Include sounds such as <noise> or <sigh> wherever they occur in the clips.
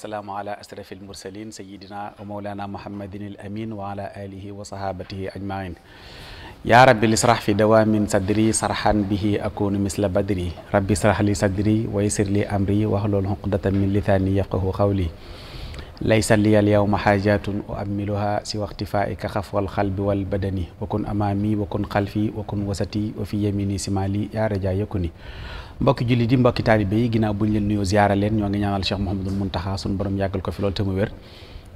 wasalaamu ala asrafi almursalin sayidina mawlana muhammadin al amin wa ala alihi wa sahabatihi ajmain ya rabbi lisrah fi dawamin sadri sarhan bihi akunu misla badri rabbi israh li sadri wa yassir li amri wahlul uqdatan min lisani yafqahu qawli laysa li al yawma hajatun uammiluha siwa ikhtifaika khafwal qalbi wal badani wa kun amami wa kun khalfi wa kun wasati wa fi yamini simali ya raja yakuni mbokki julli di mbokki taalibe yi ginnaaw bu ñu leen nuyoo ziyaara leen ñoo ngi ñaanal Cheikh Mouhamadul Mountakha suñu borom yàggal ko fi loolu te mu wér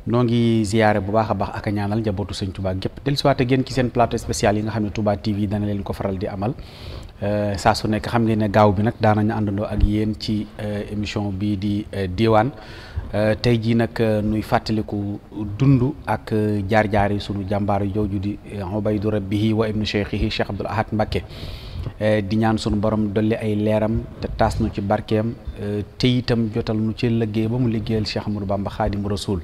noo ngi ziyaare bu baax a baax ak ñaanal njabootu sëñ Touba gépp dellusiwaat ak yéen ci seen plateau spécial yi nga xam ne Touba TV dana leen ko faral di amal euh, saa su nekk xam ne ne gaaw bi nag daanañu àndandoo ak yéen ci euh, émission bii di euh, diwaan tey jii nag nuy fàttaliku dund ak jaar-jaar yi sunu jàmbaar jooju di Ubaydu Rabbihi wa ibnu Cheikhihi Cheikh Abdoul Ahad Mbacké Eh, di ñaan sunu borom dolli ay leeram te taas ci barkeem eh, te itam jotal nu ci liggéey ba mu liggéeyal Cheikh Amadou Bamba Xaadimu Rasuul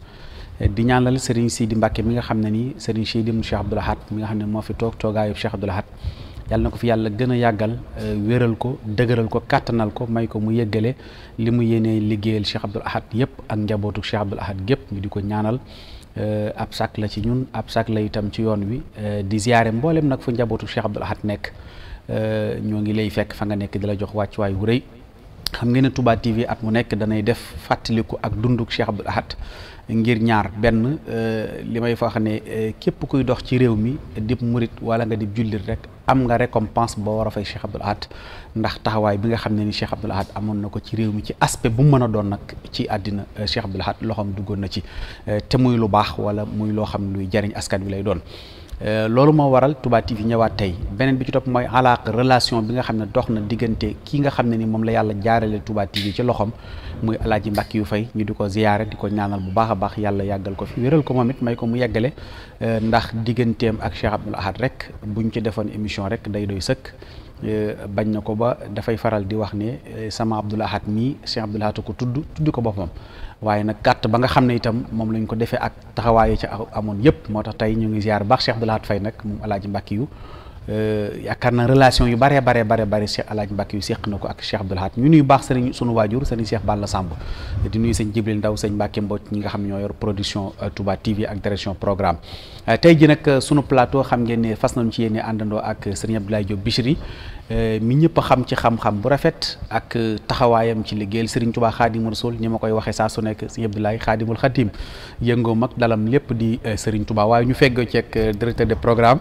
eh, di ñaanal Serigne Sidi Mbacke mi nga xam ne nii Serigne Sidi mu Cheikh Abdoul mi nga xam ne moo fi toog toogaayub Cheikh Abdoul Ahad yàlla na ko fi yàlla gën a yàggal wéral ko dëgëral ko kàttanal ko may ko mu yëggale li mu yéenee liggéeyal Cheikh Abdoul Ahad yëpp ak njabootu Cheikh Abdoul Ahad gépp di ko ñaanal ab sac la ci ñun ab sàkk la itam ci yoon wi di ziare mboolem nag fu njabootu Cheikh Abdoul Ahad nekk Euh, ñoo ngi lay fekk fa nga nekk di la jox wàccuwaay bu rëy xam ngeen ne Touba TV at mu nekk danay def fàttaliku ak dunduk Cheikh Abdoul Ahad ngir ñaar benn euh, li may fa xam ne euh, képp kuy dox ci réew mi dib murit wala nga dib jullit rek am nga récompense boo war a fay Cheikh Abdoul Ahad ndax taxawaay bi nga xam ne ni Cheikh Abdoul Ahad amoon na ko ci réew mi ci aspect bu mu mën a doon nag ci àddina Cheikh Abdoul Ahad loxoom duggoon na ci te muy lu baax wala muy loo xam luy jariñ askan wi lay doon Euh, loolu moo waral Touba TV ñëwaat tey beneen bi ci topp mooy alaaq relation bi nga xam ne dox na diggante ki nga xam ne ni moom la yàlla jaarale Touba TV ci loxoom muy alaaji mbàkk yu fay ñu di ko ziyaare di ko ñaanal bu baax a baax yàlla yàggal ko fi wéral ko moom it may ko mu yeggale euh, ndax digganteem ak Cheikh Abdoul Ahad rek ñu ci defoon émission rek day doy sëkk euh, bañ na ko ba dafay faral di wax ne sama Abdoul Ahad nii Cheikh Abdoul Ahad ko tudd tudd ko boppam waaye nag gàtt ba nga xam ne itam moom lañ ko defee ak taxawaay ci amoon yëpp moo tax tey ñu ngi ziar baax Cheikh Abdou Lahad Faye nag moom Alaaji Mbàkke yu euh, yaakaar na relation yu bare bare bare bare Cheikh Alaaji Mbàkke yu seq na ko ak Cheikh Abdou Lahad ñu nuyu baax sëriñ suñu waajur sëriñ Cheikh Balla Samb di nuyu sëñ Jibril Ndaw sëñ Mbàkke Mbodj ñi nga xam ñoo yor production euh, Touba TV ak direction programme Euh, tey ji nag euh, sunu plateau xam ngeen ne fas nañu ci yéen àndandoo ak euh, sëriñ Abdoulaye Diop Bichri mi ñëpp xam ci xam-xam bu rafet ak taxawaayam ci liggéeyal sëriñ Tuubaa Xaadimu Rasuul ñi ma koy waxee saa su nekk sëriñ Abdoulaye Xaadimul Xadim yëngoo mag dalam lépp di sëriñ tubaa waaye ñu feggoo ceeg directeur de programme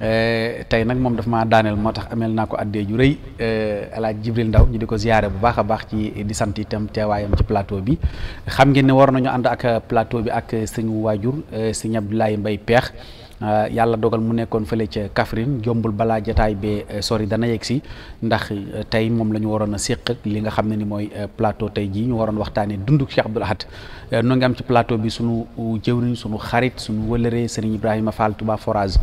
Eh, tey nag moom dafa ma daaneel moo tax ameel naa ko addee ju rëy eh, alaaj Jibril Ndaw ñu di ko ziyaare bu baax a baax ci di sant itam teewaayam ci plateau bi xam ngeen ne war nañu ànd ak eh, plateau bi ak suñu waajur sëñ Abdoulaye Mbaye Peex yàlla dogal mu nekkoon fële ca Kaffrine jombul balaa jataay bee sori dana yegg si ndax tey moom la ñu waroon a séq li nga xam ne ni mooy plateau tey jii ñu waroon waxtaanee dundu Cheikh Abdoul Ahad noo ngi am ci plateau bi sunu jëwriñ sunu xarit sunu wëlëree Serigne Ibrahima Fall tubaa Forage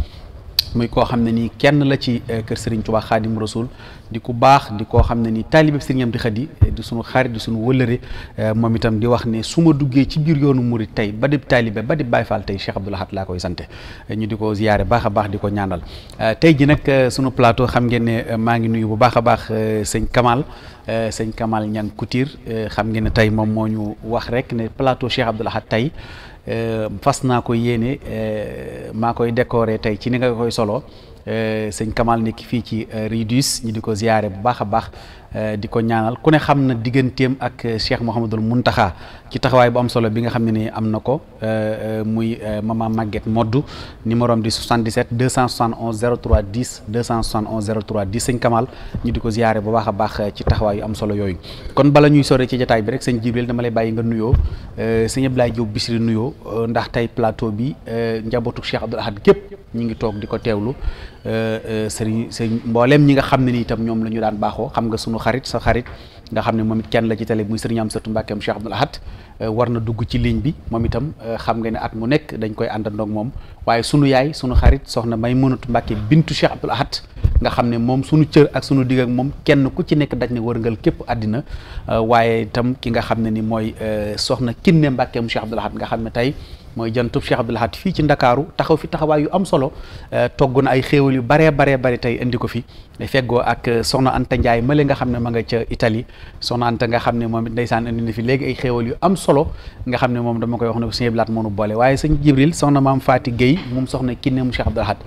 muy koo xam ne nii kenn la ci euh, kër Serigne Touba Khadim Rasoul di ku baax di koo xam ne nii taalibeb Serigne di Khadi euh, di sunu xarit di suñu wëllëre euh, moom itam di wax ne su ma duggee ci biir yoonu murit tey ba di taalibe ba di Baye Fall tey Cheikh Abdoul Ahad laa koy sante ñu di ko ziyaare baax a baax di ko ñaanal tey ji nag sunu plateau xam ngeen ne maa ngi nuyu bu baax a baax sëñ Kamal sëñ Kamal Ñang Couture xam ngeen ne tey moom moo ñu wax rek ne plateau Cheikh Abdoul Ahad tey Euh, fas naa ko yéene euh, maa koy décorer tey ci ni nga koy solo euh, sëñ Kamal nekk fii ci Ridus ñi di ko ziyaare bu baax a baax Eh, di ko ñaanal ku ne xam na digganteem ak eh, Cheikh Mouhamadul Mountakha ci taxawaay bu am solo bi nga xam ne ni am na ko eh, muy maman Maguette Modou numéro am di 77 271 03 10 271 03 10 sëñ Kamal ñu di ko ziyaare bu baax a baax ci taxawaay am solo yooyu kon bala ñuy sore ci jataay bi rek sëñ Jibril dama lay bàyyi nga nuyoo sëñ Abdoulaye Diop Bichri nuyoo ndax tey plateau bi njabootu Cheikh Abdoul Ahad gépp ñu ngi toog di ko teewlu Euh, euh, sëriñ sëriñ mboolem ñi nga xam ne ni itam ñoom la ñu daan baaxoo xam nga sunu xarit sa xarit nga xam ne moom it kenn la ci télé muy sëriñ Amsatou Mbacke am Cheikh Abdoul Ahad euh, war na dugg ci ligne bi moom itam xam nga ne at mu nekk dañ koy àndandook moom waaye sunu yaay sunu xarit soxna Maymunatu Mbacke bintu Cheikh Abdoul Ahad nga xam ne moom sunu cër ak sunu digg moom kenn ku ci nekk daj ne wërngal képp àddina waaye itam ki nga xam ne ni mooy soxna Kinne Mbacke am Cheikh Abdoul Ahad nga xam ne tey mooy jantub Cheikh Abdou Lahad fii ci Ndakaaru taxaw fi taxawaay yu am solo eh, togg na ay xéewal yu baree baree bari tey indi ko fi eh, feggoo ak eh, soxna Anta Ndiaye male nga xam ne ma nga ca Italie soxna Anta nga xam ne moom it ndeysaan indi na fi léegi ay xéewal yu am solo nga xam ne moom dama koy wax ne ko sëñ Abdou Lahad moonu boole waaye sëñ Jibril soxna maam Faati Guèye moom soxna kinne mu Cheikh Abdou Lahad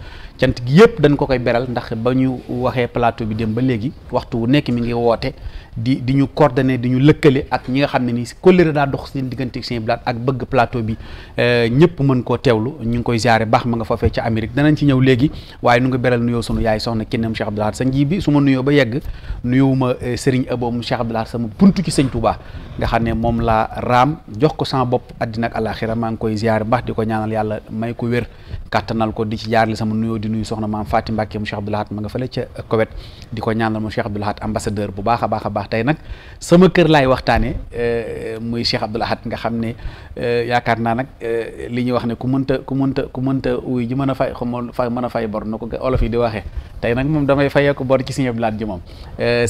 cant gi yëpp dañ ko koy beral ndax ba ñu waxee plateau bi dem ba léegi waxtu wu nekk mi ngi woote di di ñu coordonné di ñu lëkkale ak ñi nga xam ne ni kóllëre daa dox seen diggante seen blaat ak bëgg plateau bi euh, ñëpp mën koo teewlu ñu ngi koy ziare baax ma nga foofee ca Amérique danañ ci ñëw léegi waaye nu nga beral nuyoo sunu yaay soxna kennam Cheikh Abdoul Ahad sa nji su ma nuyoo ba yegg nuyuwuma euh, Serigne Aboom Cheikh Abdoul Ahad sama buntu ci sëñ Touba nga xam ne moom laa raam jox ko sama bopp àddina ak àlaxira maa ngi koy ziare baax di ko ñaanal yàlla may ko wér kàttanal ko di ci jaarale sama nuyoo di nuyu soxna maam Fatim Mbacke mu Cheikh Abdoul Ahad ma nga fële ca Kowet di ko ñaanal mu Cheikh Abdoul Ahad ambassadeur bu baax baax a baax tey nag sama kër laay waxtaanee euh, muy Cheikh Abdoul Ahad nga xam ne euh, yaakaar naa nag euh, li ñu wax ne ku mënta ku mënta ku mënta uy ji mën a fay xamoon fa mën a fay bor na ko olof yi di waxee tey nag moom damay fayee ko bor ci sëñ Abdoul Ahad ji moom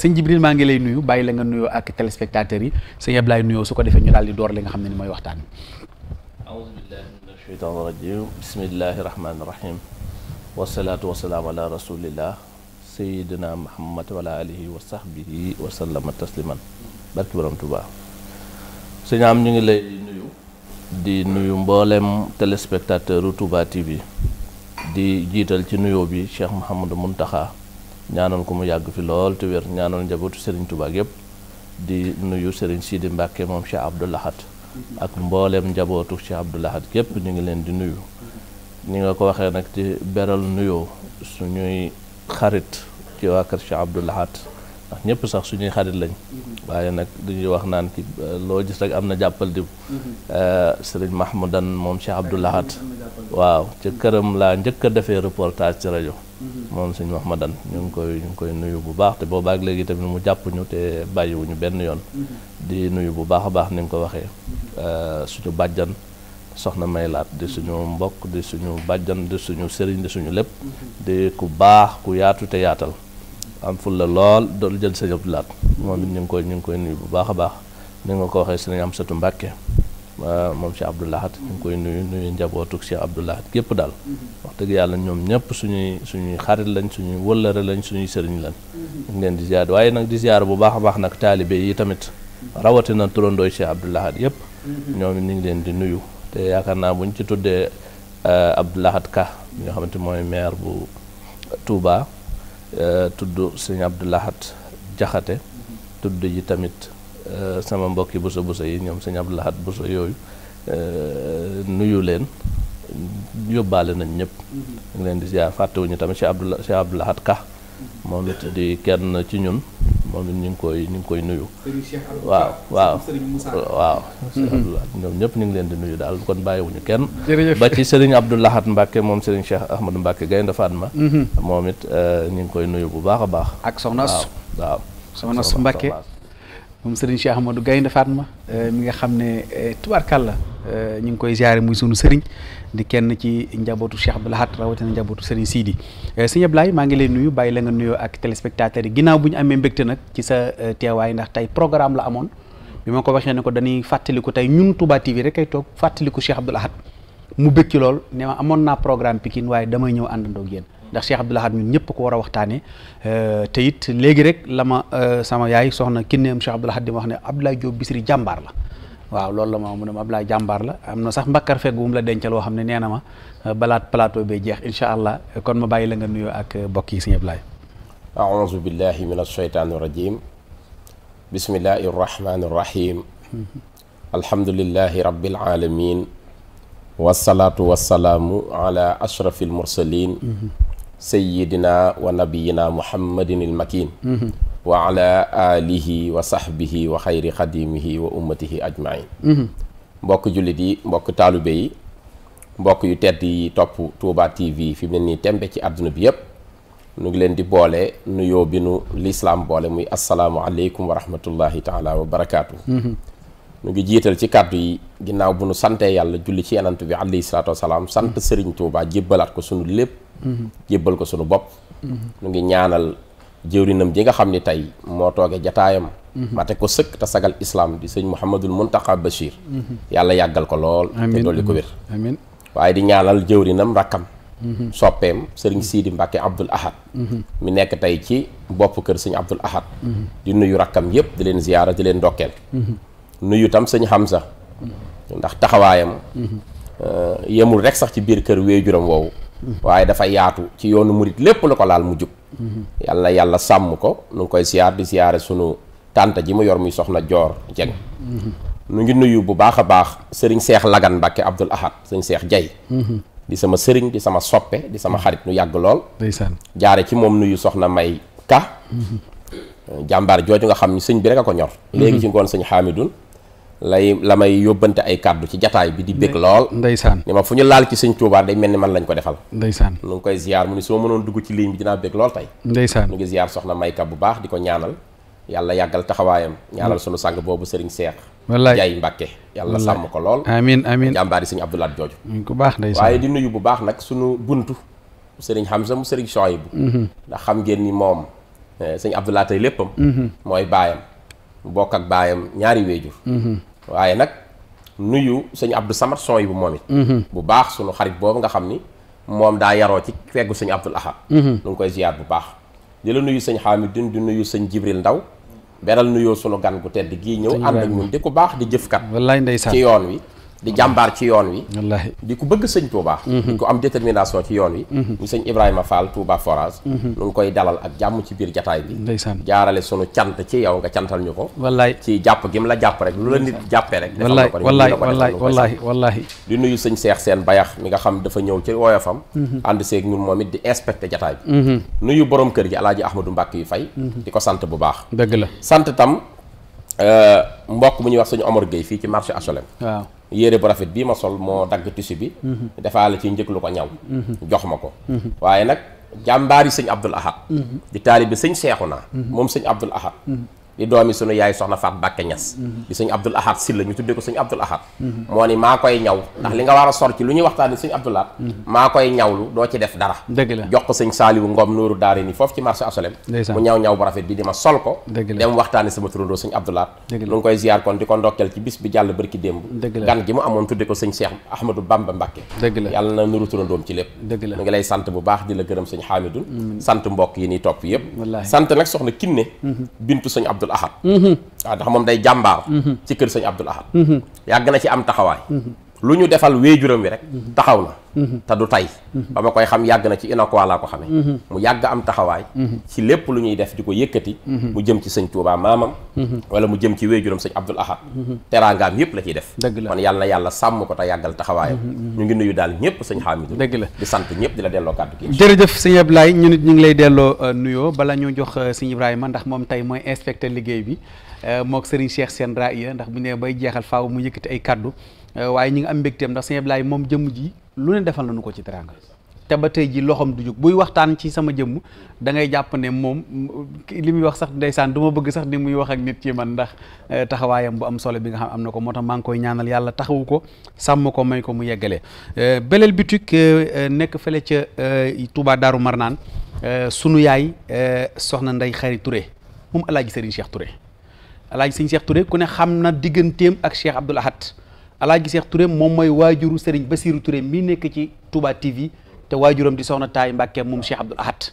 sëñ Jibril maa ngi lay nuyu bàyyi la nga nuyoo ak téléspectateurs yi sëñ Abdoulaye nuyoo su ko defee ñu daal di door li nga xam ne ni mooy waxtaan sheytaan irajim bismillahi rahmaani rahim sayidina muhammad wala alihi wa sahbihi wa sallama tasliman barki borom Tuubaa sëñ am ñu ngi lay nuyu di nuyu mbooleem téléspectateur u Touba TV di jiital ci nuyoo bi Cheikh Mouhamadou Mountakha ñaanal ko mu yàgg fi lool te wér ñaanal njabootu sëriñ Touba yëpp di nuyu Serigne Sidi Mbacke moom Cheikh Abdou Lahad ak mboolem njabootu Cheikh Abdou Lahad yëpp ñu ngi leen di nuyu. ni nga ko waxee nag di beral nuyoo suñuy xarit ci waa kër Cheikh Abdou Lahad ndax ñëpp sax suñuy xarit lañ waaye nag dañuy wax naan ki euh, loo gis rek am na jàppal diw euh, sëriñ Mahmoudan moom Cheikh Abdou Lahad waaw ca këram laa njëkk a defee reportage ci rajo moom sëñ Mahmoudan ñu ngi koy ñu ngi koy nuyu bu baax te boobaak léegi tamit mu jàpp ñu te bàyyiwuñu benn yoon di nuyu bu baax a baax ni nga ko waxee euh, suñu bàjjan soxna may laat di suñu mbokk di suñu bàjjan di suñu sëriñ di suñu lépp di ku baax ku yaatu te yaatal am ful la lool dool jël sëñ Abdou moom it ñu ngi koy ñu ngi koy nuyu bu baax a baax ni nga ko waxee sëñ Amsatu Mbàkke moom si Abdou ñu ngi koy nuyu nuyu njabootug si Abdou Lahad gépp daal wax dëgg yàlla ñoom ñëpp suñuy suñuy xarit lañ suñuy wëllëre lañ suñuy sëriñ lañ ñu leen di ziar waaye nag di ziar bu baax a baax nag taalibe yi tamit rawatina turandooy Cheikh Abdou Lahad yëpp ñoom ñu ngi leen di nuyu te yaakaar naa buñ ci tuddee euh, Abdou Lahad Ka ñoo xamante mooy maire bu Touba Euh, tudd sëñ Abdoulahat Jaxate tudd yi tamit euh, sama mbokki buso buso yi ñoom sëñ Abdoulahat buso yooyu euh, nuyu leen yóbbaale nañ ñëpp mm-hmm. ngi leen di ziar fàttewuñu tamit si Abdoulahat Cheikh Ka moom it di kenn ci ñun moom it ñu ngi koy ñu ngi koy nuyu. waaw waaw waaw. ñoom ñëpp ñu ngi leen di nuyu daal kon bàyyiwuñu kenn. ba ci Serigne Abdou Lahad Mbacke moom Serigne Cheikh Ahmadou Mbacke Gaynde ma mhm. moom it euh, ñu ngi koy nuyu bu baax a baax. ak Soxna Asu waaw waaw. Soxna Asu Mbacke moom Serigne Cheikh Ahmadou Gaynde ma euh, mi nga xam ne euh, tubaarkàlla ñu ngi koy ziare muy sunu sëriñ di kenn ci njabootu Cheikh Abdou Lahad rawatina njabootu Serigne Sidi eh, sëñ laay maa ngi lay nuyu bàyyi la nga nuyoo ak téléspectateurs yi ginnaaw bu ñu amee mbégte nag ci sa eh, teewaay ndax tey programme la amoon bi ma ko waxee ne ko dañuy fàttaliku tey ñun Touba TV rek ay toog fàttaliku Cheikh Abdou Lahad mu bëkki ci lool ne ma amoon naa programme Pikine waaye damay ñëw àndandoo ak yéen ndax Cheikh Abdou Lahad ñun ñëpp ko war a waxtaanee eh, te it léegi rek la ma sama yaay soxna kinneem Cheikh Abdou Lahad wax ne Abdoulaye Diop Bichri jàmbaar la waaw loolu la ma mu ne ma jàmbaar la am na sax mbakkar fekk bu la dencal loo xam ne nee na ma euh, balaat plateau bay jeex incha allah kon ma bàyyi la nga nuyoo ak euh, mbokk yi sëñ Ablaye aouzu billahi min asheytaani rajim bismillahi arrahmani arrahim mm-hmm. alhamdulillahi rabbil alamin wasalaatu wasalaamu ala ashrafil mursalin mm-hmm. sayyidina wa nabiyina muhammadin il wa ala alihi wa sahbihi wa xayri xadimihi wa ummatihi ajmain mhm. mbokk jullit yi mbokk taalube yi mbokk yu tedd yi topp Touba TV fi mu ne nii tembe ci àdduna bi yëpp nu ngi leen di boole nuyoo bi nu lislaam boole muy asalaamualeykum wa rahmatullahi taala wa barakaatu. Mhm. nu ngi jiital ci kàddu yi ginnaaw bu nu santee yàlla julli ci yanant bi alayhi salaatu salaam sant mhm. sëriñ Touba jébbalaat ko sunu lépp jébbal ko sunu bopp nu ngi ñaanal jëwrinam ji nga xam ni tey moo toogee jataayam mate mhm. ko sëkk te sagal islaam di sëñ Mouhamadul Muntaqa Bachir mhm. yàlla yàggal ko lool te dolli ko wér waaye di ñaanal jëwrinam rakkam mhm. soppeem sëriñ siidi Mbacke Abdoul Ahad mi nekk tey ci bopp kër sëñ Abdoul Ahad di nuyu rakkam yëpp di leen ziyaara di leen ndokkeel nuyu tam sëñ Hamza ndax taxawaayam euh, yemul rek sax ci biir kër wéejuram woowu waaye dafa yaatu ci yoonu murit lépp lu ko laal mu jub yàlla yàlla sàmm ko nu ngi koy siyaar di siyaare sunu tànt ji mu yor muy soxna joor jeng nu ngi nuyu bu baax a baax sëriñ seex lagan mbàkke abdul ahad sëriñ seex jay di sama sëriñ di sama soppe di sama xarit nu yàgg lool ndeysaan jaare ci moom nuyu soxna may ka jàmbaar jooju nga xam ni sëñ bi rek a ko ñor léegi ci ngoon sëñ xaamidun lay la may yóbbante ay kàddu ci jataay bi di bëgg lool ndeysaan ni ma fu ñu laal ci sëñ Tuubaa day mel ni man lañ ko defal ndeysaan nu ngi koy ziar mu ni soo mënoon dugg ci ligne bi dinaa bëgg lool tey ndeysaan nu ngi ziar soxna Mayka bu baax di ko ñaanal yàlla yàggal taxawaayam ñaanal mm. sunu sang boobu sëriñ Seex wallaay Jaay Mbàkke yàlla sàmm ko lool amiin amiin jàmbaari sëñ Abdoulaat jooju mm, ku baax ndeysaan waaye di nuyu bu baax nag sunu buntu sëriñ Hamza mu sëriñ Sohaybu mm-hmm. ndax xam ngeen ni moom eh, sëñ Abdoulaat ay léppam mm-hmm. mooy baayam bokk ak baayam ñaari weejur mm-hmm. waaye nag nuyu sëñ Abdou Samad son yi bu moom it mhm. bu baax sunu xarit boobu nga xam ni moom daa yaroo ci feggu sëñ Abdul Ahad mhm. nu ngi koy ziyaar bu baax di la nuyu sëñ Xaamidin di nuyu sëñ Jibril Ndaw beral nuyoo sunu gan gu tedd gii ñëw ànd ak ñun di ku baax di jëfkat wallaay ndeysaan ci yoon wi di jàmbaar ci yoon wi wallaahi di ku bëgg sëñ Touba mhm. di ku am détermination ci yoon wi ñu mhm. sëñ Ibrahima Fall Touba Forage mhm. ñu ngi koy dalal ak jàmm ci biir jataay bi ndeysaan jaarale sunu cant ci yow nga cantal ñu ko wallaay ci jàpp gi mu la jàpp rek lu la nit jàppee rek wallaay wallaay wallaay wallaay wallaay di nuyu sëñ Seex Seen Bayax mi nga xam dafa ñëw ci woyofam ànd seeg ñun moom it di inspecté jataay bi nuyu borom kër gi Alaaji Ahmadou Mbàkke yu fay di ko sant bu baax dëgg la Euh, mbokk mu ñuy wax suñu Omar Gueye fii ci marché HLM. waaw yére bu rafet bii ma sol moo dagg tissu bi. Mhm. defaale ci njëkk lu ko ñaw. Mhm. jox ma ko. Mhm. waaye nag jàmbaar yi sëñ Abdul Ahad. di taalibe sëñ Seexuna. moom sëñ Abdul Ahad. di doomi sunu yaay soxna Faat Bàkke Ñas mhm. di sëñ Abdul Ahad Silla ñu tuddee ko sëñ Abdul Ahad mhm. moo ni maa koy ñaw ndax li nga war a sor ci lu ñuy waxtaan ni sëñ Abdul Ahad mhm. maa koy ñawlu doo ci def dara dëgg la ko sëñ Saaliwu Ngom Nuuru Daari ni foofu ci marché asolem mu ñaw ñaw bu rafet bi di ma sol ko dem waxtaani sama Abdul Ahad lu ngi koy ziyaar kon di ko ndokkeel ci bis bi jàll bërki démb gan gi mu amoon tuddee ko sëñ Cheikh Ahmadou Bamba Mbàkke yàlla na nuru turandoom ci lépp mu ngi lay sant bu baax di la gërëm sëñ Xaamidun sant mbokk yi ni topp yëpp sant nag soxna Kinne bintu sëñ Abdul Abdoul Ahad mm-hmm. waaw ndax moom day jàmbaar mm-hmm. ci kër sëñ Abdoul Ahad mm-hmm. yàgg na ci am taxawaay lu ñu defal weejuram wi rek mhm. taxaw na mhm. te du tay mhm. ba ma koy xam yàgg na ci inakuoi laa ko xamee mu yàgg am taxawaay ci lépp lu ñuy def di ko yëkkati mu jëm ci sëñ Tuubaa maamam wala mu jëm ci weejuram sëñ Abdul Ahad teraangaam yëpp la ciy def dëgg la kon yàlla yàlla sàmm ko te yàggal taxawaayam ñu ngi nuyu daal ñëpp sëñ Xaamidu dëgg la di sant ñëpp di la delloo kàddu gi jërëjëf sëñ Ablaye ñu nit ñu ngi lay delloo euh, nuyoo bala ñu jox euh, sëñ Ibrahima ndax moom tey mooy inspecteur liggéey bi euh, mook sëriñ Cheikh seen raaya ndax bu ne bay jeexal faaw mu yëkkati ay kaddu Euh, waaye ñi ngi am mbégteem ndax sëñ Ablaye moom jëmm ji lu ne defal nañu ko ci teraanga te ba tey ji loxoom du jóg buy waxtaan ci sama jëmm dangay ngay jàpp ne moom mm, li muy wax sax ndeysaan du ma bëgg sax ni muy wax ak nit ci man ndax euh, taxawaayam bu am solo bi nga xam am na ko moo tax maa ngi koy ñaanal yàlla taxawu ko sàmm ko may ko mu yeggale euh, Belel Boutique nekk fële ca Touba Daaru Marnaan sunu yaay soxna Ndey Xari Touré moom alaaji Serigne Cheikh Touré alaaji Serigne Cheikh Touré ku ne xam na digganteem ak Cheikh Abdoul Ahad Alaaji Seex Touré moom mooy waajuru Serigne Bassirou Touré mi nekk ci Touba TV te waajuram di soxna Taay Mbàkke moom Cheikh Abdoul Ahad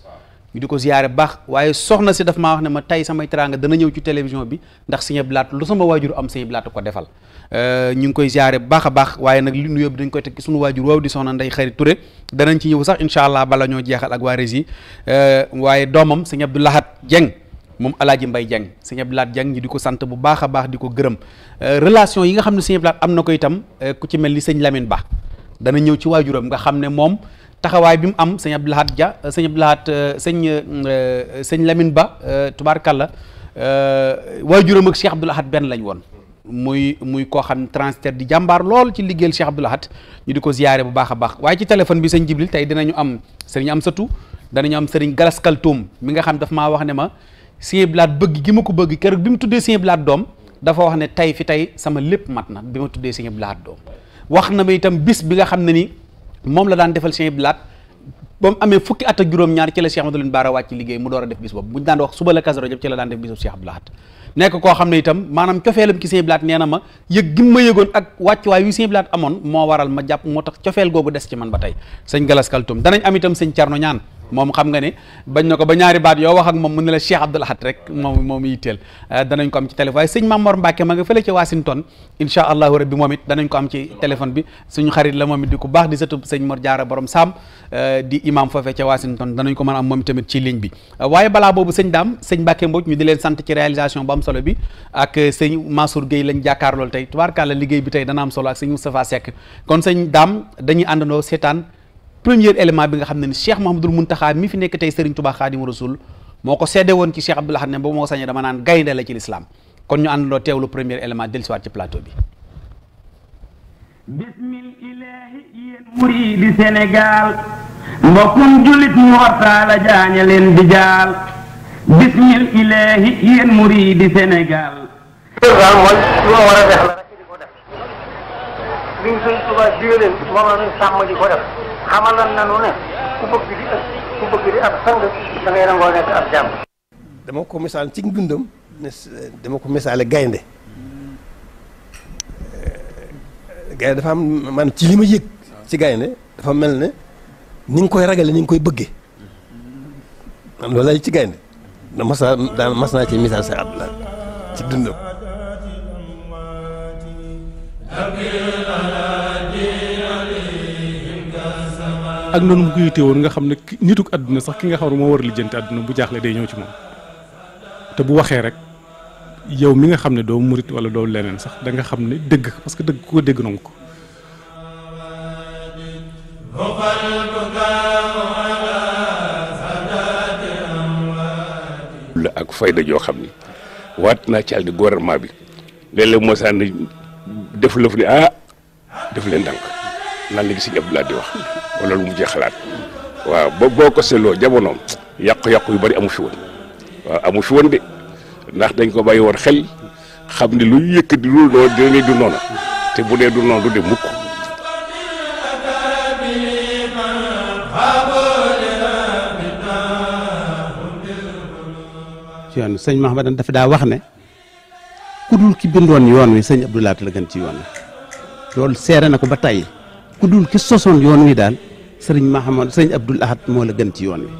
ñu di ko ziyaare baax waaye soxna si daf maa wax ne ma tay samay teraanga dana ñëw ci télévision bi ndax Sëñ Abdul Ahad lu sama waajur am Sëñ Abdul ko defal euh, ñu ngi koy ziyaare baax a baax waaye nag li nu yóbbu dañ koy teg ci suñu waajur woow di soxna Ndey Xarit Touré danañ ci ñëw sax incha allah bala ñoo jeexal ak waa Rési euh, waaye doomam Sëñ Abdoul Ahad Dieng moom alaaji Mbay Jang sëñ Abdou Lahad Jang ñi di ko sant bu baax a baax di ko gërëm euh, relation yi nga xam ne sëñ Abdou Lahad am na ko itam euh, ku ci mel ni sëñ Lamine Ba dana ñëw ci waajuram nga xam ne moom taxawaay bi mu am sëñ Abdou Lahad Dia euh, sëñ Abdou Lahad sëñ sëñ Lamine Ba tubaarkàlla waajuram ak Cheikh Abdou Lahad benn lañ woon muy muy koo xam ne transitaire jàmbaar lool ci liggéeyal Cheikh Abdou Lahad di ko ziyaare bu baax a baax waaye ci téléphone bi sëñ Jibril tey dinañu am sëriñ am sa satu danañu am seriñ Galas Kaltoum mi nga xam daf maa wax ne ma Sëñ Blaat bëgg gi ma ko bëgg keroog bi mu tuddee Sëñ Blaat doom dafa wax ne tey fi tey sama lépp mat na bi ma tuddee Sëñ Blaat doom wax na ma itam bis bi nga xam ne ni moom la daan defal Sëñ ba mu amee fukki at juróom-ñaar ci la Cheikh Amadou Lamine Bara wàcc liggéey mu door a def bis boobu buñ daan wax suba la Kazu ci la daan def bisu Cheikh nekk koo xam ne itam maanaam cofeelam ci Sëñ Blaat nee na ma yëg gim yëgoon ak wàccuwaay yu Sëñ Blaat amoon moo waral ma jàpp moo tax cofeel googu des ci man ba tey sëñ Galas Kaltum danañ am itam sëñ Cerno ñaan moom xam nga ne bañ na ko ba ñaari baat yoo wax moom mu ne la Cheikh Abdoul Ahad rek moom moom yitteel euh, danañ ko am ci téléphone waaye moom it danañ ko am ci téléphone bi suñu xarit la moom di ku baax di sëtub sëñ Mor Jaara Borom Sam euh, di imam foofee ca Washington danañ ko m a am moom tamit ci ligne bi euh, waaye balaa boobu sëñ Daam sëñ Mbacke sant ci réalisation bu am solo bi ak sëñ Mansour Guèye lañ jàkkaarlool tey tubaarkàlla liggéey bi tey dana am solo ak sëñ Moustapha Seck kon sëñ Dame dañuy àndandoo seetaan premier élément bi nga xam ne ni Cheikh Mouhamadoul Mountakha mi fi nekk tey Serigne Touba Khadim Rasoul moo ko seede woon ci Cheikh Abdoul Ahad ne ba moo sañee dama naan gaynde ci lislaam kon ñu àndandoo teewlu premier élément dellusiwaat ci plateau bi bismil ilaahi yéen muridi Sénégal mbokkum jullit ñu wartaala bismil ilaahi yéen muriidi Sénégal. loolu ma war a def la rek di ko ko def xamal ne ku bëgg di ku bëgg di ab sang da ngay nangoo nekk ab jàmm. dama ko misaal ci dundam dama ko misaale gaynde eh, gaynde dafa am man ci li ma yëg ci gaynde dafa mel ne ni nga koy ragale ni nga koy bëggee man loolu lay ci gaynde mas daan mas naa ci misaal Sëñ Abdou Lahad ci dundam ak noonu mu ko yitte woon nga xam ne nituk àdduna sax ki nga xam ne moo war a lijjante àdduna bu jaaxle day ñëw ci moom te bu waxee rek yow mi nga xam ne doo murit wala doo leneen sax da nga xam ne dëgg parce que dëgg ku ko dégg nangu ko ak fayda joo xam ni waat naa ci àll di gouvernement bi léeg-léeg moo saan ni def lëf ni ah def leen ndànk naan la gi sëñ Abdoulaye di wax wala lu mu mujjee xalaat waaw ba boo ko seetloo jamonoom yàqu-yàqu yu bari amu fi woon waaw amu woon de ndax dañ ko ba woon xel xam ni lu ñu yëkkati loolu noonu dina ne du noonu te bu dee du noonu du dem mukk ci yoon wi sëñ Mahamadan dafa daa wax ne ku ki bindoon yoon wi sëñ Abdou la gën ci yoon wi loolu seere na ko ba tey ku dul ki sosoon yoon wi daal sëriñ Mahamad sëñ Abdou Lahat moo la gën ci yoon wi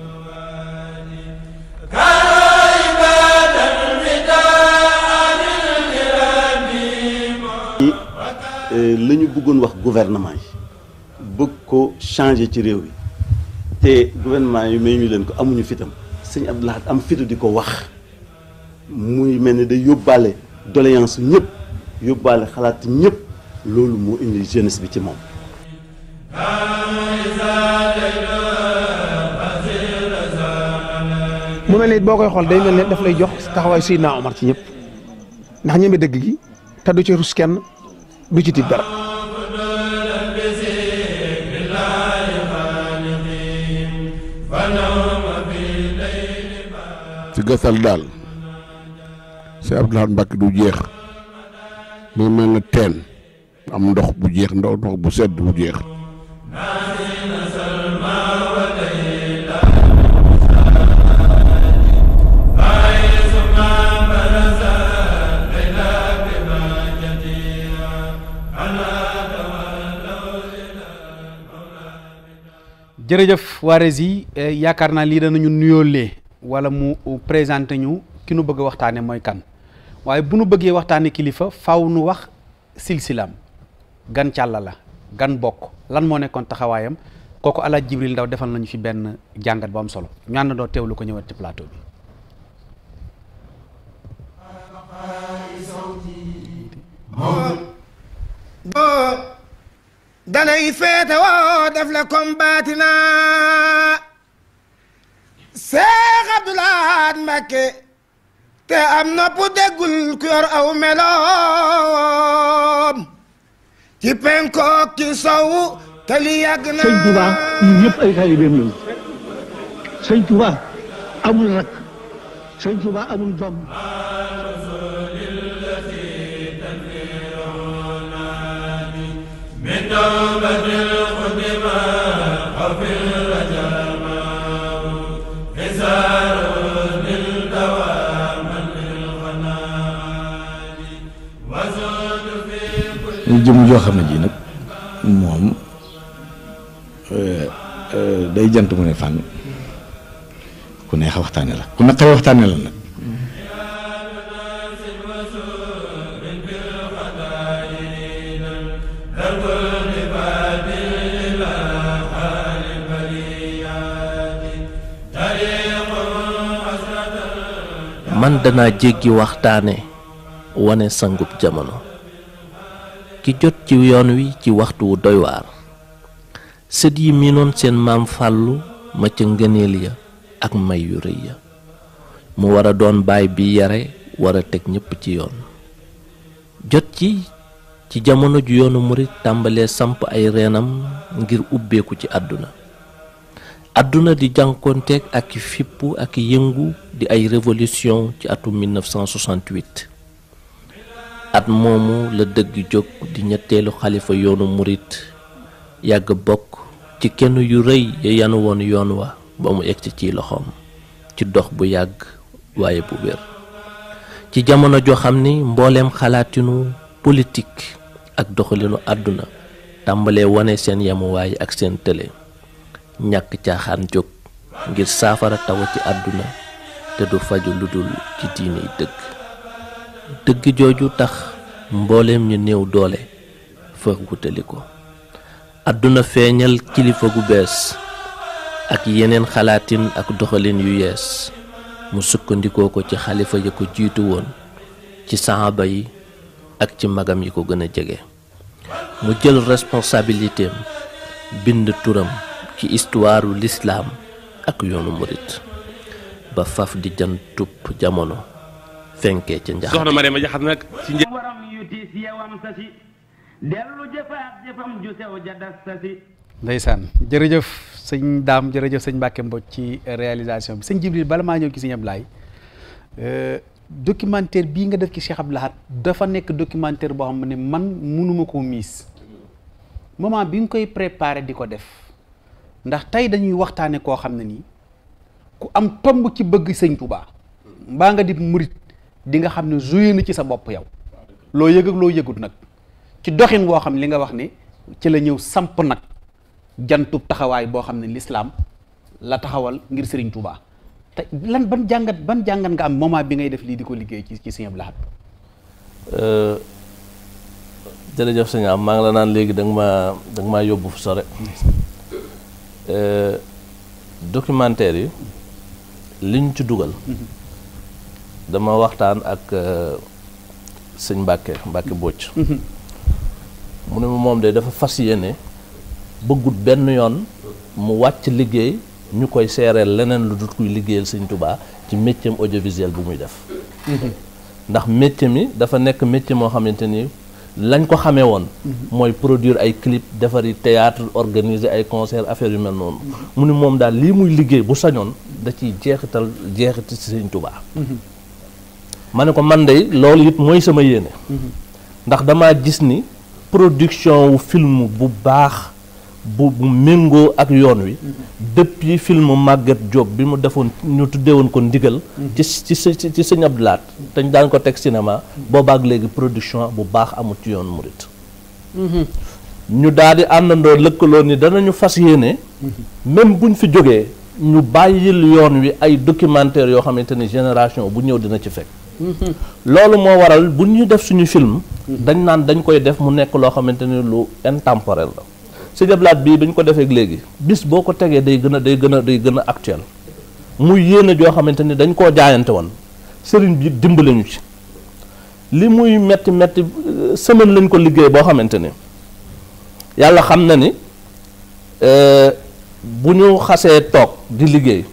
la ñu bëggoon wax gouvernement yi bëgg ko changer ci réew yi te gouvernement yi may ñu leen ko amuñu fitam sëñ Abdou am fitu di ko wax muy mel ni day yóbbaale doléance ñëpp yóbbaale xalaat ñëpp loolu moo indi jeunesse bi ci moom. mu mel ni boo koy xool day mel ne daf lay jox taxawaay Seydina Omar ci ñëpp ndax ñeme dëgg gi te du ci rus kenn du ci tiit dara. ci gasal daal. Cheikh Abdou Lahad Mbacké du jeex mu mel na teen am ndox bu jeex ndox bu sedd bu jeex jërëjëf waares yi eh, yaakaar naa lii danañu nuyoolee wala mu présenté ñu ki nu bëgg a waxtaane mooy kan waaye bu nu bëggee waxtaanee kilifa faw nu wax silsilaam gan càlla la gan bokk lan moo nekkoon taxawaayam kooku alaaj jibril ndaw defal nañu fi benn jàngat bu solo ñu ànd doo teewlu ko ñëwaat ci plateau bi danay feete woo def la combattina Seex Abdulaat Mbakke te am nopp déggul ku yor penkook ci sowu te na sëñ Touba ay taalibeem lañu sëñ Touba amul rak sëñ Touba amul doom min muy jëm joo xam ne ji nag moom euh, euh, day jant mu ne fànn ku neex a waxtaane la ku naqare waxtaane la nag man danaa jéggi waxtaane wane sangub jamono ki jot ci yoon wi ci waxtu wu doy waar yi miinoon seen maam fàllu ma ca ngëneel ya ak may yu rëy ya mu war a doon baay bi yare wara teg ñépp ci yoon jot ci ci jamono ju yoonu murit tàmbalee samp ay reenam ngir ubbeeku ci àdduna àdduna di jànkoonteeg ak i fippu ak i yëngu di ay révolution ci atum 1968 at moomu la dëgg jóg di ñetteelu xalifa yoonu murit yàgg bokk ci kenn yu rëy ya yanu woon yoon wa ba mu egsi ci loxoom ci dox bu yàgg waaye bu wér ci jamono joo xam ni mbooleem xalaatinu politik ak doxalinu àdduna tàmbalee wane seen yamuwaay ak seen tële ñàkk caaxaan jóg ngir saafara tawa ci àdduna te du faju lu dul ci diini dëgg dëgg jooju tax mbooleem ñu néew doole fa wutali ko àdduna feeñal kilifa gu bees ak yeneen xalaatin ak doxalin yu yees mu sukkandikoo ko ci xalifa ya ko jiitu woon ci saxaaba yi ak ci magam yi ko gën a jege mu jël responsabilitéem bind turam ci istuwaaru lislaam ak yoonu murit ba faf di jantub jamono fenkee ca njaaxate soxna Mariama nag ci njëriñ waram yu tiis yewam sa si dellu jëfaat jëfam ju sew jërëjëf sëñ daam jërëjëf sëñ Mbàkke Mbodj ci réalisation bi sëñ Jibril bala maa ñëw ci sëñ Ablaay euh, documentaire bii nga def ci Cheikh Abdou dafa nekk documentaire boo xam ne man mënuma koo miis moment bi nga koy préparé di ko def ndax tey dañuy waxtaane koo xam ne nii ku am tomb ci bëgg sëñ Tuubaa mbaa nga di murit di nga xam ne joué na ci sa bopp yow loo yëg ak loo yëgut nag ci doxin boo xam li nga wax ni ci la ñëw samp nag jantub taxawaay boo xam ne lislaam la taxawal ngir sëriñ Touba te lan ban jàngat ban jàngat nga am moment bi ngay def lii di ko liggéey ci ci Sëñ Abdou Lahad euh, jërëjëf sëñ maa ngi la naan léegi danga maa danga yóbbu fu sore euh, documentaire yi liñ ci dugal mm-hmm. dama waxtaan ak euh, sëñ Mbàkke Mbàkke Bocc mhm. mu ne moom de dafa fas yéene bëggut benn yoon mu wàcc liggéey ñu koy seereel leneen lu dul kuy liggéeyal sëñ Tubaa ci métier audiovisuel bu muy def mhm. ndax métier mi dafa nekk métier moo xamante ni lañ ko xamee woon mhm. mooy produir ay clip defari théâtre organiser ay concert affaire yu mel noonu mu ni moom daal lii muy liggéey bu sañoon da ciy jeexital jeexiti ci sëñ Tubaa ma ne ko man de loolu it mooy sama yéene. Mhm. ndax damaa gis ni production wu film bu baax bu bu méngoo ak yoon wi. Mhm. depuis film màgget Diop bi mu defoon ñu tuddee woon ko ndigal. Mhm. ci ci ci ci sëñ Abdou Lahat te ñu daan ko teg cinéma. boobaak léegi production bu baax amut ci yoon murit ñu daal di àndandoo lëkkaloo ni danañu fas yéene. même buñ fi jógee ñu bàyyil yoon wi ay documentaire yoo xamante ni génération bu ñëw dina ci fekk. loolu moo waral bu ñu def suñu film. dañ naan dañ koy def mu nekk loo xamante ni lu intemporel la. Sëñ Abdou bii bi ko defee léegi bis boo ko tegee day gën a day gën a day gën a actuel muy yéene joo xamante ni dañ koo jaayante woon sëriñ bi dimbali ñu ci li muy metti metti semaine lañ ko liggéey boo xamante ni yàlla xam na ni euh, bu ñu xasee toog di liggéey.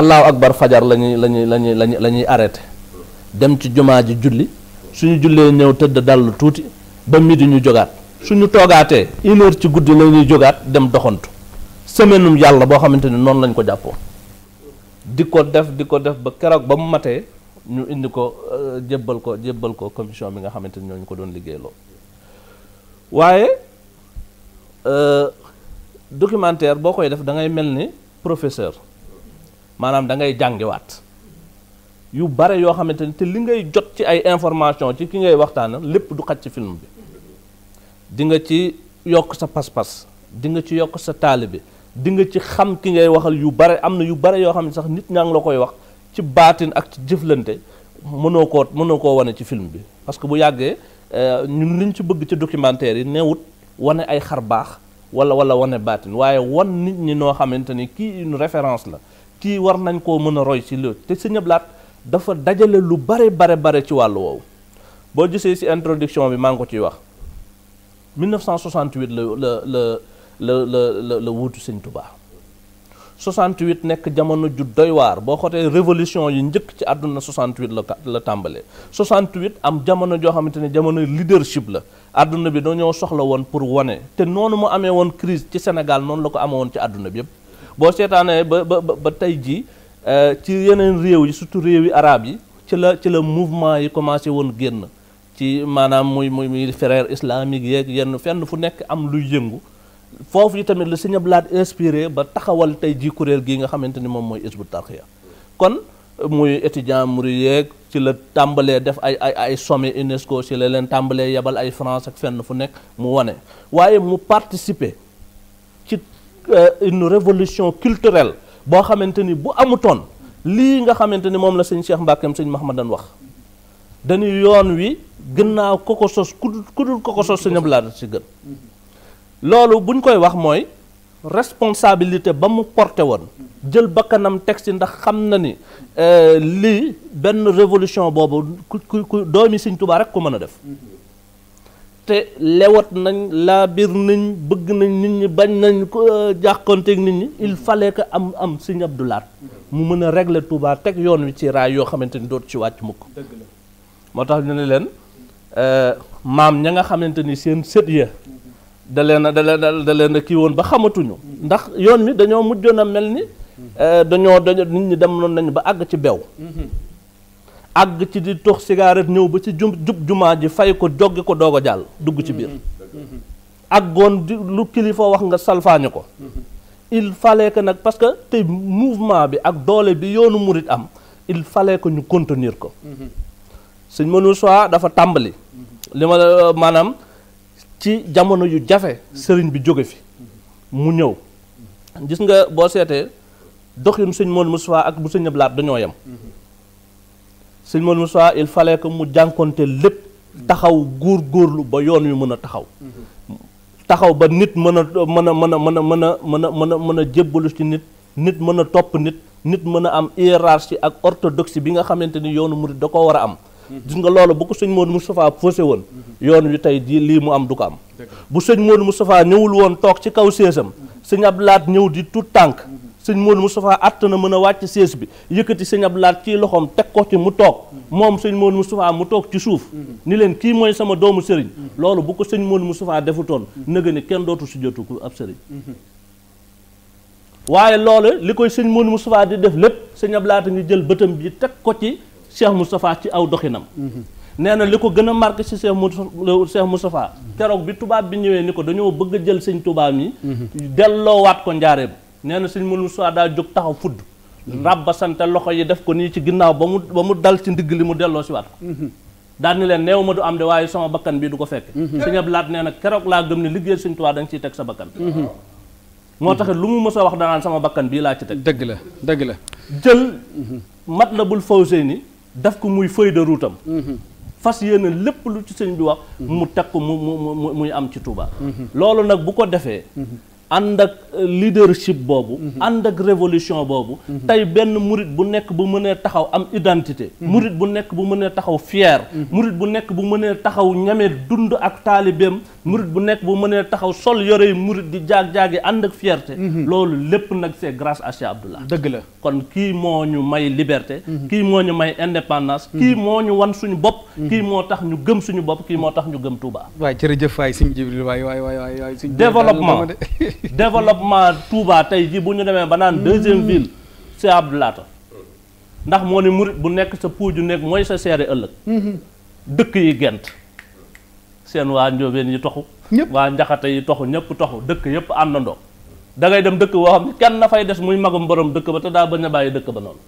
allahu akbar fajar lañuy lañuy lañuy lañuy la ñuy arrêté dem ci jumaa ji julli suñu jullee ñëw tëdd dàll tuuti ba midi ñu jógaat suñu toogaatee une ci guddi la ñuy jógaat dem doxantu semaine yàlla boo xamante ni noonu lañ ko jàppoo di ko def di ko def ba keroog ba mu matee ñu indi ko euh, jébbal ko jëbbal ko commission bi nga xamante ni ñoo ñu ko doon liggéeyloo waaye euh, documentaire boo koy def da ngay mel ni professeur maanaam da ngay jàngiwaat yu bare yoo xamante ni te li ngay jot ci ay information ci ki ngay waxtaanal lépp du xaj ci di nga ci yokk sa pas di nga ci yokk sa taalibe di nga ci xam ki ngay waxal yu bare am na yu bare yoo xam ne sax nit ñaa ngi la koy wax ci baatin ak ci jëflante mënoo koo mënoo koo wane ci film bi parce que bu yàggee euh, ñun liñ ci bëgg ci documentaire yi neewut wane ay xar baax wala wala wane baatin waaye wan nit ñi noo xamante ni kii une référence la kii war nañ koo mën a roy si loolu te Sëñ Abdu dafa dajale lu bare bare bare ci wàllu woowu boo gisee si introduction bi maa ngi ko ciy wax 1968 la la la la la la wuutu Sëñ Tuubaa 68 nekk jamono ju doy waar boo xotee révolution yi njëkk ci àdduna 68 la la tàmbalee 68 am jamono joo xamante ne jamono leadership la àdduna bi dañoo soxla woon pour wane te noonu mu amee woon crise ci Sénégal noonu la ko amee woon ci àdduna bi yëpp boo seetaanee ba ba ba tey jii euh, ci yeneen réew yi surtout réew yi arab yi ci la ci la mouvement yi commencé woon génn ci maanaam muy muy muy frère islamique yeeg yenn fenn fu nekk am luy yëngu foofu yi tamit la si Abdou Lahad ba taxawal tey jii kuréel gii nga xamante ni moom mooy Hizbut Tarqiyyah kon muy étudiant muri yeeg ci la tàmbalee def ay ay ay sommet UNESCO ci la leen tàmbalee yebal ay France ak fenn fu nekk mu wane waaye mu participer Euh, une révolution culturelle boo xamante ni bu amutoon lii nga xamante ni moom la sëñ Cheikh Mbackeem sëñ Mahmadan wax dañuy yoon wi gannaaw ko ko sos ku dul ko ko sos sëñ Abdoulaye si gën loolu buñ koy wax mooy responsabilité ba mu porté woon jël bakkanam teg ci ndax xam na ni euh, lii benn révolution boobu ku ku doomi sëñ Tuubaa rek ku mën a def te lewat nañ laa biir nañ bëgg nañ nit ñi bañ nañ ko euh, jàkkoonteeg nit ñi il fallait am am Sëñ Abdou Lahad mu mën a régler Touba teg yoon wi ci raay yoo xamante ni dootu ci wàcc mukk moo tax ñu ne leen euh, maam ña nga xamante ni seen sët ya da leen da leen da leen a kii woon ba xamatuñu ndax yoon wi dañoo mujjoon a mel ni euh, dañoo dañoo nit ñi dem noon nañu ba àgg ci bew mm-hmm. àgg ci di tox cigarette ñëw ba ci jum jub jumaa ji fay ko joggi ko doog a jàll dugg ci biir ak di lu kilifa wax nga salfaañe ko il fallait que nag parce que tey mouvement bi ak doole bi yoonu murit am il fallait que ñu contenir ko sëñ Manouche dafa tàmbali li ma la maanaam ci jamono yu jafe sëriñ bi jóge fi mu ñëw gis nga boo seetee doxin sëñ Modou Moussa ak bu sëñ laat dañoo yem sëñ Modou Moussa il fallait que mu jànkonte lépp taxaw góor góorlu ba yoon wi mën a taxaw taxaw ba nit mën a mën a mën a mën a mën a mën a mën a mën a jébbalu ci nit nit mën a topp nit nit mën a am hiérarchie ak orthodoxie bi nga xamante ni yoonu murid da ko war a am gis nga loolu bu ko sëñ Modou Moustapha faussé woon yoon wi tey jii lii mu am du ko am bu sëñ Modou Moustapha ñëwul woon toog ci kaw séesam sëñ Abdou Lahad ñëw di tout tànk sëñ Modou Moustapha àtt na mën a wàcc sées bi yëkkati sëñ Abdou Lahat ci loxoom teg ko ci mu toog moom sëñ Modou Moustapha mu toog ci suuf ni leen kii mooy sama doomu sëriñ loolu bu ko sëñ Modou Moustapha defutoon nëga ni kenn dootu si jotu ku ab sëriñ waaye loolu li koy sëñ Modou Moustapha di def lépp sëñ Abdou Lahat ngi jël bëtam bi teg ko ci Cheikh Moustapha ci aw doxinam nee na li ko gën a marqué ci Cheikh Cheikh Moustapha keroog bi tubaab bi ñëwee ni ko dañoo bëgg a jël sëñ tubaab mi mhm. delloowaat ko njaareem nee na sëñ mënul soit daa jóg taxaw fudd ràbba sante loxo yi def ko nii ci ginnaaw ba mu ba mu dal ci ndigg li mu delloo si waat ko daal leen neew ma du am de waaye sama bakkan bii du ko fekk sëñ laat Lahat nee na keroog laa gëm ne liggéey sëñ Tuubaa da nga ciy teg sa bakkan moo taxit lu mu mës a wax danaan sama bakkan bii laa ci teg dëgg la dëgg la jël Matlabul Fawzayni daf ko muy feuille de route am fas yéene lépp lu ci sëñ bi wax mu teg ko mu mu muy am ci Tuubaa loolu nag bu ko defee ànd ak leadership boobu ànd ak révolution boobu tey benn murit bu nekk bu mënee taxaw am identité murit bu nekk bu mënee taxaw fier murit bu nekk bu mënee taxaw ñame dund ak taalibeem murit bu nekk bu mënee taxaw sol yore murit di jaag jaagi ànd ak fierte mhm. loolu lépp nag c'est grace à Cheikh Abdoulaye. dëgg la kon kii moo ñu may liberté. Mhm. kii moo ñu may indépendance. kii mhm. moo ñu wan suñu bopp. kii moo tax ñu gëm suñu bopp kii moo tax ñu gëm Touba. waaye jërëjëf waay Sëñ Jibril waay waay waay waay. développement <laughs> développement Touba tey jii bu ñu demee ba naan deuxième ville Cheikh Abdoulaye ndax moo ne murit bu nekk sa puuju nekk mooy sa seere ëllëg. dëkk yi gent seen waa njóobeen yi toxu ñëpp waa njaxate yi toxu ñëpp toxu dëkk yëpp àndandoo da ngay dem dëkk boo xam ne kenn na dëkk ba te daa bañ a bàyyi dëkk ba noonu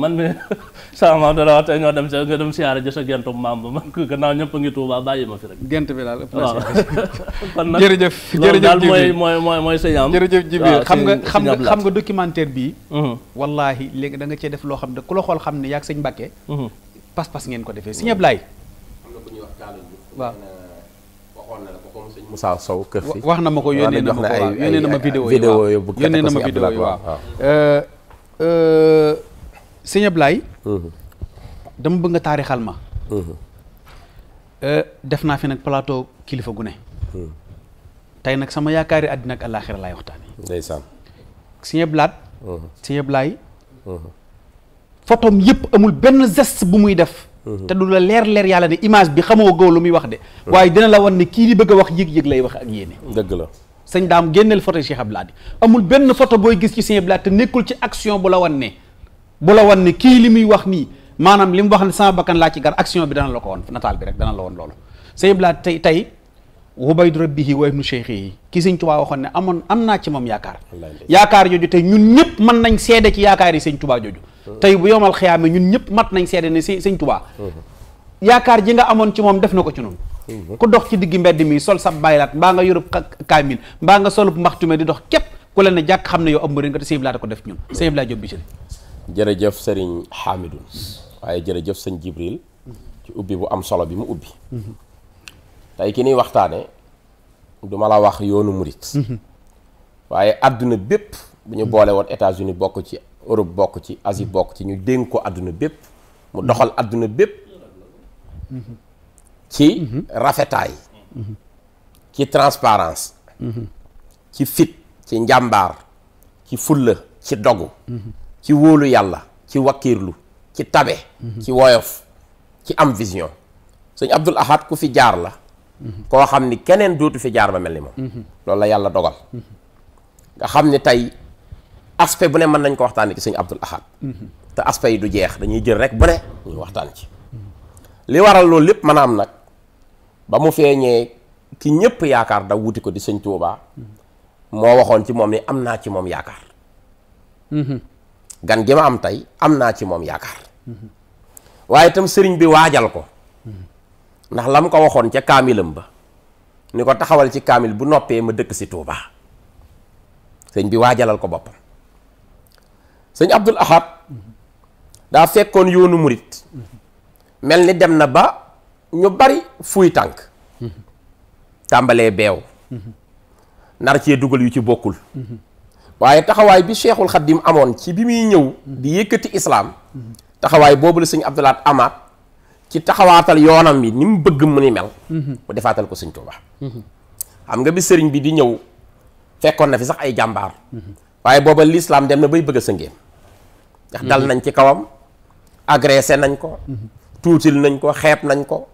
man mi <laughs> sama maam dana wax tey ñoo dem si nga dem siyaare sa ba man ko a xam nga documentaire bii mhm. wallaahi léegi da nga cee def loo xam ku la xool xam ne yaag sëñ Mbàkke mhm. pas-pas ngeen ko defee sëñ Ablaay waaw waxoon Sow kër wax na ma ko yónnee na ma ko waaw yónnee na ma vidéo yi waaw yónnee na ma vidéo yi waaw euh, euh, sëñ Ablaye mhm. dama bëgg nga taarixal ma mhm. euh, def naa fi nag plateau kilifa gu ne mhm. tey nag sama yaakaari àddina ak àllaaxira laay waxtaane ndeysaan sëñ Ablaye sëñ yëpp amul benn geste bu muy def Mhm. te du la leer leer yàlla ne image bi xamoo góor lu muy wax de. Mhm. waaye dina la wan ne kii di bëgg a wax yëg-yëg lay wax ak yéene. dëgg la sëñ daam génneel photo Cheikh Abdou Lahad amul benn photo booy gis ci Cheikh Abdou te nekkul ci action bu la wan ne bu la wan ne kii li muy wax nii maanaam li mu wax ne sama bakkan laa ci gar action bi dana la ko wan nataal bi rek dana la wan loolu Cheikh Abdou Lahad tey tey wabaydu rabbihi wa ibnu cheikhihi ki sëñ tubaa waxoon ne amoon am naa ci moom yaakaar yaakaar jooju tey ñun ñëpp mën nañ seede ci yaakaar yi sëñ tubaa jooju tey bu yomal xiyaame ñun ñëpp mat nañ seede ne si sëñ Tuubaa yaakaar ji nga amoon ci moom def na ko ci noonu mhm. ku dox ci digg mbedd mi sol sa baylaat mbaa nga yorub kaamil mbaa nga solub maxtume di dox képp ku leen ne jàkk xam ne yow am nga te sëñ ko def ñun sëñ Ablaye Diop Bichri jërëjëf sëriñ Hamidou waaye jërëjëf sëñ Jibril ci ubbi bu am solo bi mu ubbi mhm. tey ki niy waxtaane duma la wax yoonu murit mhm. waaye àdduna bépp bu ñu boole woon États-Unis bokk ci Europe bokk ci Asie bokk ci ñu dénk ko àdduna bépp mu doxal àdduna bépp ci rafetaay ci transparence ci fit ci njàmbaar ci fulla ci dogu ci wóolu yàlla ci wakiirlu ci tabe ci woyof ci am vision sëñ Abdul Ahad ku fi jaar la koo xam ni keneen dootu fi jaar ba mel ni moom loolu la yàlla dogal nga xam ni tey aspect bu ne mën nañ ko waxtaanee ci sëñ Abdul Ahad te aspect yi du jeex dañuy jël rek bu ne ñu waxtaan ci li waral loolu lépp mën a am nag ba mu feeñee ki ñëpp yaakaar da wuti ko di sëñ Tuubaa moo waxoon ci moom ni am naa ci moom yaakaar gan gi am tey am naa ci moom yaakaar waaye itam sëriñ bi waajal ko ndax la mu ko waxoon ca kaamilam ba ni ko taxawal ci kaamil bu noppee ma dëkk si Tuubaa sëriñ bi waajalal ko boppam sëñ Abdul Ahad daa fekkoon yoonu murit mel ni dem na ba ñu bari fuy tànk tàmbalee beew nar cee dugal yu ci bokkul waaye taxawaay bi cheikhul xaddim amoon ci bi muy ñëw di yëkkati islaam taxawaay boobu la sëñ Abdul Ahad amaat ci taxawaatal yoonam bi ni mu bëgg mu ni mel mu defaatal ko sëñ Tuuba xam nga bi sëriñ bi di ñëw fekkoon na fi sax ay jàmbaar waaye booba lislaam dem na bay bëgg a ndax dal nañ ci kawam agressé nañ ko tuutil nañ ko xeeb nañ ko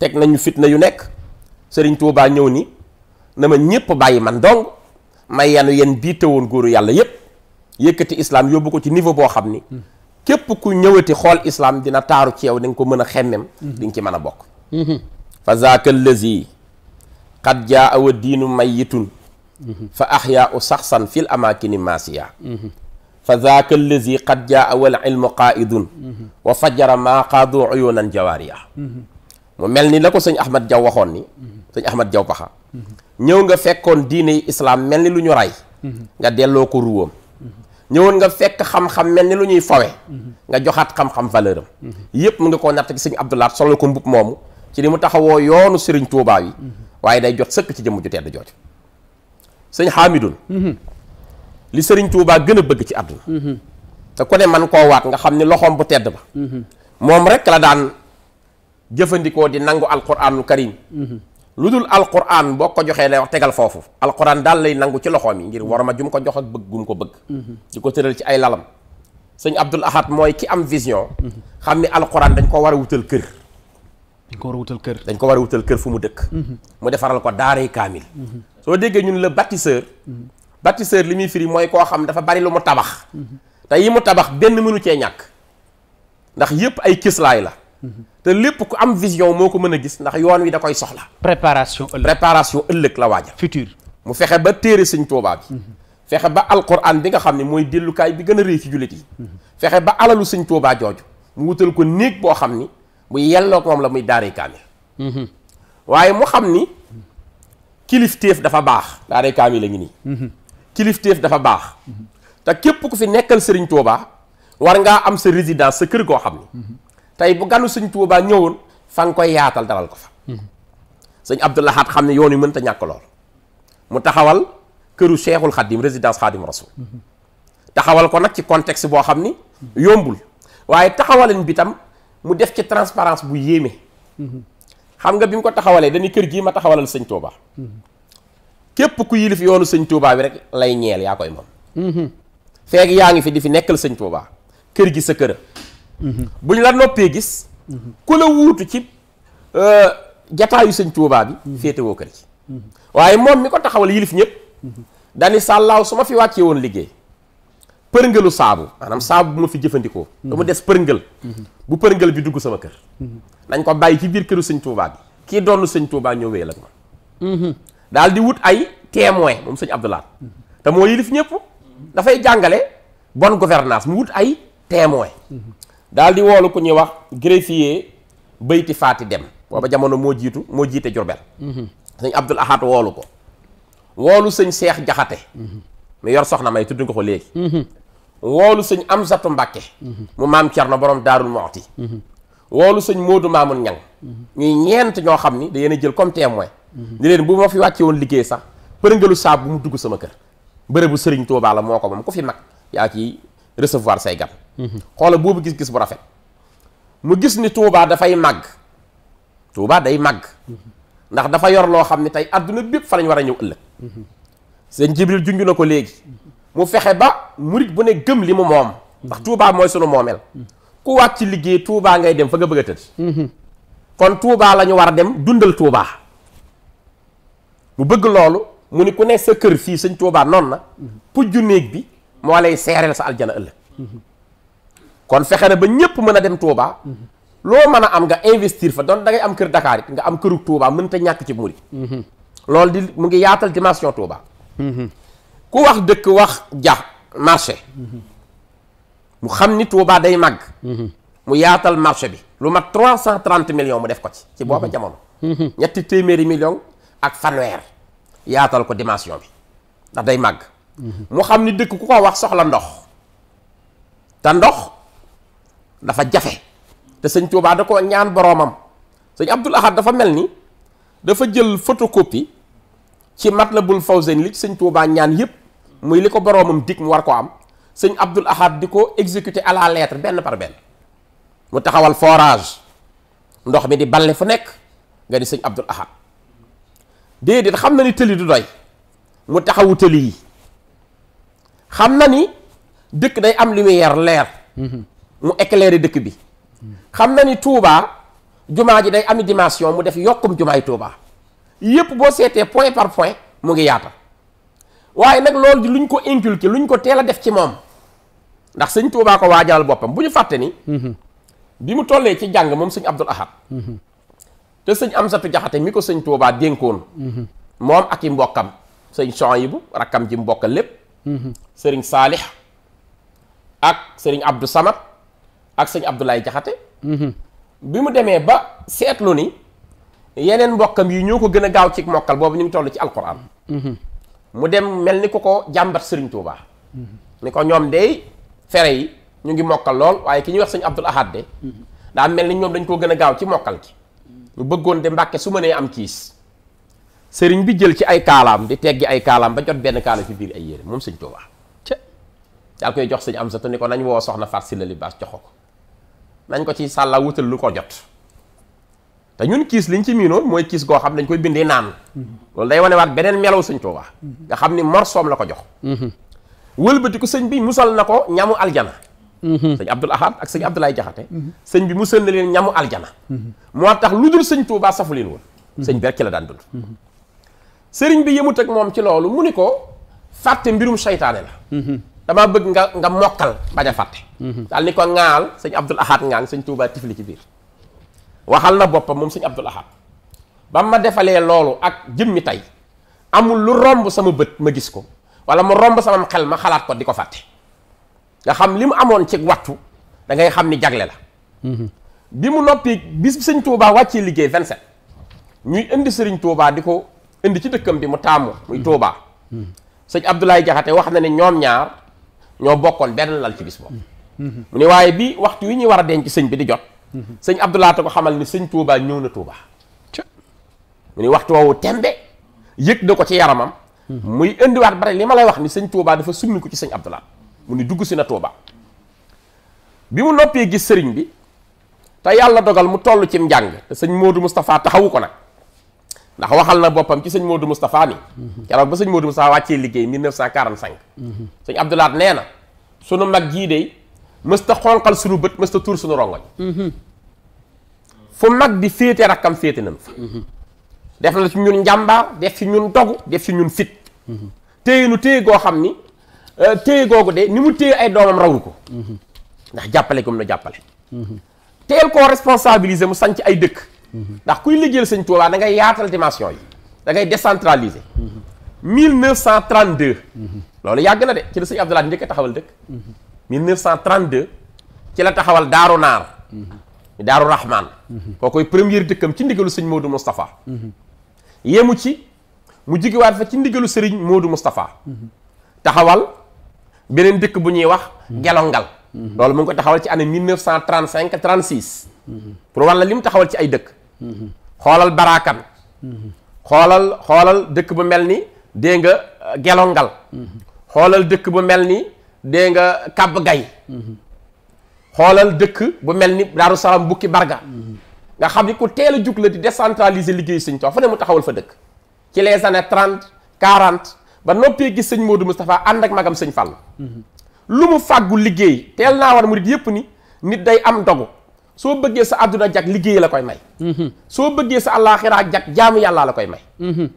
teg nañu fitna yu nekk sëriñ Tuubaa ñëw ni na ma ñépp bàyyi man dong may yanu yen bii tewoon góoru yàlla yépp yëkkati islam yóbbu ko ci niveau boo xam ni képp ku ñëwati xool islam dina taaru ci dañ ko mën a xemmem di ci mën a bokk fa zaaka lazi qad jaa wa diinu mayitun fa axyaa u saxsan fil amakini maasiya fa zaaka allazi qad jaa wal ilmu qaidun wa fajara maa qaadu uyunan jawaariya mu mel ni la ko sëñ ahmad jaw waxoon ni sëñ ahmad jaw paxa ñëw nga fekkoon diine islaam mel ni lu ñu rey nga delloo ko ruwam ñëwoon nga fekk xam-xam mel ni lu ñuy fawe nga joxaat xam-xam valeur am yëpp mu nga koo natt ci sëñ abdoulaat solo ko mbub moomu ci li mu taxawoo yoonu sëriñ tuubaa yi waaye day jot sëkk ci jëmm ju tedd jooju sëñ xaamidun li sëriñ Tuubaa gën a bëgg ci àdduna mhm. te ku ne man koo waat nga xam ni loxoom bu tedd ba mhm. moom rek la daan jëfandikoo di nangu alquraanul karim mhm. lu dul alquran boo ko joxee lay wax tegal foofu alquran daal lay nangu ci loxoom yi ngir war ma jum ko jox ak bëgg gum ko bëgg di ko tëral ci ay lalam sëñ Abdul Ahad mooy ki am vision xam ni alquran dañ ko war a wutal kër dañ ko war a wutal kër dañ ko war a wutal kër fu mu dëkk mu defaral ko daaray kaamil soo déggee ñun bâtisseur li muy firi mooy koo xam dafa bari lu mu tabax te yi mu tabax benn mënu cee ñàkk ndax yépp ay kislaay la te lépp ku am vision moo ko mën a gis ndax yoon wi da koy soxla préparation ëllëg ëllëg la waajal futur mu fexe ba téere sëñ Tuubaa bi fexe ba alquran bi nga xam ne mooy dellukaay bi gën a réy ci jullit yi fexe ba alalu sëñ Tuubaa jooju mu wutal ko néeg boo xam ni bu yelloog moom la muy daaray kaamil mhm. waaye mu xam ni kilif kilifteef dafa baax daaray kaamil la kilifteef dafa baax te képp ku fi nekkal sëriñ Touba war ngaa am sa résidence sa kër goo xam ne tey bu ganu sëñ Touba ñëwoon fa nga koy yaatal dalal ko fa sëñ Abdou xam ne yoon wi mënta ñàkk lool mu taxawal këru Cheikhul Khadim résidence Khadim Rasoul taxawal ko nag ci contexte boo xam ni yombul waaye taxawalin bi tam mu def ci transparence bu yéeme mhm. xam nga bi mu ko taxawalee dañu kër gii ma taxawalal sëñ Touba mhm. képp ku yilif yoonu sëñ Touba bi rek lay ñeel yaa koy moom. Mm-hmm. feeg yaa ngi fi di fi nekkal sañ Touba kër gi sa kër. Mm-hmm. buñ la noppee gis. Mm-hmm. ku la wuutu ci euh, jataayu sëñ Touba bi. féetewoo kër gi. waaye moom mi ko taxawal yilif ñëpp. dani sàllaaw su ma fi wàccee woon liggéey. përngëlu saabu maanaam saabu bu ma fi jëfandikoo da mu des përngël bu përngël bi dugg sama kër nañ ko bàyyi ci biir këru sëñ Touba bi kii doonu sëñ Touba ñëw wéyal ak daal di wut ay témoin moom sëñ Abdoulaat te moo yilif ñëpp dafay jàngale bon gouvernance mu wut ay témoin daal di woolu ku ñuy wax greffier bayti faati dem booba jamono moo jiitu moo jiite Jurbel sëñ Abdul Ahad woolu ko woolu sëñ Seex Jaxate mu yor soxna may tudd nga ko léegi woolu sëñ Amsatu Mbàkke mu maam Cerno borom Daarul Muxti woolu sëñ Moodu Maamun Ñang ñuy ñeent ñoo xam ni da yéen a jël comme témoin ni leen bu ma fi wàcce woon liggéey sax përëngalu saab bu mu dugg sama kër bërëbu sëriñ Tuubaa la moo ko moom ku fi mag yaa ci resevoir say gan xoola boobu gis-gis bu rafet mu gis ni Tuubaa dafay màgg Tuubaa day màgg ndax dafa yor loo xam ne tey adduna bépp fa lañ war a ñëw ëllëg seen Jibril junj na ko léegi mu fexe ba murit bu ne gëm li mu moom ndax Tuubaa mooy sunu moomeel ku wàcc ci liggéey Tuubaa ngay dem fa nga bëgg a tëdd mhm. kon Tuubaa lañu war a dem dundal Tuubaa mu bëgg loolu mu ni ku ne sa kër fii sañ Tuubaa noonu na pujju néeg bi moo lay seereel sa aljana ëllëg kon fexe na ba ñëpp mën a dem Tuubaa loo mën a am nga investir fa doon dangay am kër Dakar nga am këru Tuubaa mënta ñàkk ci murit loolu di mu ngi yaatal dimension Tuubaa ku wax dëkk wax ja marché mu xam ni Tuubaa day màgg mu yaatal marché bi lu mat trois cent trente million mu def ko ci ci booba jamono ñetti téeméeri million ak fanweer yaatal ko dimension bi ndax day màgg mu xam ni dëkk ku ko wax soxla ndox te ndox dafa jafe te sëñ Tuubaa da ko ñaan boroomam sëñ Abdul Ahad dafa mel ni dafa jël photocopie ci Matlabul Fawzayni li ci sëñ Tuubaa ñaan yépp muy li ko boroomam dig mu war ko am sëñ Abdul Ahad di ko exécuter à la lettre benn par benn mu taxawal forage ndox mi di balle fu nekk nga ni sëñ Abdul Ahad déedéet xam na ni tëli du doy mu taxawu tëli yi xam na ni dëkk day am lumière leer mu éclairer dëkk bi xam na ni Touba jumaa ji day am dimension mu def yokkum jumaay Touba yépp boo seetee point par point mu ngi yaata waaye nag loolu luñ ko lu luñ ko teel a def ci moom ndax sëñ Touba ko waajalal boppam bu ñu fàtte ni mhm. bi mu tollee ci jàng moom sëñ Abdul Ahad mhm. te sëñ Amsatu Jaxate mi ko sëñ Tuubaa dénkoon moom ak i mbokkam sëñ Soyibu rakkam ji mbokka lépp sëriñ Saalix ak sëriñ Abdou Samad ak sëñ Abdoulaye Jaxate bi mu demee ba seetlu ni yeneen mbokkam yi ñoo ko gën a gaaw ci mokkal boobu ñu ngi toll ci alquran mu dem mel ni ku ko jàmbat sëriñ Tuubaa ni ko ñoom dey fere yi ñu ngi mokkal lool waaye ki ñuy wax sëñ Abdul Ahad de daa mel ni ñoom dañ koo gën a gaaw ci mokkal gi mu bëggoon de mbàkke su ma nee am kiis sëriñ bi jël ci ay kaalaam di teggi ay kaalaam ba jot benn kaala ci biir ay yére moom sëñ Tuubaa ca daal koy jox sëñ am sa te ni ko nañ woo soxna far si la joxo ko nañ ko ci sàlla wutal lu ko jot te ñun kiis liñ ci miinoon mooy kiis goo xam ne dañ koy bindee naan mm-hmm. loolu day wane waat beneen melaw sëñ Tuubaa mm-hmm. nga xam ni morsoom la ko jox mm-hmm. wëlbati ko sëñ bi musal na ko ñamu aljana Mm-hmm. sëñ Abdul Ahad ak sëñ mm-hmm. Abdoulaye Jaxate mm-hmm. sëñ bi musal na leen ñamu aljana moo tax lu dul sëñ Tuubaa safu leen woon sëñ bi rek ci la daan dund sëriñ bi yëmut ak moom ci loolu mu ni ko fàtte mbirum seytaane la damaa bëgg nga nga mokkal bañ fàtte daal ni ko ŋaal sëñ Abdul Ahad ŋaang sëñ Tuubaa tifli ci biir waxal na boppam moom sëñ Abdul Ahad ba ma defalee loolu ak jëmmi tey amul lu romb sama bët ma gis ko wala mu romb sama xel ma xalaat ko di ko fàtte nga xam li mu amoon ci waxtu da ngay xam ni jagle la bi mu noppi bis sëñ Touba wàccee liggéey 27 ñuy indi sëriñ Touba di ko indi ci dëkkam bi mu taamu muy Touba sëñ Abdoulaye Jaxate wax na ne ñoom ñaar ñoo bokkoon benn lal ci bis boobu mu ne waaye bi waxtu wi ñuy war a denc sëñ bi di jot sëñ Abdoulaye te ko xamal ni sëñ Touba ñëw na Touba mu ne waxtu woowu tembe yëg na ko ci yaramam hmm. muy indiwaat bare li ma lay wax ni sëñ Touba dafa summi ko ci sëñ Abdoulaye mu ni dugg si na Touba bi mu noppee gis sëriñ bi te yàlla dogal mu toll cim njàng te sëñ Modou Moustapha taxawu ko nag ndax waxal na boppam ci sëñ Modou Moustapha ni keroog ba sëñ Modou Moustapha wàccee liggéey 1945. sëñ Abdoulaat nee na sunu mag jii de mësta xonqal sunu bët mësta tuur sunu rongoñ fu mag di féete rakkam féete nañ fa def na ci ñun njàmbaar def ci ñun dogu def ci ñun fit téye nu téye goo xam ni Euh, téye googu de ni mu téye ay doomam rawu ko mhm. ndax jàppale ko mu na jàppale mhm. teel koo responsabiliser mu sanc ay dëkk mhm. ndax kuy liggéeyal sëñ Tuubaa da ngay yaatal dimension yi da ngay décentraliser 1932 loolu yàgg na de ci la sëñ Abdoulaye njëkk a taxawal dëkk 1932 ci la taxawal Daaru Naar Daaru Rahman kookoy première dëkkam ci ndigalu sëñ Modou Moustapha yemu ci mu jigiwaat fa ci ndigalu sëriñ Modou Moustapha taxawal beneen dëkk bu ñuy wax gelongal loolu mu ngi ko taxawal ci année 1935 36 pour walla li mu taxawal ci ay dëkk xoolal baraakan xoolal xoolal dëkk bu mel ni dégg nga euh, gelongal xoolal dëkk bu mel ni dégg nga kàbb gay xoolal dëkk bu mel ni daaru salaam bukki barga nga xam ni ku teel a jug la di décentraliser liggéey suñ too fa ne mu taxawal fa dëkk ci les années 30 40 ba noppee gis sëñ Modou Moustapha ànd ak magam sëñ Fall. lu mu fàggu liggéey teel naa war murit yépp ni nit day am dogu soo bëggee sa àdduna jag liggéey la koy may. Mhm. soo bëggee sa àllaaxiraa jag jaamu yàllaa la koy may. Mhm.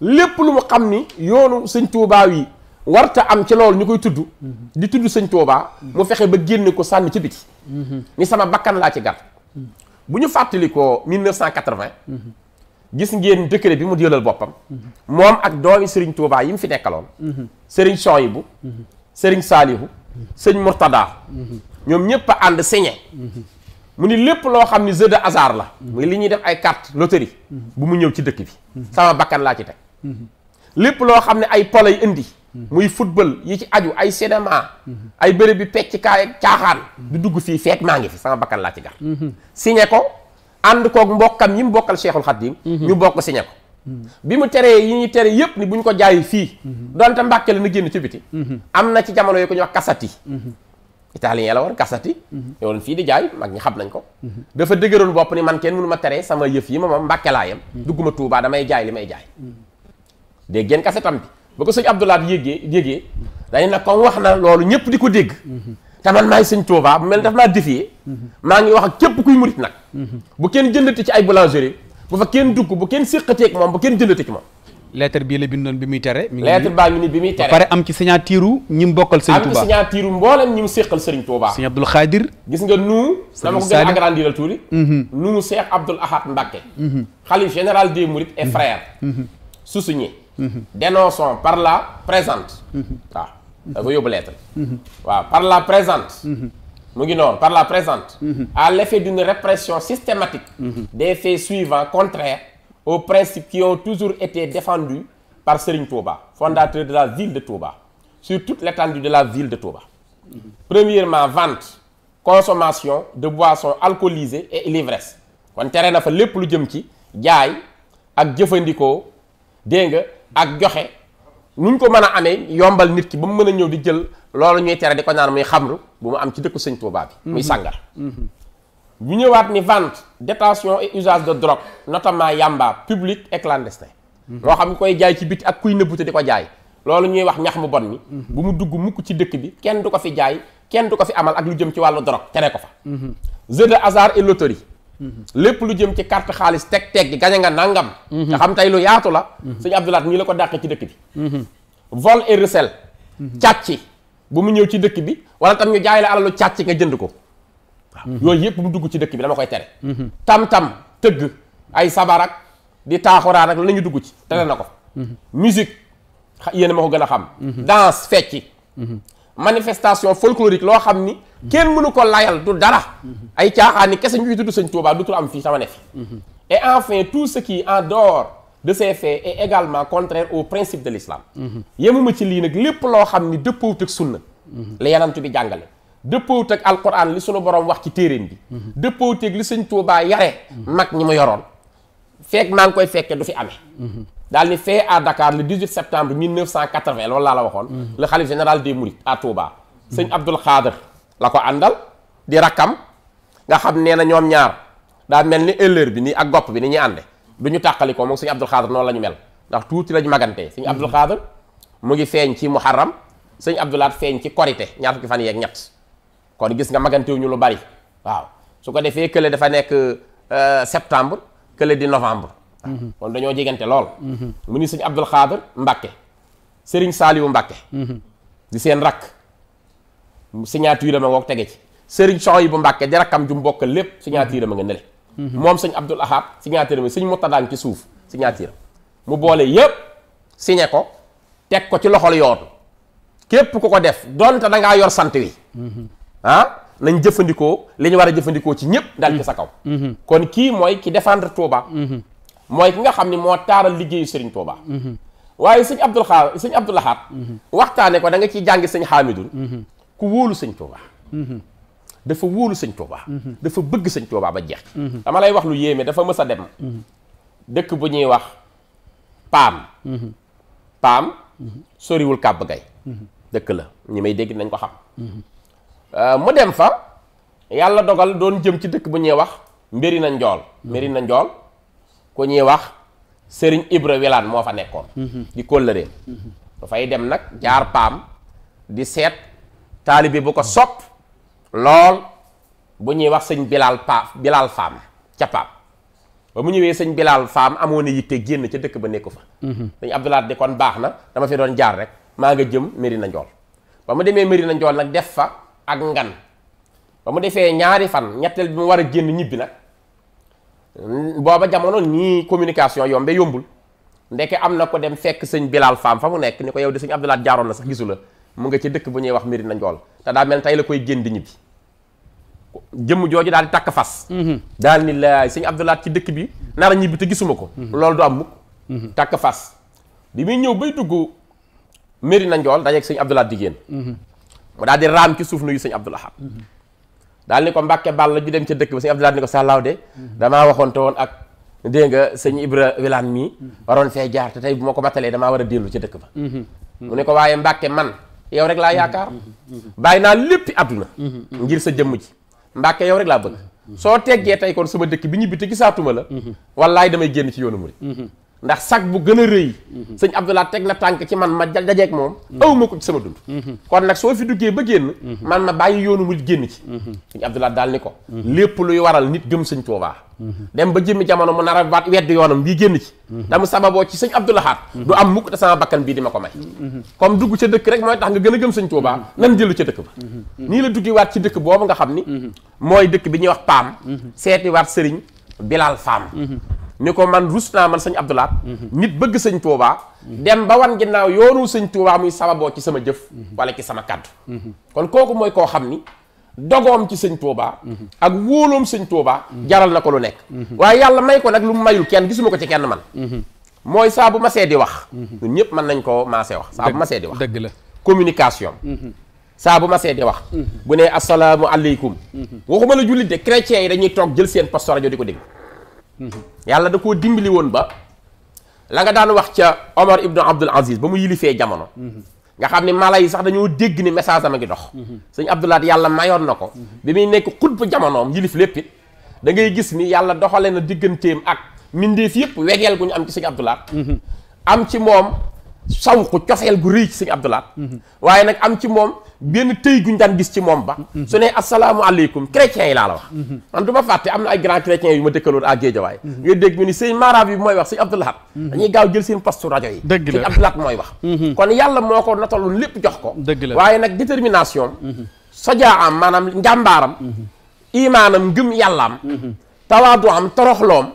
lépp lu mu xam ni yoonu sëñ Touba yi warta am ci loolu ñu koy tudd. Mhm. di tudd sëñ Touba. mu fexe ba génne ko sànn ci biti. ni sama bakkan laa ci gar. bu ñu fàttalikoo 1980. gis ngeen décret bi mu jëlal boppam moom ak doomi Serigne Touba yi mu fi nekkaloon Serigne Souhaïbou Serigne Salihu Serigne Mourtada ñoom ñëpp ànd signé mu ni lépp loo xam ni jeu de la muy li ñuy def ay kart loterie bu mu ñëw ci dëkk bi sama bakkan laa ci teg lépp loo xam ne ay polay indi muy football yi ci aju ay cinéma ay bërëb bi pecc kaay caaxaan du dugg fii feek maa ngi fi sama bakkan laa ci gar signé ko ànd kook mbokkam yi mu bokkal Cheikhul Khadim mhm. ñu bokk signé ko bi mu teree yi ñuy tere yëpp ni bu ñu ko jaayi fii mhm. donte Mbàkke la na génn ci biti mhm. am na ci jamono yi ko ñu wax kasati italien la war kasati yoo fii di jaay mag ñi xam nañ ko dafa dëgëroon bopp ni man kenn mënu ma tere sama yëf yi ma moom mbakkelaayam laa yem dugguma Tuubaa damay jaay li may jaay dégg ngeen kasetam bi ba ko sëñ Abdoulaye yéegee yéegee dañu ne comme wax na loolu ñëpp di ko dégg te man maay sëñ Touba bu mel daf maa défier maa ngi wax képp kuy murit nag bu kenn jëndati ci ay boulangerie bu fa kenn dugg bu kenn séqateeg moom bu kenn jëndati ci moom lettre bii la bindoon bi muy tere mi ngi lettre baa ngi ni bi muy tere pare am ci signature ñi mu bokkal sëñ Touba am ci signature mboolem ñi mu séqal sëriñ Touba sëñ Abdoul Khadir gis nga nuu dama ko gën a agrandiral tuuti mm-hmm. nuu Cheikh Abdoul Ahad Mbacké mm-hmm. xalif général des mourides et mm-hmm. frères sousigné dénonçons par la présente waaw dafa yóbbu lettre waaw par la présente mu ngi noonu par la présente à l'effet d'une répression systématique des faits suivants contraires aux principes qui ont toujours été défendus par Serigne Touba fondateur de la ville de Touba sur toute l'étendue de la ville de Touba premièrement vente consommation de boissons alcoolisées et l'ivresse kon tere na fa lépp lu jëm ci jaay ak jëfandikoo dégg nga ak joxe nuñ ko mën a amee yombal nit ki ba mu mën a ñëw di jël loolu ñuy tere di ko naan muy xamru bu mu am ci dëkku sëñ Tuubaa bi muy mhm. sàngar ñu mhm. ñëwaat ni vente détention et usage de drogue notamment yamba public et clandestin mhm. loo xam ni koy jaay ci biti ak kuy nëbbute di ko jaay loolu ñuy wax ñax mu bon mi bu mu dugg mukk ci dëkk bi kenn du ko fi jaay kenn du ko fi amal ak lu jëm ci wàllu drogue tere ko fa jeu de hasard et loterie lépp lu jëm ci carte xaalis teg teg gi gañe nga nangam. nga mhm. xam tey lu yaatu la. Mhm. sëñ Abdoulaat ñii la ko dàqee ci dëkk bi. Mhm. vol et recel. ci bu mu ñëw ci dëkk bi wala tam ñu jaay la alalu càcc nga jënd ko. yooyu yëpp mu dugg ci dëkk bi dama koy tere. tam tam tëgg ay sabarak di taaxuraan ak la dugg ci tere na ko. musique yéen ma ko gën a xam. danse fecc. manifestation folklorique loo xam ni kenn mënu ko layal du dara mhm. ay caaxaan ni kese ñuy tudd sëñ Tuubaa du ko am fii sama ne fi mhm. et enfin tout ce qui en dehors de ces faits est également contraire au principe de l'islam mhm. yemuma ci lii nag lépp loo xam ni dëppoowut ak sunna la yanantu bi jàngale dëppoowut ak alquran li sunu boroom wax ci téeréem bi dëppoowut ak li sëñ Tuubaa yare mag ñi mu yoroon fekk maa ngi koy fekke du fi amee daal ni fee à Dakar le 18 septembre 1980 loolu laa la waxoon. Mm-hmm. le xalif général des Mourides à Touba. sëñ Abdul Xaadir la ko àndal di rakkam nga xam nee na ñoom ñaar daal mel ni ëllëg bi ni ak gopp bi ni ñuy ànde du ñu tàqali ko moom sëñ Abdul Xaadir noonu la ñu mel ndax tuuti la ñu magantee sëñ mm-hmm. Abdul Xaadir mu ngi feeñ ci Muharram sëñ Abdoulaat feeñ ci Korité ñaar fukki fan yeeg ñett kon gis nga magantewu ñu lu bari waaw su ko defee kële dafa nekk euh, septembre kële di novembre kon mm-hmm. dañoo jegante lool mm-hmm. mu ni sëñ Abdul Xaadir Mbàkke sëriñ Saaliwu Mbàkke mm-hmm. di seen rakk signature ma ngoog tege ci sëriñ bu mbakke di rakkam ju mbokk lépp signature ma nga nele moom sëñ Abdul Ahad a ma sëñ Murtadaa ci suuf signature mu boole yépp signé ko teg ko ci loxol yoon képp ku ko def donte da yor sant wi ah nañ jëfandikoo li ñu war a jëfandikoo ci ñëpp dal ci sa kaw kon kii mooy ki défendre Touba mooy ki nga xam ni moo taaral liggéeyu Serigne Touba. waaye sëñ Abdul Xaar sëñ Abdul Lahat waxtaane ko danga nga ciy jàngi sëñ Xaamidul ku wóolu sëñ Touba. dafa wóolu sëñ Touba. dafa bëgg sëñ Touba ba jeex dama lay wax lu yéeme dafa mës a dem dëkk bu ñuy wax paam paam soriwul kàbb gay dëkk la ñi may dégg nañ ko xam euh, mu dem fa yàlla dogal doon jëm ci dëkk bu ñuy wax mbiri na njool mberi na njool ku ñuy wax sëriñ ibre Wilaan moo fa nekkoon mhm. di kóllëreem mhm. dafay dem nag jaar paam di seet taalibe bu ko sopp lool bu ñuy wax sëñ bilaal pa Bilal Faam ca paam ba mu ñëwee sëñ Bilal Faam amoon na yitte génn ca dëkk ba nekk fa mhm. sëñ Abdoulaat di kon baax na dama fi doon jaar rek maa nga jëm Mérina Njool ba mu demee Mérina Njool nag def fa ak ngan ba mu defee ñaari fan ñetteel bi mu war a génn ñibbi nag booba jamono nii communication yombe yombul ndeke am na ko dem fekk sëñ Bilal Faam fa mu nekk ni ko yow di sëñ Abdoulaat jaaroon na sax gisu la mu nga ci dëkk bu ñuy wax Mirina Njool te daa mel tey la koy génn di ñibbi jëm jooju daal di takk fas mhm. daal ni laay sëñ Abdoulaat ci dëkk bi nar a ñibbi te gisuma ko mhm. loolu du am mukk mhm. takk fas bi muy ñëw bay dugg Mirina Njool dajeeg sëñ Abdoulaat jigéen mu daal di raam ci suuf nuyu sëñ Abdoulahat daal ni ko Mbàkke Balla ju dem ca dëkk ba sëñ Abdoulaye ni ko sàllaaw de mm-hmm. damaa waxoonte woon ak dégg nga sañu Ibra Wilane mii mm-hmm. waroon fee jaar te tey bu ma ko battalee damaa war a dellu ca dëkk ba mm-hmm. mu ne ko waaye Mbàkke man yow rek laa yaakaar bàyyi naa léppi àdduna ngir sa jëmm ji Mbàkke yow rek laa bëgg soo teggee tey kon sama dëkk bi ñibbi te gisaatuma la wallaay damay génn ci yoonu murid ndax sag bu gën a rëy sëñ Abdoulaye teg na tànk ci man ma dajeeg moom awma ko ci sama dund kon nag soo fi duggee ba génn man ma bàyyi yoonu mu génn ci sëñ Abdoulaye daal ni ko lépp luy waral nit gëm sëñ Tuubaa dem ba jëmmi jamono mu nar a waat wedd yoonam bii génn ci dama sababoo ci sëñ Abdoulaye xaat du am mukk te sama bakkan bii di ma ko may comme dugg ca dëkk rek mooy tax nga gën a gëm sëñ Tuubaa nan jëlu ca dëkk ba nii la duggi waat ci dëkk boobu nga xam ni mooy dëkk bi ñuy wax paam seeti waat sëriñ Bilal Faam ni ko man rus naa man sëñ Abdoulaat mhm. nit bëgg sañ Tuubaa mhm. dem ba wan ginnaaw yoonu sëñ Tuubaa muy sababoo ci sama jëf mhm. wala ci sama kàddu kon kooku mooy koo xam ni dogoom ci sëñ Tuubaa ak wóoloom sëñ Tuubaa jaral na ko lu nekk waaye yàlla may ko nag lu mu mayul kenn gisuma ko ci kenn man mooy saa bu masee di wax ñun ñëpp mën nañ koo maasee wax saa bu masee di wax dëgg la communication saa bu masee di wax bu ne asalaamu aleykum waxuma la jullit de chrétiens yi di ko déglu Mhm. yàlla da koo dimbali woon ba la nga daan wax ca Omar ibnu Abdul Aziz ba mu yilifee jamono mhm. nga xam ne mala yi sax dañoo dégg ni message am a ngi dox mhm. sëñ Abdoulaat yàlla mayoon na ko bi muy nekk xutba jamonoom yilif lépp it da ngay gis ni yàlla doxale na digganteem ak mindeef yëpp wegeel gu ñu am ci sëñ Abdoulaat am ci moom sawku cofeel gu rëy ci sëñ Abdou Lahad waaye nag am ci moom benn tëy guñ daan gis ci moom ba su ne asalaamualeykum chrétiens yi laa la wax man du ma fàtte am na ay grand chrétiens yu ma dëkkaloon à Géejawaay nga dégg ñu ni sëñ maaraab yi mooy wax sëñ Abdou Lahad gaaw jël seen postu rajo yi dëgg la sëñ Abdou Lahad mooy wax kon yàlla moo ko nataloon lépp jox ko dëgg la waaye nag détermination sojaa am maanaam njàmbaaram imaanam ngëm yàllaam mm-hmm. tawaadu am toroxloom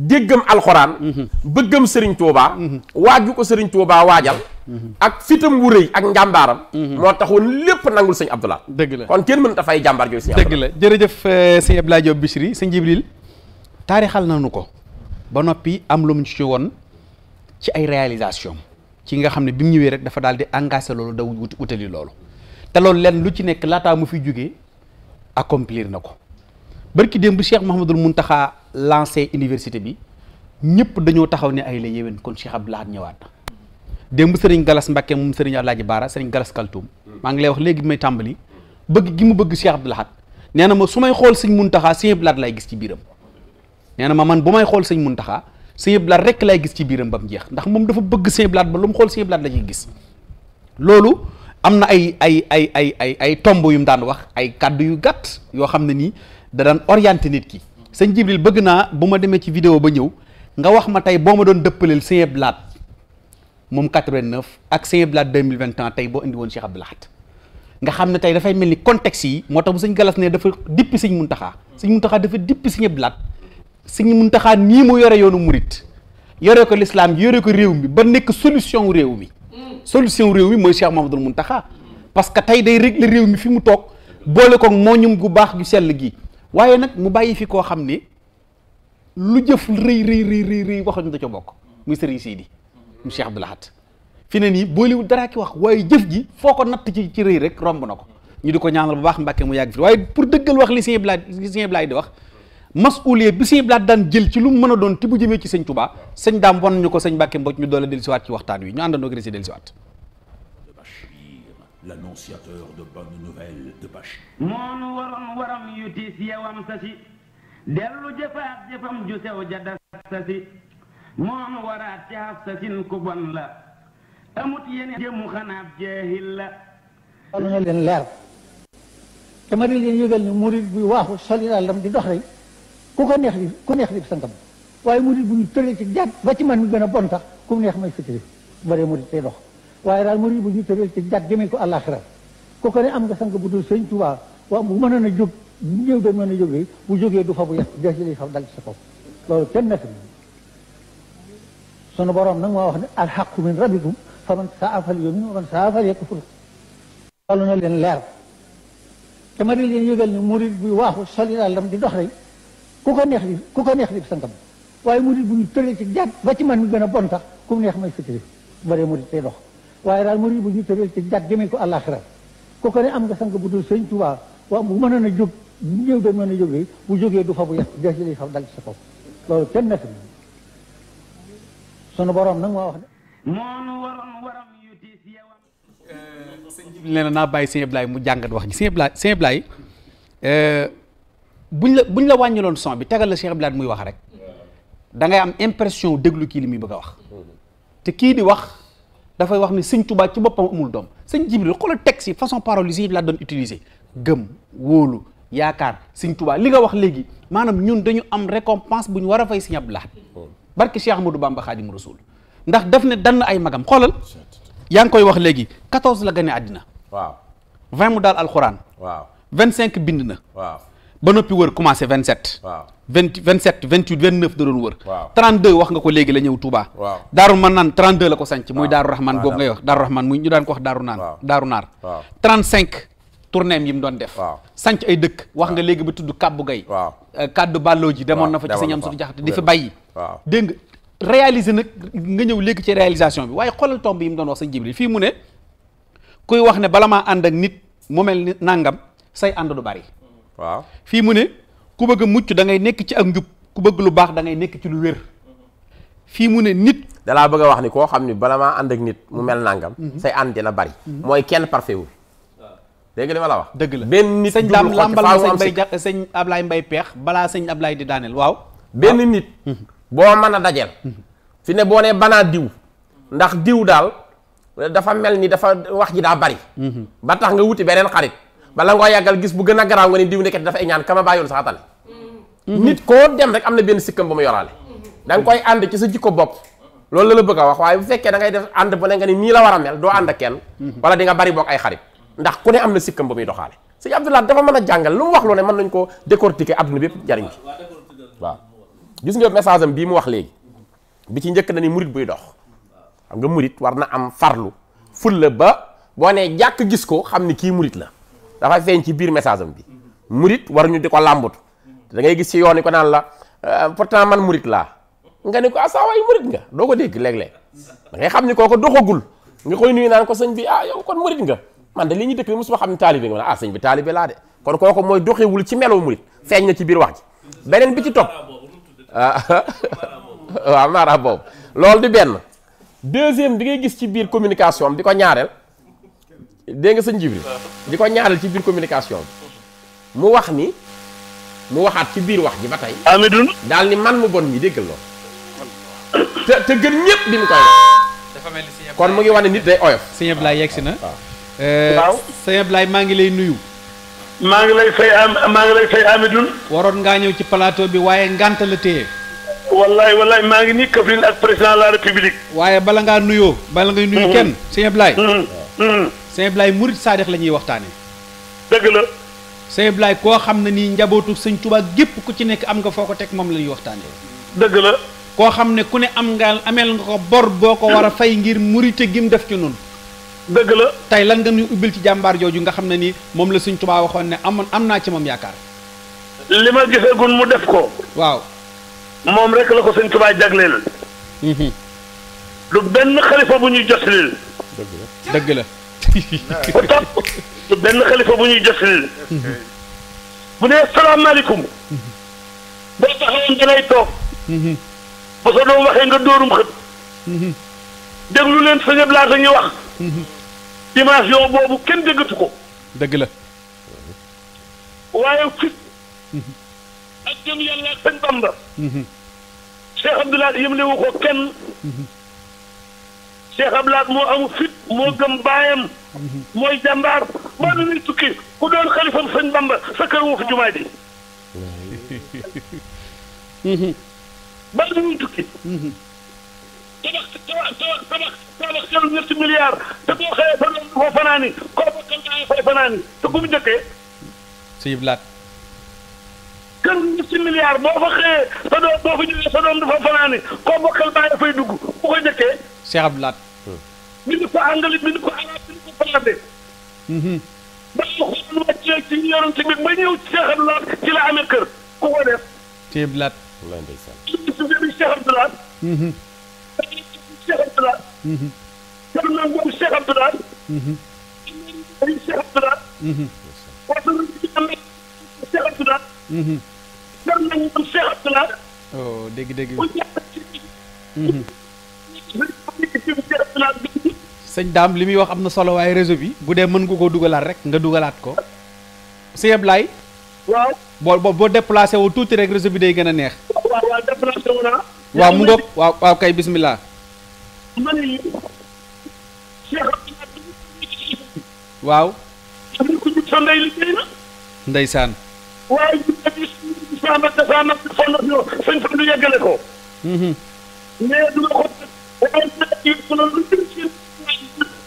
déggam alxuraan. Mhm. bëggam Serigne Touba. Mhm. waaju ko Serigne Touba waajal. Mhm. ak fitam wu rëy ak njàmbaaram. moo taxoon lépp nangul sëñ Abdoulaye. dëgg la kon kenn mënut dafay fay jàmbaar jooju sëñ dëgg la jërëjëf eh, sëñ Abdoulaye Diop Bichri sëñ Jibril taarixal nañu ko ba noppi am lu mu ci woon ci ay réalisation ci nga xam ne bi mu ñëwee rek dafa daal di engagé loolu da wutali loolu te loolu leen lu ci nekk laataa mu fi jóge accomplir na ko. barki démb Cheikh Mouhamadul Mountakha lancé université bi ñëpp dañoo taxaw ni ay la yéwén kon Cheikh Abdou Lahad ñëwaat démb sëriñ Galas Mbacke moom Serigne Alaaji Baara Serigne Galas Kaltoum maa ngi lay wax léegi may tàmbali bëgg gi mu bëgg Cheikh Abdou Lahad nee na ma su may xool sëñ Mountakha sëñ Abdou Lahad lay gis ci biiram nee na ma man bu may xool sëñ Mountakha sëñ Abdou Lahad rek lay gis ci biiram ba mu jeex ndax moom dafa bëgg sëñ Abdou Lahad ba lu mu xool sëñ Abdou Lahad la gis loolu am na ay ay ay ay ay ay tomb yu mu daan wax ay kàddu yu gàtt yoo xam ne nii da daan orienté nit ki sëñ Jibril bëgg naa bu ma demee ci vidéo ba ñëw nga wax ma tey boo ma doon dëppaleel Sëñ Abdou Lahad moom 89 ak Sëñ Abdou vingt 2021 tey boo indi woon Cheikh Abdou Lahad nga xam ne tey dafay mel ni contexte yi moo tax bu sëñ Galas ne dafa dippi sëñ Muntaxaa sëñ Muntaxaa dafa dippi Sëñ Abdou Lahad sëñ Muntaxaa nii mu yore yoonu murit yore ko lislaam ji yore ko réew mi ba nekk solution réew mi solution réew mi mooy Cheikh Mamadou Muntaxaa parce que tey day régler réew mi fi mu toog boole ko moo ñum gu baax gu sell gi waaye nag mu bàyyi fi koo xam ne lu jëf rëy rëy rëy rëy rëy waxuñu da ca bokk muy sëriñ Sidi mu Cheikh Abdoul Ahad fi ne nii booliwu dara ki wax waaye jëf ji foo ko natt ci ci rëy rek romb na ko ñu di ko ñaanal bu baax Mbàkke mu yàgg fi waaye pour dëggal wax li si Blaat li Sëñ Blaat di wax masuuliye bi Sëñ Blaat daan jël ci lu mu mën a doon te bu jëmee ci sëñ Touba sëñ daam won ñu ko sëñ Mbàkke Mbodj ñu doole dellusiwaat ci waxtaan wi ñu àndandoo ak rësi dellusiwaat l'annonciateur de bonnes nouvelles de Bachir. moonu waroon waram yu tiis yewam sasi dellu jëfaat jëfam ju sew ja das sasi moonu waraat ci haf sasin ku bon la amut yeneen jëmu xanaab jeexil la dañu leen leer dama di leen yëgal ni murit buy waaxu solidaalam di dox rek ku ko neex di ku neex di sangam waaye murit bu ñu tëlee ci jàpp ba ci man mi gën a bon tax ku neex may fitiri bare murit tey dox waaye daal murid bu ñu tëral ci jag jëmee ko àllaaxira ko ko ne am nga sang bu dul sëñ Tuubaa waaw bu mënoon a jóg ñëw doon a jóg bu jógee du fa bu yàq des li ci sa kaw loolu kenn nekk sunu nag moo wax ne alxaqu min rabbikum fa man saa leen leer te ma di leen yëgal ni murid bu di dox rek ku ko neex di ku ko neex di sangam waaye murid bu ñu tëlee ci jàpp ba ci man mi gën a bon sax ku mu neex may fitiri bu baree murid tey dox waaye daal murid bu ñu tëral ci jag jëmee ko àllaaxira ko ko ne am nga sang bu dul sëñ Tuubaa waaw bu mënoon a jóg mën a jóg bu jógee du fa bu yàq des li fa dal ci sa kaw loolu kenn nekk na nag moo wax ne moonu waroon waram yu euh, mu jàngat wax ji sëñ Ablaye sëñ Ablaye euh, buñ la buñ la wàññiloon son bi tegal la Cheikh Ablaye muy wax rek dangay am impression déglu kii li muy bëgg a wax te kii di wax dafay wax ni sëñ tubaa ci boppam amul doom sëñ Jibril xoolal texte yi façon parole yi laa doon utiliser gëm wóolu yaakaar sëñ tubaa li nga wax léegi maanaam ñun dañu am récompense bu ñu war fay sëñ Abdu Lahad barke Cheikh Ahmadou Bamba Xaadimu Rasuul ndax def ne dann ay magam xoolal yaa ngi koy wax léegi 14 la gane àddina waaw 20 mu daal alxuraan waaw cinq bind na ba noppi wër commencé vingt waaw 20 27 28 29 da doon wër. waaw 32 wax nga ko léegi la ñëw Touba. waaw Daaru Manaan 32 la ko sànc. muy Daaru Rahman googu ngay wax Daaru Rahman muy ñu daan ko wax Daaru Naan. waaw Daaru Naar. waaw 35 tournéem yi mu doon def. waaw ay dëkk. wax nga léegi ba tudd Kabbu Gay. waaw euh, kaddu Balloo ji demoon na fa ci sa ñam suñu jaxate di fi bay waaw dégg nga réaliser nag nga ñëw léegi ci réalisation bi waaye xoolal tomb bi mu doon wax sëñ Jibril fii mu ne kuy wax ne bala maa ànd ak nit mu mel ni nangam say ànd du bari waaw fii mu ne ku bëgg mucc da ngay nekk ci ak njub ku bëgg lu baax dangay nekk ci lu wér fii mu ne nit dalaa bëgg a wax ni koo xam ni bala maa ànd ak nit mu mel nangam mhm. say ànd dina bari mooy kenn parfait wu dégg nga la wax dëgg la benn nit sëñ daam làmbal ma sëñ Mbay Jax Mbay Peex balaa sëñ Ablaay di daaneel waaw benn nit mhm. boo mën a dajeel mhm. fi ne boo ne banaa diw ndax diw daal dafa mel ni dafa wax ji daa bari ba tax nga wuti beneen xarit bala nga yàggal gis bu gën a garaaw nga ne diw nekkat dafay ñaan kama bàyyoon sax mm-hmm. nit koo dem rek am na benn sikkam ba mu yoraale mm-hmm. danga koy ànd ci sa jikko bopp loolu la la bëgg a wax waaye bu fekkee da ngay def ànd bu ne ni nii la war a mel doo ànd a kenn mm-hmm. wala di nga bari boog ay xarit ndax ku ne am na sikkam ba muy doxaale sëñ Abdoulaye dafa mën a jàngal wax loo ne mën nañ ko décortiquer adduna bépp jariñ ci waaw gis nga message am bii mu wax léegi bi ci njëkk na ni murit buy dox xam nga murit war na am farlu ful ba boo nee gis ko xam ni kii murit la dafay feeñ ci biir message am bi murit ñu di ko làmbut da ngay gis ci yoon yi ko naan la euh, pourtant man murit la nga ni ko asaawaay ah, murit nga doo ko dégg léeg-léeg da ngay xam ni kooko doxagul nga koy nuyu naan ko sëñ bi ah yow kon murit nga man ñi li ñu dëkk bi mosuma xam ne taalibe nga a ah, sëñ bi taalibe laa de kon kooku mooy doxewul ci melo murit feeñ na ci biir wax ji beneen bi ci topp <laughs> waaw maara boobu loolu di benn deuxième bi ngay gis ci biir communication am ko ñaareel dégg nga sëñ Jibril di ko ñaanal ci biir communication bi mu wax ni mu waxaat ci biir wax ji ba tey amidun daal ni man mu bon mi déggal lool te te gën ñëpp bi ko koy dafa mel ni kon mu ngi wane nit day oyof sëñ Ablaye yegg si na euh, waaw sëñ Ablaye maa ngi lay nuyu maa ngi lay fay am maa ngi lay fay amidun waroon ngaa ñëw ci plateau bi waaye ngànt la téye wallaay wallaay maa ngi nii Kaffrine ak président la république waaye bala ngaa nuyoo bala ngay nuyu mm-hmm. kenn sëñ sëñ Ablaye murit saadix la ñuy waxtaanee. dëgg la. sëñ Ablaye koo xam ne nii njabootu sëñ Tuubaa gépp ku ci nekk am nga foo ko teg moom la ñuy dëgg la. koo xam ne ku ne am nga ameel nga ko bor boo ko war a fay ngir murite gim def ci noonu. dëgg la tey lan nga ñu ubbil ci jàmbaar jooju nga xam ne ni moom la sëñ Tuubaa waxoon ne amoon am naa ci moom yaakaar. li ma giseegun mu def ko. waaw. moom rek la ko sëñ Tuubaa jagleel. Mhm. du benn xalifa bu ñuy jotlil. dëgg la. bu topp benn xalifa bu ñuy jëflil bu nee salaamaaleykum boo taxawoon da ngay toog ba sa doom waxee nga dóorum xët déglu leen sa ñëpp laata ñuy wax boobu kenn déggatu ko dëgg la waaye fit ak jëm yàlla ak sëñ Bamba mhm. Cheikh Abdoulaye yëmlewu ko kenn Cheikh Ablaat moo amu fit moo gëm baayam mooy jàmbaar ba nu tukki ku doon xalifam sëñ Bamba sa kër wu fi jumaa ba nu tukki tabax tabax tabax tabax tabax fanaani koo bokkal naa fay fanaani te bu mu njëkkee suñu kër ñetti milliards boo fa xëyee sa doom boo fa fanaani koo bokkal bàyyi fay dugg bu ko njëkkee Cheikh Abdoulaye bind ko anglais bind ko arabe bind ko français. Mhm. ba mu xool wàccee ci yonent bi ba ñëw ci Cheikh Abdoulaye ci la amee kër ku ko def. ceeb laat. walaay ndeysaan. suñu suñu Cheikh Abdoulaye. dañuy def Cheikh Abdoulaye. Mhm. kon nag moom Cheikh Abdoulaye. Mhm. dañuy Cheikh Abdoulaye. waaw loolu dañuy Cheikh Abdoulaye. kon nag moom Cheikh Abdoulaye. oh dégg-dégg. sëñ daam li muy wax am na solo waaye réseau bi bu dee mën nga koo dugalaat rek nga dugalaat ko sëñ Ablaye waaw boo boo boo déplacé wu tuuti rek réseau bi day gën a neex waaw waaw déplacé wu waaw waaw kay bismillah waaw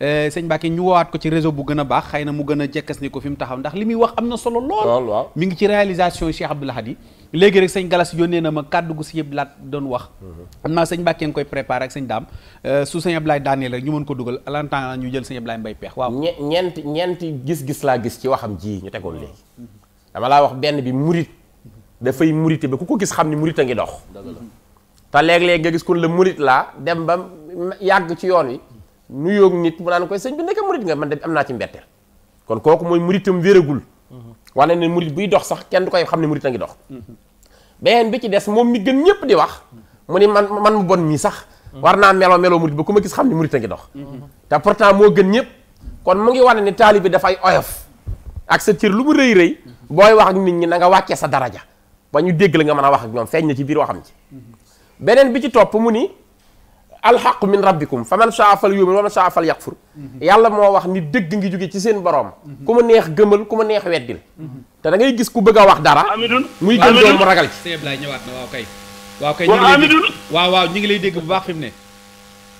Euh, sëñ Mbacke ñu woowaat ko ci réseau bu gën a baax xëy na mu gën a jekkas ni ko fi mu taxaw ndax li muy wax am na solo lool waaw mi ngi ci réalisation Cheikh Abdoul Ahad yi léegi rek sëñ Galas yónnee na ma kàddu gu sëñ Abdoulaye doon wax xam mhm. naa sëñ Mbacke nga koy préparé ak sëñ Daam euh, su sëñ Abdoulaye daanee rek ñu mën ko dugal alantaan ñu jël sëñ Abdoulaye Mbaye Peex waaw ñeenti ñeenti gis-gis laa gis ci waxam jii ñu tegoon léegi dama laa wax benn bi murit dafay murite ba ku ko gis xam ni murit a ngi dox te léeg-léeg nga gis kon la murit laa dem ba yàgg ci yoon wi nuyoog nit mu naan koy sëñ bi nekk murit nga man de am naa ci mbetteel kon kooku mooy muritam wéragul wane ne murit buy dox sax kenn du koy xam ne murit a ngi dox beneen bi ci des moom mi gën ñëpp di wax mu ni man man mu bon sax war naa meloo meloo murit ba ku ma xam ne murit a ngi dox te pourtant moo gën ñëpp kon mu ngi wane ne taali bi dafay oyof ak sa cër lu mu rëy rëy booy wax nit ñi na nga wàccee sa daraja ba ñu dégg la nga mën a wax ak ñoom feeñ na ci biir waxam ci beneen bi ci topp mu ni alxaqu min rabbikum fa man saa fal yuumin wa man saa fal yakfur yàlla moo wax ni dëgg ngi jóge ci seen boroom ku ma neex gëmal ku ma neex weddil te da ngay gis ku bëgg a wax dara muy gëm doon mu ragal ci sëñ Ablaye ñëwaat na waaw kay waaw kay ñu ngi lay waaw ñu ngi lay dégg bu baax fi ne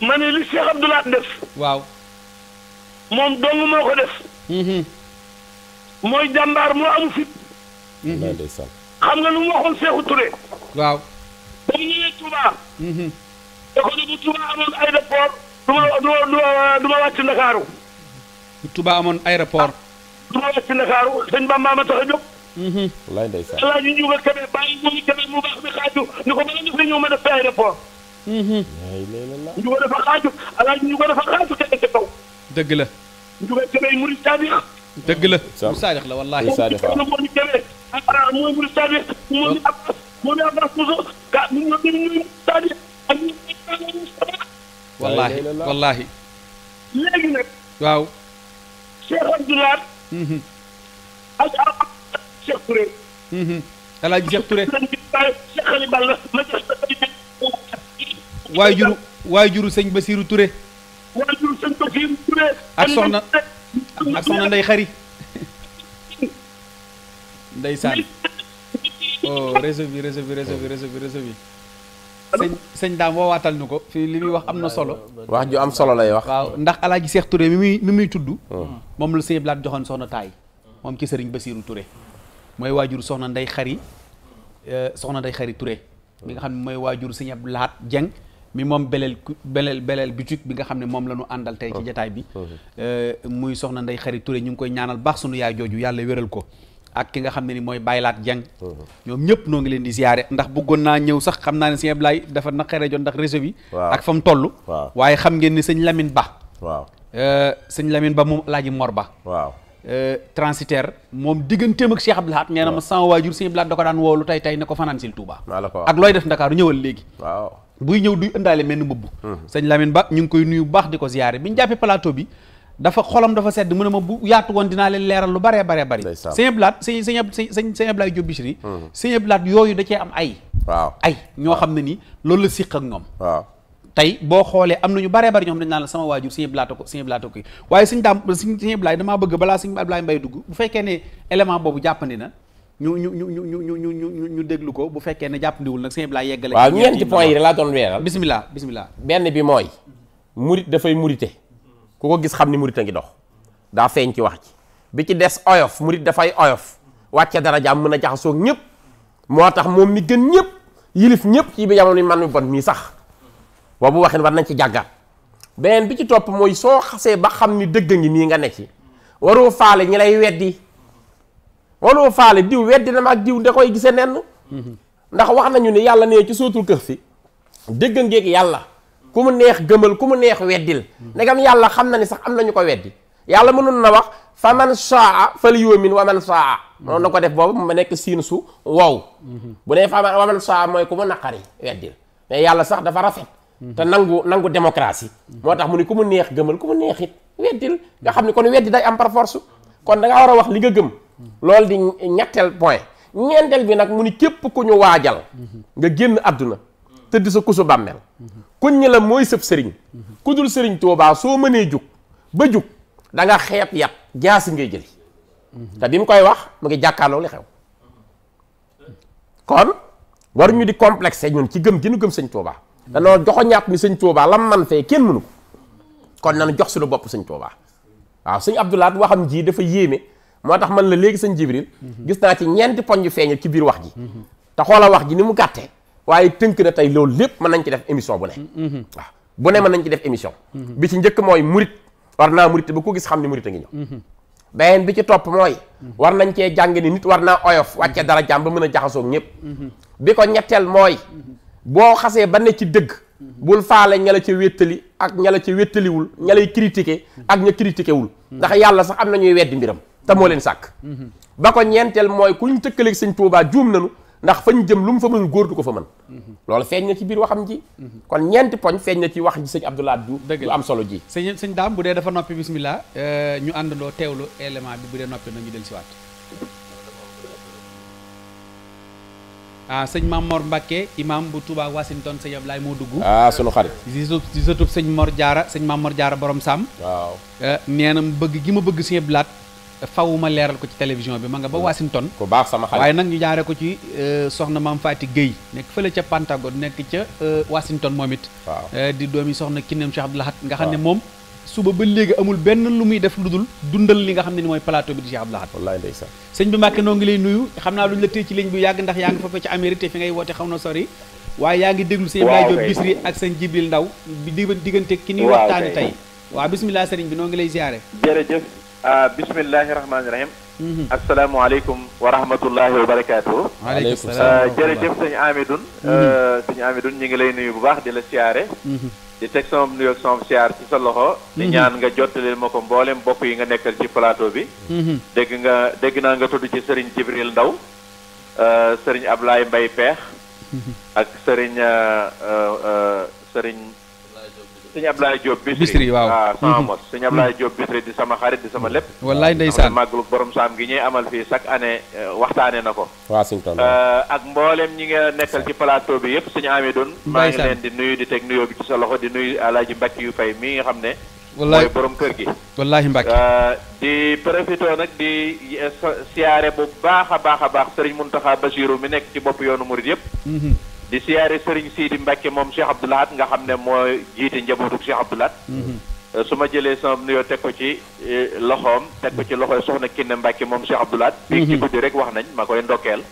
ma ne li Cheikh Abdoulaye def waaw moom dong moo ko def mhm. mooy jàmbaar moo am fit mhm. xam nga lu mu waxoon Cheikhou Touré te ko bu Touba amoon aéroport du ma du ma wàcc Ndakaaru. bu Touba amoon aéroport. du ma wàcc Ndakaaru sëñ Bamba ma tax a jóg. Mhm. wallaay ndeysaan. wallaahi ñu ñëw ak tamit bàyyi ñu tamit mu baax bi xaaju ni ko bala ñu fi ñëw ma def fi aéroport. Mhm. ñu ko dafa xaaju alaaji ñu ko dafa xaaju teg ca kaw. dëgg la. ñu ko tamit murid saadix. dëgg la mu saadix la wallaahi. mu saadix waaw moom ñu tamit ah, ah mooy murid saadix. moom ñu Abbas moom ñu Abbas Moussa ka ñu ñoom ñu saadix ak wallaahi wallaahi léegi waaw Cheikh Abdoulaye mhm. ak Cheikh Touré El Hadj Cheikh Touré waay juru waay juru sëñ Basiiru Touré waay juru sëñ Basiiru Touré ak soxna ak soxna Ndey Xari <laughs> ndeysaan oh réseau bi réseau bi réseau sëñ sëñ daam woowaatal ñu ko fii li muy wax am na solo. wax ju am solo lay wax. waaw ndax alaaji Seex Touré mi muy mi muy tudd. Hmm. moom lu sëñ Blaat joxoon soxna taay moom ci sëriñ Basiiru Touré. mooy waajur soxna nday xari eh, soxna nday xari Touré. mi nga xam ne mooy waajur sëñ Blaat Jeng mi moom beleel beleel beleel boutique bi nga xam ne moom la ñu àndal tey ci hmm. jataay bi. Hmm. Eh, muy soxna ndey xari Touré ñu ngi koy ñaanal baax sunu yaay jooju yàlla wéral ko. ak ki nga xam ne ni mooy Baylaat Dieng mhm. ñoom ñëpp noo ngi leen di ziyaare ndax bëggoon naa ñëw sax xam naa ne sëñ Ablaye dafa naqare jot ndax réseau bi ak fa mu toll waaye xam ngeen ni sëñ Lamine Ba waaw euh, sëñ Lamine Ba moom Alaaji Mor Ba waaw euh, transitaire moom digganteem ak Cheikh Abdou Lahad nee na ma da ko daan woolu tey tey ne ko fanaan sil Touba ak looy def Ndakaaru ñëwal léegi waaw buy ñëw duy indaale mel ni mbubb mhm. sëñ Lamine Ba ñu ngi koy nuyu baax di ko ziyaare bi ñu jàppee plateau bi dafa xolam dafa sedd mu ne ma bu yaatu woon dinaa leen leeral lu baree baree bari sëñ Ablaat sëñ sëñ sëñ sëñ Ablaay Jóob Bichri hmm. sëñ Ablaat yooyu da cee am ay waaw ay ñoo xam ne nii loolu la siq ak ñoom waaw tey boo xoolee am nañu baree bari ñoom dañ naan la sama waajur sëñ Ablaat ko sëñ Ablaat ko waaye sëñ daam sëñ Ablaay damaa bëgg balaa sëñ Ablaay Mbay dugg bu fekkee ne élément boobu jàppandi na ñu ñu ñu ñu ñu ñu ñu ñu déglu ko bu fekkee ne jàppandiwul nag sëñ Ablaay yeggale waaw ñeenti point yi laa doon weeral bismillah bi mooy murit dafay murite ku ko gis xam ni murit ta ngi dox daa feeñ ci wax ci bi ci des oyof murit dafay oyof wàcce darajaam mën a jaxasoo ñëpp moo tax moom mi gën ñëpp yilif ñëpp ci bi jamono ni man mi bon mii sax boobu waxin war nañ ci jàggat beneen bi ci topp mooy soo xasee ba xam ni dëgg ngi nii nga ne ci waroo faale ñi lay weddi waroo faale diw weddi na ma ak diw da koy gise nenn mm-hmm. ndax wax nañu ne yàlla nee ci sootul kër si dëgg ngeeg yàlla ku mu neex gëmal ku mu neex weddil ndegam yàlla xam na ni sax am na ñu ko weddi yàlla mënoon na wax fa man saa fal yumin wa man saa moom na ko def boobu ma nekk siin su wow bu ne fa man wa saa mooy ku mu naqari weddil yàlla sax dafa rafet te nangu nangu démocratie moo tax mu ni ku mu neex gëmal ku mu neex it weddil nga xam ni kon weddi day am par kon danga nga war a wax li nga gëm loolu di ñetteel point ñeenteel bi nag mu ni képp ku ñu waajal nga génn àdduna tëdd sa kusu bàmmeel kuñ ñi la mooy sëb sëriñ ku sëriñ Tuubaa soo mënee jug ba jug da nga xeeb yat jaasi ngay jëli te bi mu koy wax mu ngi jàkkaarloo li xew kon war ñu di complexé ñun ci gëm gi nu gëm sëñ Tuubaa danoo joxo ñàpp sëñ Tuubaa lam man fee kenn mënu ko kon nanu jox suñu bopp sëñ Tuubaa waaw sëñ Abdoulaat waxam ji dafa yéeme moo tax man la léegi sañ Jibril gis naa ci ñeenti poñ yu feeñal ci biir wax ji te xoola wax ji ni mu gàttee waaye tënk na tey loolu lépp mën nañ ci def émission bu ne mm-hmm. waaw bu ne mën nañ ci def émission mm-hmm. bi ci njëkk mooy murit war naa murit ba ko gis xam ni murit a ngi ñëw mm-hmm. beneen bi ci topp mooy war nañ cee jàng ni nit war naa oyof wàcce dara jàmm ba mën a jaxasoog ñëpp bi ko ñetteel mooy boo xasee ba ne ci dëgg bul faale ña la ca wéttali ak ña ci wettaliwul wéttaliwul ña ak ña critiqué wul ndax yàlla sax am na ñuy weddi mbiram te moo leen sàkk ba ko ñeenteel mooy kuñ tëkkaleeg sëñ Tuubaa juum nanu ndax fañ jëm lu mu fa mën góor du ko fa mën loolu feeñ na ci biir waxam ji kon ñeenti poñ feeñ na ci wax ji sëñ Abdoulaye du lu am solo ji sëñ sëñ daam bu dee dafa noppi bismillah euh, ñu àndandoo teewlu élément bi bu dee noppi na ñu del siwaat ah sëñ Mamor Mbacke imam bu Touba Washington sëñ laay moo dugg. ah sunu xarit. di së di sëtub sëñ Mor jaara sëñ Mamor jaara borom Sam. waaw euh, nee na bëgg gi ma bëgg sëñ Ablaye faw ma leeral ko ci télévision bi ma nga ba mm. Washington ku baax sama xarit waaye nag ñu jaaree ko ci euh, soxna maam Fati Guèye nekk fële ca Pentagone nekk ca euh, Washington moom it euh, di doomi soxna Kinem Cheikh la Ahad nga xam ne moom suba ba léegi amul benn lu muy def lu dul dundal li nga xam ne ni mooy plateau bi di Cheikh Abdoul Ahad wallaay ndeysaan sëñ bi Mbàkke noo ngi lay nuyu xam naa duñu la téye ci ligne bi yàgg ndax yaa ngi foofu ci Amérique te fi ngay woote xaw na sori waaye yaa ngi déglu sëñ Abdoulaye Diop Bichri ak sëñ Jibril Ndaw di diggante ki ñuy waxtaani tey waaw bismillah sëriñ bi noo ngi lay ziyaare Ah, bismillahi rahmaani rahim mhm. asalaamaaleykum wa rahmatullahi wa barakaatu. waaleykum salaam ah, jërëjëf sëñ Amidoune. Mhm. Ah, sëñ ñu ngi lay nuyu bu baax di la siyaare. Mhm. di teg sama nuyu ak sama siyaar ci sa loxo. di ñaan nga jot jottalil ma ko mboolem bopp yi nga nekkal ci plateau bi. dégg nga dégg naa nga tudd ci Serigne Jibril Ndaw Serigne Ablaye Mbaye Peex. ak Serigne Serigne. sëñ Ablaye Diop Bisri Bisri waaw waaw ah, sama mhm. mos sëñ Ablaye Diop di sama xarit di sama lépp wallaay màgg màggalu borom saam gi ñuy amal fii chaque année euh, waxtaane na ko waaw sëñ Tall euh, ak mbooleem ñi nga nekkal ci plateau bi yëpp sëñ amee doon maa ngi leen di nuyu di teg nuyoo bi ci sa loxo di nuyu alaaji Mbacke yu fay mi nga xam ne wallaay borom kër gi wallaahi Mbacke euh, di profité nag di siyaare bu baax a baax a baax sëriñ Muntaxa Basiru mi nekk ci bopp yoonu murid yëpp mhm. di siyaare Serigne Sidi Mbacke moom Cheikh Abdou Lahad nga xam ne moo jiite njabootu Cheikh Abdou Lahad mm-hmm. su ma jëlee sama nuyoo teg ko ci eh, loxoom teg ko ci loxoy soxna Kiné Mbacke moom Cheikh Abdou Lahad biig mm-hmm. ci guddi rek wax nañ ma koy ndokkeel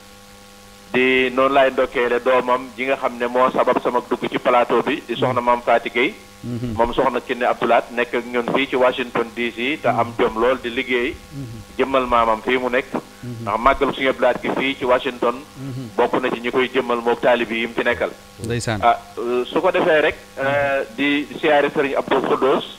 di noonu laay ndokkeele doomam ji nga xam ne moo sabab sama dugg ci plateau bi di soxna maam Faati Gueye mhm. moom soxna Kiné Abdoulaat nekk ak ñun fii ci Washington DC te am jom lool di liggéey mhm. jëmmal maamam fii mu nekk mhm. ndax màggal suñu Abdoulaat gi fii ci Washington bokk na ci ñi koy jëmmal mook taalib yi mu fi nekkal ndeysaan ah su ko defee rek ah, di siyaare sëriñ Abdou Khoudous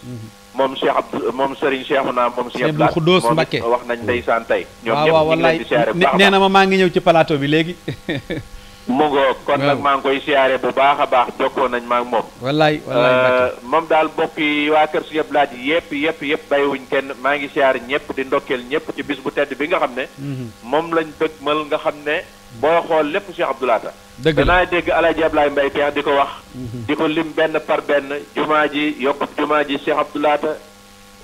moom Cheikh Abdou moom Serigne Cheikhouna moom Cheikh Abdou Khoudoss Mbacké wax nañ ndeysaan tey ñoom ñëpp ñu ngi leen di siyaare bu baax na ma maa ngi ñëw ci plateau bi léegi <laughs> mu ngoog kon maa ngi koy siyaare bu baax a baax jokkoo nañ maa ngi moom. wallaay wallaay euh, moom daal mbokk waa Kër Sëñ Abdou Lahad yëpp yëpp yëpp bàyyiwuñ kenn maa ngi siyaare ñëpp di ndokkeel ñëpp ci bis bu tedd bi nga xam ne. Mhm. moom lañ mën nga xam ne. boo xool lépp Cheikh Abdou Lahad. dëgg la danaa dégg El Hadj Abdoulaye Mbaye Peex di ko wax. Mhm. di ko lim benn par benn jumaa ji yokk jumaa ji Cheikh Abdou Lahad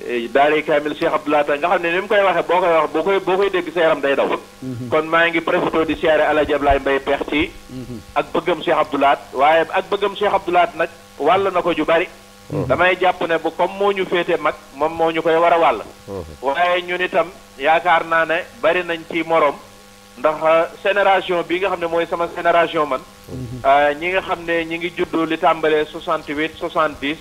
Eh, daaray kaamil Cheikh Abdoulaye nga xam ne ni mu koy waxee boo koy wax boo koy boo koy dégg sa yaram day daw. Mhm. kon maa ngi profité di siyaare Alaaji Ablaay Mbay peex ci. Mhm. ak bëggam Cheikh Abdoulaye waaye ak bëggam Cheikh Abdoulaye nag wàll na ko ju bari. Oh. damay jàpp ne bu comme moo ñu féete mag moom moo ñu koy war a wàll. Oh. waaye ñun itam yaakaar naa ne bari nañ ci moroom. ndax euh, génération bi nga xam ne mooy sama génération man. Mhm. Euh, ñi nga xam ne ñi ngi juddu li tàmbalee 68 70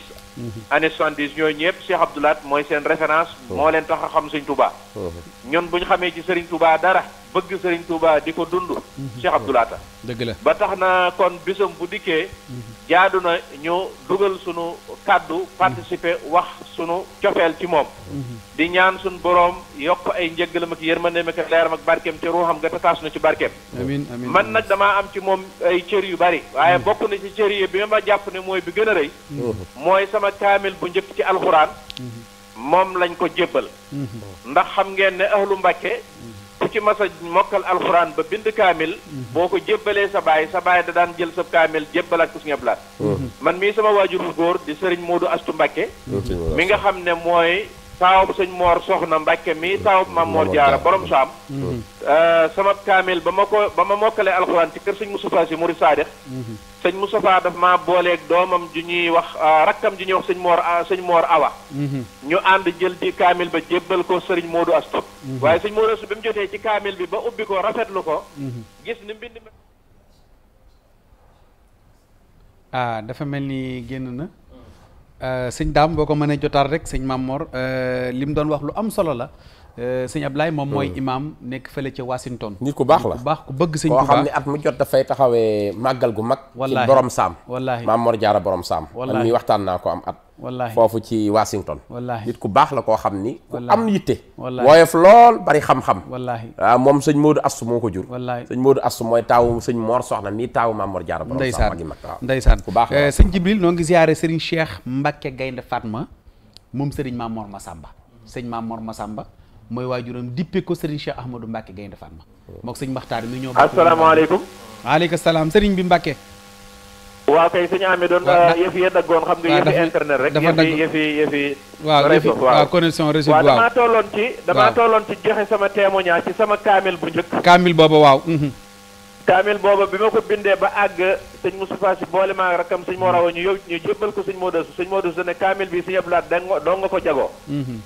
année soixante-dix yooyu ñëpp seex Abdoulaat mooy seen référence moo leen tax a xam Sëñ Tuubaa ñun bu ñu xamee ci Serigne Touba dara bëgg Serigne Touba di ko dund. Mhm. Cheikh Abdou dëgg la ba tax na kon bisam bu dikkee. Mhm. jaadu na ñu dugal sunu kàddu mhm. participer wax sunu cofeel ci moom. di ñaan sunu boroom yokk ay njëggalam ak yërmandeem ak leeram ak barkeem ci ruuxam nga tataas na ci barkeem. amiin man nag damaa am ci moom ay cër yu bari. waaye bokk na ci cër yi bi ma jàpp ne mooy bi gën a rëy. mooy sama kaamil bu njëkk ci alxuraan. moom lañ ko jébbal mm-hmm. ndax xam ngeen ne ahlu Mbàkke mm-hmm. ku ci mas a mokkal alxuraan ba bind kaamil mm-hmm. boo ko jébbalee sa baay sa baay da daan jël sa kaamil jébbalaat ko suñu ablaat man mii sama waajuru góor di sëriñ Moodu Astu Mbàkke mi nga xam ne mooy taawub sëñ moor Soxna Mbàkke mi taawub maam Mor Jaara borom saam mm-hmm. euh, sama kaamil ba ma ko ba ma mokkalee alxuraan ci kër sëñ Moustapha si Mouride Saadix mm-hmm. sëñ Moustapha daf ma booleeg doomam ju ñuy wax euh, rakkam ju ñuy wax sëñ Mor euh, sëñ Mor Awa mm-hmm. ñu ànd jël ci kaamil ba jébbal ko sëriñ Moodu Astu waaye sëñ Moodu Astu bi mu jotee ci kaamil bi ba ubbi ko rafetlu ko gis ni mbind ah dafa mel ni génn na Euh, sëñ daam boo ko mënee jotaar rek sëñ Mamor euh, li mu doon wax lu am solo la Euh, sëñ laay moom mooy hmm. imam nekk fële ci Washington. nit ku baax la baax ku bëgg sëñ Tuubaa koo xam ne at mu jot dafay taxawee màggal gu mag. wallaahi ci borom saam. wallaahi maam Mor Jaara borom saam. wallaahi man waxtaan naa ko am at. wallaahi foofu ci Washington. wallaahi nit ku baax la koo xam ni. ku am yitte. wallaahi woyof lool bari xam-xam. wallaahi waaw ah, moom sëñ Modou Astou moo ko jur. wallaahi sëñ Modou Astou mooy taawu sëñ Mor Soxna mii taawu maam Mor Jaara borom saam. magi mag waaw ndeysaan ku baax la eh, sëñ Jibril noo ngi ziyaare sëriñ Cheikh Mbacke Gaynde Fatma moom sëriñ Maam Mor Masamba sëñ Maam Mor Masamba mooy waajuram dippe ko sëriñ Cheikh Ahmadou Mbacke Gaynde Fatma mook sëñ Maxtaar mi ñoo asalaamaaleykum waaleykum salaam sëriñ bi Mbacke waa kay sëñ Ami doon ah, yëf yi daggoon xam nga yëfi internet rek dafa yëfi yëfi waaw yëfi waaw connexion bu njëkk kaamil booba waaw mhm. kaamil booba bi ma ko bindee ba àgg sëñ Moustapha si boole maa rakam sëñ moo rawa ñu yow ñu jébbal ko sëñ Modou sëñ Modou ne kaamil bi sëñ Abdoulaye dong nga ko jagoo mhm.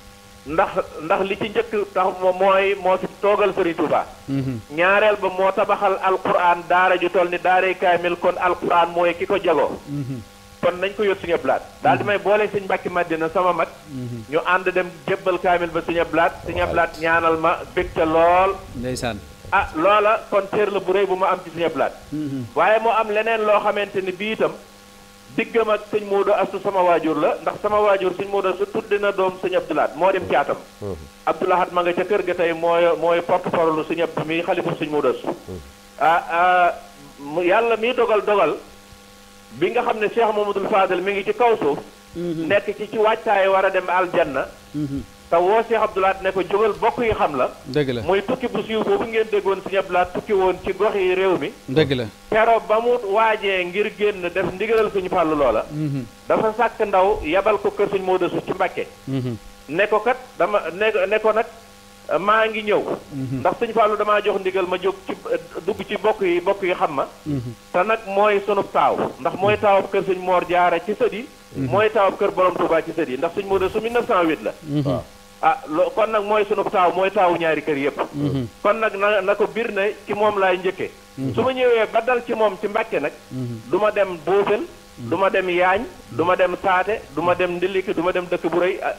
ndax ndax li ci njëkk tax mooy moo fi toogal Serigne Touba. Mhm. ñaareel ba moo tabaxal alquran daara ju toll ni daaray kaamil kon alquran mooy ki ko jagoo. Mhm. kon nañ ko yóbbu suñu blaat daal di mhm. may boole sëñ Mbàkke Madina sama mag. ñu ànd dem jébbal kaamil ba suñu blaat suñu blaat ñaanal ma bég ca lool. ndeysaan. ah loola kon teer la bu rëy bu ma am ci suñu blaat. waaye moo am leneen loo xamante ni bii itam. diggam ak sëñ Modou Astou sama waajur la ndax sama waajur sëñ Modou Astou tudde na doom sëñ Abdoulahat moo dem caatam mm-hmm. Abdoulahat ma nga ca kër ga tey mooy mooy porte-parole sëñ Abdou mi xalifu sëñ Modou Astou mm-hmm. ah, ah yàlla mi dogal dogal bi nga xam ne Cheikh Mamadou Fadel mi ngi ci kaw suuf mm-hmm. nekk ci ci waajtaay war a dem aljanna te woo Cheikh Abdou laat ne ko jógal bokk yi xam la. dëgg la muy tukki bu siiw boobu ngeen déggoon Cheikh Abdou laa tukki woon ci gox yi réew mi. dëgg la keroog ba mu waajee ngir génn def ndigalal suñu fàllu loola. Mhm. dafa sàkk ndaw yabal ko kër moo Modou ci Mbàkke. Mhm. ne ko kat dama ne ne ko nag maa ngi ñëw. Mhm. ndax suñu fàllu damaa jox ndigal ma jóg ci dugg ci bokk yi bokk yi xam ma. te nag mooy sunub taaw ndax mooy taawab kër suñu Moor Jaara ci sët yi. mooy taawab kër Borom Touba ci sët yi la. ah loo kon nag mooy sunu taaw mooy taawu ñaari kër yëpp. Mhm. kon nag na na ko bir ne ci moom laay njëkkee. Mhm. su ma ñëwee ba dal ci moom ci mbàkke nag. Mhm. duma ma dem Boofel. du ma dem Yaañ. duma dem Saate du ma dem Ndiliki du ma dem dëkk bu rëy ah,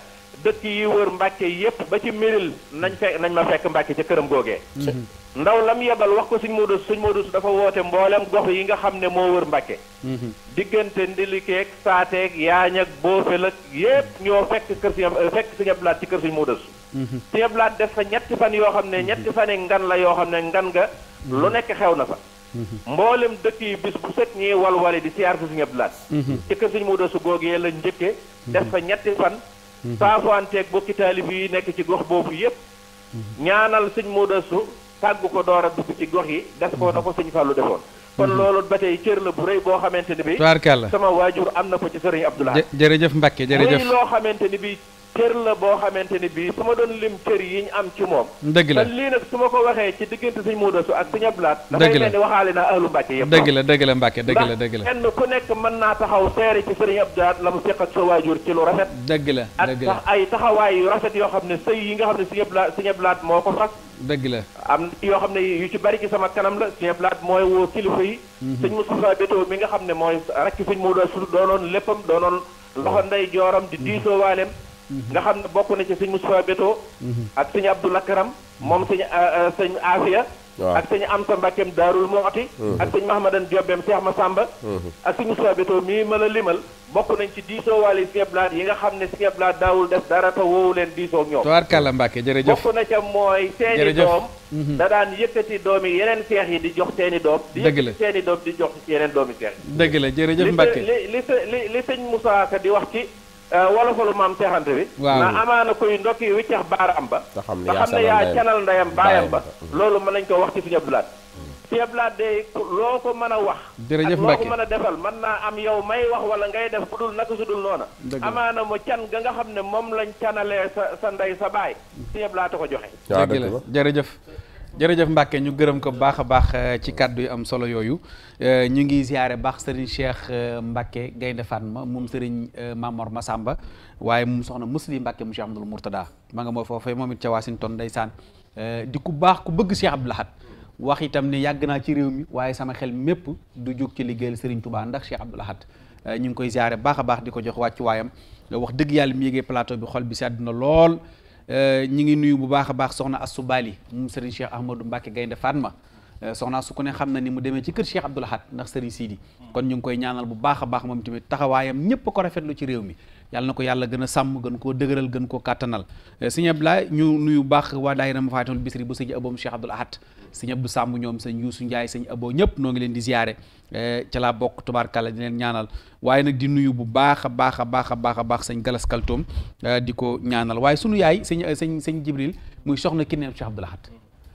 dëkk yi wër Mbàkke yépp ba ci méril nañ fekk nañ ma fekk Mbàkke ca këram googee mhm. ndaw lam yebal wax ko suñ Moodu suñ Moodu dafa woote mbooleem gox yi nga xam ne moo wër Mbàkke mhm. diggante ndilikeeg saateeg yaañ ak boofel ak yépp ñoo fekk kër suñu fekk suñu blaat ci kër suñ Moodu mhm. suñu blaat def fa ñetti fan yoo xam ne ñetti fane ngan la yoo xam ne ngan nga lu nekk xew na fa mboolem dëkk yi bis bu set ñii walwale di siyaar si suñu blaat ci kër googee la njëkke def fa ñetti fan Mhm. saafoanteeg bokki taalib yi nekk ci gox boobu yépp mhm. ñaanal sëñ Moodu tàggu ko door a dugg ci gox yi def ko na ko sëñ Fallou defoon kon mhm. loolu ba tey cër la bu rey boo xamante ni bi sama waajur am na ko ci sëriñ Abdoulaye jërëjëf Mbacke jërëjëf muy loo xamante ni bi cër la boo xamante ni bii su ma doon lim cër yi ñu am ci moom. dëgg la te lii nag su ma ko waxee ci diggante suñ muudasu ak suñu ablaat. dëgg la dafay mel ni waxaale naa ahlu Mbàkke yëpp. dëgg la dëgg la Mbàkke dëgg la dëgg la kenn ku nekk mën naa taxaw seere ci la mu seq ak sa waajur ci lu rafet. dëgg la dëgg la ak ay taxawaay yu rafet yoo xam ne sëy yi nga xam ne suñu ablaat suñu ablaat moo ko fas. dëgg la am yoo xam ne yu ci bari ci sama kanam la suñu ablaat mooy woo kilifa yi. Mhm. suñ Mustafaa Bétoo mi nga xam ne mooy rakki suñ muudasu doonoon léppam doonoon loxo ndey jooram di diisoo waaleem Mm-hmm. nga xam ne bokk na ci sëñ Moustapha Beto mm-hmm. ak sëñ Abdou Lakaram moom sëñ euh, euh, sëñ Afia ak sëñ Amsa Mbàkkeem Daarul Mooti mm-hmm. ak sëñ Mahamadan Diobem Seex Masamba ak sëñ Moustapha Beto mii ma la limal bokk nañ ci diisoo waale Sëñ Abdu Lahat yi nga xam ne Sëñ Abdu Lahat daawul def dara te woowu leen diisoo ak ñoom tubaarkàlla Mbàkke jërëjëf bokk na ca mooy seeni doom da daan yëkkati doom yi yeneen seex yi di jox seeni doom di yëkkati seeni doom di jox yeneen doomi seex yi dëgg la jërëjëf Mbàkke li li li sëñ Moussa Ka di wax ci Euh, wala xolu maam seexante bi na amaana koy ndokk yi wiccax baaraam ba sa xam ne yaa canal ndeyam baayam ba mm-hmm. loolu mën nañ ko wax ci Sëñ Abdou Lahad mm-hmm. Sëñ de loo ko mën a wax ak loo ko mën a defal mën naa am yow may wala ngay def bu dul naka su dul noona amaana mu can ga nga xam ne moom lañ canalee sa sa ndey sa baay mm-hmm. Sëñ Abdou ko joxe jërëjëf jërëjëf Mbacke ñu gërëm ko baax a baax euh, ci kàddu yu am solo yooyu euh, ñu ngi ziare baax sëriñ Cheikh euh, Mbacke Gaynde ma moom sëriñ Mamor Massamba waaye moom soxna Muslim Mbacke mu Cheikh Abdoul Mourtada ma nga moo foofee moom it ca Washington saan di ku baax ku bëgg Cheikh Abdoul Ahad wax itam ne yàgg naa ci réew mi waaye sama xel mépp du jóg ci liggéeyal sëriñ tubaa ndax Cheikh Abdoul Ahad ñu ngi koy ziare baax a baax di ko jox wàccu waayam wax dëgg yàlla mi yëgee plateau bi xol bi sedd na lool Euh, ñu ngi nuyu bu baax a baax soxna Astou Bali moom Serigne Cheikh Ahmadou Mbacke Gaynde ma euh, soxna su ku ne xam na ni mu demee ci kër Cheikh Abdoul Ahad ndax Serigne Sidi kon ñu ngi koy ñaanal bu baax a baax moom tamit taxawaayam ñëpp ko rafetlu ci réew mi yàlla na ko yàlla gën a sàmm gën koo dëgëral gën koo kàttanal euh, Serigne Abdoulaye ñu nuyu baax waa daayira Mafaatihul Bichri bu sëñ aboom Cheikh Abdoul Ahad sëñ Abdou Samb ñoom sëñ Youssou Ndiaye sëñ Abo ñëpp noo ngi leen di ziare eh, ca laa bokk tubaarkàlla di leen ñaanal waaye nag di bu baax a baax a baax a baax a baax sëñ Galas Kaltoom eh, di ko ñaanal waaye sunu yaay sëñ eh, sañ sëñ Jibril muy soxna kineem Cheikh Abdoul Ahad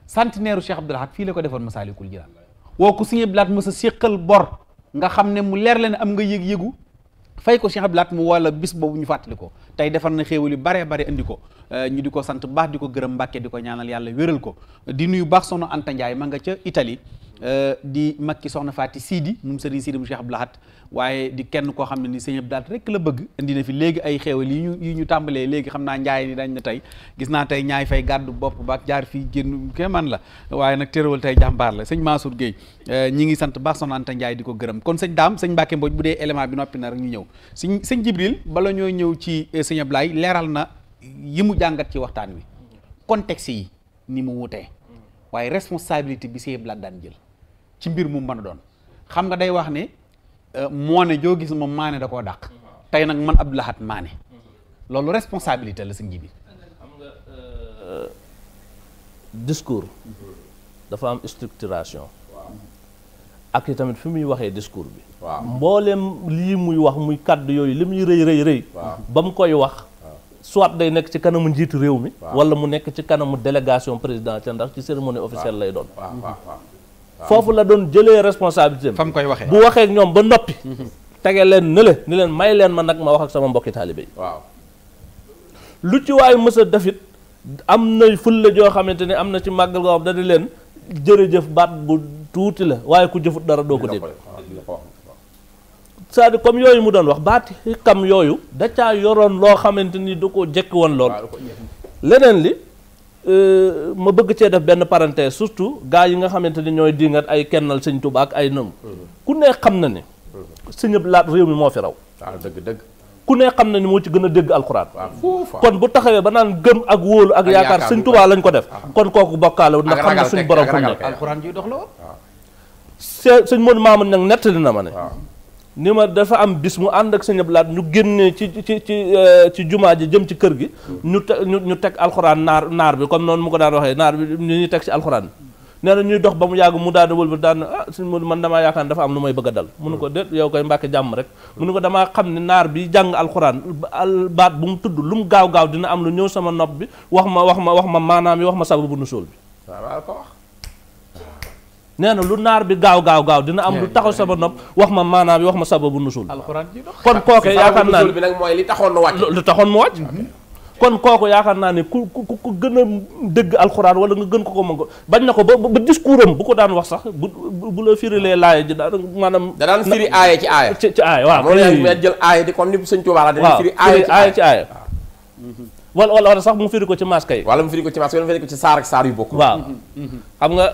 centenaire Cheikh Abdoul Ahad fii la ko defoon Masaalikul Jinaan woo ku sëñ Abdoul ma sa a séqal bor nga xam ne mu leer leen am nga yëg-yëgu fay ko Cheikh Abdou mu wala bis boobu ñu fàttali ko tey defar na xéewal yu baree bare indi ko euh, ñu di ko sant baax di ko gërëm Mbàkke di ko ñaanal yàlla wéral ko di nuyu baax soxna Anta Ndiaye man nga ca Italie euh, di mag ki soxna Faati Sidi moom sëriñ Sidi mu Cheikh Abdou Lahad waaye di kenn koo xam ne ni sëñ Abdou rek la bëgg indi na fi léegi ay xéewal yi ñu yi ñu tàmbalee léegi xam naa njaay ni dañ na tey gis naa tey ñaay fay gàddu bopp baak jaar fii génn ke man la waaye nag téerawal tey jàmbaar la sëñ Mansour Guèye euh, ñi ngi sant baax soxna Anta Njaay di ko gërëm kon sëñ Daam sëñ Mbàkke Mbooj bu dee élément bi noppi na rek ñu ñëw sëñ sëñ Jibril bala ñoo ñëw ci euh, sëñ Abdou leeral na yi mu jàngat ci waxtaan wi contexte yi ni mu wutee waaye responsabilité bi sëñ Abdou daan jël ci mbir mu mën a doon xam nga day wax ne Euh, moone joo gis moom maane da koo dàq tey nag man Abdou Lahad maane loolu responsabilité la si nji bi xam nga euh, discours dafa am structuration ak i tamit fi muy waxee discours bi mbooleem lii muy wax muy kàddu yooyu li muy rëy rëy rëy ba mu koy wax soit day nekk ci kanamu njiitu réew mi wala mu nekk ci kanamu délégation présidentielle ndax ci cérémonie officielle lay doon foofu la doon jëlee responsabilité fam koy waxee bu waxeek ñoom ba noppi mhm. tege leen nële ni leen may leen ma nag ma wax ak sama mbokki taalibe yi waaw lu ci waay mës dafit am na fulla joo xamante ni am na ci màgg goo xam da di leen jërëjëf baat bu tuuti la waaye ku jëfut dara doo ko dégg c'est-à-dire comme yooyu mu doon wax baat baati kam yooyu da caa yoroon loo xamante ni da koo jekki woon lool leneen li Euh, ma bëgg cee def benn parenthèse surtout gars yi nga xamante ni ñooy dingat ay kennal sëñ Tuba ay nangu. ku ne xam na ne. sëñ Abdou Lahat réew mi moo fi raw. Ah, ku ne xam na ni moo ci gën a dégg alxuraan. Ah, kon bu taxawee ba naan gëm ak wóolu ak yaakaar sëñ Tuba lañ ko def. Ah. kon kooku bokkaale wut ndax xam na suñu borom fu mu nekk. alxuraan dox la sëñ Modou Mamoun nag nettali na ma ne. ni ma dafa am bis mu ànd ak sëñ Abdou ñu génnee ci ci ci euh, ci jumaa ji jëm ci kër gi ñu te ñu teg alxuraan naar naar bi comme noonu mu ko daan waxee naar bi ñu ñuy teg ci alxuraan nee na ñuy dox ba mu yàgg mu daan wëlba daan ah sëñ Modou man damaa yaakaar dafa am lu may bëgg a dal munu ko déet yow koy Mbàkke jàmm rek mu ne ko damaa xam ne naar bi jàng alxuraan al baat bu mu tudd lu mu gaaw-gaaw dina am lu ñëw sama nopp bi wax ma wax ma wax ma maanaam yi wax ma sababu nusool bi waaw ko wax nee na lu naar bi gaaw gaaw gaaw dina am lu taxaw sama nopp wax ma maanaam yi wax ma sababu nusul kon kooke yaakaar naa bi nag mooy li taxoon mu wàcc lu taxoon mu wàcc kon kooku yaakaar naa ne ku ku ku gën a dëgg alxuraan wala nga gën ko ko mën ko bañ na ko ba ba discours am bu ko daan wax sax bu bu la firilee laaya ji daan maanaam. da daan firi aaya ci aaya. ci ci aaya waaw mooy jël aaya di comme ni sëñ Tuubaa la dañuy firi sax mu firi ko ci masque yi. wala mu firi ko ci masque yi wala mu firi saar ak saar yu bokk. waaw xam nga.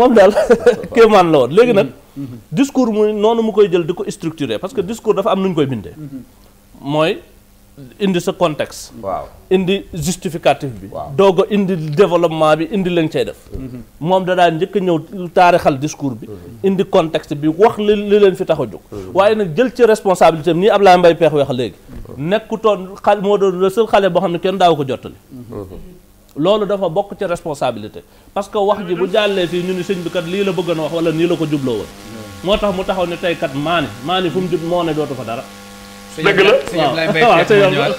moom daal <laughs> kéemaan la woon léegi nag discours mu noonu mu koy jël di ko structuré parce que discours dafa am nu ñu koy bindee mooy indi sa contexte waaw indi justificatif bi doog indi développement bi indi leen cay def mhm. moom da daan njëkk a ñëw taarixal discours bi mhm. indi contexte bi wax li li leen fi tax a jóg mhm. waaye nag jël ci responsabilité am nii Ablaye Mbaye Peex weex léegi nekkutoon xal moo doon le seul xale boo xam ne kenn daaw ko jottali loolu dafa bokk ci responsabilité parce que wax ji bu jàllee fii ñu ni sëñ bi kat lii la bëggoon wax wala nii la ko jubloo woon moo tax mu taxaw ne tey kat maani maani fu mu jub moo ne dootu fa dara dëgg la waaw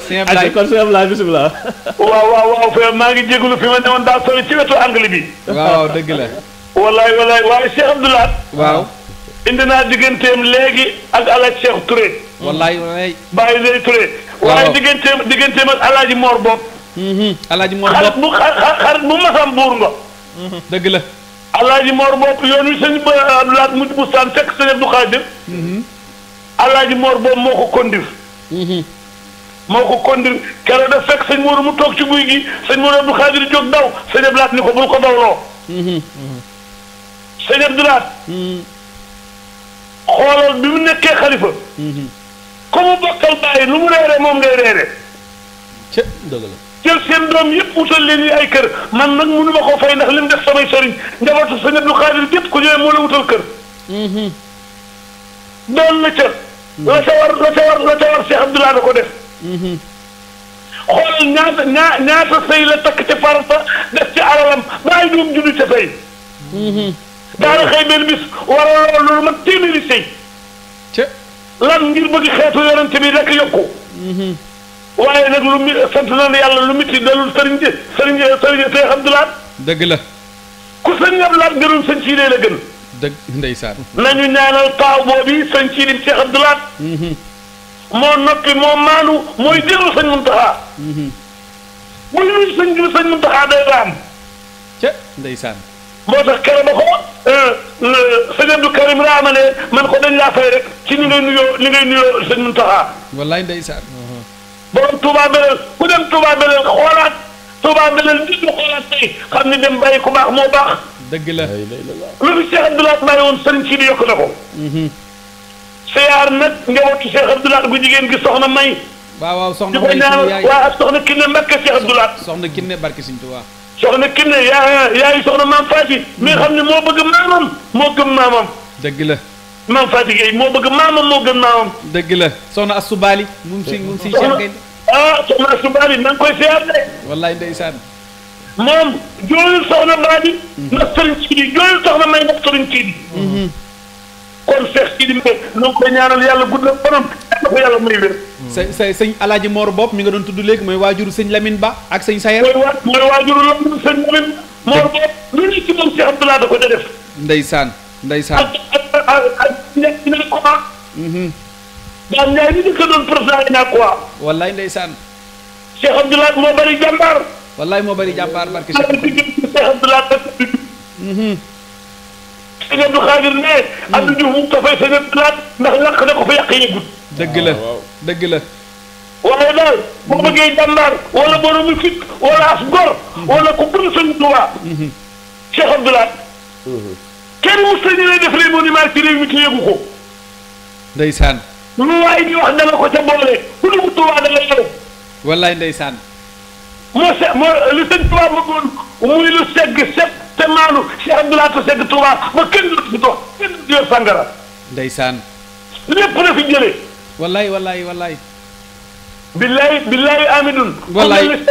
sëñ Ablaye kon sëñ Ablaye bisimilah waaw waaw waaw fee maa ngi jégalu fi ma newoon daa sori ci wetu angle bi waaw dëgg la wallaay wallaay waaye Cheikh Abdoulaye waaw indi naa digganteem léegi ak alaaj Cheikh Touré wallaay wallaay bàyyi lay Touré waaye digganteem digganteem ak alaaji Mor Bopp alaaji Mor bopp xarit bu xarit bu Mor bopp yoon wi sëñ ba euh, bu saan fekk sëñ Abdou ko kondir. moo ko kondir keroog daf fekk sëñ Mor mu toog ci guy gi sëñ Mor Abdou Khadir daw sëñ Abdoulaye ni ko bul ko dawloo. sëñ Abdoulaye. xoolal bi mu nekkee xalifa. Mm-hmm. ku mu bokkal bàyyi lu mu reere moom ngay reere. jël seen doom yëpp utal leen yi ay kër man nag mënu ma ko fay ndax li mu def samay sëriñ njabootu sëñ Abdou Khadir gépp ku ñëwee moo la wutal kër. Mhm. doon na ca. Mhm. la ca war la ca war la ca war Cheikh Abdoulaye da ko def. Mhm. xoolal ñaata ñaa ñaata sëy la takk ci farata def ci alalam bàyyi doom juddu ca sëy. daara xëy benn bis war a loolu mag téeméeri sëy. lan ngir bëgg xeetu yonent bi rek yokku. waaye nag lu mi sant nañu yàlla lu miti dalul sëriñ sëriñ sëriñ Seex Abdu Lahat dëgg la ku sëriñ Abdu Lahat gënul sëñ Siidi a gën dëgg ndeysaan nañu ñaanal taaw boobu sëñ Siidi Seex Abdu Lahat mm-hmm. moo noppi moo maanu mooy déglu mm-hmm. sëñ Muntaxa mm-hmm. bu ñu sëñ bi sëñ Muntaxa day raam ca ndeysaan moo tax kere ba ko euh, sëñ Abdou Karim raamale man ko dañ laa fay rek ci ni ngay nuyoo ni ngay nuyoo Muntaxa borom Touba Belel ku dem Touba Belel xoolaat Touba Belel nit ñu xoolaat tey xam ne dem bàyyi ku baax moo baax. dëgg la lu fi Cheikh Abdoulaye bàyyi woon sëriñ si di yokk na ko. Mhm. Seyaar nag njabootu Cheikh Abdoulaye gu jigéen gi soxna May. waaw waaw soxna May yaay waaw soxna Kiné Mbakke Cheikh Abdoulaye. soxna Kiné Barke Sëriñ Tuubaa. soxna Kiné yaa yaayu soxna maam Faati mi nga mhm. xam ne moo bëgg maamam moo gëm maamam. dëgg la. maam Fatou Gueye moo bëgg maamam moo gën maamam. dëgg la soxna Astou Bali. mu ngi si mu ngi si Cheikh Gaynde. ah soxna Astou Bali na nga koy seet de. wallaay ndeysaan. moom jooyul soxna Bali. Mm-hmm. ndax sëriñ Sidi jooyul soxna May ndax sëriñ Sidi. Mm-hmm. kon Cheikh Sidi Mbengue na nga koy yàlla gudd la fanam yàlla ko yàlla may mm-hmm. sa sa sëñ Moor Bopp mi nga doon tudd léegi mooy waajuru sëñ Lamine Ba ak sëñ Sayer. mooy waa mooy waajuru Lamine sëñ Lamine. Moor Bopp lu ñu ci moom Cheikh Abdoulaye da def. ndeysaan ndeysaan nekk dina ko am. daan ñaari ñu njëkk a doon président yi naa ko am. wallaay ndeysaan. Cheikh Abdoulaye moo bëri jàmbaar. wallaay moo bëri jàmbaar barke Cheikh Abdoulaye. sëñ mhm. Abdou Khadir ne. Mhm. Abdou Diouf mu ko fay sëñ Abdou Laat ndax lakk na ko fa yàq yëgul. dëgg la ah, dëgg la. waaye daal boo mhm. bëggee jàmbaar wala boromi fit wala as gor. wala ku gën sëñ Tuubaa. Cheikh Abdou Laat. kenn mu sëñ lay def réew mi ci réew mi ci yëgu ko. ndeysaan. lu waay ñu wax dana ko ca boole ku dugg Tuubaa da lay yow. wallaay ndeysaan. moo li sëñ Tuubaa bëggoon muy lu segg set te maanu Cheikh Abdoulaye te segg Tuubaa ba kenn du fi dox kenn du yor sàngara. ndeysaan. lépp na fi jëlee. wallaay wallaay wallaay. billaay billaay amidun. wallaay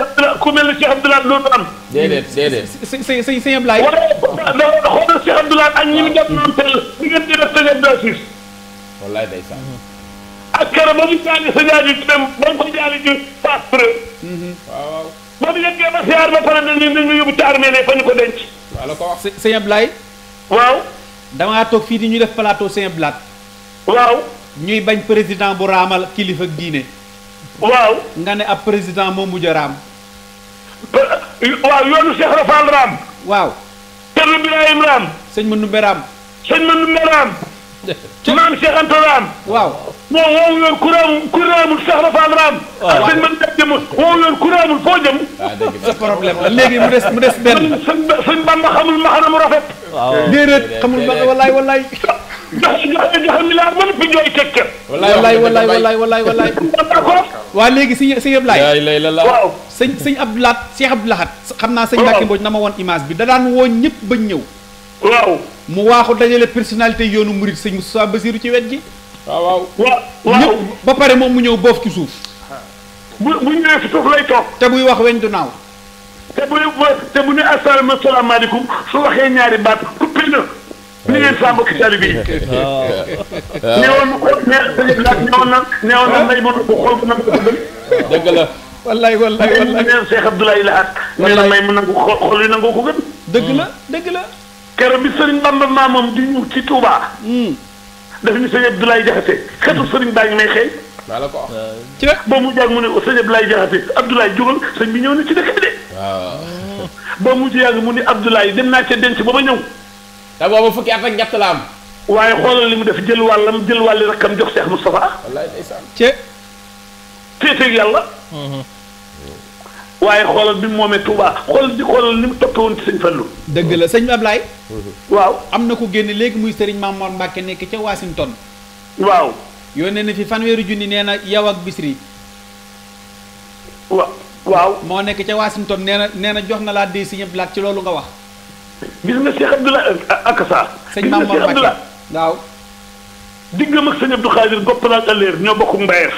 ku mel ni Cheikh Abdoulaye doo am. déedéet déedéet. së së së sëñ Abdoulaye. wala xoolal Cheikh Abdoulaye ak ñi mu mhm. dem naan teel ba mu jaani sa jaaju ba mu ko jaani ci paas preuve. Mhm. waaw waaw. ba mu yëggee ba siyaar ba pare dañuy dañuy yóbbu ca fa ñu ko denc. waaw la ko wax sëñ Abdoulaye. waaw. damaa toog fii di ñu def plateau sëñ Abdoulaye. waaw. ñuy bañ président bu raamal kilifa ak diine. waaw nga ne ab président moo mujj a raam waaw yoonu Cheikh Rafal raam waaw Thierno Birahim raam sëñ ma nu raam sëñ ma numbe raam <laughs> maam Cheikh Anta raam waaw waaw woowu yoon ku raamul ku raamul Cheikh Rafal raam ak sëñ ma dem woowu yoon ku raamul foo jëm ah, <laughs> problème la léegi mu des mu des benn sëñ Bamba xamul ma xanam rafet déedéet xamul ma wallaay <laughs> jox jox jox milliard man bu jooy teg teg. wallaay wallaay wallaay wallaay wallaay. waa léegi sëñ sëñ Abdoulaye. yaay lay la laaj waaw. sëñ sëñ Abdoulaye Cheikh Abdoulaye xam naa sëñ Mbacke Mbodj na ma woon image bi da daan woo ñëpp ba ñëw. waaw. mu waaxu dajale personnalité yoonu Mouride sëñ Moussa Basirou ci wet gi. waaw waaw. ñëpp ba pare moom mu ñëw boof ci suuf. bu bu ñëwee ci suuf lay toog. te buy wax weñ du naaw. te bu te bu ne asalaamaaleykum su waxee ñaari baat coupé na. ni ngeen saa mbokki tali bi neewoon na ko neex dëgg laaj neewoon na neewoon na nay mën bu xool bu nangu ko bëgg dëgg la wallaay wallaay wallaay neen Cheikh Abdoulaye Lahat nee na may mu nangu xool xool yi nangoo ko gën dëgg la dëgg la keroog bi Serigne Bamba maa moom di ñëw ci Touba dafa ñu sëñ Abdoulaye Diakhaté xetu Serigne baa ngi may xëy maa la ko wax ci rek boo mu jàng mu ne sëñ Abdoulaye Diakhaté Abdoulaye jógal sëñ bi ñëw na ci dëkk bi de boo mu jàng mu ne Abdoulaye dem naa ca denc ba ma ñëw te boobu fukki at ak ñett la am. waaye xoolal li mu def jël wàllam jël wàlli rakkam jox Cheikh Moustapha. wallaay ndeysaan. cee. féeteeg yàlla. Mm-hmm. waaye xoolal bi mu moomee Touba xoolal di xoolal ni mu toppee woon ci sëñ Fallou. dëgg la sëñ Ablaye. Mm-hmm. waaw am na ko génne léegi muy sëriñ Mamour Mbacke nekk ca Washington. waaw. yónnee na fi fanweeri junni nee na yow ak Bisri. wa waaw. moo nekk ca Washington nee na nee na jox na laa dee sëñ Ablaye ci loolu nga wax. gis nga Cheikh Abdoulaye eh, Akassa. sëñ Maam Mor Mbacke waaw. diggam ak sëñ ñoo bokk mbayeef.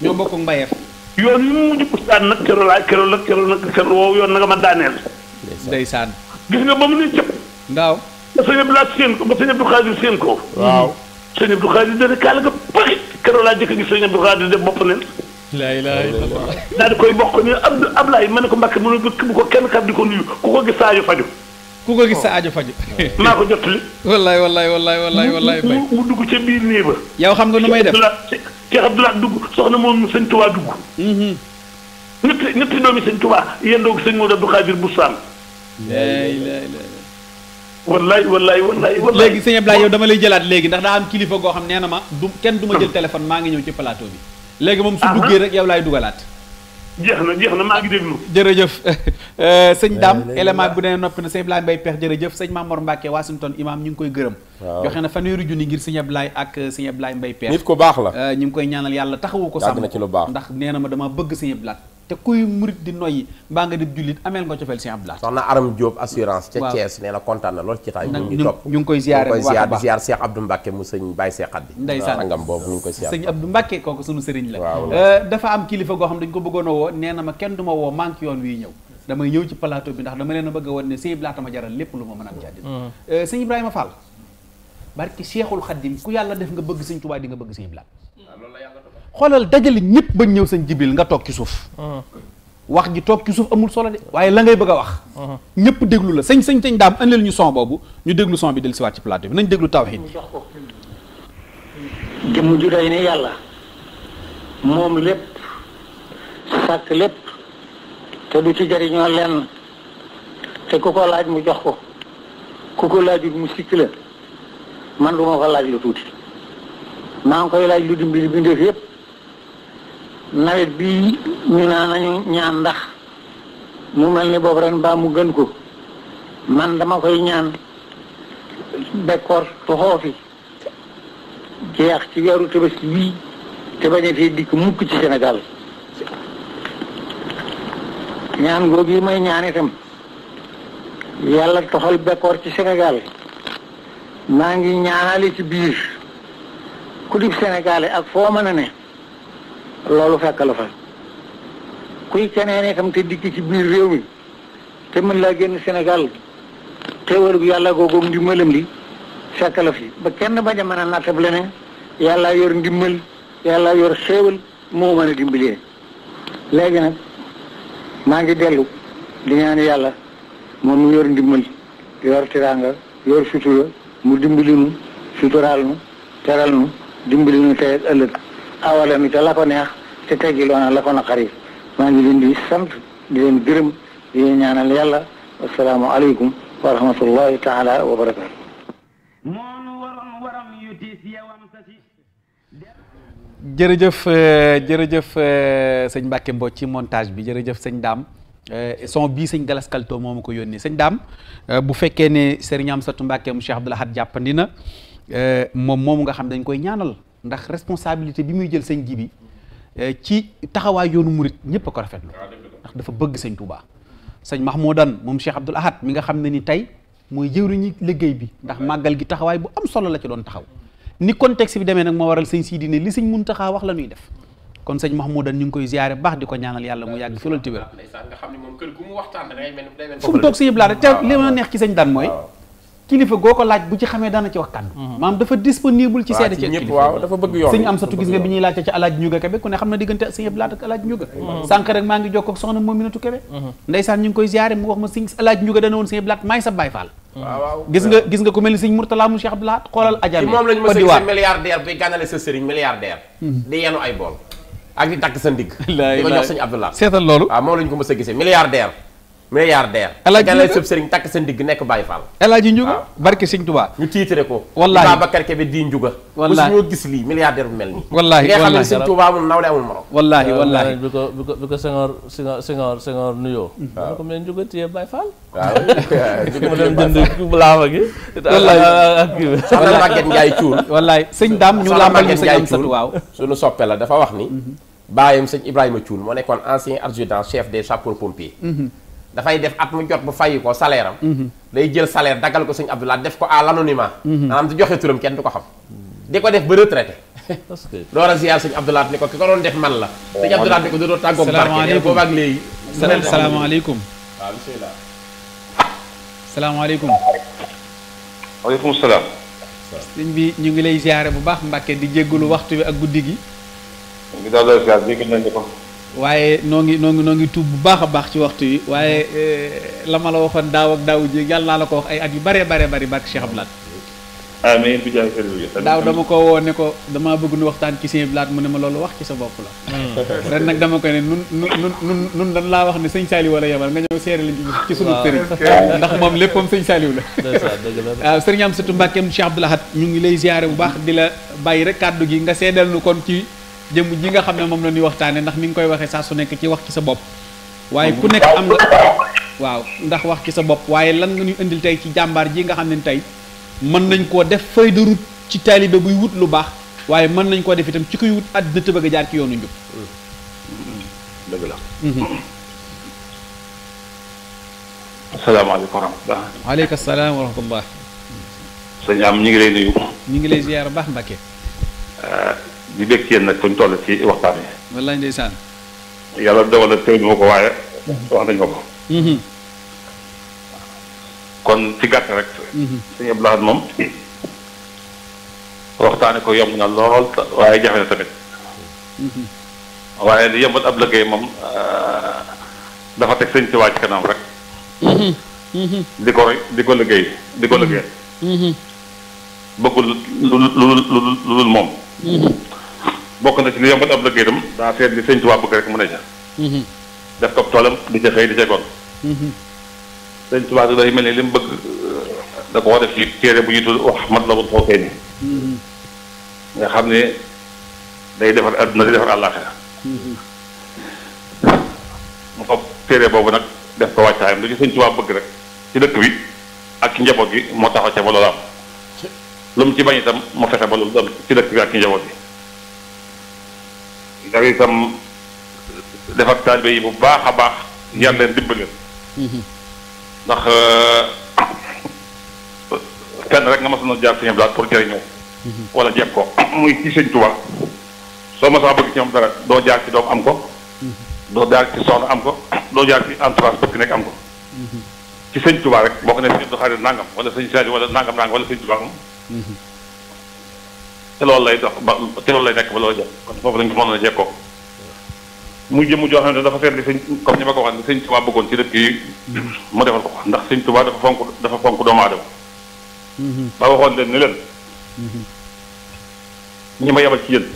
bokk mbayeef. yoon yi mu mujj ustaan laa keroog nag yoon na nga ma daaneel. ndeysaan gis nga ba mu ne cëpp. waaw. ba sëñ Abdou Laat seen ko ba sëñ Abdou Khadir seen ko. waaw sëñ Abdou Khadir dana kaala nga paxi keroog laa jëkk gis sëñ Abdou Khadir def bopp neen. laa ilaaha illallaah koy bokk ni Abdou Ablaye ma ne ko Mbacke mu ne ko kenn kat di ko nuyu ku ko gis saa faju ku ko gis sa ajo faj <laughs> maa ko jottali wallaay wallaay wallaay wallaay wallaay bay mu dugg ca biir néeg ba yow xam nga nu may def Cheikh Abdoulaye dugg soxna moom sëñ Touba dugg mm-hmm. ñetti ñetti doomi sëñ Touba yendoog moo Modou Abdou Khadir bu saam laay laay laay wallaay wallaay wallaay wallaay léegi sëñ Abdoulaye yow dama lay jëlaat léegi ndax daa am kilifa goo xam nee na ma du kenn du ma jël ah. téléphone maa ngi ñëw ci plateau bi léegi moom su ah. duggee rek yow laay dugalaat jeex na jeex na maa ngi déglu. jërëjëf <laughs> eh, sëñ Dame eh, élément bu ne noppi na sëñ Ibrahima Mbaye Pekh jërëjëf sëñ Mamor Mbacke Washington imam ñu ngi koy gërëm. joxe na fanweeri junni ngir sëñ Ablaay ak euh, sëñ Ablaay Mbay Peex nit ku baax la euh, ñu ngi koy ñaanal yàlla taxawu ko sàmm ndax nee ma dama bëgg sëñ Ablaay te kuy murit di noyyi mbaa nga di jullit ameel nga cofeel sëñ Ablaay soxna Aram Diop assurance ca Thiès nee na a euh, ma kenn du ma woo manque yoon wi ñëw damay ñëw ci a bëgg woon ne ma jaral lépp lu ma mën am ci àddina mm. sëñ Ibrahima barki Seexul xat Xaddim ku yàlla def nga bëgg sëñ Tuubaa di nga bëgg sëñ Blaat ah, xoolal dajale ñëpp ba ñëw sëñ Jibril nga toog ci suuf uh-huh. wax ji toog ci suuf amul solo de waaye la ngay bëgg a wax uh-huh. ñëpp déglu la sëñ sëñ sëñ daam andil ñu son boobu ñu déglu son bi del siwaat ci plateau bi nañ déglu tawxiid jëmm ju day ne yàlla moom lépp sàkk lépp te du ci jariñoo lenn te ku ko laaj mu jox ko ku ko laajut mu sikk la man lu ko laaj lu tuuti maa ngi koy laaj lu dimbali bindeef yëpp nawet bii ñu naa nañu ñaan ndax mu mel ni boobu ren baa mu gën ko man dama koy ñaan bekkoor toxoo fi jeex ci weeru tabaski bii te dikk mukk ci senegal ñaan googu gi may ñaan itam yàlla toxal bekkoor ci Sénégal maa ngi ñaanali ci biir ku dib Sénégalais ak foo mën ne loolu fekk la fa kuy keneen itam te dikk ci biir réew mi te mën laa génn senegal xéewal gu yàlla googu ndimbalam li fekk la ba kenn bañ a mën a nattable ne yàlla yor ndimbal yàlla yor xéewal moo mën a dimbalee léegi nag maa ngi dellu di ñaan yàlla moom mu yor ndimbal yor tiraanga yor sutura mu dimbali suturaal nu teral nu dimbali nu ëllëg awala mi te la te teggi loona la ko maa ngi leen di sant di leen gërëm di leen ñaanal yàlla assalaamu aleykum wa rahmatullahi taala wa barakaatu jërëjëf eh, jërëjëf eh, sëñ Mbacke Mbodj ci montage bi jërëjëf sëñ daam Euh, son bii sëñ Galas Kalto moo ma ko yónnee sëñ daam euh, bu fekkee ne sëriñ Amsatu Mbàkke mu Cheikh Abdoul Ahad jàppandi na euh, moom moomu nga xam dañ koy ñaanal ndax responsabilité bi muy jël sëñ ji bi ci taxawaay yoonu murit ñëpp ko rafetlu ah, ndax dafa bëgg sëñ Touba sëñ Mahmoudan moom Cheikh Abdoul Ahad mi nga xam ne ni tey mooy jëwriñu liggéey bi ndax màggal gi taxawaay bu am solo la ci doon taxaw ni contexte bi demee nag moo waral sëñ Sidi ne li sëñ Muntaxa wax la ñuy def kon sañ sëñ Mahmoudan ñu ngi koy ziyaare baax di ko ñaanal yàlla mu yàgg fi loolu tibér fu mu toog sëñ Ibrahima te li ma neex ci sëñ daan mooy kilifa goo ko laaj bu ci xamee dana ci wax kàddu maanaam mhm. dafa disponible ci seede ci kilifa dafa bëgg yoon sëñ am satu gis nga bi ñuy laajte ci alaaj ñuga kebe ku ne xam na diggante sëñ Ibrahima ak alaaj ñuga mhm. sànq rek maa ngi jokk ak soxna Mominatu Kebe mhm. ndeysaan ñu ngi koy ziyaare mu wax ma sëñ alaaj ñuga dana woon sëñ Ibrahima mel ni sëñ Mourtala mu Cheikh Abdoulaye xoolal ajami moom lañ ma sëñ milliardaire bi gànale sa sëriñ ay bool ak di takk sa ndigg. di ko jox sëñ Abdoulaye seetal loolu. waaw moom la ko mës a gisee milliardaire. milliardaire. El Hadj Ndiouga sëb sëriñ takk nekk Baye Fall. El Hadj ñu tiitre ko. wallaahi Babacar Kebe di Ndiouga. wallaahi mosu gis lii milliardaire bu mel nii. wallaahi wallaahi nga xam ne Sëriñ Tuubaa amul nawle amul morom. wallaahi bi ko bi ko bi ko Senghor Senghor Senghor nuyoo. waaw ko mais Ndiouga téye Baye Fall. waaw Ndiouga <laughs> mu dem jënd wallaahi <laughs> soxna Maguette sëñ Dame ñu làmbal ñu sëñ am sat waaw. suñu soppe la dafa wax ni. Mhm. baayam sëñ Ibrahima Thioul moo nekkoon ancien adjudant chef des sapeurs pompiers mhm. dafay def at mu jot bu fayyi ko salaire am mhm. day jël salaire daggal ko sëñ Abdoulaye def ko à l'anonymat mhm. maanaam du joxe turam kenn du ko xam di ko def ba retraité door a ziar sëñ Abdoulaye ni ko ki ko doon def man la sëñ Abdoulaye ni ko dootoo tàggoog barke boobu ak léegi salaamaaleykum waaw bisimilah salaamaaleykum waaleykum salaam sëñ bi ñu ngi lay ziare bu baax Mbàkke di jéggalu waxtu wi ak guddi gi ngi daal dal ziar jéggal nañ ko waaye noo ngi noo ngi noo ngi tuub bu baax a baax ci waxtu yi waaye mm-hmm. eh, la ma la waxoon daaw ak daaw ji yàlla naa la ko wax ay at yu bare bare bari barke Cheikh Abdoulaye amiin bi jaay daaw dama ko ne ko damaa bëgg nu waxtaan ci sëñ Abdoulaye mu ne ma loolu wax ci sa bopp la mm-hmm. ren nag dama ko ne nun nun nun nun dañ laa wax ne sëñ Saliou wala yebal nga ñëw seere lañ ci sunu sëriñ ndax moom léppam sëñ Saliou la waaw sëriñ Amsatou Mbacke Cheikh Abdoulaye ñu ngi lay ziare bu baax di la bàyyi rek kàddu gi nga seedal nu kon ci jëm ji nga xam ne moom la ñuy waxtaane ndax ni nga koy waxee saa su nekk ci wax ci sa bopp waaye ku nekk am nga waaw ndax wax ci sa bopp waaye lan nga ñu indil tey ci jàmbaar ji nga xam ne tey mën nañ koo def feuille de route ci taalibe buy wut lu baax waaye mën nañ koo def itam ci kuy wut àddina te bëgg a jaar ci yoonu njub dëgg la mhm. asalaamaaleykum wa rahmatulah waaleykum salaam wa rahmatulah sëñ am ñu ngi lay nuyu ñu ngi lay di bég ci yéen nag fuñ toll ci waxtaan yi. wallaay ndeysaan. yàlla dogal na tey ma ko waaye wax nañ ko ko. Mm-hmm. kon ci gàtt rek. Mm-hmm. sëñ Abdou Lahad moom. waxtaane ko yomb na lool waaye jafe na tamit. Mm-hmm. waaye li yombal ab liggéey moom euh, dafa teg sëñ ci waa ci kanam rek. di ko di ko liggéey di ko liggéey. bëggul lu lu lu lu moom. bokk na ci li yombal ab liggéey itam daa seet li sëñ Tuubaa bëgg rek mu ne ca mhm. def ko toolam di ca xëy di ca gon mhm. sëñ Tuubaa mel ni li mu bëgg da ko def ci bu ñu tudd wax mat la bu foo nga xam ne day defar adduna di defar àllaaxira mhm. mu fab boobu nag def ko wàccaayam lu ci sëñ Tuubaa bëgg rek ci dëkk bi ak ci njaboot gi moo taxaw ca ba loolu am lu mu ci bañ itam mu fexe ba loolu ci dëkk bi ak ci njaboot gi yow itam defar taalibe yi bu baax a baax yar leen dimbaleen ndax euh, <coughs> fenn rek nga ma sonal jaar sëñ daal pour jëriñoo wala jeeb ko <coughs> muy ci sëñ Tuubaa soo ma sax bëgg ci moom dara doo jaar ci doom am ko doo jaar ci soxna am ko <coughs> doo jaar ci entourage bëgg nekk am ko ci sëñ Tuubaa rek boo ko ne sëñ Abdou Xaadir nangam wala sëñ Sadio wala nangam nangam wala sëñ Tuubaa am te loolu lay dox ba te loolu lay nekk ba loolu jot kon foofu lañ ko mën a jekkoo muy jëmm joo xam ne dafa seetlu sëñ comme ni ma ko waxee ne sëñ Tuubaa bëggoon ci dëkk yi mu defal ko ndax sëñ Tuubaa dafa fonk dafa fonk doomu aadama ba waxoon leen ne leen ñi ma yebal ci yéen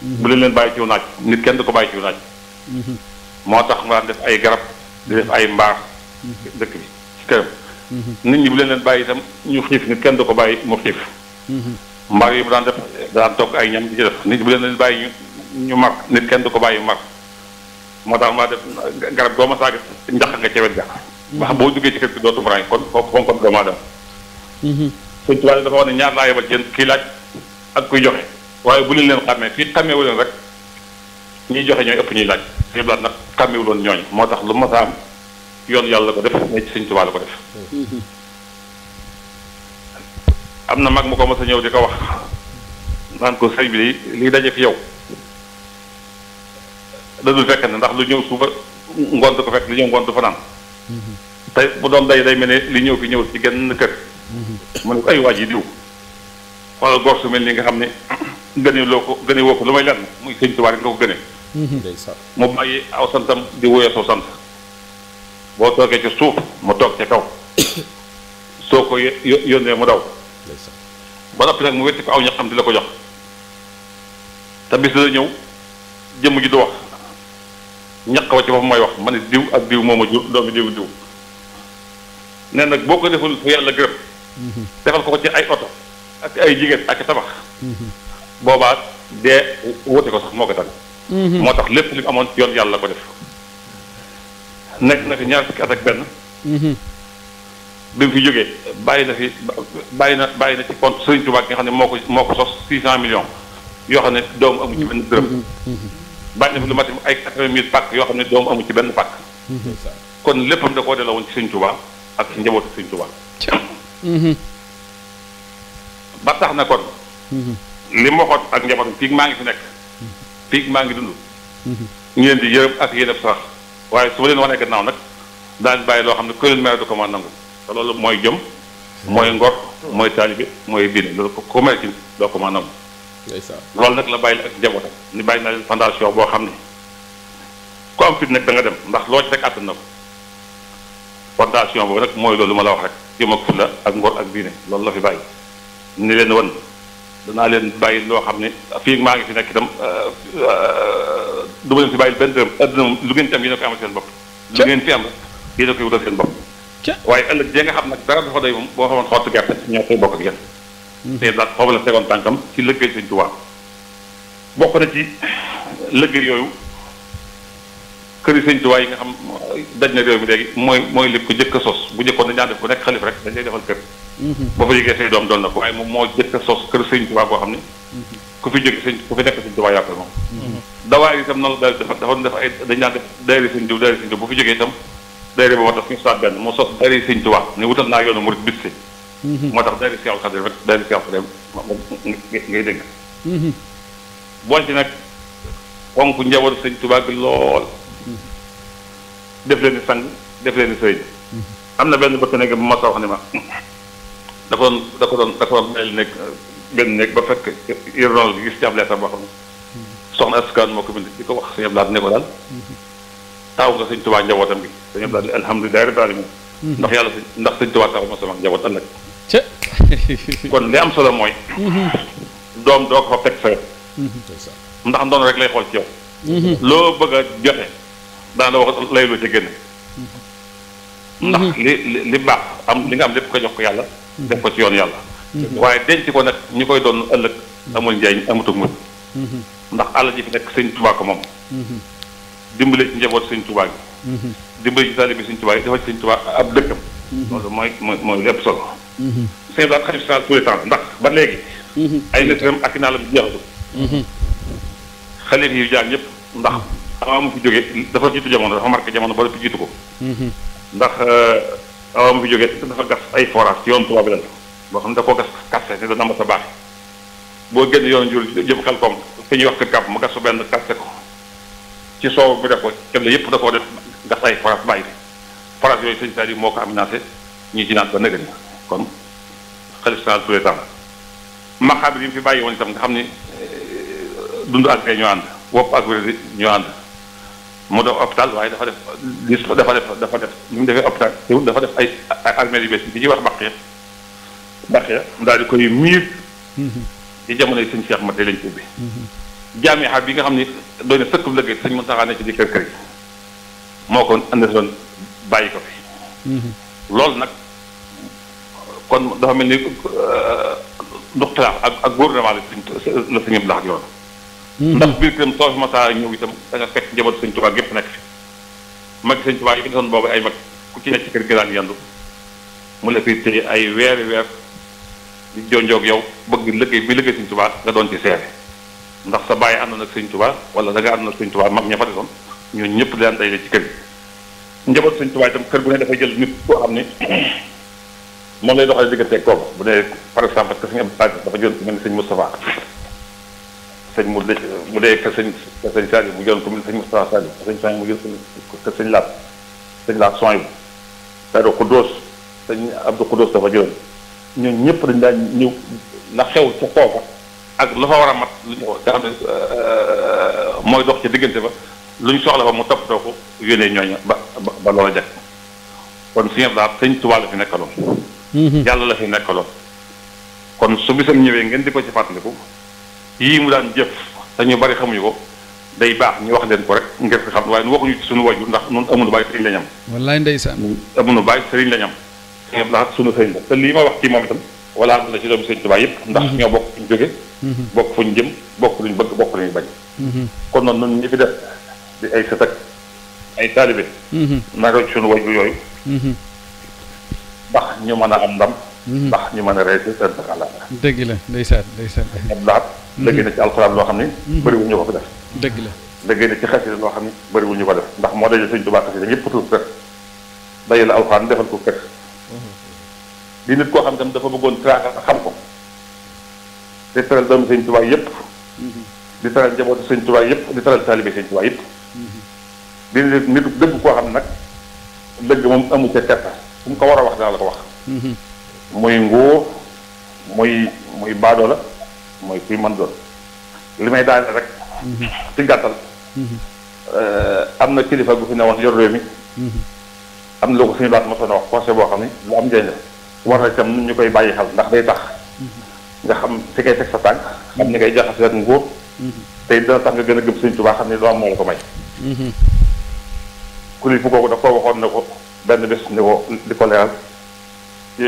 bu leen leen bàyyi ciw naaj nit kenn du ko bàyyi ciw naaj moo tax mu daan def ay garab di def ay mbaar dëkk bi ci nit ñi bu leen leen bàyyi itam ñu xiif nit kenn du ko bàyyi mu xiif mbar yi mu daan def daan togg ay ñam di ci def nit bu leen bàyyi ñu mar nit kenn du ko bàyyi mar moo tax maa def garab doo ma saa gis njaq nga cewet ga wax boo duggee ci kër gi dootu marañ kon kooku fonkoon doomu aadama mhm. suñ tubaab dafa wax ne ñaar laa yebal ci yéen kii laaj ak kuy joxe waaye bu leen leen xàmmee fii xàmmee wu leen rek ñiy joxe ñooy ëpp ñuy laaj suñu blaat nag xàmmee wu loon ñooñ moo tax lu ma saa am yoon yàlla ko def mais ci suñ tubaab la ko def am na mag mu ko mos a ñëw di ko wax naan ko sëñ bi li liy daje fi yow da dul fekk ne ndax lu ñëw suba ngoon du ko fekk lu ñëw ngoon du fanaan mm-hmm. tey bu doon day day mel ne li ñëw fi ñëw ci genn kër mm-hmm. mu ne ko ay waaj yi diw wala góor su mel ni nga xam ne <clears throat> gëne loo ko gëne woo ko lu may lenn muy sëñ Tuubaa nga ko gëne mm-hmm. mu bàyyi aw santam di wuyee soo sant boo toogee ci suuf mu toog ca kaw <coughs> soo ko yónnee mu daw ba noppi nag mu wetti ko aw ñaxam di la ko jox te bis dana ñëw jëmm ji du wax ñaq wa ci boppam mooy wax ma ne diw ak diw moom a jur doomi diw diw nee nag boo ko deful fu yàlla gërëm mm-hmm. defal ko ko ci ay oto ak ay jigéen ak tabax mm-hmm. boobaat dee wóote ko sax moo ko tan mm-hmm. moo tax lépp li mu amoon yoon yàlla la ko def nekk na fi ñaar fukki at ak benn bi mu fi jógee bàyyi na fi bàyyi na bàyyi na ci compte Serigne Touba nga xam ne moo ko moo ko sos 600 millions yoo xam ne doomu amu ci benn dërëm. bàyyi na fi lu mat ay 80 mille pàkk yoo xam ne doomu amu ci benn pàkk. kon léppam da koo delloo woon ci Serigne Touba ak ci njabootu Serigne Touba. ba tax na kon. li ma ak njabootam fii maa ngi fi nekk. fii maa ngi dund. ñu leen di yërëm ak yéen a sax waaye su ma leen wanee gannaaw nag daañu bàyyi loo xam ne kuréel maire du ko a nangu. te loolu mooy jëm mooy ngor mooy taalibe mooy diine loolu ko ku mel ci ko mën a loolu nag la bàyyi la ak njabootam ni bàyyi na leen fondation boo xam ne ku am fit nag da dem ndax loo ci rek àttan na ko fondation boobu rek mooy loolu ma la wax rek jëm ak fulla ak ngor ak diine loolu la fi bàyyi ni leen wan danaa leen bàyyi loo xam ne fii maa ngi fi nekk itam euh, euh, du ma leen fi bàyyil benn dërëm adduna moom lu ngeen ci am yéen a koy amal seen bopp lu ngeen fi am yéen a koy wutal seen bopp waaye ëllëg jee nga xam nag dara dafa doy moom boo xamoon xottu gerte ñoo koy bokk ak yéen. Hmm. tey daal foofu la tegoon ci lëggéey Sëñ Tuubaa bokk na ci lëggéey yooyu këri Sëñ tuwaa yi nga xam daj na réew mi léegi mooy mooy li ko jëkk sos bu jëkkoon dañ daan def ko nekk xalif rek dañ lay defal kër. Hmm. boo fa jógee say doom doon na ko waaye moom moo jëkk a sos kër Sëñ Tuubaa boo xam ne. Hmm. ku fi jóge sëñ ku fi nekk sëñ Tuubaa yàqal moom. dawaay itam noonu daal dafa dafa def dañ daan def daayira sëñ Tuubaa daayira sëñ Tuubaa bu fi dayre boobu moo tax suñu saat benn moo sos dayre Sëñ Tuubaa ne wutal naa yoonu murit bis si mhm. moo tax dayre Seex Xaadim rek dayre Seex Xaadim ngay dégg mhm. bool nag fonk njabootu Sëñ Tuubaa gi lool mhm. def leen di sang def leen di sëriñ am na benn bëkk bu ma sa wax ne ma da ko doon da doon da doon bayal nekk benn nekk ba fekk yërnool bi gis ci ab leetar boo xam ne soxna askan moo ko bind di ko wax suñu ablaat ne ko daal taaw nga sëñ Tuubaa njabootam bi dañu daal di alhamdulilah rabbil daal mm-hmm. ndax yàlla ndax sëñ Tuubaa taaw ma sama njaboot ëllëg <laughs> kon li am solo mooy mm-hmm. doom doo ko fa teg sawet mm-hmm. ndax ndoon rek lay xool ci yow loo bëgg a joxe dana la wax lay lu ci génne ndax li li baax am li nga am lépp ko jox ko yàlla def ko ci yoon yàlla waaye denc ko nag ñu koy doon ëllëg amul njëriñ amatul mujj ndax àll ji fi nekk sëñ Tuubaa moom dimbale ci njaboot sëñ Tuubaa gi mhm. dimbale ci taalibe bi Tuubaa gi defal ci sëñ Tuubaa ab dëkkam mhm. loolu mooy lépp solo sëñ daal xalif général tous les ndax ba léegi mhm. ay nasiram ak naalam jeexatu xalif yu jaar ñëpp ndax awa mu fi jóge dafa jiitu jamono dafa marqué jamono ba dafa jiitu ko ndax euh, awa mu fi jóge dafa gas ay forage ci yoon tubaab bi la boo xam ne da koo gas kaste ne da sa baax boo génn yoon jur jëm xel koom fi ñuy wax kër kàpp mu gas su benn kaste ko ci soow mu def ko xeble yëpp da koo def nga say faras bàyyi faras yooyu sëñ Saliou moo ko aménagé ñu ci naan ba nëgëni kon xalif général Touré tam maqaam yi mu fi bàyyi woon itam nga xam ni eh, dund ak dee ñoo ànd wopp ak wér ñoo ànd mu def hôpital waaye dafa def lis dafa def dafa def ni mu defee hôpital dafa def ay armée yu bees yi ñuy wax baqee baqee mu daal di koy miir mm-hmm. ci jamonoy sëñ ma Mate lañ ko ubbi mm-hmm. jaamiha bi nga xam ni doy na sëkk bu lëggee sëñ Mountakha ne ci di kër kër moo kon andesoon bàyyi ko fi mm-hmm. loolu nag kon dafa mel ni euh, doxtalaaf ak ak gouvernement la sëñ Abdou Lahad yoon ndax biir këram soo fi masaa ñëw itam da nga fekk sëñ Tuubaa gépp nekk fi mag sëñ Tuubaa yi fi desoon boobu ay mag ku ci nekk gi daan yendu ay weeri weer di jonjoog yow bëgg liggéey bi liggéey sëñ Tuubaa nga doon ci seere ndax sa bàyyi àndoon ak sëñ Tuubaa wala da nga àndoon ak sëñ Tuubaa mag ña fa desoon ñooñu ñëpp daan day ci kër gi njaboot sëñ Tuubaa itam kër bu ne dafay jël nit koo xam ne <clears throat> moom lay doxalee diggante kooku bu dee par exemple parce que sëñ Abdou Aziz dafa jëloon ku mel ni sëñ Moustapha sëñ mu de mu dee ka sëñ ka sëñ Sadio mu jëloon ku mel ni sëñ Moustapha ka sëñ Sonia mu jël ka sëñ Laat sëñ Laat Sonia bu Sadio Koudous sëñ Abdou Koudous dafa jëloon ñooñu ñëpp dañ daan ñëw la xew ca kooka ak lu fa war a mat lu euh, euh, mooy dox ci diggante ba lu ñu soxla ba mu toppatoo ko yónnee ñooñ ba ba loola jag kon Sëñ daal sëñ Tuubaa la fi nekkaloon. Mm-hmm. yàlla la fi nekkaloon. kon su bisam ñëwee ngeen di ko ci fàttaliku yii mu daan jëf te ñu bari xamuñu ko day baax ñu wax leen ko rek ngir fi xam waaye nu waxuñu ci suñu waju ndax nun amuñu bàyyi sëriñ la ñam. wallaay ndeysaan. amuñu bàyyi sëriñ la ñam. ndax suñu sëriñ la te lii ma wax ci moom itam wala la ci doomu sëriñ Tuubaa yëpp. ndax mm-hmm. ñoo bokk bokk fu ñu jëm bokk luñ bëgg bokk luñ bañ. kon noonu ñun ñi fi def di ay sët ak ay taalibe. naka suñu waju yooyu. ndax ñu mën a am ndam. ndax ñu mën a réussir seen sax àlla. dëgg la ndeysaan ndeysaan. abdoulaye. dëgg na ci alxuraan loo xam ni. bëriwul ñu ko fi def. dëgg la dëgg na ci xasida loo xam ni bëriwul ñu ko def ndax moo dajale Sëñ Tuubaa xasida yëpp tuur kër. dajale alxuraan defal ko kër. di nit koo xam tam dafa bëggoon traaka xam ko. Mhm. Mhm. di teral doomi sëñ Tuubaa yëpp di teral njabootu sëñ Tuubaa yëpp di teral taalibe sëñ Tuubaa yëpp di nitu dëgg koo xam nag dëgg moom amu ca tetta fu mu ko war a wax dana la ko wax mhm. muy ngóo muy muy baadoo la mooy kuy man doon li may daal rek ci gàttal eh, am na kilifa gu fi ne woon yor réew mi am na loo ko suñu laat mosoon a wax conseil boo xam ne lu am njëriñ la war na itam ñu koy bàyyi xel ndax day tax nga xam fi kay teg sa tànk xam ni ngay jaxase ak nguur tey dana tax nga gën a gëm sëñ Tuubaa xam ni lu am moo la ko may kilifa googu daf ko waxoon ne ko benn bés ni ko di ko leeral ci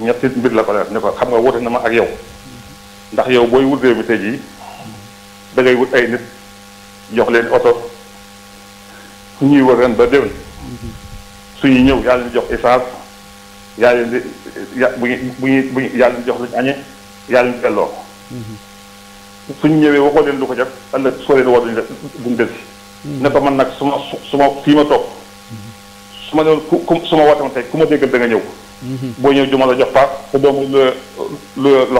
ñetti mbir la ko ni ko xam nga wute na ma ak yow ndax yow booy wut réew mi tey jii da wut ay nit jox leen oto su ñuy wër ren ba déwén suñuy ñëw yaa leen jox essence yaa leen bu ñu bu yaa leen jox luñu añee yàlla ñu delloo ko. suñ ñëwee waxoo leen lu ko def ëllëg soo leen woo duñ duñ del man nag su ma su ma fii ma toog. su ma doon ku ku su ma woote ku ma déggal da nga ñëw. boo ñëw du ma jox paas te doomu lu lu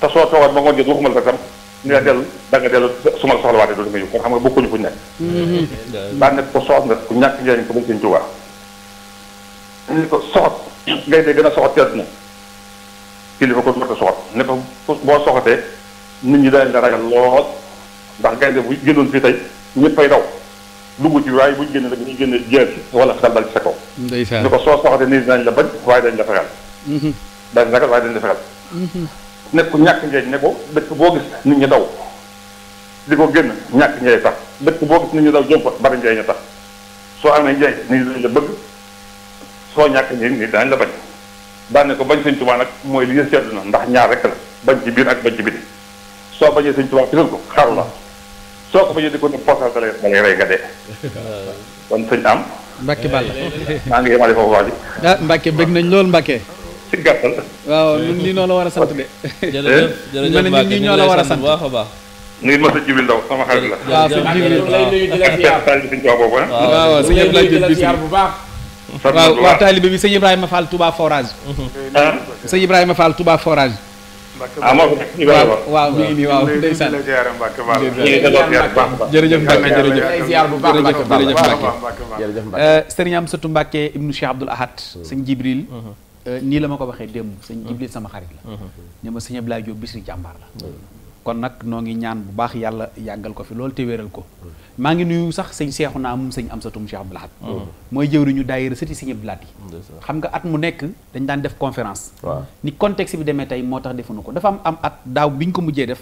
te soo toogaat ba ngoon jot waxuma la ko tam ñu dellu da nga dellu su ma la soxlawaatee doo nga ñëw kon xam nga bokkuñu fuñ nekk. daa nekk ko soxat nga ku ñàkk njëriñ ko bañ seen ko soxat ngay dee gën a soxat ci àdduna kilifa ko warta soxat ne ko boo soxatee nit ñi dañ la ragal lool ndax gaynde bu génnoon fii tey ñëppay daw dugg ci waaye buñ génn rek ñu génne jeer ci wala xel dal ci sa soo soxatee nit ñi dañ la bañ waaye dañ la fegal mhm. dañ ragal waaye dañ la fegal mhm. nekk ñàkk njëriñ ne dëkk boo gis nit ñi daw di ko génn ñàkk njëriñ tax dëkk boo gis nit ñi daw jëm ko bari njëriñ tax soo amee njëriñ nit ñi dañ la bëgg soo ñàkk njëriñ nit daañ la bañ daane ko bañ sëñ Tuubaa nag mooy li yës ci àdduna ndax ñaar rek la bañ ci biir ak bañ ci biti soo bañee sëñ Tuubaa pisal ko xaru la soo ko bañee di ko ne posal da lay da lay rey nga dee kon sëñ am Mbacke Balla maa ngi yemale foofu wax ji ah Mbacke bëgg nañ lool Mbacke si gàttal waaw ñun ñi ñoo la war a sant de jërëjëf jërëjëf Mbacke ñun a a ñu ngi mos a jibil bu baax waaw waaw taalibe bi sëñ Ibrahima Fall Touba Forage. sëñ Ibrahima Fall Touba Forage. ah moo fi waaw waaw mi ngi nii waaw ndeysaan. jërëjëf Mbacke jërëjëf Mbacke sëriñ Amsatu Mbacke ibnu Cheikh Abdoul Ahad sëñ Jibril nii la ma ko waxee démb sëñ Jibril sama xarit la ne ma sëñ Abdoulaye Diop Bichri jàmbaar la kon nag noo ngi ñaan bu baax yàlla yàggal ko fi loolu te wéral ko maa ngi nuyu sax sëñ seexu naa moom sëñ am satum Cheikh Abdou Lahad ah. mooy jëwriñu daayira sëti sëñ Abdou Lahad yi xam nga at mu nekk dañ daan def conférence ni contexte bi demee tey moo tax defuñu ko dafa am am at daaw bi ñu ko mujjee def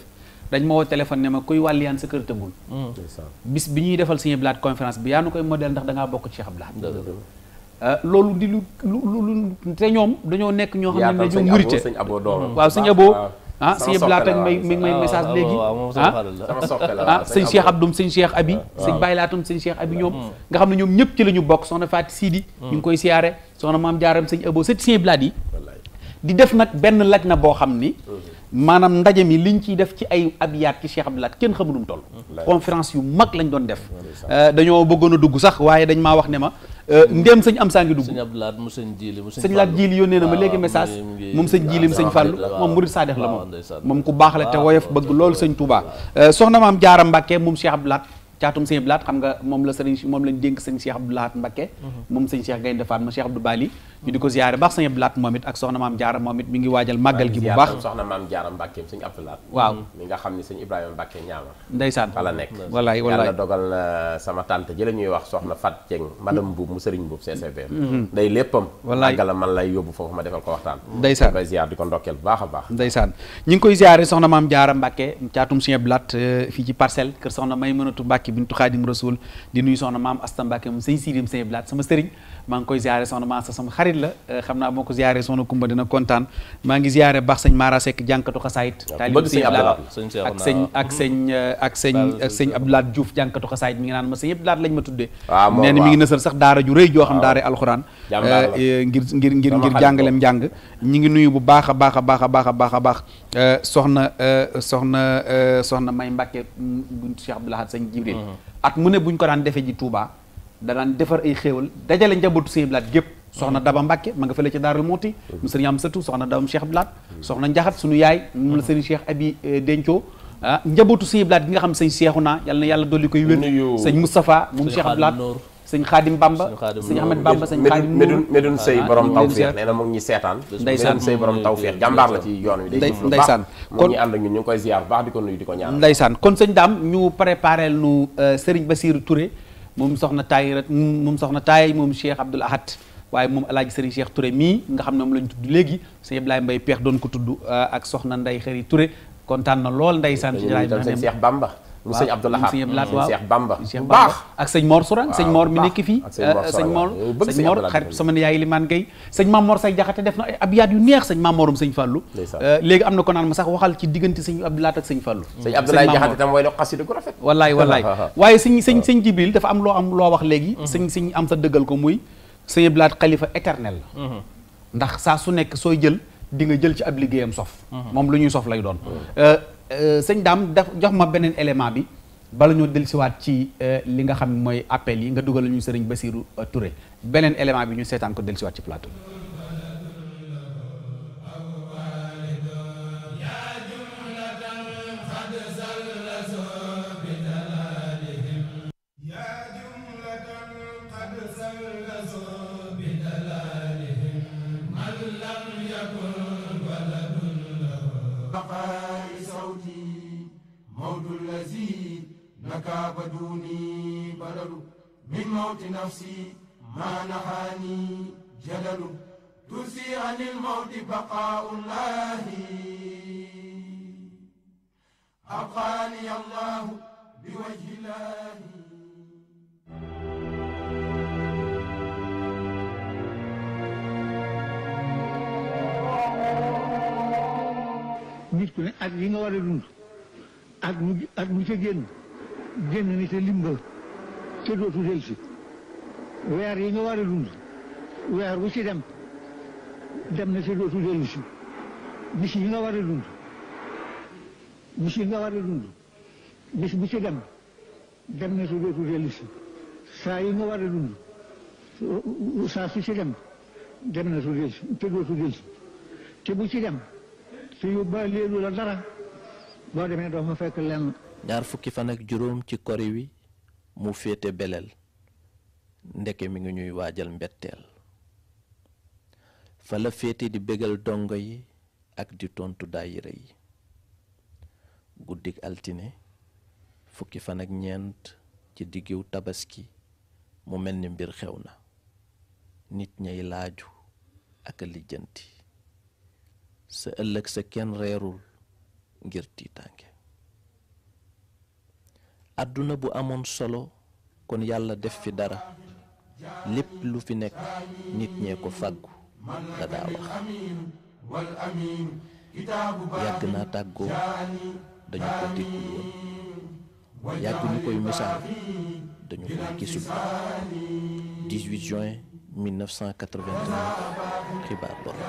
dañ ma woo téléphone ne ma kuy wàlliyaan sa kër hmm. bis bi ñuy defal sëñ Abdou Lahad conférence bi yaa nu koy modèle ndax da ngaa bokk Cheikh Abdou Lahad euh, loolu di lu lu lu te ñoom dañoo nekk ñoo xam ne dañoo murite waaw sañ aboo Ah, ah? ah sëñ Blaat ak may mi ngi may message léegi ah sëñ Cheikh Abdoum sëñ Cheikh Abi sëñ Baye Laatum sëñ Cheikh Abi ñoom hmm. nga xam ne ñoom ñëpp ci la ñu bokk soxna sii Sidi ñu ngi koy siyaare soxna maam jaaram sëñ Abo sët sëñ Blaat yi di def nag benn laj na boo xam ni hmm. maanaam ndaje mi liñ ciy def ci ay abiyaat ci Cheikh Abdou Lahat kenn xamu nu mu yu mag lañ doon def euh, dañoo bëggoon a dugg sax waaye dañ maa wax ne ma Euh, ndéem sëñ am saa ngi dugg sëñ Abdoulaat mu Laat Jiili yónnee na ma ah, léegi message moom sëñ Jiili mu sëñ Fàllu moom murid saadex la ah, moom moom ku baax la te woyof ah, bëgg loolu sëñ Touba euh, soxna maam Jaara Mbàkke moom Cheikh laat caatum sëñ Abdou Lahad xam nga moom la sëriñ moom lañ dénk sëñ Cheikh Abdou Lahad Mbacké mhm. moom sëñ Cheikh Gaynde Fatma Cheikh Abdou Bali ñu di ko ziyaare baax sëñ Abdou Lahad moom it ak soxna maam Jaara moom it mi ngi baax soxna maam Jaara Mbacké la nekk wallaay wallaay yàlla dogal na euh, sama tante ji la ñuy wax soxna Fat Dieng madame Mbuub mu sëriñ Mbuub CCB day léppam wallaay gala man lay yóbbu foofu ma defal ko waxtaan ndeysaan a baax soxna maam Jaara Mbacké caatum sëñ Abdou fii ci parcelle kër soxna Maymunatu Mbacké Mbacke bintu Xaadim Rasul di nuyu soxna maam Asta Mbacke moom sëñ Sirim sëñ Blaat sama sëriñ maa ngi koy ziare soxna maam Asta sama xarit la eh, xam naa moo ko ziare soxna Kumba dina kontaan maa ngi ziare baax sëñ Mara Seck jànkatu xasaayit taalib sëñ Blaat ak sëñ ak sëñ eh, ak sëñ ak sëñ Abdoulaat Diouf jànkatu xasaayit mi ngi naan ma sëñ Abdoulaat lañ ma tuddee ah, nee na ngi nësal sax daara ju rëy joo xam daara alxuraan eh, ngir ngir ngir ngir jàngalem njàng ñi ngi nuyu bu baax a baax baax a baax a baax a baax Euh, soxna euh, soxna euh, soxna May Mbàkke mm, buñ Cheikh Abdoul Ahad Sëñ Jibril mhm. at mu ne buñ ko daan defee ji Touba da daan defar ay xéewal dajale njabootu Sëñ Abdoul Ahad gépp soxna Daba Mbàkke ma nga fële ci Daarul Muuti mhm. mu sëriñ am sëtu soxna Dabam Cheikh Abdoul Ahad mhm. soxna Njaxat suñu yaay mu la sëriñ Cheikh Abi Denco ah njabootu Sëñ Abdoul Ahad gi nga xam sëñ naa yàlla na yàlla dolli koy wér sëñ Moustapha moom Cheikh Abdoul Ahad sëñ xaadim bamba sëñ ahmed bamba sëñ xaadim medun medun sëy borom tawféex nee na mu ngi ñi seetaan medun sëy borom tawféex jàmbaar la ci yoon wi day ndeysaan kon ñu ànd ak ñun ñu ngi koy ziar bu baax di ko nuyu di ko ñaan ndeysaan daam ñu préparel nu euh, sëriñ Basiiru ture moom soxna taay rek moom soxna taay moom Cheikh Abdoul Ahad waaye moom alaaji sëriñ Cheikh Touré mii nga xam ne moom lañ tudd léegi sëñ Ablaye Mbaye Peex doon ko tudd euh, ak soxna nday xëri Touré kontaan na lool ndeysaan ci jaraay Cheikh Bamba bu sëñ Abdoulahat Cheikh Bamba Cheikh Bamba ak sëñ Mor Sourang sëñ Mor mi nekk fii sëñ Mor xarit sama yaay Limaan Gay sëñ Maam say jaxate def na ab yaat yu neex sëñ Maam Morum Fàllu léegi am na ko naan ma sax waxal ci diggante sëñ Abdoulahat ak sëñ Fàllu sëñ Abdoulaye jaxate tam way la xasida <laughs> loo am loo wax léegi mhm. sëñ sa dëggal ko muy sëñ Abdoulahat xalifa éternel la mhm. ndax saa su nekk sooy jël di nga jël ci ab liggéeyam sof mhm. moom lu ñuy sof lay doon euh, Euh, sëñ daam daf jox ma beneen élément bi bala ñoo dellusiwaat ci euh, li nga xam mooy appel yi nga dugal la ñu sëriñ Basiru euh, Touré beneen élément bi ñu seetaan ko dellusiwaat ci plateau bi. Yeah لك بدوني بدل من موت نفسي ما نهاني جدل ترسي عن الموت بقاء الله أبقاني الله بوجه الله nit ku ne ak li nga war a dund ak mu ak mu ca génn génn ni te limba te dootu delsi weer yi nga war a dund weer wu ci dem dem na te dootu delsi bis yi nga war a dund bis yi nga war a dund bis bu ci dem dem na te dootu delsi saa yi nga war a dund saa su ci dem dem na su delsi te dootu delsi te bu ci dem su yóbbaalee lu la dara boo demee doo fa fekk lenn ñaar fukki fan ak juróom ci kori wi mu féete belel ndeke mi ngi ñuy waajal mbetteel fala féete di bégal dongo yi ak di tontu daayira yi guddik altine fukki fan ak ñeent ci diggiw tabaski mu mel ni mbir xew na nit ñay laaju ak lijjanti sa ëllëg sa kenn reerul ngir tiitaange àdduna bu amoon solo kon yàlla def fi dara lépp lu fi nekk nit ñee ko fàggu la daa wax yàgg naa tàggoo dañu ko déggul woon yàgg ñu koy misaal dañu koy gisul 18 juin 1989 xibaar boroot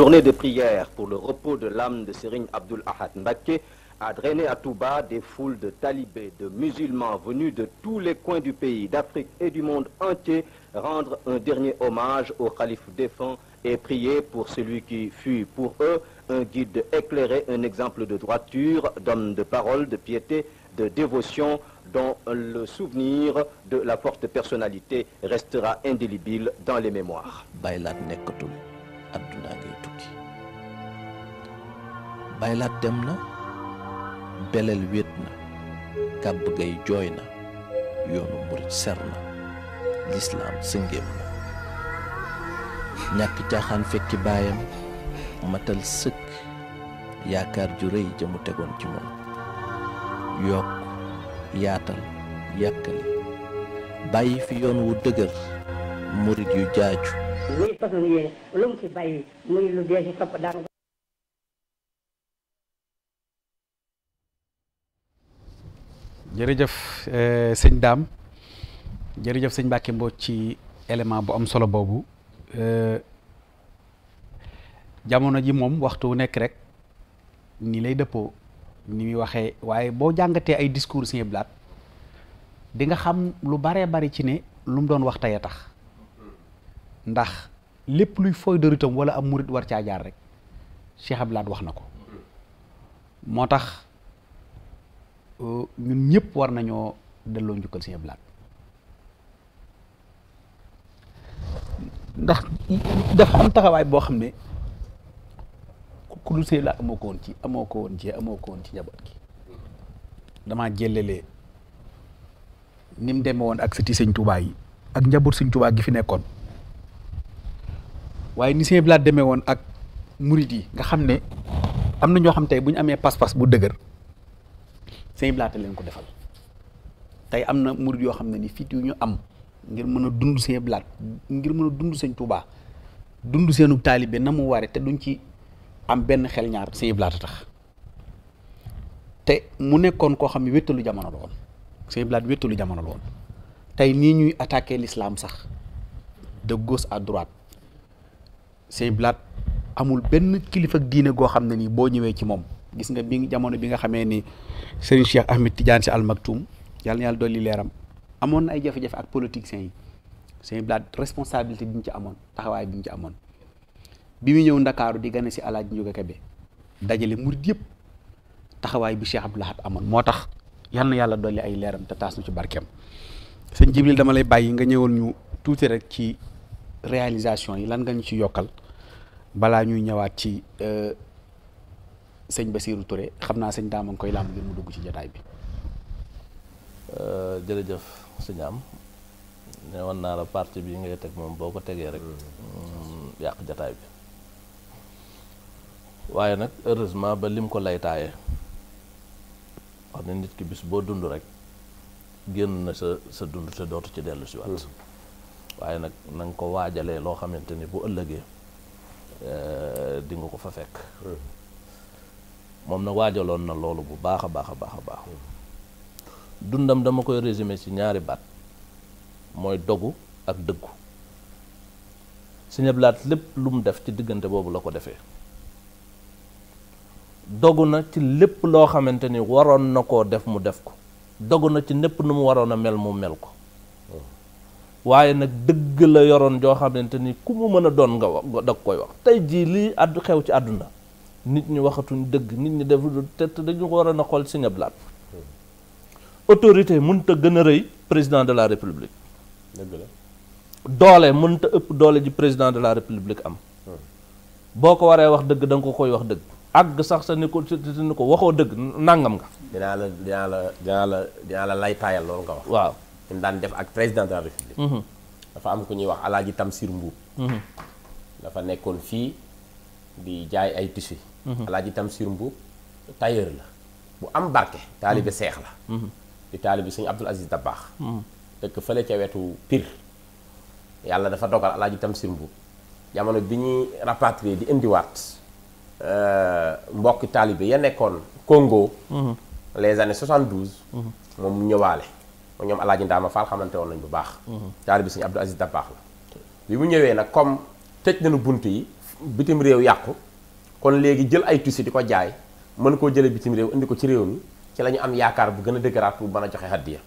journée de prière pour le repos de l'âme de Serigne Abdoul Ahad Mbacké a drainé à Touba des foules de talibés, de musulmans venus de tous les coins du pays, d'Afrique et du monde entier, rendre un dernier hommage au calife défunt et prier pour celui qui fut pour eux un guide éclairé, un exemple de droiture, d'homme de parole, de piété, de dévotion, dont le souvenir de la forte personnalité restera indélébile dans les mémoires. Baylaat bàyyi laat dem na beleel wéet na kàbb gay jooy na yoonu murit ser na lislaam sëngéem ñàkk caaxaan fekki baayam matal sëkk yaakaar ju rëy mu tegoon ci moom yokk yaatal yàkkali bàyyi fi yoon wu dëgër murit yu jaaju jërëjëf eh, sëñ daam jërëjëf sëñ Mbacke Mbodj ci élément bu am solo boobu eh, jamono ji moom waxtu wu nekk rek nii lay dëppoo ni muy waxee waaye boo jàngatee ay discours Sëñ Blaat di nga xam lu baree bari ci ne lum doon wax tey tax ndax lépp luy fooy doritam wala am murit war caa jaar rek Cheikh Blaat wax na ko moo tax. Euh, ñun ñëpp war nañoo delloo njukkal Sëñ Abdou Lahad ndax dafa am taxawaay boo xam ne ku dul Sëñ amoo ko woon ci amoo ko woon ci njaboot gi damaa jëlele ni mu woon ak sëti Sëñ yi ak njaboot Sëñ Tuubaa gi fi nekkoon waaye ni Sëñ Abdou demee woon ak murit yi nga xam ne am na ñoo xam tey bu ñu amee pas-pas bu dëgër sëñ Blaate leen ko defal tey am na murid yoo xam ne ni fit yu ñu am ngir mën a dund sëñ Blaat ngir mën a dund sëñ Touba dund seenu taalibe na mu ware te duñ ci am benn xel ñaar sëñ Blaate tax te mu nekkoon koo xam ne wéttalu jamono la woon sëñ Blaate wéttalu jamono la woon tey nii ñuy attaqué l'islam sax de gauche à droite amul benn kilifa ak diine goo xam ne nii boo ñëwee ci moom. gis nga bi jamono bi nga xamee ni Serigne Cheikh Ahmed Tidiane si Almaktoum yàlla na yàlla dolli leeram amoon na ay jafe-jafe ak politiciens yi seen blaat responsabilité bi ñu ci amoon taxawaay bi ñu ci amoon bi mu ñëw ndakaaru di gane si Alaaji Njuga Kebe dajale murid yëpp taxawaay bi Cheikh Abdou amoon moo tax yal na yàlla dolli ay leeram te taas na ci barkeem sëñ Jibril dama lay bàyyi nga ñëwoon ñu tuuti rek ci réalisation yi lan nga ñu ci yokkal balaa ñuy ñëwaat ci euh, sëñ ba Bassirou ture xam naa sëñ daama ngi koy làmb ngir mu dugg ci jotaay bi. Euh, jërëjëf sëñ am ne woon naa la partie bi ngay teg moom boo ko tegee rek mm, yàq jataay bi waaye nag heureusement ba lim ko laytaaye xam ne nit ki bis boo dund rek génn na sa sa dund te dootu ci dellu si waat hmm. waaye nag na ko waajalee loo xamante ni bu ëllëgee euh, di nga ko fa fekk hmm. moom na waajaloon na loolu bu baax a baax a baax a baax dundam dama koy résumer ci ñaari baat mooy dogu ak dëggu Sëñ Abdu lépp lu mu def ci diggante boobu la ko defee dogu na ci lépp loo xamante ni waroon na koo def mu def ko dogu na ci népp nu mu waroon a mel mu mel ko waaye nag dëgg la yoroon joo xamante ni ku mu mën a doon nga wax koy wax tey jii lii àddu xew ci àdduna nit ñi waxatuñ dëgg nit ñi def te dañu war a na xool Sëñ Abdu Lahat autorité mënta gën a rëy président de la république. dëgg doole mënta ëpp doole ji président de la république am. Hmm. boo ko waree wax dëgg danga ko koy wax dëgg. àgg sax sa ni ko ni ko waxoo dëgg nangam nga. dinaa la dinaa la dinaa la dinaa la lay taayal loolu nga wax. waaw ñu daan def ak président de la république. Hmm. dafa am ku ñuy wax Alaaji Tamsir Mbuub. Hmm. dafa nekkoon fii di ay Mhm. alaaji Tamsir Mbuub tailleur la bu am barke taalibe mhm. seex la mhm. di taalibe sëñ Abdul Aziz Dabaax dëkk fële ca wetu piir yàlla dafa dogal alaaji Tamsir Mbuub jamono bi ñuy rapatrier di indiwaat euh, mbokki taalibe ya nekkoon Congo les années 72 moom ñëwaale moom ñoom alaaji ma Faal xamante woon nañ bu baax taalibe sëñ Abdul Aziz Dabaax la bi mu ñëwee nag comme tëj nañu bunt yi bitim réew yàqu kon léegi jël ay tissu di ko jaay mën koo jële bitim réew indi ko ci réew mi ci la ñu am yaakaar bu gën a dëgëraat pour mën a joxe hadiya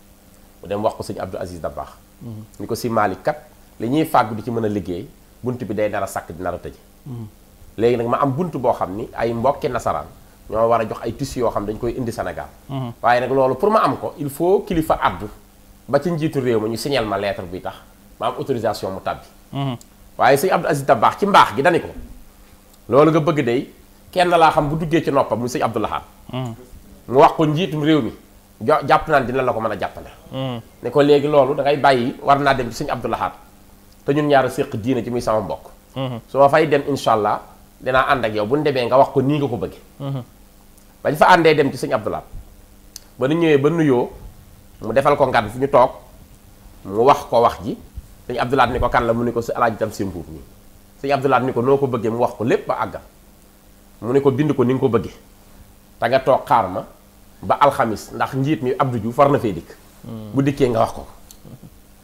mu dem wax ko sëñ Abdou da baax mm-hmm. ni ko si Malick kat li ñuy fàggu di ci mën a liggéey bunt bi day nar a sàkk di nar a tëj mm-hmm. léegi nag ma am bunt boo xam ni ay mbokki nasaraan ñoo war a jox ay tissu yoo xam dañ koy indi Sénégal mm-hmm. waaye nag loolu pour ma am ko il faut kilifa addu ba ci njiitu réew ma ñu signal ma lettre bi tax ma autorisation mu tàbbi waaye sëñ Abdou Aziz Dabakh ci mbaax gi dani ko loolu nga bëgg dey kenn laa xam bu duggee ci noppam mu sëñ Abdou Lahad mm. mu wax ko njiitum réew mi jo jàpp naan dina la ko mën a jàppale mm. ne ko léegi loolu dangay bàyyi war naa dem ci sëñ Abdou te ñun ñaari a séq diine ci muy sama mbokk mm-hmm. soo fay dem incha allah dinaa ànd ak yow bu ñu demee nga wax ko nii nga ko ba mm-hmm. bañ fa àndee dem ci sëñ Abdou Lahad ba nu ñëwee ba nuyoo mu defal ko ngan fi ñu toog mu wax ko wax ji sëñ Abdou Lahad ni ko kan la mu ni ko si alaaji tam si mbuub sëñ Abdoulaat ni ko noo ko bëggee mu wax ko lépp ba àggal mu ne ko bind ko ni nga ko bëggee te nga toog xaar ma ba alxamis ndax njiit mi Abdou Diouf war na fee dikk hmm. bu dikkee nga wax ko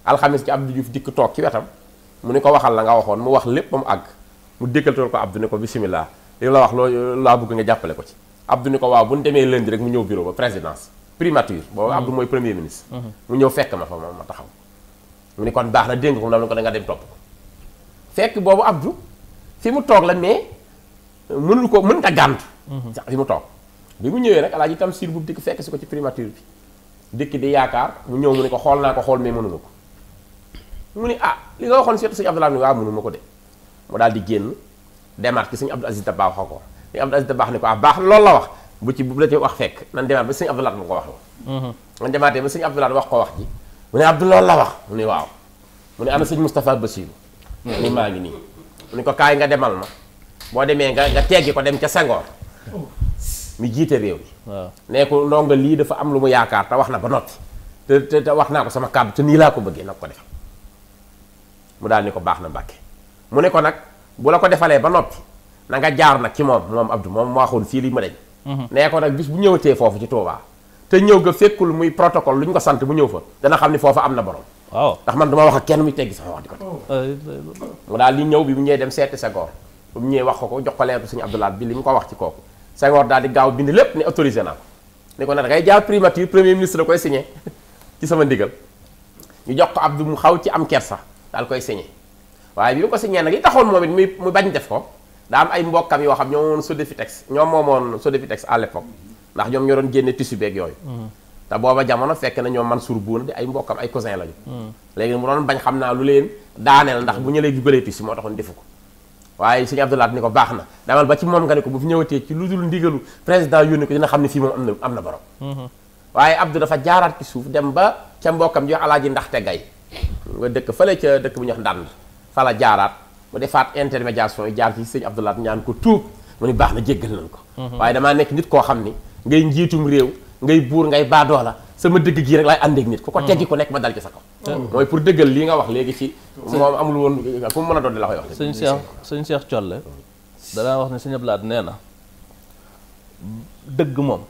alxamis ci Abdou Diouf dikk toog ci wetam mu ne ko waxal la nga waxoon mu wax lépp mu àgg mu déggaltoon ko Abdou ne ko bisimilah li la wax loo laa bëgg nga jàppale ko ci Abdou ni ko waaw bu ñu demee di rek mu ñëw bureau ba présidence primature boobu hmm. Abdou mooy premier ministre hmm. mu ñëw fekk ma fa ma ma taxaw mu ni kon baax na dénk ko mu ne ko da dem topp ko fekk boobu Abdou fi mu toog la mais mënul ko mënut a gànt. Mhm. sax fi mu toog bi mu ñëwee nag alaaji Tamsir bu dikk fekk si ko ci primature bi dikk di yaakaar mu ñëw mu ne ko xool naa ko xool mais mënuma ko mu ne ah li nga waxoon seetu sëñ Abdoulaye waaw mënuma ko de mu daal di génn demaat ci sëñ Abdou Aziz Dabaax wax ko sëñ Abdou Aziz Dabaax ne ko ah, baax loolu la wax bu ci bu la wax fekk nan demaat ba sëñ Abdoulaye mu ko wax la. man mhm. demaatee ba sëñ Abdoulaye wax ko wax ji mu ne Abdou loolu la wax mu ne waaw mu ne na sëñ Moustapha Bassirou Hmm, ni maa ngi nii ni ko kaay nga demal ma boo demee nga nga teggi ko dem ca Senghor mu jiite réew mi nee ko ndongo lii dafa am lu mu yaakaar te wax na ba noppi te te wax naa ko sama kàddu te nii laa ko bëggee nag ko def mu daal ni ko baax na Mbàkke mu ne ko nag bu la ko defalee ba noppi na nga jaar nag ci moom moom Abdou moom ma waxoon fii lii ma deñ mhm. nee ko nag bis bu ñëwatee foofu ci Touba te ñëw ga fekkul muy protocole lu ñu ko sant mu ñëw fa dana xam ni foofu am na borom waaw ndax man duma wax ak kenn muy teggi sama wax di ko oh. euh, mu daal li ñëw bi mu ñëwee dem seeti Senghor bu mu ñëwee wax ko ko jox ko leetu suñu Abdoulaye bi li mu ko wax ci kooku Senghor daal di gaaw bind lépp ne autorisé naa ko ni ko ne dangay jaar primature premier ministre da koy signé <laughs> ci sama ndigal ñu jox ko Abdou mu xaw ci am kersa daal koy signé waaye bi mu ko signé nag li taxoon moom it muy mu bañ def ko daa am ay mbokkam yoo xam ñoo moom Sodefitex ñoom moomoon Sodefitex à l'époque ndax ñoom ñoo doon génne tissu beeg yooyu mm-hmm. te booba jamono fekk na ñoom Mansour Bouna di ay mbokkam ay cousin lañu. léegi mu doon bañ xam naa lu leen daaneel ndax bu ñu lay jubaleeti si moo taxoon defu ko. waaye sëñ ko baax na damal ba ci moom nga ko bu fi ñëwatee ci lu dul ndigalu président yónni ko dina xam ne fii moom am na am na borom. Mhm. waaye Abdou dafa jaaraat ci suuf dem ba ca mbokkam jox alaaji ndaxte gay nga dëkk fële ca dëkk bu ñuy wax ndànd fa la jaaraat mu defaat intermédiation yi jaar ci sëñ Abdoulaat ñaan ko tuub mu ni baax na jéggal nañ ko. Mhm. waaye damaa nekk nit koo xam ni ngay njiitum réew ngay buur ngay baadoola sama dëgg gii rek lay àndeeg nit ku ko teggi mm. ku nekk ma dal ci sa kaw mm. Mm. mooy pour dëggal lii nga wax léegi ci moom amul woon fu mu mën a doon di la koy wax sëñ Cheikh sëñ Cheikh Thiolle danaa wax ne sëñ Abdou nee na moom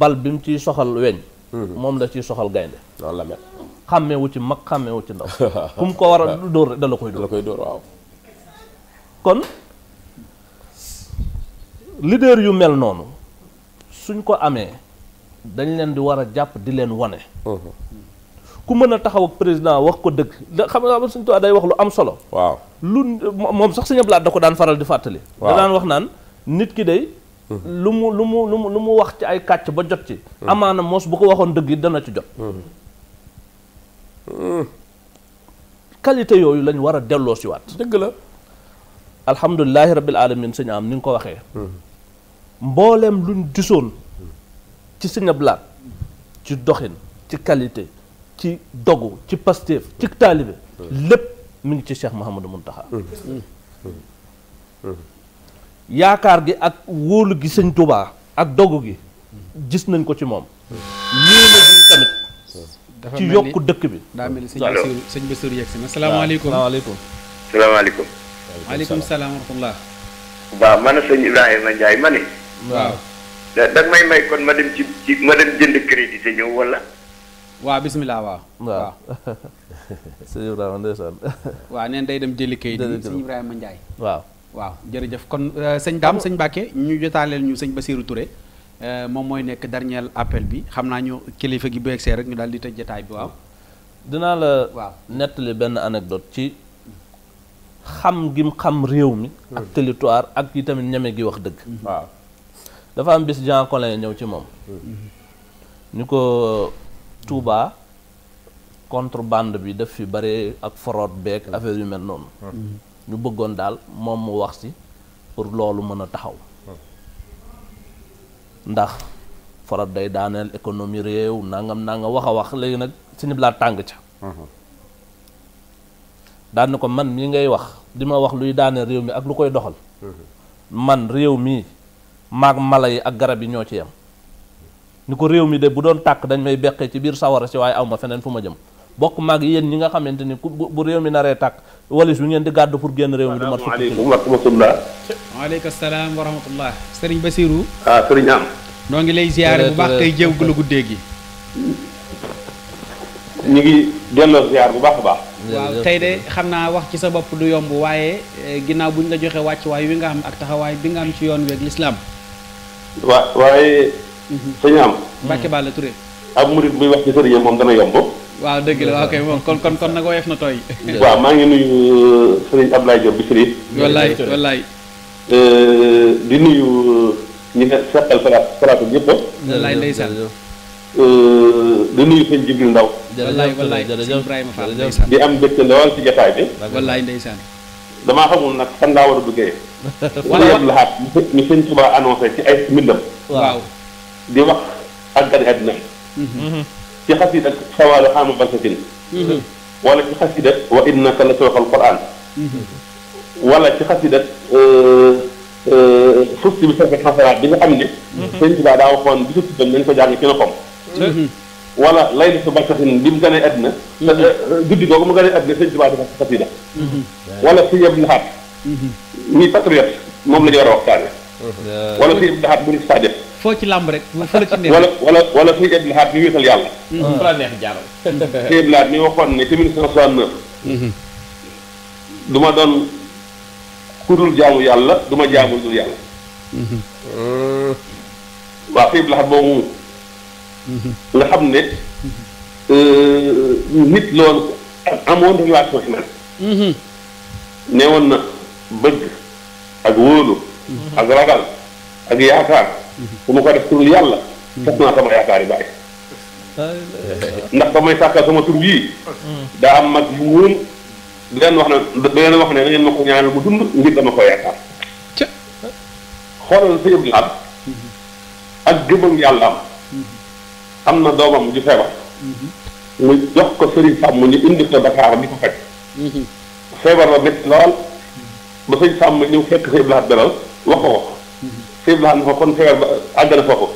bal bi mu ciy soxal weñ moom la ciy soxal gaynde la mel xàmmee wu mag xàmmee wu ci ndaw <laughs> ku mu ko war a dóor rek koy dóor koy dóor waaw kon leader yu mel noonu suñ ko amee dañ leen di war a jàpp di leen wane. Mhm. ku mën a taxaw ak président wax ko dëgg da xam nga suñu tubaab day wax lu am solo. waaw lu moom sax Sëñ Abdou Lahad da ko daan faral di fàttali. da daan wax naan nit ki day. Mhm. lu mu lu mu lu mu lu mu wax ci ay kàcc ba jot ci. Mhm. amaana moos bu ko waxoon dëgg yi dana ci jot. qualité yooyu lañu war a delloo siwaat dëgg la. alhamdulilahi rabbil alamin sëñ am ni nga ko waxee. mbooleem luñ gisoon. ci sëñ Ablaat ci doxin ci qualité ci dogu ci Pastef ci taalibe lépp mi ngi ci Cheikh Mouhamadou Mountakha mm. Mm. Mm. yaakaar gi ak wóolu gi sëñ Touba ak dogu gi gis nañ ko ci moom lii na gi tamit ci yokku dëkk bi daa mel si sëñ Bassirou si ma salaamaaleykum salaamaaleykum salaamaaleykum waaleykum waaw man a sëñ Ibrahima Ndiaye ma ne waaw da nga may kon ma dem ci ci ma dem jënd crédit te ñëw wala. waaw bisimilah waaw. waaw <laughs> sëñ Ibrahima ndeysaan. <laughs> waaw day dem jëli kayit yi sëñ Ibrahima Ndiaye. waaw waaw jërëjëf kon euh, sëñ Dame sëñ Mbacke ñu jotaaleel ñu sëñ Basirou Touré euh, moom mooy nekk dernier appel bi xam naa ñu kilifa gi bu egsee rek ñu daal di tëj jotaay bi waaw. dinaa la. waaw nettali benn anecdote ci xam gim xam réew mi. ak hmm. territoire ak yi tamit ñeme gi wax dëgg. Hmm. dafa am bis Jean Collin ñëw ci moom ñu ko Touba contrebande bi def fi bare ak forot beeg affaire yu mel noonu ñu bëggoon daal moom mu wax si pour loolu mën a taxaw ndax forot day daaneel économie réew nangam nanga wax a wax léegi nag suñu laa tàng ca daan ko man mi ngay wax di ma wax luy daaneel réew mi ak lu koy doxal man réew mii maak mala yi ak garab yi ñoo ci yem ni ko réew mi de bu doon tàkk dañ may beqee ci biir sawara si waaye aw ma feneen fu ma jëm bokk maag yéen ñi nga xamante ni bu réew mi naree tàkk walis bi ngeen di gàddu pour génn réew mi du mat fukki kilo waaleykum salaam wa rahmatullah sëriñ Basiru ah sëriñ am ngi lay ziyaare bu baax tey jëw lu guddee ngi delloo waaw tey de xam naa wax ci sa bopp du yomb waaye eh, ginnaaw bu ñu la joxee wàcc waay wi nga am ak taxawaay bi nga am ci yoon weeg lislaam waa waaye. Mhm. sëñ am. Mbacke Balla Touré. ab murit buy wax ci sëriñam moom dana yomb. waaw dëgg la waaw kay moom kon kon kon nag woyof na tooy. <laughs> waaw maa ngi nuyu uh, sëriñ Abdoulaye Diop bi Chérif. wallaay uh, di nuyu uh, ñi ne seqal ñëpp. wallaay ndeysaan. di nuyu sëñ Jibril Ndaw. wallaay wallaay sëñ Ibrahima Fall ndeysaan. di am mbégte lool ci jotaay bi. wallaay ndeysaan. damaa xamul nag fan ngaa war a duggee. wala <laughs> wala yëpp laxaat ñu sëñ Tuubaa annoncé ci ay mbindam. waaw di wax ak gari àddina mhm. ci xasiid ak xawaalu xaamu balsatin mhm. wala ci xasiid ak wa innaka la sooxal Qur'an. Mhm. wala ci xasiid ak euh, euh, fukki bi sa xasaraat bi nga xam ne. sëñ Tuubaa daa waxoon bi su tuddam nañ ko jàng ci noppam. wala lay def ba taxin li mu gën a àddina. Mm-hmm. Euh, euh, guddi googu mu gën a àddina sëñ Tuubaa dafa xasida mm-hmm. wala si yëpp laxaat. ñi patriote moom la ñu war a waxtaane wala si laxaat bu ñu saa foo ci làmb rek fa la ci neex. wala wala wala si yëpp laxaat ñu wéetal yàlla. Mm-hmm. fa la neex jaaral. si yëpp laxaat ñu waxoon ne ci 1969. du ma doon ku dul jaamu yàlla duma ma jaamu dul yàlla. waaw si laxaat boobu. nga xam ne euh, nit loolu amoon relation humaine mhm. neewoon na bëgg ak wóolu mhm. ak ragal ak yaakaar bu mhm. ma ko def turul yàlla fas naa sama yaakaar yi bàyyi euh, ndax ba may sàkkal sama tur yii daa am mag yu wóolu di leen wax ne di leen wax ne da ngeen ma ko ñaanal ko yaakaar xoolal sa yëpp laab ak gëmam yàlla am am na doomam ju feebar mm-hmm. mu jox ko sëriñ sàmm ñu indi ko Dakar bi ko faj mm-hmm. feebar ba métti lool ba sëñ sàmm ñëw fekk sëñ Blaat dalal wax ko ko sëñ Blaat ko kon feebar ba àgg na foofu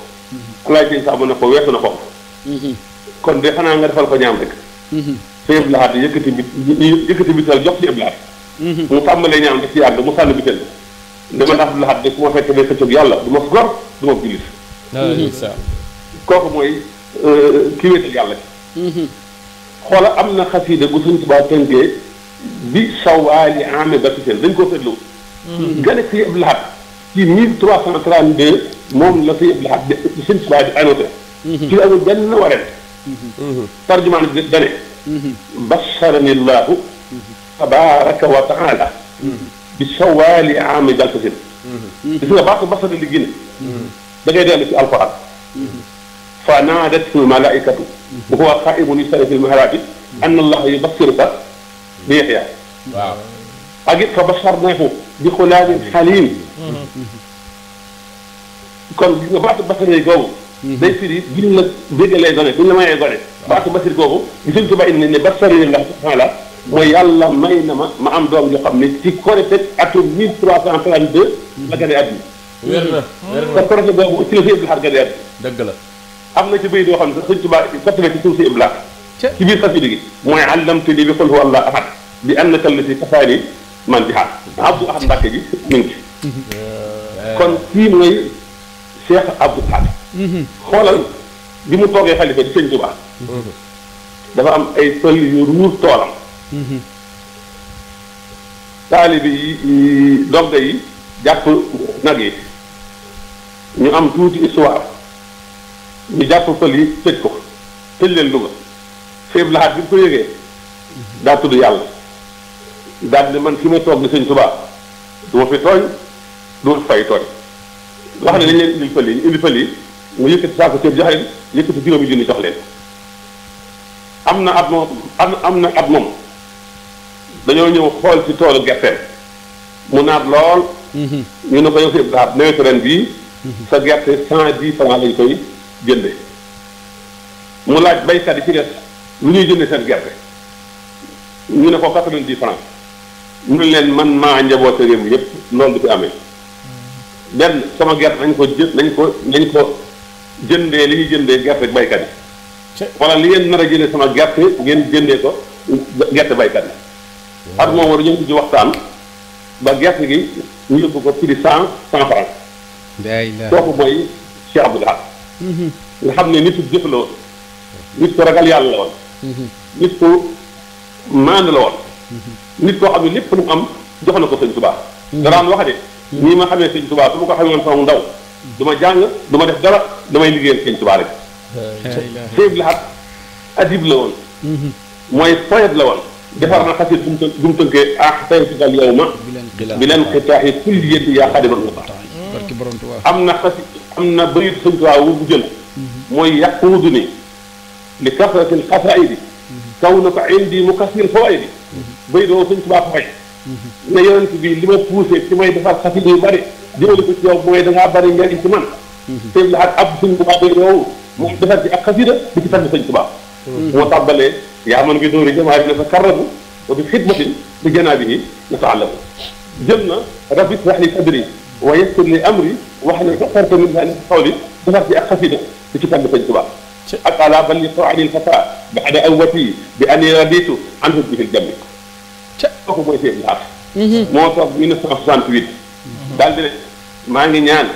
laaj sëñ sàmm ne ko weesu na foofu mm-hmm. kon de xanaa nga defal ko ñaam rek sëñ Blaat yëkkati bi yëkkati bital jox sëñ Blaat mu tàmbalee ñaam def ci yàgg mu sànni bital dama ndax Blaat de ku ma fekk day xëccoog yàlla du ma gor du ma jullit kooku mooy Euh, ki wéetal yàlla bi mm-hmm. xoola am na xasiida gu suñ tubaa tënkee bi sawaali ame batiseen dañ koo seetlu gane si yëpp laxat ci mille trois cent trente deux moom la si yëpp laxat di suñ tubaa di annoté mm-hmm. ci amul benn waret mm-hmm. tarjumaan bi dane basharani llahu tabaraka wa taala bi sawaali ame batiseen gis nga baax basara li génne da ngay dellu ci alquran fa naadathu malaikatu wa huwa qaa'imun yusalli fil mihraabi anna allaha yubashiruka bi Yahya waaw ak it fa basharnaahu bi ghulaamin haliim kon gis nga baatu basir googu mm-hmm. day firi bu ñu la dégalee gone bu ñu la mayee gone baatu basir googu gisuñ tuba indi ne basari la taala mooy yàlla may na ma ma am doom yoo xam ne ci Korité atum 1332 la gane àdduna wér na wér na te Korité googu ci la fi Abdul Ahad gane àdduna dëgg la am na ci bayit yoo xam ne sax sëñ Tuubaa fàttali ci suuf si iblaat ci biir xasida gi mooy àllamte li bi xul huwa allah ahad bi annaka allati kafaani man bihaat abdu ahad mbàkke gi mi ngi ci kon kii mooy mhm. xoolal bi mu toogee xalifa di sëñ Tuubaa dafa am ay pël yu ruur toolam mhm. taalibe yi dogga yi jàpp ñu am tuuti histoire ñu jàpp pël yi tëj ko tëj leen Louga Sëñ Lahad bi mu ko yëgee daa tudd yàlla daal ne man fi ma toog di sëñ Tuubaa du ma fi tooñ du ma fay tooñ wax ne dañ ñu mu yëkkati saako ceeb jox leen yëkkati juróomi junni jox am na at moom am na at moom dañoo ñëw xool ci toolu gerteem mu naat lool mhm. ñu ne ko yow Sëñ Lahad nawetu bii mhm. sa gerte cent dix lañ koy jënde mu laaj baykat yi ci des lu ñuy jënde seen gerte ñu ne ko quatre-vingt-dix francs mu ne leen man maa njaboote réew yëpp yépp loolu du fi amee benn sama gerte dañ ko jë nañ ko nañ ko jëndee li ñuy jëndee gerte baykat yi wala li ngeen nar a jëndee sama gerte ngeen jëndee ko gerte baykat yi ak moom war a ñëw ci waxtaan ba gerte gi ñu yóbbu ko prix cent cent francs kooku mooy Cheikh Abdou Lahad nga xam ne nitu jëf la woon nit ko ragal yàlla la woon nit ko maandu la woon nit koo xam ne lépp lu mu am jox na ko sëñ Tuubaa daraan wax de nii ma xamee sëñ Tuubaa su ma ko xamee woon sama ndaw du ma jàng du ma def dara damay liggéeyal sëñ Tuubaa rek sëñ Lahat adib la woon mooy poète la woon defar na xasit bu mu tënkee ah tey si dal yow ma bi leen xitaaxi kulli yéen yaa xadimal mu am na xasit am na bayit sëñ Tuubaa wu mu jël mooy yaquudu ni li kasratil xasaayidi kaw na ko indi mu kasir fawaayidi bayit woo sëñ Tuubaa fay ne yonent bi li ma poussé ci may defar xasida yu bëri jëmale ko ci yow mooy da ngaa bëri njariñ ci man te la ak ab sëñ defar ci ak xasida di ci tagg moo tàmbalee yaa man bi dóori jamaa bi na sa karrabu wa bi xidmatin bi janaabihi na taallamu wa yassir li amri wahlul uqdatan min lisaani yafqahu qawli defar ci ak xasida di ci tànn Sëñ Tuubaa ak ala balli soo anil fasaa bi ada awwati bi ani raditu an hubbihi jammi ca kooku mooy Cheikh Laat mhm. moo toog 1968 mhm. daal di ne maa ngi ñaan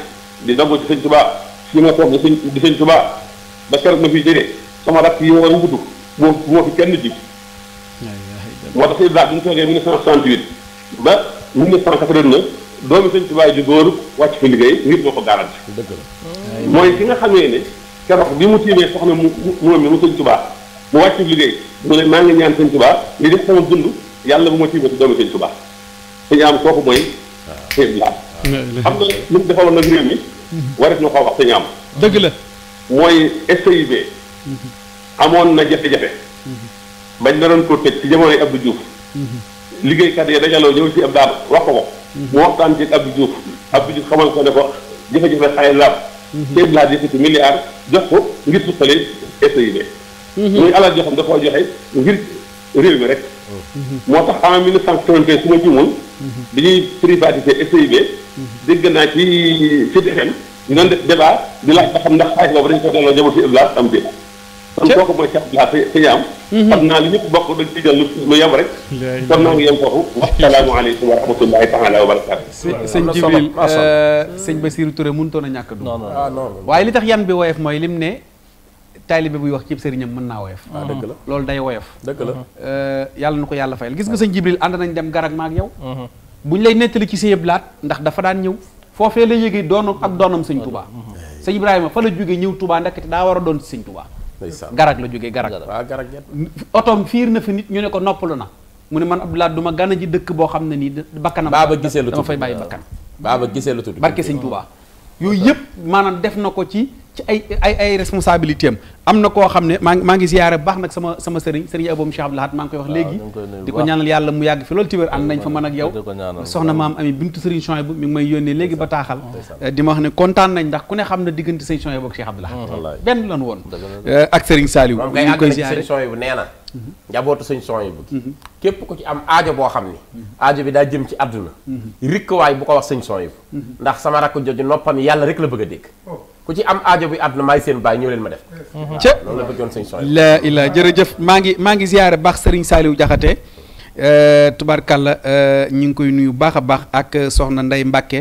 di dogu ci Sëñ Tuubaa fi ma toog di sëñ di Sëñ Tuubaa ba keroog ma fi jógee sama rakk yi war a wutu moo moo fi kenn jiitu moo tax Cheikh Laat bi mu toogee 1968 ba 1989 doomi sëñ Tuubaa ju góor wàcc fi liggéey ngir moo ko garanti mm. mooy ki nga xamee ne keroog bi mu tiimee soxna mu moom mi mu sëñ Tuubaa mu wàcc fi liggéey mu ne maa ngi ñaan sëñ Tuubaa li def sama dund yàlla bu ma tiimee si doomi sëñ Tuubaa sëñ am kooku mooy sëñ Laat xam nga lu mu defaloon nag réew mi warit na koo wax sëñ am dëgg la mooy STIB mm-hmm. amoon na jafe-jafe mm-hmm. bañ na doon ko tëj ci jamonoy Abdou Diouf mm-hmm. liggéeykat yi dajaloo ñëw ci ab daal wax ko ko. mu waxtaan ci Abdou Diouf Abdou Diouf xamal ko ne ko jafe-jafe xayal laab. ceeb laa yëkkati milliard jox ko ngir suqali SAID. Mhm. muy alal joo xam dafa joxe ngir réew mi rek. Mhm. moo tax en 1975 su ma juumul. Mhm. bi ñuy privatiser SAID. dégg naa ci ci DFM ñu doon def débat di laaj ba xam ndax xaalis boobu dañu ko delloo njaboot ci Iblaas am déet. kon kooku mooy Cheikh Abdoulaye Sy Sy naa li ñëpp bokk dañ ci jël lu yem rek. kon naa ngi yem foofu. asalaamaaleykum wa rahmatulahi taala wa barakaatu. sëñ Jibril euh, a ñàkk a dugg. Ah, waaye li tax yan bi woyof mooy lim ne. taalibe buy wax ci sëriñam mën naa woyof. Ah, la mm-hmm. loolu day woyof. dëgg la euh, yàlla na ko yàlla fayal gis nga ah. sëñ Jibril ànd nañ dem garag maak yow. Mm-hmm. ñu lay nettali ci sëñ Blaat ndax dafa daan ñëw. foofee la yëgee doonam ak doonam sëñ mm-hmm. Touba. sëñ Ibrahima fa la jógee ñëw Touba ndaxte daa war a doon sëñ Touba garak la jógee garak otoom fiir na fi nit ñu ne ko noppalu na mu ne man Abdoulaye du ma gana ji dëkk boo xam ne nii bakkanam baaba gisee lu tudd dama fay bàyyi bakkan baaba gisee lu tudd barke sëñ Tuubaa yooyu yëpp maanaam def na ko ci ci ay ay ay am na koo xam ne maa ngi maa ngi ziyaare baax nag sama sama sëriñ sëriñ aboom Cheikh Abdoulahat maa ngi koy wax léegi di ko ñaanal yàlla mu yàgg fi loolu ci wér ànd nañ fa man ak yow soxna maam ami sëriñ Chouaï bu mi may yónnee léegi ba taaxal eh, di ma wax ne kontaan nañ ndax ku ne xam na diggante sëriñ Chouaï bu ak Cheikh Abdoulahat mm, benn lan woon eh, ak sëriñ Saliou ñu ngi koy ziyaare sëriñ Chouaï bu mm-hmm. njabootu sëriñ Chouaï bu mm-hmm. képp ku ci am aajo boo xam ni mm-hmm. aajo bi daa jëm ci àdduna rikk waay bu ko wax sëriñ Chouaï bu ndax sama rakk jooju noppam yàlla rek la bëgg a dégg oh. ku ci am aajo bi àdduna maay seen baay ñëw leen ma def. Mhm. ca loolu la bëggoon sëñ jërëjëf maa ngi maa ngi ziare baax sëriñ jaxate Saliou Diakhaté euh, tubaarkàlla euh, ñu ngi koy nuyu baax a baax ak soxna Ndeye Mbacke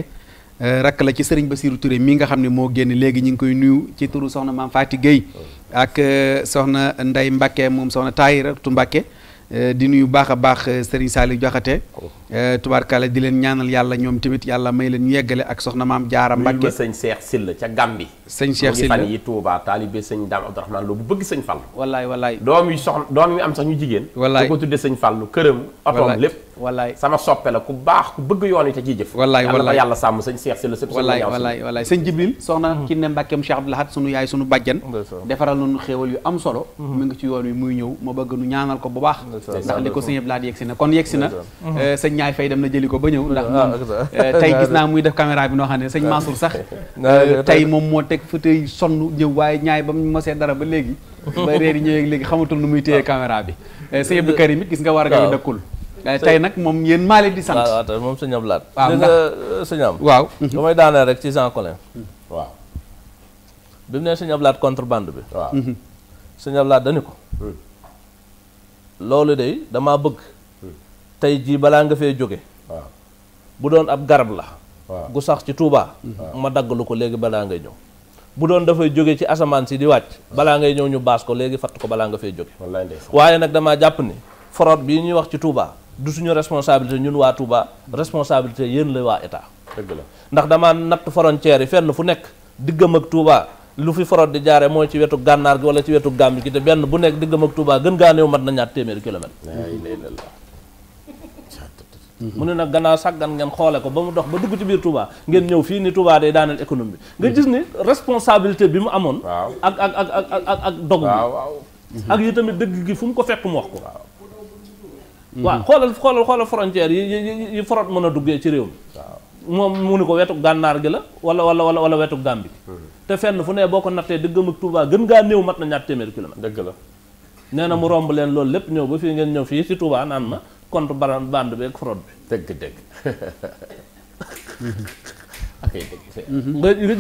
euh, rakk la ci ba Bassirou Touré mii nga xam ne moo génn léegi ñu ngi koy nuyu ci turu soxna Mame Faty Gueye ak soxna ndey Mbacke moom soxna Tahiratu Mbacke di nuyu baax a baax Serigne Saliou Diakhaté Eh, tubaarkalla di leen ñaanal yàlla ñoom tamit yàlla may leen ñu yeggale ak soxna maam jaara Mbàkke sëñ Cheikh Sylla ca Gàmbi sëñ Cheikh Sylla fan yi Touba taalibe sëñ Daam Abdourahmane Lo bu bëgg sëñ Fall wallaay wallaay doom yu soxna doom yu am sax ñu jigéen wallaay ko tudde sëñ Fall këram otoom lépp wallaay sama soppe la ku baax ku bëgg yoon yi te ciy jëf wallaay wallaay yàlla sàmm sëñ Cheikh Sylla sëpp wallaay wallaay wallaay sëñ Jibril soxna hmm. ki ne Mbàkkeem Cheikh Abdou Lahad sunu yaay sunu bàjjan defaral nu xéewal yu am solo hmm. mu ngi ci yoon wi muy ñëw ma bëgg nu ñaanal ko bu baax ndax li ko sëñ Abdou Lahad yegsi na kon yegsi na sëñ ñaay fay dem na jëli ko ba ñëw ndax ah, moom euh, tey gis <laughs> naa muy def caméra bi noo xam ne sëñ Mansour sax euh, tey moom moo teg fauteuil sonn ñëw waaye ñaay ba mu mosee dara ba léegi ba <laughs> réer yi ñëwee léegi xamatul nu muy téye ah. caméra bi euh, sëñ Abdou Karim it a gayu dëkkul tey nag maa leen di sant waaw waaw moom sëñ am laat waaw nga sëñ am waaw damay daaneel rek ci Jean Collin waaw bi mu nee sëñ am laat bi waaw mhm. sëñ am dañu ko loolu de damaa bëgg tey jii balaa nga fee jóge bu doon ab garab la gu sax ci Tuubaa ma daggalu ko léegi balaa ngay ñëw bu doon dafay jóge ci asamaan si di wàcc balaa ngay ñëw ñu baas ko léegi fatt ko balaa nga fee jóge waaye nag damaa jàpp ni forot bi ñuy wax ci Tuubaa du suñu responsabilité ñun waa Touba responsabilité yéen la waa état. dëgg la ndax damaa natt frontière yi fenn fu nekk diggam ak Touba lu fi forot di jaare mooy ci wetu gànnaar gi wala ci wetu gàmbi gi te benn bu nekk diggam ak Touba gën gaa néew na ñaar téeméeri kilomètre. mu ne nag gannaaw sàggan ngeen xoole ko ba mu dox ba dugg ci biir Touba ngeen ñëw fii ni Touba de daaneel économie bi nga gis ni responsabilité bi mu amoon ak ak ak ak ak ak dog bi ak yi tamit dëgg gi fu mu ko fekk mu wax ko waaw xoolal xoolal xoolal frontière yi yi forot mën a duggee ci réew mi moom mu ni ko wetu gànnaar gi la wala wala wala wala wetu Gàmbi hmm. te fenn fu ne boo ko nattee dëggam ak Touba gën ngaa néew mat na ñaar téeméeri kilomètre dëgg la nee na mu romb leen loolu lépp ñëw ba fii ngeen ñëw fii ci Touba naan compte baran bande beeg fraude bi. dëgg dëgg. <laughs> ok dëgg. Mhm. nga nga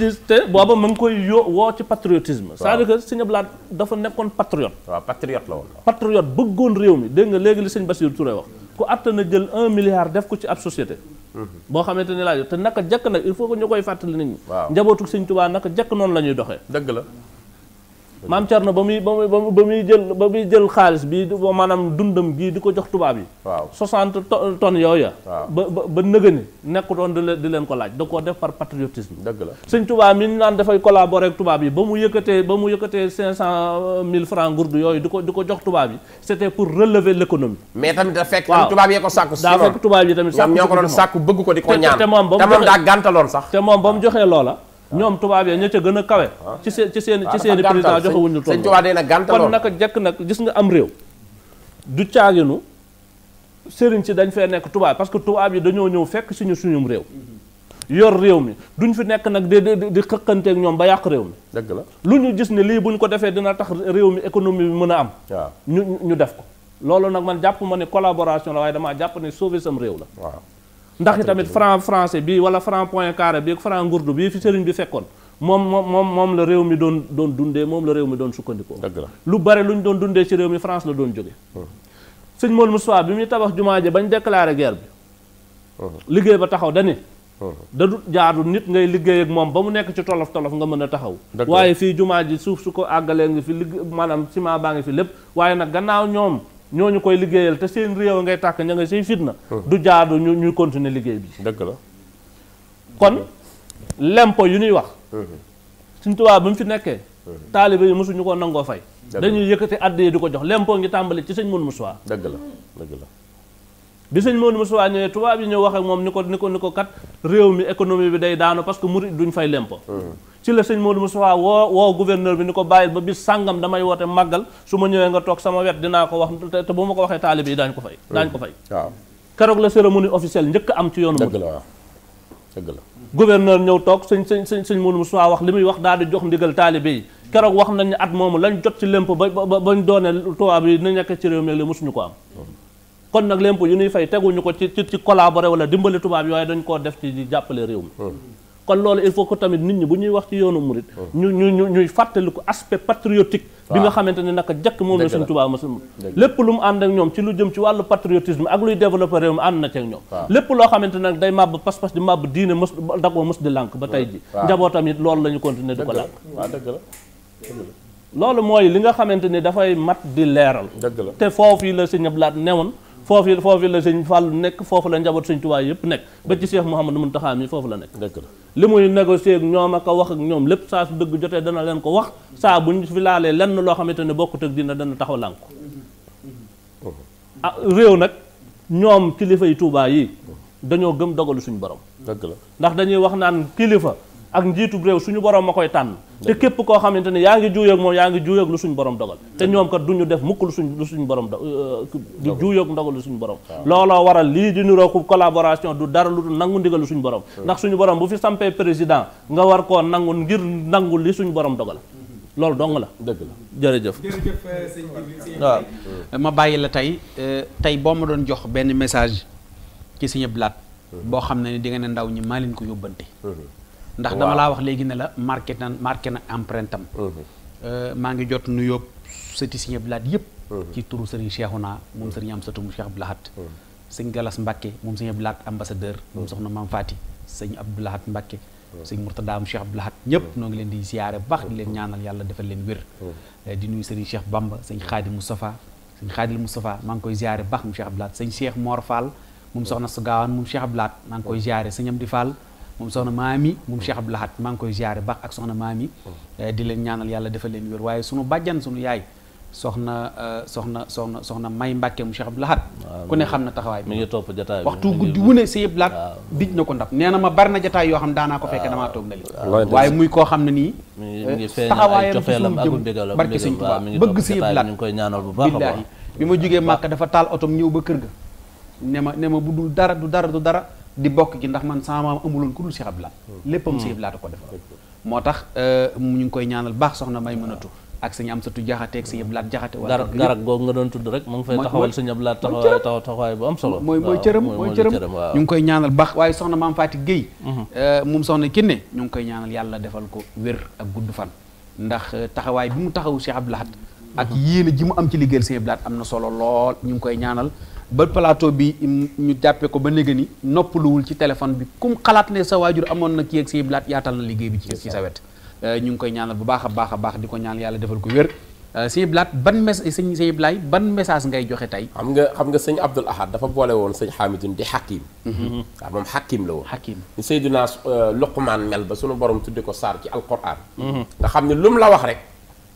booba ma koy yo woo ci patriotisme. waaw cest à que Sëñ Ablaye dafa nekkoon patriote. waaw patriote la woon. patriote bëggoon réew mi dégg nga léegi li sëñ Bassirou Touré wax. ku àttan a jël un milliard def ko ci ab société. Mhm. boo xamante ne laaj te naka jekk nag il faut que ñu koy fàttali nit ñi. waaw njabootu sëñ Tuubaa naka jekk noonu la ñuy doxee. dëgg la. maam Thierno ba muy ba muy ba muy jël ba muy jël xaalis bi maanaam dundam gii di ko jox tubaab yi. waaw 60 tonnes yooya. waaw ba ba ba nëgëni nekkutoon di leen ko laaj da koo def par patriotisme. dëgg la sëñ tubaab mi ñu naan dafay collaborer ak tubaab yi ba mu yëkkatee ba mu yëkkatee 500000 francs ngurdu yooyu di ko di ko jox tubaab yi c'était pour relever l'économie. mais tamit da fekk. waaw tubaab yee ko sàkku. daa fekk tubaab yi tamit sàkku ñoom ñoo ko doon sàkku bëgg ko di ko ñaan. te moom ba mu joxee loola. ñoom tubaab ya ña ca gën a kawe ah. ci seen ci seen ah, ci seen i président joxe wuñu toll kon naka jekk nag gis nga am réew du caaginu sëriñ si dañ fee nekk tubaab parce que tubaab yi dañoo ñëw fekk suñu suñum réew yor réew mi duñ fi nekk nag di di xëqanteek ñoom ba yàq réew mi dëgg la lu ñu gis ne lii bu ñu ko defee dina tax réew mi économie bi mën a am ñu ñu def ko loolu nag man jàpp ma ne collaboration la waaye damaa jàpp ne sauver sam réew la waaw ndax itamit franc français bi wala franc Poincaré bi franc Ngurdu bi fi sëriñ bi fekkoon moom moom moom moom la réew mi doon doon dundee moom la réew mi doon sukkandikoo lu bare lu ñu doon dundee ci réew mi France la doon jóge hmm. sëñ Mool Moussa bi muy tabax jumaa ji bañ déclaré guerre bi hmm. liggéey ba taxaw dani hmm. da du jaadu nit ngay liggéey ak moom ba mu nekk ci tolof tolof nga mën a taxaw waaye fii jumaa ji suuf su ko àggalee ngi fi ligg maanaam ciment baa ngi fi lépp waaye nag gannaaw ñoom ñoo ñu koy liggéeyal te seen réew a ngay tàkk ñanga nga say fitna. Hmm. du jaadu ñu ñuy continuer liggéey bi. dëgg la kon hmm. lempo yu ñuy wax. Hmm. suñ tubaab bi mu fi nekkee. taalibe yi mosuñu ko nangoo fay. dañuy yëkkati àddiya du ko jox lempo ngi tàmbali ci sëñ Mourou Moussa. dëgg la la. bi sëñ Maodo Moussa ñëwee tubaab yi ñoo wax ak moom ni ko ni ko ni ko kat réew mi économie bi day daanu parce que murit duñ fay lempo hmm. ci la sëñ Maodo Moussa woo woo gouverneur bi ni ko bàyyil ba bis sàngam damay woote màggal su ma ñëwee nga toog sama wet dinaa ko wax te bu ma ko waxee taalib yi daañu ko fay daañu ko fay hmm. waaw keroog la cérémonie officielle am ci yoonu murit dëgg la gouverneur ñëw toog sëñ sëñ sëñ sëñ Maodo Moussa wax li muy wax daal di jox ndigal taalibe yi keroog wax nañ ne at moomu lañ jot ci lemp ba ba bañ doone tuwaab yi na nekk ci réew mi léegi mosuñu ko am hmm. kon nag lempo yu ñuy fay teguñu ko ci ci collaborer wala dimbali tubaab yi waaye dañ koo def ci di jàppale réew mi hmm. kon loolu il faut que tamit nit ñi bu ñuy wax ci yoonu murit hmm. ñu ñu ñu ñuy fàttaliku aspect patriotique bi nga ah. xamante ne naka jëkk moom la suñ tubaab mosul lépp lu mu ànd ak ñoom ci lu jëm ci wàllu patriotisme ak luy développé réew mi ànd na ci ak ñoom ah. lépp loo xamante nag day màbb pas-pas di màbb diine mos dakoo mos di lànk ba tey ji ah. njabootam it loolu la ñu continuer di ko loolu mooy li nga xamante ni dafay mat di leeral te foofu yi la si ñëblaat newoon foofu foofu la sëñ Fall nekk foofu la njaboot sëñ Tuubaa yëpp nekk ba ci Cheikh Mouhamadou Mountakha mi foofu la nekk li muy négocier ak ñoom ak a wax ak ñoom lépp saa su dëgg jotee dana leen ko wax saa bu ñu fi laalee lenn loo xamante ne bokkut ak dina dana taxaw lànk ah réew nag ñoom kilifa yi Tuubaa yi dañoo gëm dogalu suñu borom dëgg la ndax dañuy wax naan kilifa ak njiitu réew suñu borom ma koy tànn te képp koo xamante ne yaa ngi juuyoog moom yaa ngi juuyoog lu suñ borom dogal te ñoom kat duñu def mukk lu suñ lu suñ borom do di juuyoog ndogal lu suñ borom looloo waral lii di nirooku collaboration du dara lu nangu ndigal lu suñ borom ndax suñu borom bu fi sampee président nga war koo nangu ngir nangu li suñ borom dogal mm-hmm. loolu dong la dëgg la jërëjëf jërëjëf euh, sëñ waaw euh, ma bàyyi la tey euh, tey boo ma doon jox benn message ci si Abdou Lahad mm-hmm. boo xam ne ni di nga ndaw ñi maa leen ko yóbbante mm-hmm. ndax dama laa wax léegi ne la marqué na marqué na empreinte am mhm. euh, maa ngi jot nuyoo sëti Sëriñ Abdou Lahad yëpp mhm. ci turu Serigne Cheikhouna moom mhm. Serigne Amsatou mu Cheikh Abdou Lahad sëñ Galas Mbacke moom sëñ Abdou Lahad ambassadeur moom soxna Maam Fati sëñ Abdou Lahad Mbacke sëñ Mourtada am Cheikh Abdou Lahad ñëpp noo ngi leen di siyaare bu baax leen ñaanal yàlla defal leen wér euh, di nuyu Serigne Cheikh Bamba sëñ Khadim Moustapha sëñ Khadim Moustapha maa ngi koy siyaare bu baax moom Cheikh Abdou Lahad sëñ Cheikh Mor Fall mu soxna su gaawaan moom Cheikh Abdou Lahad maa ngi koy siyaare sëñ Amdi Fall moom soxna maami moom Cheikh Abdou Lahad maa ngi koy ziare baax ak soxna maami eh, di leen ñaanal yàlla defal leen wér waaye sunu bàjjan sunu yaay soxna eh, soxna soxna soxna may Mbàkke mu Cheikh Abdou Lahad ku ne xam na taxawaay bi mi ngi topp jataay bi waxtu guddi wu ne Sëñ Abdou Lahad dij na ko ndab nee na ma bari na jataay yoo xam daanaa ko fekke damaa toog na li waaye koo xam ne nii eh, taxawaayam ci sunu jëm barke Sëñ Tuubaa bëgg Sëñ Abdou Lahad ñu ngi koy ñaanal bu baax billaahi ma jógee Màkka dafa taal otom ñëw ba kër ga ne ma ne ma bu dul dara du dara du dara di bokk gi ndax man sama maam amuloon ku dul Cheikh Abdou hmm. léppam Cheikh hmm. Abdou Lahad ko defal moo tax euh, ñu ngi koy ñaanal baax soxna may mënatu ak sëñ Amsatu Jaxate ak sëñ Abdou Lahad Jaxate wala garab googu nga doon tudd rek mu ngi fay taxawal sëñ Abdou Lahad taxawaay taxawaay bu am ko wér ak gudd fan ndax euh, bi mu taxaw Cheikh Abdou Lahad ak hmm. yéene ji mu am ci liggéeyal sëñ Abdou Lahad am na solo lool ñu ngi koy ñaanal ba palaato bi ñu jàppee ko ba néega ni noppaluwul ci téléphone bi comme xalaat ne sa waajur amoon na kii ak say blaat yaatal na liggéey bi ci ci sa wet euh, ñu ngi koy ñaanal bu baax a baax a baax di ko ñaan yàlla defal ko wér euh, sëñ Blaat ban mes sëñ sëñ Blaay ban message ngay joxe tey xam nga xam nga sëñ Abdul Ahad dafa boole woon sëñ Xaamidun di xakim mm-hmm. waaw moom xakim la woon xakim ni Seydina euh, Luqmaan mel ba sunu borom tudde ko saar ci alquran mm-hmm. nga xam ne lu mu la wax rek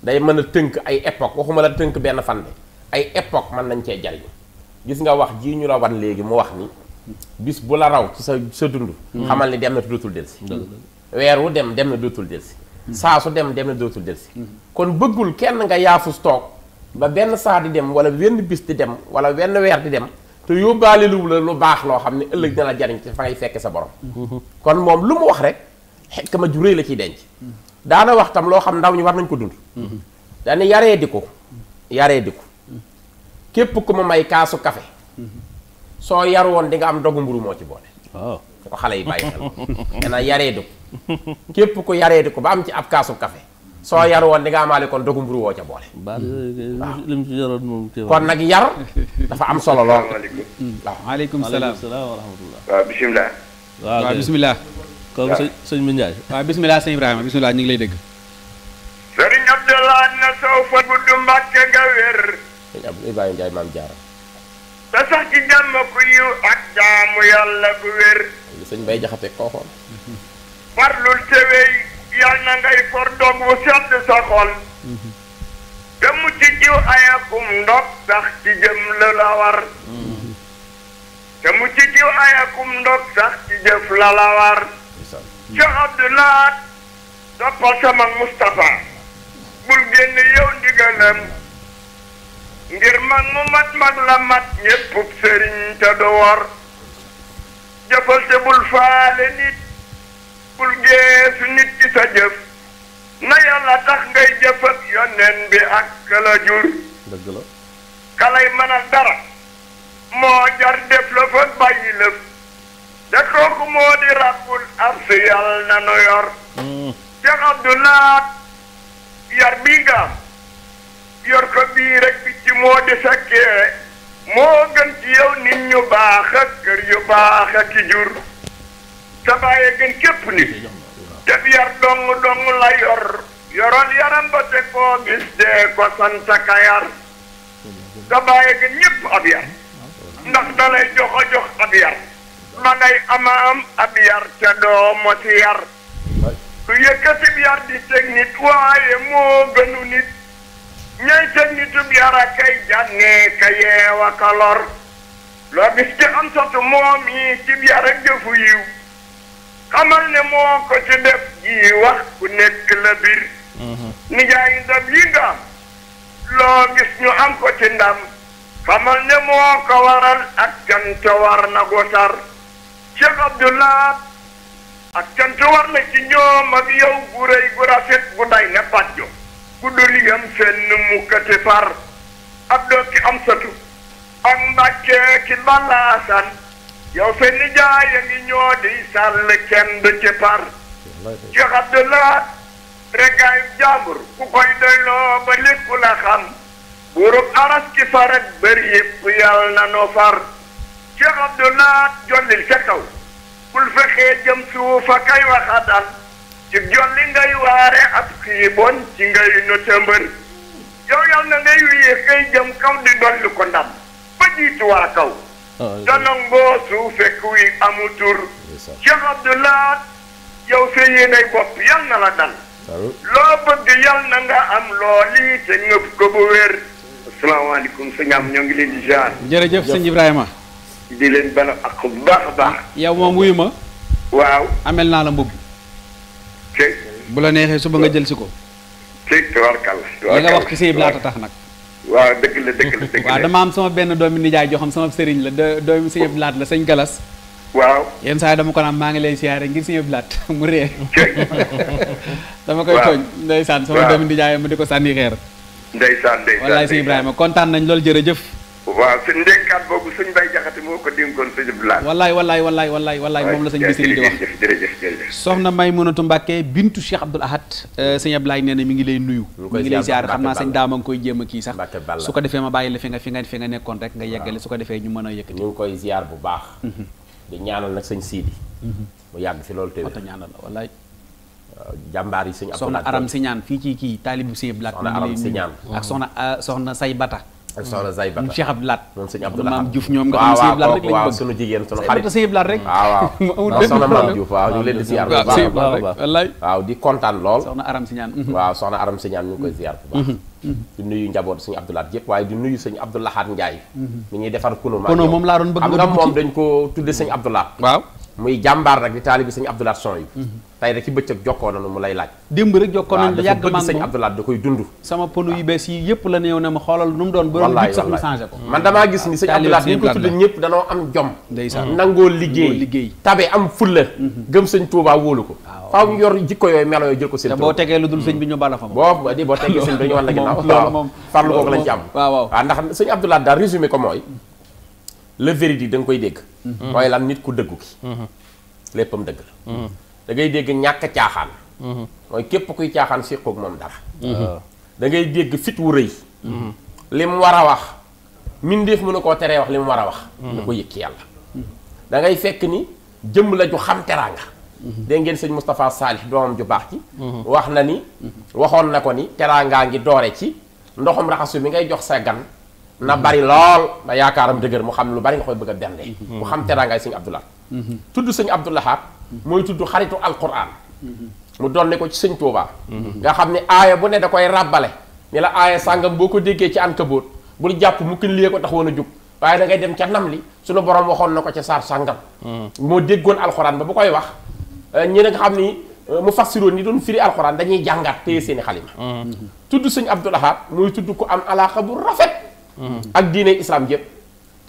day mën a tënk ay époque waxuma la tënk benn fan de ay époque mën nañ cee jariñu gis nga wax jii ñu la wan léegi mu wax ni bis bu la raw ci sa sa dund hmm. xamal ni dem na dootul delsi hmm. weer wu dem dem na dootul delsi hmm. saa su dem dem na dootul delsi kon bëggul kenn nga yaafus toog ba benn saa di dem wala wenn bis di dem wala wenn weer di dem te yóbbaale lu lu baax loo xam ne ëllëg dina la jariñ ci fa ngay fekke sa borom kon moom lu mu wax rek xekk ma ju la ciy denc daana wax tam loo xam ndaw ñi war nañ ko dund dañu yaree di ko yaree di képp ku ma may kaasu kafe soo yar woon di nga am dogu mburu moo ci boole waaw oh. ko xale yi bàyyi xel nee na yareedu képp ku yareedu ko ba am ci ab kaasu kafe soo yar woon di nga amaale kon dogu mburu woo ca boole euh, kon nag yar dafa am solo lool waaw maaleykum salaam wa rahmatullah waaw bisimilah waaw bisimilah kooku sëñ sëñ bi Ndiaye waaw bisimilah sëñ Ibrahima bisimilah ñu ngi lay dégg sëriñ Abdallah na sow fa gudd Mbàkke nga wér sëñ Abdou Ibrahima Ndiaye maam jaara te sax ci jàmm ku yiw ak jaamu yàlla bu wér lu bay jaxate koo xool farlul tewey yàlla ngay for bu sedd sa xol te mucc jiw ayakum ndox sax ci jëm la la war te mucc jiw ayakum ndox sax ci jëf la la war ci Abdoulaat toppal sama Moustapha bul génn yow ndigalam ngir mag mu mat mag la mat ñépp sëriñ te wor jëfal te bul faale nit bul geesu nit ci sa jëf na yàlla tax ngay jëf ak bi ak kala jur kalay mën a dara moo jar def la fa bàyyi lëf da kooku moo di rabbul arsi yàlla na nu yor mm. Cheikh Abdoulaye yar bii nga yor ko bii rek bi moo di sa kee moo gën ci yow nit ñu baax ak kër yu baax ak ki jur sa bàyyi gën képp nit sa bàyyi gën ñépp ab yar ndax dalay jox a jox ab yar ma ngay ama ab yar ca doo mo si yar su yëkkatib yar di teg nit waaye moo gënu nit ñooy seen nitum yara kay jànnee ka yeew a ka lor loo gis ci am sotu moom yi cib yara jëfu yiw xamal ne moo ko ci def ji wax ku nekk la bir mhm. nijaayi ndam yi nga loo gis ñu am ko ci ndam xamal ne moo ko waral ak cant war na gosar Cheikh Abdoulaye ak cant war na ci ñoom ak yow bu rëy bu rafet bu day ne pàjjo bu dul yem fenn mu far ab doo am satu ak mbàccee ki balaasan fenn jaay a ngi ñoo di sàll kenn ci par ci xadd la reggaay jàmbur ku koy doyloo ba lépp la xam buurub aras ki far ak bëri yëpp yàlla na noo far ci xadd la jollil ca bul fexee jëm suufa kay waxa dal ci jolli ngay waare ak xiibon ci ngay nu tëmbër yal na ngay wii xëy jëm kaw di dolli ko ndam ba jiitu waa kaw donangoo su fekk wi amul tur Cheikh Abdoulaat yow sa bopp yal na la dal loo bëgg yal na nga am looli te ngëpp ko bu wér asalaamaaleykum sëñ am ñoo ngi leen di jaar jërëjëf sëñ Ibrahima di leen bala ak bu baax baax yow moom wuyu ma waaw amel naa la mbubb bu la neexee suba nga jël si ko. ceeb tubaarkàlla. li nga wax ci sëy laata tax nag. waaw dëgg la dëgg dama am sama benn doomi nijaay joo xam sama sëriñ la doomi sëñ Blaat la sañ Galas. waaw yenn saa yi dama ko naan maa ngi lay siyaare ngir sëñ Blaat <laughs> mu ree <laughs> dama koy tooñ ndeysaan sama doomi nijaay ma di ko sànni xeer. ndeysaan ndeysaan wallaay sëñ Ibrahima kontaan nañ loolu jërëjëf. waaw sëñ ndekkaat boobu sëñ Baye Jaxate moo ko dénkoon sëñ Abdoulaye wallaay wallaay wallaay wallaay wallaay moom la sëñ Bisiri di wax jërëjëf jërëjëf soxna May Mënatu Mbàkke bintu Cheikh Abdoul Ahad euh, sëñ Abdoulaye nee na mi ngi lay nuyu mi ngi lay ziar xam naa sëñ daama nga koy jéem a kii sax su ko defee ma bàyyi la fi nga fi nga fi nga nekkoon rek nga yeggale su ko defee ñu mën a yëkkati ñu ngi koy ziar bu baax mhm. di ñaanal nag sëñ Siidi mhm. mu yàgg fi loolu téwéta ñaanal la wallaay jàmbaar yi sëñ Abdoulaye soxna Aram Siñaan fii ci kii taalibu sëñ Abdoulaye soxna Aram Siñaan ak soxna euh, soxna say bata ak soxna Zay Bata Cheikh Abdou Lahat moom sëñ Abdou Lahat maam Diouf ñoom nga xam ne sëñ waaw <laughs> soxna maam Diouf di kontaan lool soxna Aram Siñaan mhm. waaw soxna Aram Siñaan ñu ngi koy ziar bu baax mhm, mhm. di nuyu njaboot sëñ Abdou yëpp waaye di nuyu sëñ Abdou Lahat Ndiaye mi ñuy defar kuno moom laa doon bëgg moom dañ ko tudde sëñ Abdou Lahat waaw muy jàmbaar rek di taalibi sëñ Abdou Lahad son yi mhm. tey rek ci bëccëg jokkoo nañu mu lay laaj démb rek jokkoo nañu da koy dund sama pono yu bees yi yëpp la néew na ma xoolal nu mu doon ba doon sax mu changé ko man damaa gis ni sëñ Abdou Lahad ñu ko tudd ñëpp danoo am jom mm-hmm. nangoo liggéey tabe am fulla mm-hmm. gëm sëñ ko faaw yor jikko yooyu melo yooyu jël ko seen boo lu boo di boo tegee sëñ bi ñu wan la <laughs> ginnaaw farlu ci am waaw waaw ndax sëñ Abdou Lahad daal résumé ko mooy le véridique da nga koy dégg. mooy mhm. lan nit ku dëggu ki mhm. léppam dëgg la. Mhm. da ngay dégg ñàkk a caaxaan. mooy képp kuy caaxaan siqoog moom dara. Ah. da ngay dégg fit wu rëy. li mu war a wax. mindeef mënu koo teree wax li mu war a wax. da ko yëg yàlla. da ngay fekk ni jëmm la ju xam teraanga. dégg ngeen sëñ Moustapha Salih doomam ju baax ci. wax na ni. waxoon na ko ni teraangaa ngi doore ci ndoxum raxasu bi ngay jox sa gan. na bari lool ba yaakaaram dëgër mu xam lu bari nga koy bëgg a bernde mu xam teraangaay sëñ Abdou Lahad tudd sëñ Abdou Lahad mooy tudd xaritu alquran mu doon ko ci sëñ Touba. nga xam ne aaya bu ne da koy ràbbale ni la aaya sàngam boo ko déggee ci Ankabóot bul jàpp mu kin liyee ko tax woon a jug da ngay dem ca nam li suñu borom waxoon na ko ca saar sàngam moo déggoon alquran ba bu koy wax ñi nga xam ni euh, mu fassiroon ni doon firi alquran dañuy jàngaat seeni xalima tudd sëñ Abdou Lahad mooy tudd ko am alaaxa bu rafet ak diine islam yëpp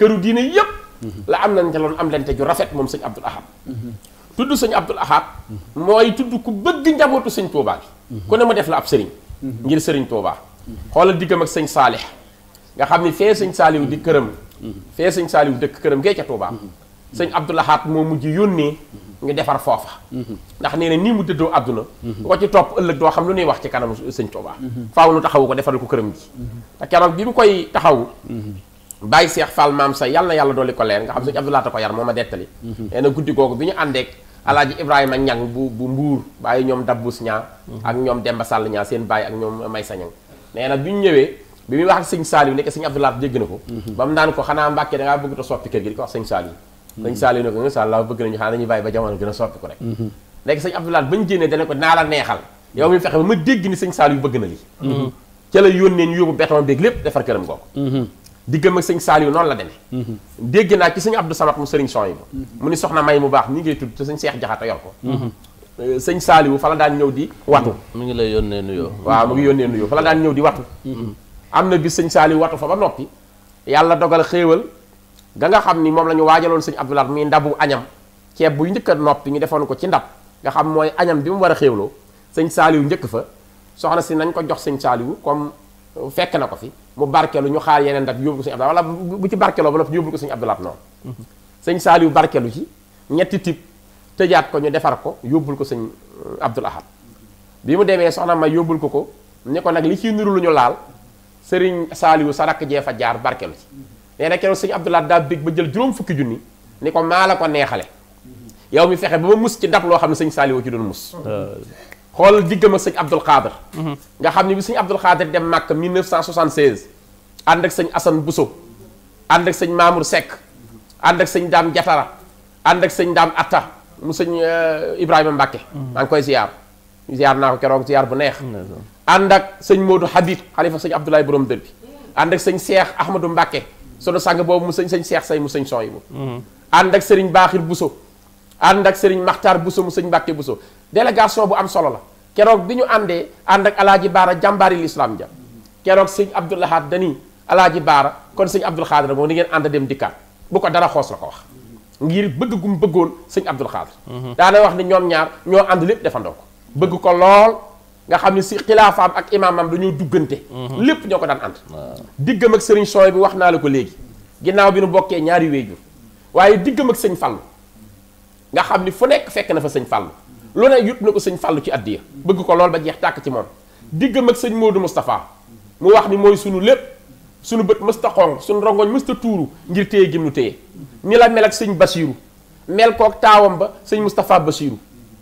këru diine yëpp la am nañ loon am lente ju rafet moom sëñ Abdul Ahad tudd sëñ Abdul Ahad mooy tudd ku bëgg njabootu sëñ Touba bi ku ne ma def la ab sëriñ ngir sëriñ Touba xoolal diggam ak sëñ Saalix nga xam ni fee sëñ Saaliw di këram fee sëñ Saaliw dëkk këram gee ca Touba sëñ Abdoulahat moo mujj yónnee ñu defar foofa ndax nee na nii mu dëddoo àdduna ko ci topp ëllëg doo xam lu nuy wax ci kanam sëñ Tuubaa faw nu taxawu ko defaral ko këram ji te bi mu koy taxawu bàyyi seex Fall maam sa yàlla na yàlla dolli ko leer nga xam sëñ Abdoulahat a ko yar moo ma dettali nee na guddi googu bi ñu àndeek alaaji Ibrahima Ñang bu bu mbuur bàyyi ñoom dabbus ñaa ak ñoom Demba Sàll ñaa seen bàyyi ak ñoom Maysa Ñang nee na bi ñu ñëwee bi muy wax ak sëñ Saliou nekk sëñ Abdoulahat dégg na ko ba mu naan xanaa Mbàkke dangaa bëgg sëñ Saliou ne ko nga Sall laa bëgg nañu xanaa dañuy bàyyi ba jamono gën a soppi ko rek léegi sëñ Abdoulaye bañ jénnee dana ko naa la neexal yow mi fexe ba ma dégg ni sëñ Saliou bëgg na lii ca la yónnee ñu yóbbu béton béeg lépp defar këram googu diggam ak sëñ Saliou noonu la demee dégg naa ci sëñ Abdou Samad mu sëriñ son yi mu ni soxna may mu baax ni ngay tudd te sëñ Cheikh Jaxate yor ko sëñ Saliou fa la daan ñëw di watu mu ngi lay yónnee nuyoo waaw mu ngi yónnee nuyoo fa la daan ñëw na bis sëñ Saliou watu fa ga nga xam ni moom la ñu waajaloon sëñ Abdou Lahad mii ndabu añam ceeb buy njëkk a noppi ñu defoon ko ci ndab nga xam mooy añam bi mu war a xéewloo sëñ saaliwu njëkk fa soxna si nañ ko jox sëñ saaliwu comme euh, fekk na ko fi mu barkelu ñu xaar yeneen ndab yóbbu ko sëñ Abdou Lahad wala bu ci barkeloo ba noppi yóbbu ko sëñ Abdou Lahad noonu mm-hmm. sëñ saaliwu barkelu ci ñetti tib tëjaat ko ñu defar ko yóbbul ko sëñ euh, Abdou bi mu demee soxna ma yóbbul ko ko ne ko nag li ciy nuru lu ñu laal sëriñ saaliwu sa rakk jee fa jaar barkelu nee na keroog sëñ Abdoulaye daa bég ba jël juróom fukki junni ni ko maa la ko neexale yow mi fexe ba ma mus ci dab loo xam ne sëñ Saliou ci doon mus xool diggam ak sëñ Abdoul Khader nga xam ne bi sëñ Abdoul Khader dem Màkk 1976 ànd ak sëñ Assane Bousso ànd ak sëñ Mamour Seck ànd ak sëñ Daam Jatara ànd ak sëñ Daam Atta mu sëñ euh, Ibrahima Mbacke maa ngi koy ziar ziar naa ko keroog ziar bu neex ànd ak sëñ Modou Habib xalifa sëñ Abdoulaye borom dër bi ànd ak sëñ Cheikh Ahmadou Mbacke sunu sang boobu mu sëñ sëñ seex say mu sëñ son yi bu mhm. ànd ak sëriñ baaxir buso ànd ak sëriñ maxtaar buso mu sëñ mbàkke buso délégation bu am solo la keroog bi ñu àndee ànd ak alaaji baara jàmbaari lislaam ja keroog sëñ abdoulahaad dani alaaji baara kon sëñ abdul xaadir moom ni ngeen ànd dem dikkaat bu ko dara xoos la ko wax ngir bëgg gum bëggoon sëñ abdul xaadir mhm. daana wax ne ñoom ñaar ñoo ànd lépp defandoo ko bëgg ko lool nga xam ni si xilaafaam ak imaamam dañoo duggante mhm. lépp ñoo ko daan ànd diggam ak sëriñ sooy bi wax naa la ko léegi ginnaaw bi nu bokkee ñaari wéyjur waaye diggam ak sëñ fàllu nga xam ni fu nekk fekk na fa sëñ fàllu lu ne yut na ko sëñ fàllu ci addiya bëgg ko lool ba jeex tàkk ci moom diggam ak sëñ Modou Moustapha mu wax ni mooy sunu lépp sunu bët mësta xong sunu rongoñ mësta tuuru ngir téye gim nu téye ni la mel ak sëñ Basiiru mel kook taawam ba sëñ Moustapha Basiiru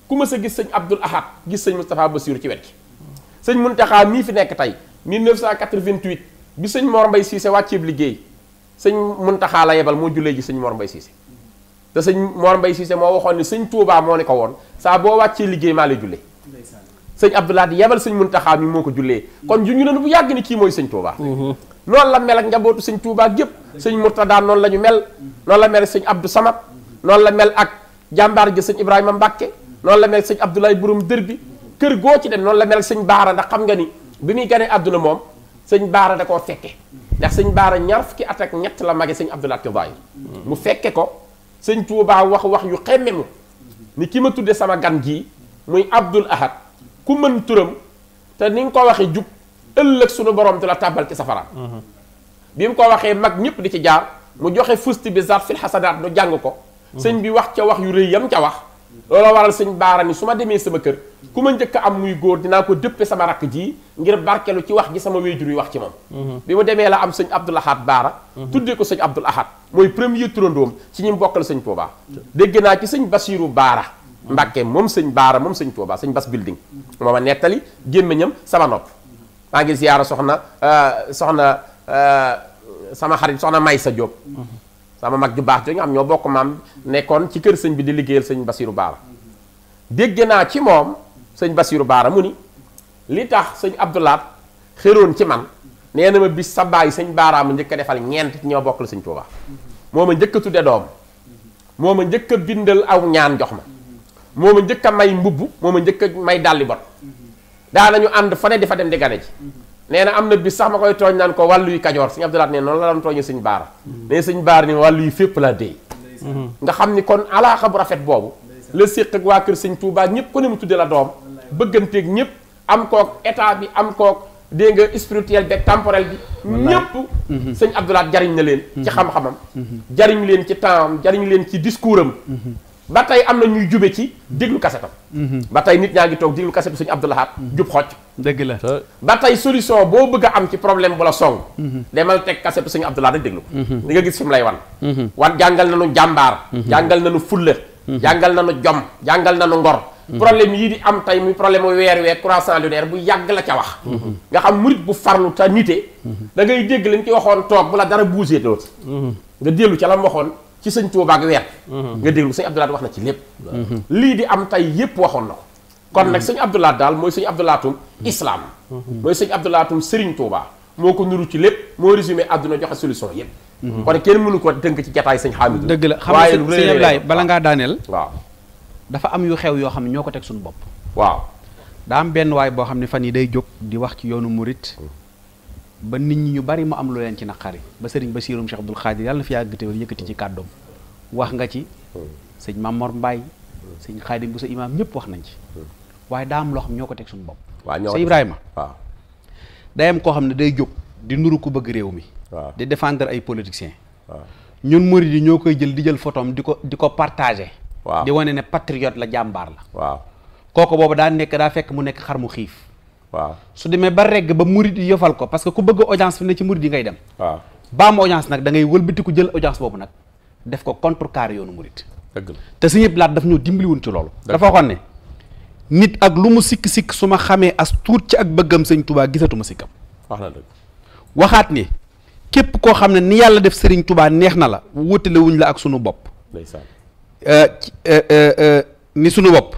ku mës gis sëñ Abdul Ahad gis sëñ Moustapha Basiiru ci wet gi sëñ Muntaxa mii fi nekk tey 1988 bi sëñ Mor Mbay Siise wàcceeb liggéey sëñ Muntaxa la yebal moo jullee ji sëñ Mor Mbay Siise te sëñ Mor Mbay Siise moo waxoon ne sëñ Tuubaa moo ne ko woon saa boo wàccee liggéey maa lay jullee sëñ Abdoulaye yebal sëñ Muntaxa mi moo ko jullee kon ju ñu leen bu yàgg ni kii mooy sëñ Tuubaa mhm. noonu la mel ak njabootu sëñ Tuubaa gépp sëñ Murtada noonu la ñu mel noonu la mel ak sëñ Abdou Samad mhm. noonu la mel ak jàmbaar gi sëñ Ibrahima Mbàkke mhm. noonu la mel ak sëñ Abdoulaye Borom Dër bi kër goo ci dem noonu la mel sañ baara ndax xam nga ni bi muy ganee àdduna moom sëñ baara da koo fekke ndax sëñ baara ñaar fukki at ak ñett la mage sëñ abdulaat ko bàyyi mu fekke ko sëñ tuubaa wax wax yu xemme mu ni ki ma tuddee sama gan gii muy abdul ahad ku mën turam te ni nga ko waxee jub ëllëg sunu borom du la tàbbal ci safara bi mu ko waxee mag ñëpp di ci jaar mu joxe fusti bi zat fil xasanaat nu jàng ko sëñ bi wax ca wax yu rëy yam ca wax looloo waral sëñ baara ni su ma demee sama kër ku ma njëkk am muy góor dinaa ko dëppe sama rakk ji ngir barkelu ci wax ji sama wéyjur wi wax ci moom mhm. bi mu demee la am sañ abdul ahad baara mhm. tuddee ko sëñ abdul ahad mooy premier turandoom ci ñu mbokkal sañ Touba dégg naa ci sëñ basiiru baara mbàkke moom sëñ baara moom sëñ Touba sëñ bas building moo ma nettali gémmiñam sama nopp maa ngi ziyaara soxna euh, soxna euh, sama xarit soxna may sa Jóob sama mag ju baax jooju nga xam ñoo bokk maam nekkoon ci kër sëñ bi di liggéeyal sañ Basiru Baara dégg naa ci moom sëñ Basiru Baara mu ni li tax sëñ Abdoulaat xëroon ci man nee na ma bis sa baay sëñ baaraam ma njëkk a defal ñeent ñoo bokk la sëñ Tuuba moo ma njëkk a tudde doom moom ma njëkk a bindal aw ñaan jox ma moom a njëkk a may mbubb moom a njëkk a may dàlli bot daanañu ànd fa ne di fa dem di gane nee na am na bis sax ma koy tooñ naan ko wàllu yu kajoor sëñ Abdou Lahad ne noonu la doon tooñu sëñ baara mm-hmm. ne sëñ wàllu yu fépp laa dee mm-hmm. nga xam ni kon alaaxa bu rafet boobu la séq ak waa kër sëñ Touba ñëpp ko ne mu tuddee la doom bëgganteeg ñëpp am kook état bi am kook dégg nga spirituel beeg temporel bi ñëpp mm-hmm. sëñ Abdou Lahad jariñ na leen ci xam-xamam jariñ leen ci temps jariñ leen ci discours am ba tey am na ñuy jube ci déglu kasetam mhm. ba tey nit ñaa ngi toog déglu kasetu suñu abdoulahaat mhm. jub xocc dëgg la ba tey solution boo bëgg a am ci problème bu la song mhm. demal teg kasetu suñu abdoulahaat rek déglu ko li nga gis fi mu lay wan wan jàngal na nañu jàmbaar jàngal na nañu fulla jàngal na nañu jom jàngal na nañu ngor problème yii di am tey muy problème mu weer weer croissant lunaire bu yàgg la ca wax nga xam murit bu farlu te nite da ngay dégg lañ ci waxoon toog bu la dara bougé doot nga dellu ca la waxoon ci sëñ Tuubaa ak weer mhm. nga déglu sëñ Abdoulaat wax na ci lépp mhm. lii di am tey yépp waxoon na ko kon nag mhm. sëñ Abdoulaat daal mooy sëñ Abdoulaatum islaam mooy sëñ Abdoulaatum sëriñ Tuubaa moo ko nuru ci lépp moo résumé àdduna joxe solution yépp kon kenn mënu ko dënk ci jataay sañ Xaamidu dëgg la xam nga sëñ Ablaay bala ngaa daaneel waaw dafa am yu xew yoo xam ne ñoo ko teg suñu bopp waaw daa am benn waay boo xam ne fan yi day jóg di wax ci yoonu murit mm. ba nit ñi ñu bari mu am lu leen ci naqari ba sëriñ Basiirum Cheikh Abdoul Khadir yàlla na fi yàgg te wér yëkkati ci kàddoom wax nga ci sëñ Mamor Mbaye sëñ Xaadim bu sa imaam ñëpp wax nañ ci waaye daa am loo xam ñoo ko teg suñu bopp sa Ibrahima waaw day am koo xam ne day jóg di nuru ku bëgg réew mi di défendre ay politiciens ñun murid yi ñoo koy jël di jël photom di ko di ko partagé di wane ne patriote la jàmbaar la waaw kooku boobu daa nekk daa fekk mu nekk xar mu xiif waaw su demee ba regg ba murid yi yëfal ko parce que ku bëgg audience fi ne ci murid yi ngay dem waaw ba audience nag dangay ngay wëlbatiku jël audience boobu nag def ko contre carré yoonu murid dëgg la te suñu laat daf ñoo dimbali woon ci loolu dafa waxoon ne nit ak lu mu sikk-sikk su ma xamee as tuut ci ak bëggam sëñ gisatuma sikkam wax na dëgg waxaat ni képp koo xam ne ni yàlla def sëriñ tubaa neex na la wutale wuñ la ak sunu bopp euh, euh, euh, ni sunu bopp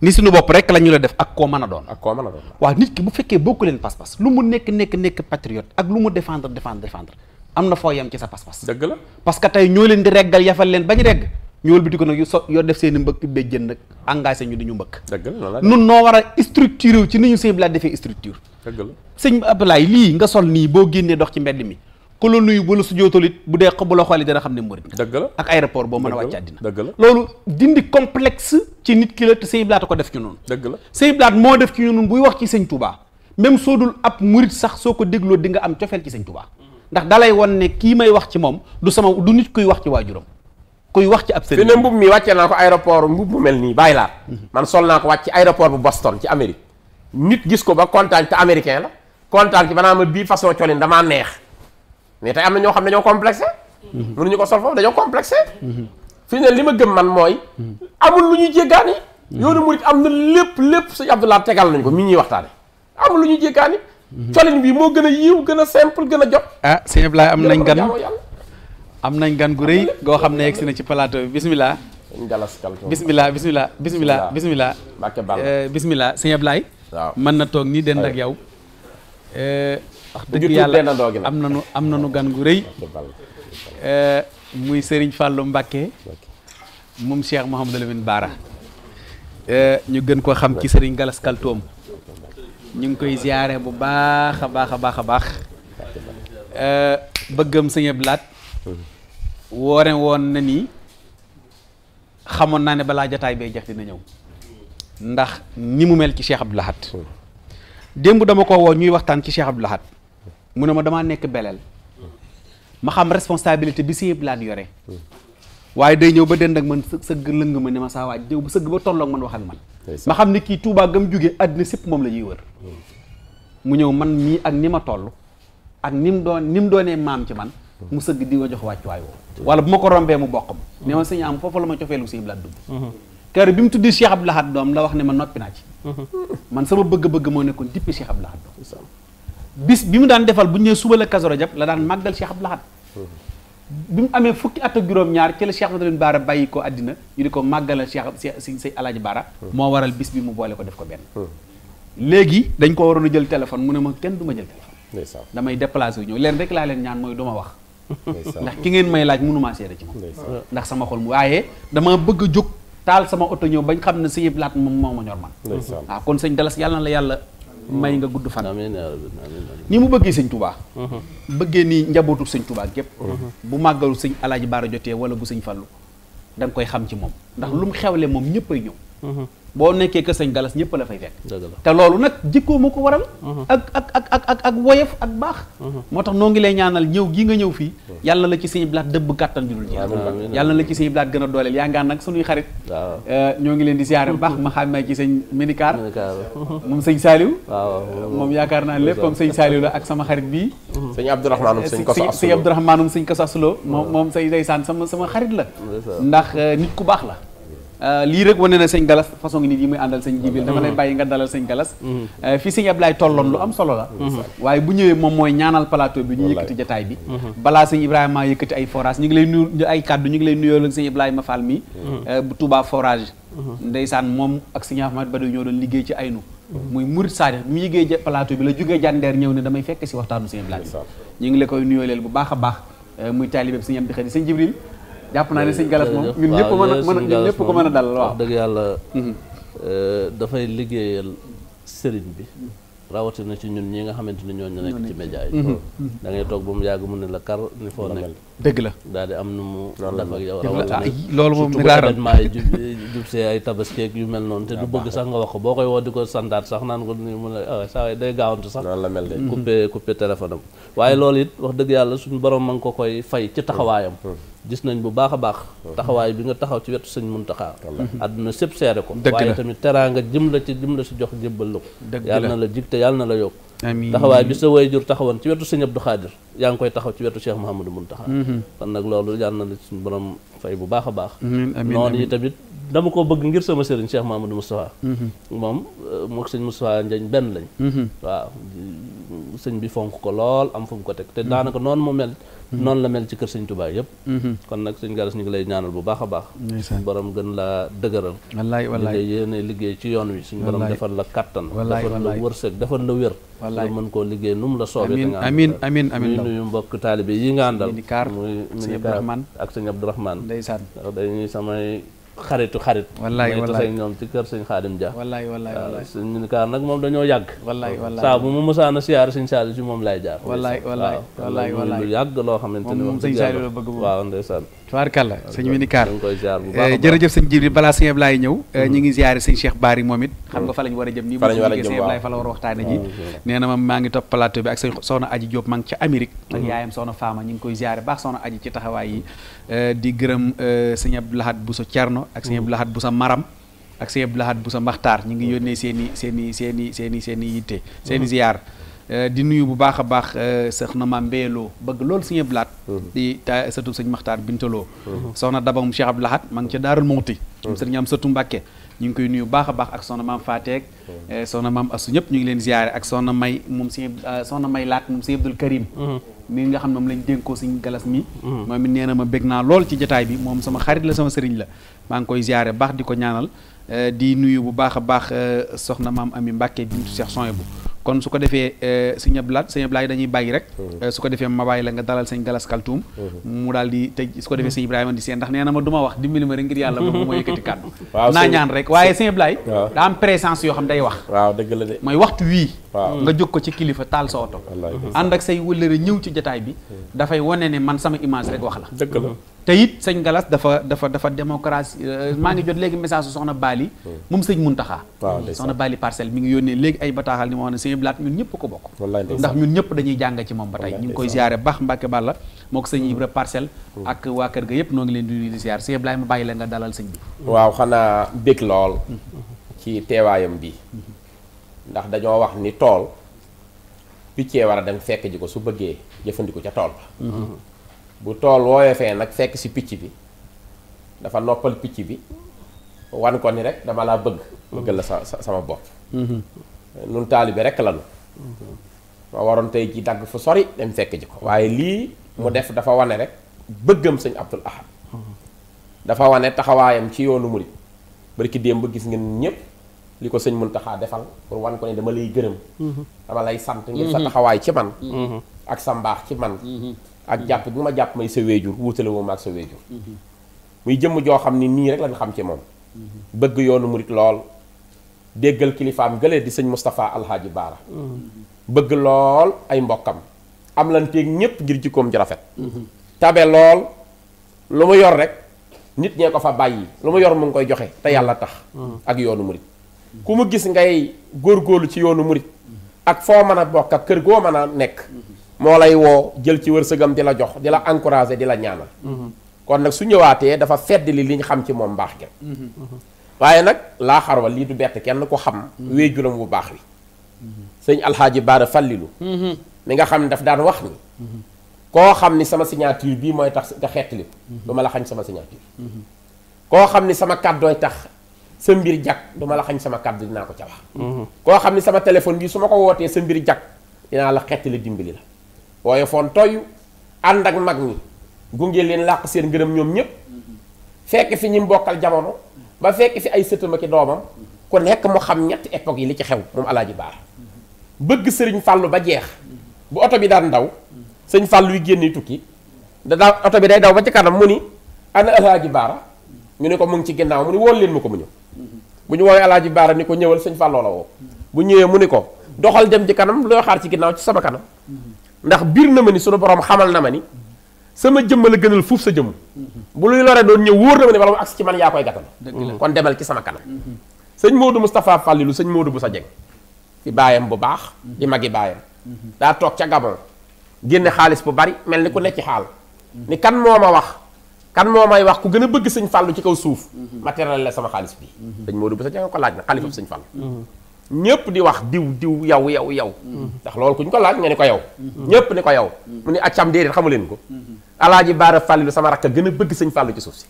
ni suñu bopp rek la ñu la def ak koo mën a doon. ak koo mën a doon nit ki bu fekkee bokku leen pas-pas lu mu nekk nekk nekk patriote ak lu mu défendre défendre défendre am na foo yem ci sa pas-pas. la parce que tey ñoo leen di reggal yafal leen bañ regg ñëwal biti ko nag yoo def seen i mbëkk béjjën nag engagé ñu di ñu mbëkk. dëgg la nun noo war a structuré wu ci ni ñu sëñ bi laa defee structure. dëgg la sëñ Abdoulaye lii nga sol nii boo génnee dox ci mbedd mi. ku la nuyu bu la sujootal bu dee bu la xoolee dina xam ne murit dëgg la ak aéroport boo mën a wàcc àddina dëgg la loolu dindi complexe ci nit ki la te Sëñ Blaat a ko def ci noonu dëgg la Sëñ Blaat moo def ci ñun buy wax ci Sëñ Touba même soo dul ab murit sax soo ko dégloo di nga am cofeel ci Sëñ tubaa ndax dalay won ne kii may wax ci moom du sama du nit kuy wax ci waajuram kuy wax ci ab sëriñ fi ne mbub mi wàccee naa ko aéroport mbub mu mel nii bàyyi laat man sol naa ko wàcc ci aéroport bu Boston ci Amérique nit gis ko ba kontaan te américain la kontaan ci banaa ma bii façon colin damaa neex mais tey am na ñoo xam ne dañoo complexé. mënuñu ko sol foofu dañoo complexé. fi ne li ma gëm man mooy. amul lu ñuy jéggaani. yoonu murit am na lépp lépp sëñ Abdoulaye tegal nañ ko mi ñuy waxtaane amul lu ñuy jéggaani. colin bi moo gën a yiiw gën a simple gën a jot. ah sëñ am nañ gan am nañ gan gu rëy goo xam ne yegg na ci plateau bi bismillah. bismillah bismillah bismillah bismillah bismillah eh, sëñ Abdoulaye. mën na toog nii dend ak yow. Eh, wax dëgg yàlla am na nanu am na nanu gan gu rëy eh, muy Serigne Fallou Mbacké moom Cheikh Mouhamadou Lamine Bara eh, ñu gën ko xam ci Serigne Galas ñu ngi koy ziyaare bu baax a baax a baax a baax eh, bëggam sëñ Ablaat woore woon na ni xamoon naa ne balaa jataay bee jeex dina ñëw ndax ni mu mel ci Cheikh Abdou Lahad démb dama ko woo ñuy waxtaan ci Cheikh Abdou Lahad mu ne ma damaa nekk beleel ma xam responsabilité bi si yëpp laan yore waaye day ñëw ba dend ak man sëgg lëng ma ne ma saa waaj ñëw ba sëgg ba tolloog man wax ak man ma xam ne kii Touba gam jóge àddina sépp moom la ñuy wër mu ñëw man mii ak ni ma toll ak ni mu doon ni mu doonee maam ci man mu sëgg di ma jox wàccuwaay woowu wala bu ma ko rombee mu bokk ma ne ma sëñ foofu la ma lu si blaat dugg kër bi mu tuddee Cheikh Abdou Lahad doom la wax ne ma noppi naa ci mhm. man sama bëgg-bëgg moo nekkoon dippi Cheikh Abdou bis bi mu daan defal bu ñu nee suba la Kazu Rajab la daan màggal Cheikh Abdou Lahad bi mu amee fukki at ak juróom-ñaar ci la Cheikh Ahmadou Lamine Bara bàyyi ko àddina ñu di ko màggalal Cheikh si si Alaaji Bara moo waral bis bi mu boole ko def ko benn léegi dañ ko waroon a jël téléphone mu ne ma kenn du ma jël téléphone damay déplacé ñëw leen rek laa leen ñaan mooy du wax ndax ki ngeen may laaj mënumaa seede ci moom ndax sama xol mu waaye dama bëgg a jóg taal sama oto ñëw bañ xam ne sëñ Abdou Lahad moom moo ma ñor man waaw kon sëñ Dalas la yàlla may nga gudd fan ni mu bëggee sëñ tubaa mhm. bëggee ni njabootu sëñ tubaa gépp mhm. bu màggalu sëñ alaaji baara jotee wala bu sañ fàllu da koy xam ci moom ndax mhm. lu mu xewle moom ñëpp ay ñëw boo nekkee kër sëñ galas ñëpp la fay fekk te loolu nag jikkoo moo ko waral mhm. ak ak ak ak ak ak woyof ak baax mhm. moo tax noo ngi lay ñaanal ñëw gi nga ñëw fii mhm. yàlla la ci sëñ blaat dëbb kàttan ju dul jeex yàlla na la ci sëñ blaat gën a dooleel yaa ngaan nag suñuy xarit eh, ñoo ngi leen di siyaare bu baax ma xàmmee ci sañ Ménicar <laughs> moom sëñ Saliou moom yaakaar naa lépp comme sëñ Saliou la ak sama xarit bii sëñ Abdourahmane sëñ eh, Abdourahmane sëñ Kasasuloo moom moom say ndeysaan sama sama xarit la ndax eh, nit ku baax la Euh, lii rek wane na sëñ Galas façon nit yi muy àndal sañ Jibil dama lay bàyyi nga dalal sañ Galas fii sëñ mhm. euh, Ablaay tolloon lu am solo la mhm. Mhm. waaye bu ñëwee moom mooy ñaanal plateau bi ñu yëkkati jataay bi balaa sëñ Ibrahima ay forage ñu ngi lay nuyu ay kàddu ñu ngi lay nuyoo ak sëñ Ibrahima Fall mi euh, bu Touba forage ndeysaan moom ak sëñ Ahmad Badou ñoo doon liggéey ci aynu muy murit saadix bi mu yëgee plateau bi la jógee jàndeer ñëw ne damay fekk si waxtaanu sëñ Ibrahima ñu ngi la koy nuyooleel bu baax a baax muy taalibe bi sëñ Amdi Xadi sëñ jàpp naa ne sëñ Galas moom ñun ñëpp mën a mën ñun ñëpp ko mën a dalal waaw dëgg yàlla mhm. euh, dafay liggéeyal sëriñ bi rawatina ci ñun ñi nga xamante ni ñoo ñu nekk ci média yi mhm. da ngay toog ba mu yàgg mu ne la kar ni foo nekk dëgg la daal di am nu mu def ak yow rawatina ah, loolu moom surtout événement yi jub <laughs> jub see ay tabaskeeg yu mel noonu te du ah, bëgg sax nga wax ko boo koy woo di ko sandaat sax naan ko ni mu ne ah, saa day gaawantu sax coupé coupé téléphone am waaye loolu it wax dëgg yàlla suñu borom ma ko koy fay ci taxawaayam gis nañ bu baax a baax taxawaay bi nga taxaw ci wetu sëñ Muntaxa àdduna sëpp seere ko waaye tamit nga jëm la ci jëm la si jox jébbal la ko yàlla na la te yàlla na la yokk amiin taxawaay sa taxawoon ci wetu sëñ Abdou Khadir yaa ngi koy taxaw ci wetu Cheikh Mouhamadou Muntaxa mm-hmm. kon nag loolu yàlla na la suñu borom fay bu baax a baax noonu yi tamit dama ko bëgg ngir sama sëriñ Cheikh Mouhamadou Moustapha mm-hmm. moom euh, mook sëñ Moustapha Ndiagne benn lañ mm-hmm. waaw sëñ bi fonk ko lool am fu mu ko teg te mm-hmm. daanaka noonu mu mel mm-hmm. noonu la mel ci kër sëñ Tuubaa yëpp mm-hmm. kon nag sëñ Garas ñu ngi lay ñaanal bu baax a baax suñu borom gën laa dëgëral wallaay liggéey ci yoon wi suñu borom defal la kattan defal la wërsëg defal la wér wallaay mën koo liggéey nu mu la soobee te nga amiin amiin amiin nuyu mbokk taalibe yi nga àndal muy Minicar ak sëñ Abdourahmane ndeysaan dañuy samay xaritu xarit wallaay wallaay ñoom ci kër sëñ Xaadim Dia wallaay wallaay wallaay sëñ kaar nag moom dañoo yàgg wallaay wallaay saa bu mu mosaan a siyaar sëñ Saaliu ci moom lay jaar wallaay wallaay wallaay wallaay lu yàgg loo xamante ne wax bëgg yàlla waaw ndeysaan tubaarkàlla sëñ Mini Kaar eh, jërëjëf sëñ Jibril balaa sëñ Ablaye ñëw eh, mm-hmm. ñu ngi ziare sëñ Cheikh Bari moom it xam nga mm-hmm. fa lañ war a jëm nii bu ñu sëñ Ablaye fa la war a waxtaane ji mm-hmm. nee na ma maa ngi topp plateau bi ak sëñ soxna Aji Diop maa ngi ca Amérique ak yaayam soxna Faama ñu ngi koy ziare baax soxna Aji ci taxawaay yi eh, di gërëm sëñ Abdou Lahad Bousso Thierno ak sëñ Abdou Lahad Bousso Maram ak sëñ Abdou Lahad Bousso Maxtaar ñu ngi yónnee seen i seen i seen i seen i seen i yitte seen i ziar Euh, di nuyu bu baax a baax euh, soxna maam Mbéyeloo bëgg loolu suñu blaat mhm. di ta sëtu sëñ Maxtaar Bintaloo mhm. soxna dabam Cheikh Abdou Lahad ma ngi ca Daarul Mawti mhm. sëriñ am sëtu Mbàkke ñu ngi koy nuyu baax baax ak soxna maam Fateek euh, soxna maam Asu ñëpp ñu ngi leen ziyaare ak soxna may moom si soxna may laat moom si Abdul Karim mi nga xam ne lañ dénkoo suñu galas mi moom na ma bég naa lool ci jotaay bi moom sama xarit la sama sëriñ la maa ngi koy ziyaare baax di ko ñaanal di nuyu bu baax a baax soxna maam Ami Mbàkke bintu Cheikh Soyebu kon su ko defee euh, sëñ Ablaye sëñ Ablaye dañuy bàyyi rek mhm. euh, su ko defee ma bàyyi la nga dalal sañ Galas Kaltoum mhm. mu daal di tëj su ko defee mhm. sëñ Ibrahima di seen ndax nee na ma du ma wax dimbali ma rek ngir yàlla bu ma yëkkati kàddu <laughs> naa ñaan rek waaye sëñ Ablaye daa am présence yoo xam day wax waaw mooy waxtu wii nga jóg ko ci kilifa taal sa oto ànd ak say wëllëre ñëw ci jataay bi dafay wane ne man sama image rek wax la dëgg la te it sëñ Galas dafa dafa dafa démocratie euh, maa ngi jot léegi message su soxna Bali hmm. moom sëñ Muntaxa soxna baali parcelle mi ngi yónnee léegi ay bataaxal ni ma wax ne sëñ Blaat ñun ñëpp ko bokk ndax ñun ñëpp dañuy jàng ci moom ba tey ñu ngi koy ziare baax Mbàkke Balla moo ko sëñ hmm. Ibra parcelle hmm. ak waa kër ga yëpp noo ngi leen di nuyu di ziare sëñ Ibrahima bàyyi la nga dalal sëñ bi waaw xanaa bég lool ci teewaayam bi ndax dañoo wax ni tool piccee war a dem ko su bëggee jëfandiku ca tool ba bu tool wooyofee nag fekk si picc bi dafa noppal picc bi wan ko ni rek dama laa bëgg bëggal la sa sama bopp mhm. nun taalibe rek lanu ma waroon tey ji dagg fu sori dem fekk ji ko waaye lii mu def dafa wane rek bëggam sëñ Abdul Ahad dafa wane taxawaayam ci yoonu murit barki démb ba gis ngeen ñëpp li ko sëñ mun taxaa defal pour wan ko ne dama lay gërëm mhm. dama lay sant ngir sa mhm. taxawaay ci man ak sa mbaax ci man ak jàpp bi ma jàpp may sa wéejur wutale woo ma ak sa wéejur muy jëmm joo xam ni nii rek lañu xam ci moom bëgg yoonu murit lool déggal kilifaam gëlee di sëñ Moustapha Alhaaji Baara bëgg lool ay mbokkam am lanteeg ñépp ngir jikkoom ji rafet tabe lool lu mu yor rek nit ñee ko fa bàyyi lu mu yor mu ngi koy joxe te yàlla tax ak yoonu murit ku mu gis ngay góor góorgóorlu ci yoonu murit ak foo mën a bokk ak kër goo mën a nekk moo lay woo jël ci sëgam di la jox di la encourager di la ñaanal mhm. kon nag su ñëwaatee dafa fedd li liñ xam ci moom mbaax ga mhm. mhm. waaye nag laa xar wa lii du bett kenn ko xam wéejuram wu baax wi sëñ alxaaji baara fàllilu mi nga xam ne daf daan wax ni koo xam ni sama signature bii mooy tax nga xettali ko la xañ sama signature koo xam ni sama kàddooy tax sa mbir jag du la xañ sama kàddu dinaa ko ca wax koo xam ni sama téléphone bii su ma ko wootee sa mbir jag dinaa la xettali dimbali la woyofoon toyyu ànd ak mag ñi gunge leen làq seen ngërëm ñoom ñëpp fekk fi ñi mbokkal jamono ba fekk fi ay sëtam ak doomam ku nekk mu xam ñetti époque yi li ci xew moom alaaji baara bëgg sëriñ fàllu ba jeex bu oto bi daan daw sëñ fàllu yu génn tukki da oto bi day daw ba ci kanam mu ni ana alaaji baara ñu ne ko mu ci ginnaaw mu ni woon leen ma ko mu ñëw bu ñu woowee alaaji baara ni ko ñëwal suñ fàlloo la woo bu ñëwee mu ni ko doxal dem ci kanam loo xaar ci ginnaaw ci sama kanam ndax biir na ma ni sunu borom xamal na ma ni sama jëmm la gënal fuuf sa jëmm bu luy lore doon ñëw wóor na ma ni wala mu agsi ci man yaa koy gàttal kon demal ci sama kanam sëñ Modou Moustapha Fallilou sëñ Modou bu sa jeng bu baax di magi baayam daa toog ca Gabon génne xaalis bu bari mel ni ku nekk ci xaal ni kan moo ma wax kan moo may wax ku gën a bëgg sëñ Fallou ci kaw suuf ma la sama xaalis bi sëñ Modou bu sa ko laaj na xaalifam sëñ Fallou ñépp di wax diw diw yow yow yow ndax loolu ku ñu ko laal nga ni ko yow ñëpp ni ko yow mu ni accam déedéet xamu leen ko alaaji baara fàllilu sama rakk gën a bëgg sëñ fàllu ci suuf si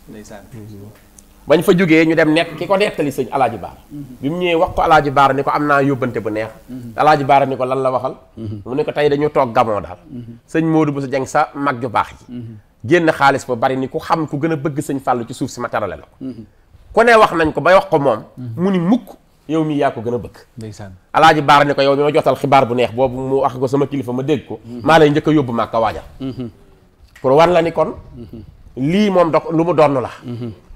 bañ fa jógee ñu dem nekk ki ko nettali sëñ alaaji baara ñëwee wax ko alaaji baara ni ko am naa yóbbante bu neex alaaji baara ni ko lan la waxal mu ne ko tey dañu toog gamoo daal sëñ Modou Bousso Dieng sa mag ju baax génn xaalis ba bari ni ku xam ku gën a bëgg sëñ fàllu ci suuf si ma tarale la ko ku ne wax nañ ko bay wax ko moom mu ni mukk yow mii yaa ko gën a bëgg ndeysaan alaaji baara ne ko yow mi ma jotal xibaar bu neex boobu mu wax ko sama kilifa ma dégg ko maa lay njëkk a yóbbu màkka waajal pour wan la ni kon lii moom do lu mu doon la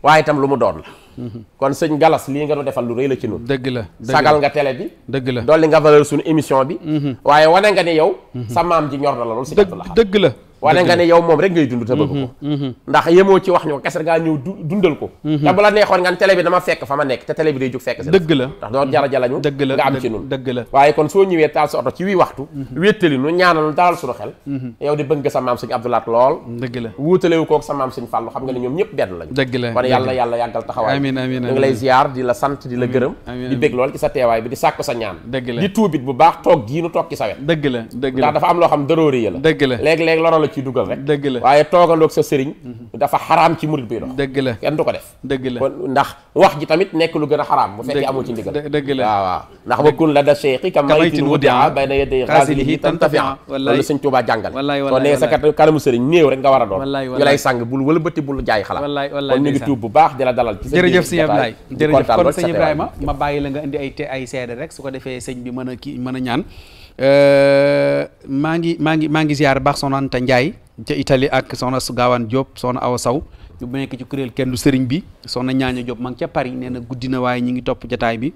waaye tam lu mu doon la kon sëñ galas lii nga nu defal lu rëy la ci nun dëgg la sagal nga télé bi dëgg la dolli nga valeur suñu émission bi mhm. waaye wane nga ni yow mhm. sa maam ji ñor na la loolu si dëgg la wane nga ne yow moom rek ngay dund te bëgg ko mhm, mhm. ndax yemoo ci wax ñoo kese ngaa ñëw dundal ko mhm. te bu la neexoon nga ne télé bi dama fekk fa ma nekk te télé bi day jóg fekk si dëgg la ndax doon jara jalañu dëgg la nga am ci nun dëgg la waaye kon soo ñëwee taal sa oto ci wii waxtu nu la wuutalewu koog sa maam sëñ Fàllu xam nga ne ñëpp benn lañu dëgg la kon yàlla yàlla yàggal taxawaay amiin amiin ñu ngi lay ziar di la sant di la gërëm sa teewaay sa ñaan dëgg la di tuubit bu baax toog gii nu toog ci sa dëgg la dëgg la ndax dafa am loo xam daróori ya la ci dugal rek dëgg la waaye toogandoog sa sëriñ dafa xaraam ci murit buy dox dëgg la kenn du ko def dëgg la kon ndax wax ji tamit nekk lu gën a xaraam bu fekkee amoo ci ndigal dëgg la waaw ndax ba kun la da cheikhi ka maytin wudia bay na yedday xaasilihi tantafia loolu sëñ Tuubaa jàngal kon nee sa kat kanamu sëriñ néew rek nga war a doon ñu lay sàng bul wëlbati bul jaay xalaat kon ñu ngi tuub bu baax di la dalal ci jërëjëf sëñ Ablaye jërëjëf kon ma bàyyi la nga indi ay ay seede rek su ko defee sëñ bi mën a kii mën a ñaan Euh, maa ngi maa ngi maa ngi ziar baax soxna Anta Ndiaye ca itali ak soxna Gaawaan Diop soxna Awa Saw ñu nekk ci kuréel kenn du sëriñ bi soxna Ñaaña Diop maa ngi ca Paris nee na guddi na waaye ñu ngi topp jataay bi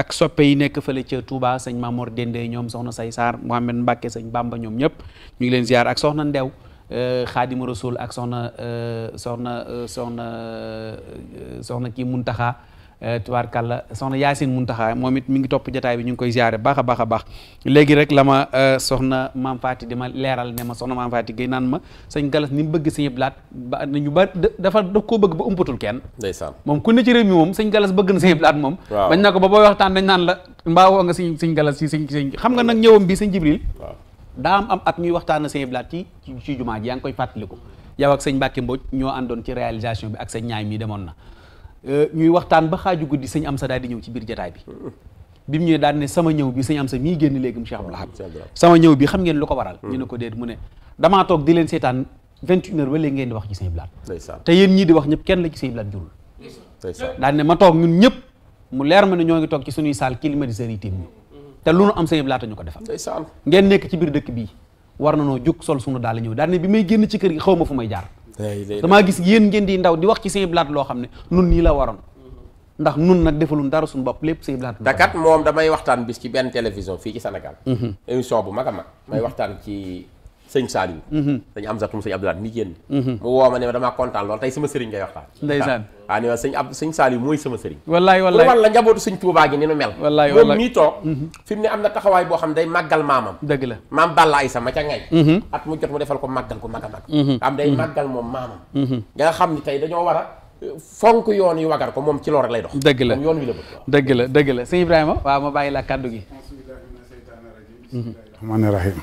ak soppe yi nekk fële ca Touba sañ Mamour dendee ñoom soxna Say saar Sarr Mohamed Mbacke sëñ Bamba ñoom ñëpp ñu ngi leen ziar ak soxna Ndew euh, Xaadimu Rasul ak soxna euh, soxna soxna soxna kii Muntaxa Eh, tubaarkàlla soxna Yaasin Muntaxa moom it mi ngi topp jataay bi ñu ngi koy ziare baax a baax a baax léegi rek lama ma eh, soxna maam Faati di ma leeral ne ma soxna maam Faati Guèye naan ma sëñ Galas ni mu bëgg sëñ Blaat ba nañu ba dafa daf koo bëgg ba kenn ndeysaan moom ku ne ci réew mi moom sëñ Galas bëgg na sëñ Blaat moom bañ na ko ba booy waxtaan dañ naan la mbaa woo nga sëñ sëñ Galas si sëñ sëñ xam nga nag ñëwam bi sëñ Jibril daa am am at ñuy waxtaan na sëñ Blaat ci ci jumaa ji yaa ngi koy fàttaliku yow ak sëñ Mbàkke Mbodj ñoo àndoon ci réalisation bi ak sëñ ñaay mii demoon na Euh, ñuy waxtaan ba xaaju guddi sëñ Amsa daal di ñëw ci biir jataay bi bi mu ñëwee daal ne sama ñëw bi sëñ Amsa mii génn léegi mu Cheikh Abdoul Ahad sama ñëw bi xam ngeen lu ko waral hmm. ñu ne ko déet mu ne damaa toog di leen seetaan vingt une heures ba léegi ngeen di wax ci sëñ Blaat te yéen di wax ñëpp kenn la ma toog ñun ñëpp mu leer ma ne ñoo ngi toog ci te lu nu am sëñ Blaat ñu ko defal ngeen nekk ci biir dëkk bii war na noo jóg sol sunu daal ñëw daal ne bi may génn ci kër gi xaw ma fu may damaa gis yéen ngeen di ndaw di wax ci sëñ blaat loo xam ne nun nii la waroon ndax nun nag defalun dara suñu bopp lépp sëñ blaat dakat moom damay waxtaan bis ci benn télévision fii ci Sénégal mhm. émission bu mag a may waxtaan ci sëñ Saliou mhm. sëñ Amsatum sëñ Abdoulaye mi génn mhm. mu woo ma ne ma damaa kontaan lool tey sama sëriñ ngay waxtaan ndeysaan <laughs> waaw ne ma sëñ ab sama sëriñ wallaay wallaay wan la njabootu sëñ Touba gi ni nu mel wallaay wallaay moom mii toog mhm. fi ne am na taxawaay boo xam day maggal maamam dëgg la maam Balla Aïssa ma ca ngay at mu jot mu defal ko màggal ku mag a mag am day màggal moom maamam nga xam ni tey dañoo war a euh, fonk yoon yu wagar ko moom ci loolu rek lay dox dëgg la yoon dëgg la dëgg la sëñ Ibrahima waaw ma bàyyi la kàddu gi rahmaani rahim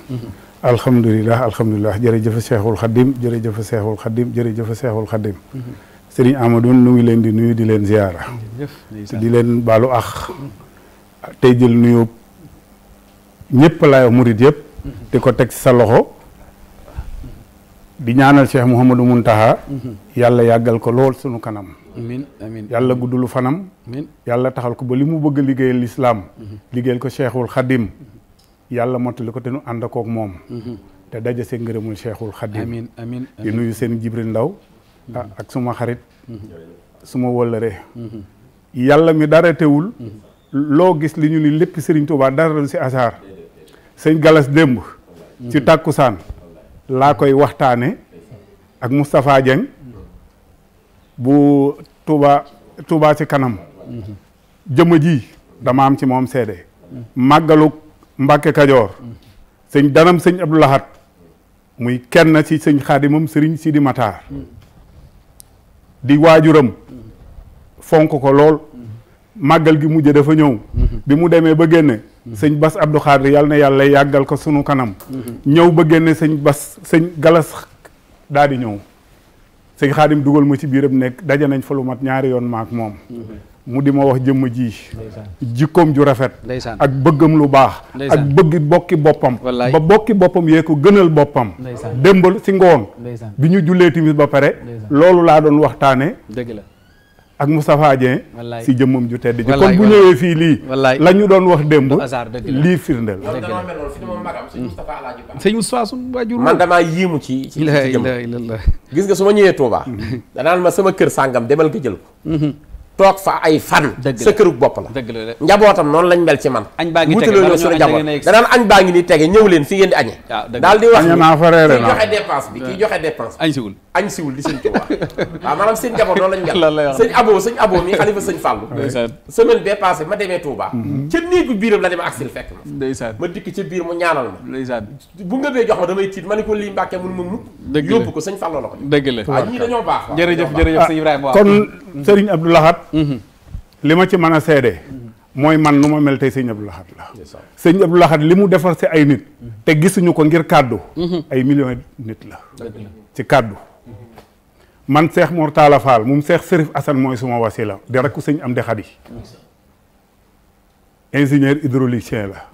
alhamdulilah alhamdulilah jërëjëf Seexul Xaddim jërëjëf Seexul Xaddim jërëjëf Seexul Xaddim sëriñ Amadou nu ngi leen di nuyu di leen ziyaara di leen baalu ax tey jël nuyu ñëpp laay murit yëpp di ko teg sa loxo di ñaanal Cheikh Mouhamadou Mountaha yàlla yàggal ko lool sunu kanam amiin amiin yàlla guddulu fanam yàlla taxal ko ba li mu bëgg liggéeyal lislaam mhm. liggéeyal ko Cheikhul Xaddim yàlla mottali ko te nu ànd kook moom mhm. te daje seen ngërëmul cheikhul xadim amiin nuyu seen jibril ndaw mhm. ah, ak suma xarit mhm. suma wëllëre yàlla mi dara teewul loo gis li ñu ni lépp sëriñ Tuubaa dara si asaar sëñ galas démb ci tàkkusaan laa koy waxtaane ak Moustapha Dieng bu Touba Touba ci kanam jëmm ji dama am ci moom seede màggalu Mbàkke Kajoor sëñ danam sëñ Abdou Lahad muy kenn ci sëñ xaadimam sëriñ Sidi Mataar di waajuram fonk ko lool màggal gi mujj dafa ñëw bi mu demee ba génne sëñ bas Abdou Khadre yàlla na yàlla yàggal ko sunu kanam ñëw ba génne sëñ bas sëñ galas daal ñëw sëñ xaadim dugal ma ci biiram nekk daje nañ fa lu mat ñaari yoon maak moom mu di ma wax jëmm ji jikkoom ju rafet ak bëggam lu baax ak bëgg bokki boppam ba bokki boppam yee ko gënal boppam démbal si ngoon bi ñu jullee timis ba pare loolu laa doon waxtaane dëgg la ak Moustapha Dieng si jëmmam ju tedd ji kon bu ñëwee fii lii la ñu doon wax démb lii firndeel mm. sëñ Moustapha su waajur man damaa yiimu ci ci jëmm gis nga su ma ñëwee Touba mm-hmm. danaan ma sama kër sàngam demal nga toog fa ay fan sa kërug bopp la njabootam noonu lañ mel ci man wutuloo suñu njaboot danaan añ baa ngi ni tege ñëw leen fi ngeen di añe ah, daal di wax kii joxe dépense bi kii ah. joxe dépense <laughs> seen aboo sëñ aboo mi xalifa sëñ Fàllu semaine bee passé ma demee Tuubaa mhm. ca néegu biiram la dem aksil fekk ma ma dikk ca biir mu ñaanal ma bu nga bee jox ma damay tiit ma ni ko lii Mbàkke mun ma mukk yóbbu ko sëñ Fàllu la ko dëgg la ñii dañoo baax jërëjëf jërëjëf sëñ Ibrahima waaw ah, sëriñ Abdou Lahad mhm. li ma ci man a seede mooy man nu ma mel tey sëñ Abdou Lahad la sëñ Abdou li mu defar si ay nit mhm. te gisuñu ko ngir kàddu mhm. ay millions nit la ci kàddu man seex moor Talla Fall moom seex Serif Assane mooy suma wasila di rekku sëñ Amdi Xadi ingénieur hydraulicien la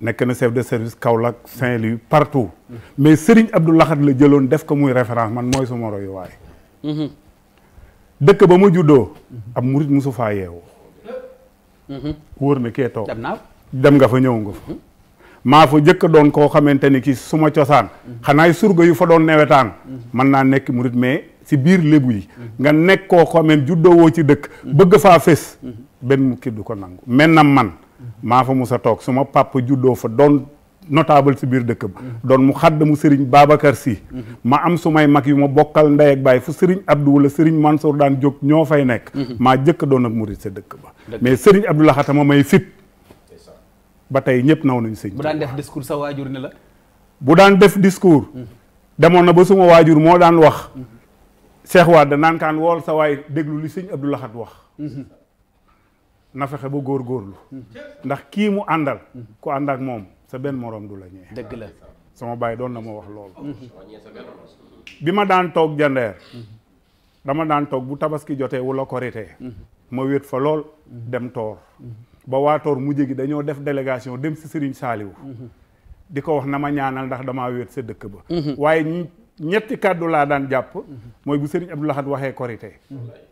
nekk na sef de service Kaolack Saint-Louis partout mais sëriñ Abdou Lahad la jëloon def ko muy référence man mooy suma royuwaay dëkk ba mu juddoo ab murit mosu faa yeewu wóor na kee toog dem nga fa ñëw nga fa maa fa jëkk doon koo xamante ni ki suma cosaan xanaa surga yu fa doon newetaan mën naa nekk murit mais si biir lébu yi nga nekk koo xamee juddoowoo ci dëkk bëgg faa fés benn mu kii ko nangu mel na man maa fa mus a toog suma papa juddoo fa doon notable si biir dëkk ba doon mu xadd mu sëriñ Babacar si ma am sumay mag yu ma bokkal ndey ak baay fu sëriñ Abdou wala sëriñ Mansour daan jóg ñoo fay nekk maa jëkk doon ak murid sa dëkk ba mais sëriñ Abdou Lahat ma may fit ba tey ñëpp naw nañ sëñ bu daan def discours sa waajur ni la bu daan def discours hmm. demoon na ba suma waajur moo daan wax Seex Wade naan kaan wool sa waay déglu li sëñ Abdou Lahat wax hmm. na fexe ba góor góorlu hmm. ndax kii mu àndal ku ànd ak moom sa benn moroom du la ñëwee. dëgg la sama baay doon na ma wax loolu. bi ma daan toog jandeer dama daan toog bu tabaski jotee wala korite ma wéet fa lool dem toor ba waa toor mu gi dañoo def délégation dem si Serigne Saliou di ko wax na ma ñaanal ndax damaa wéet sa dëkk ba waaye ñetti kàddu laa daan jàpp mooy bu Serigne Abdou Lahad waxee korite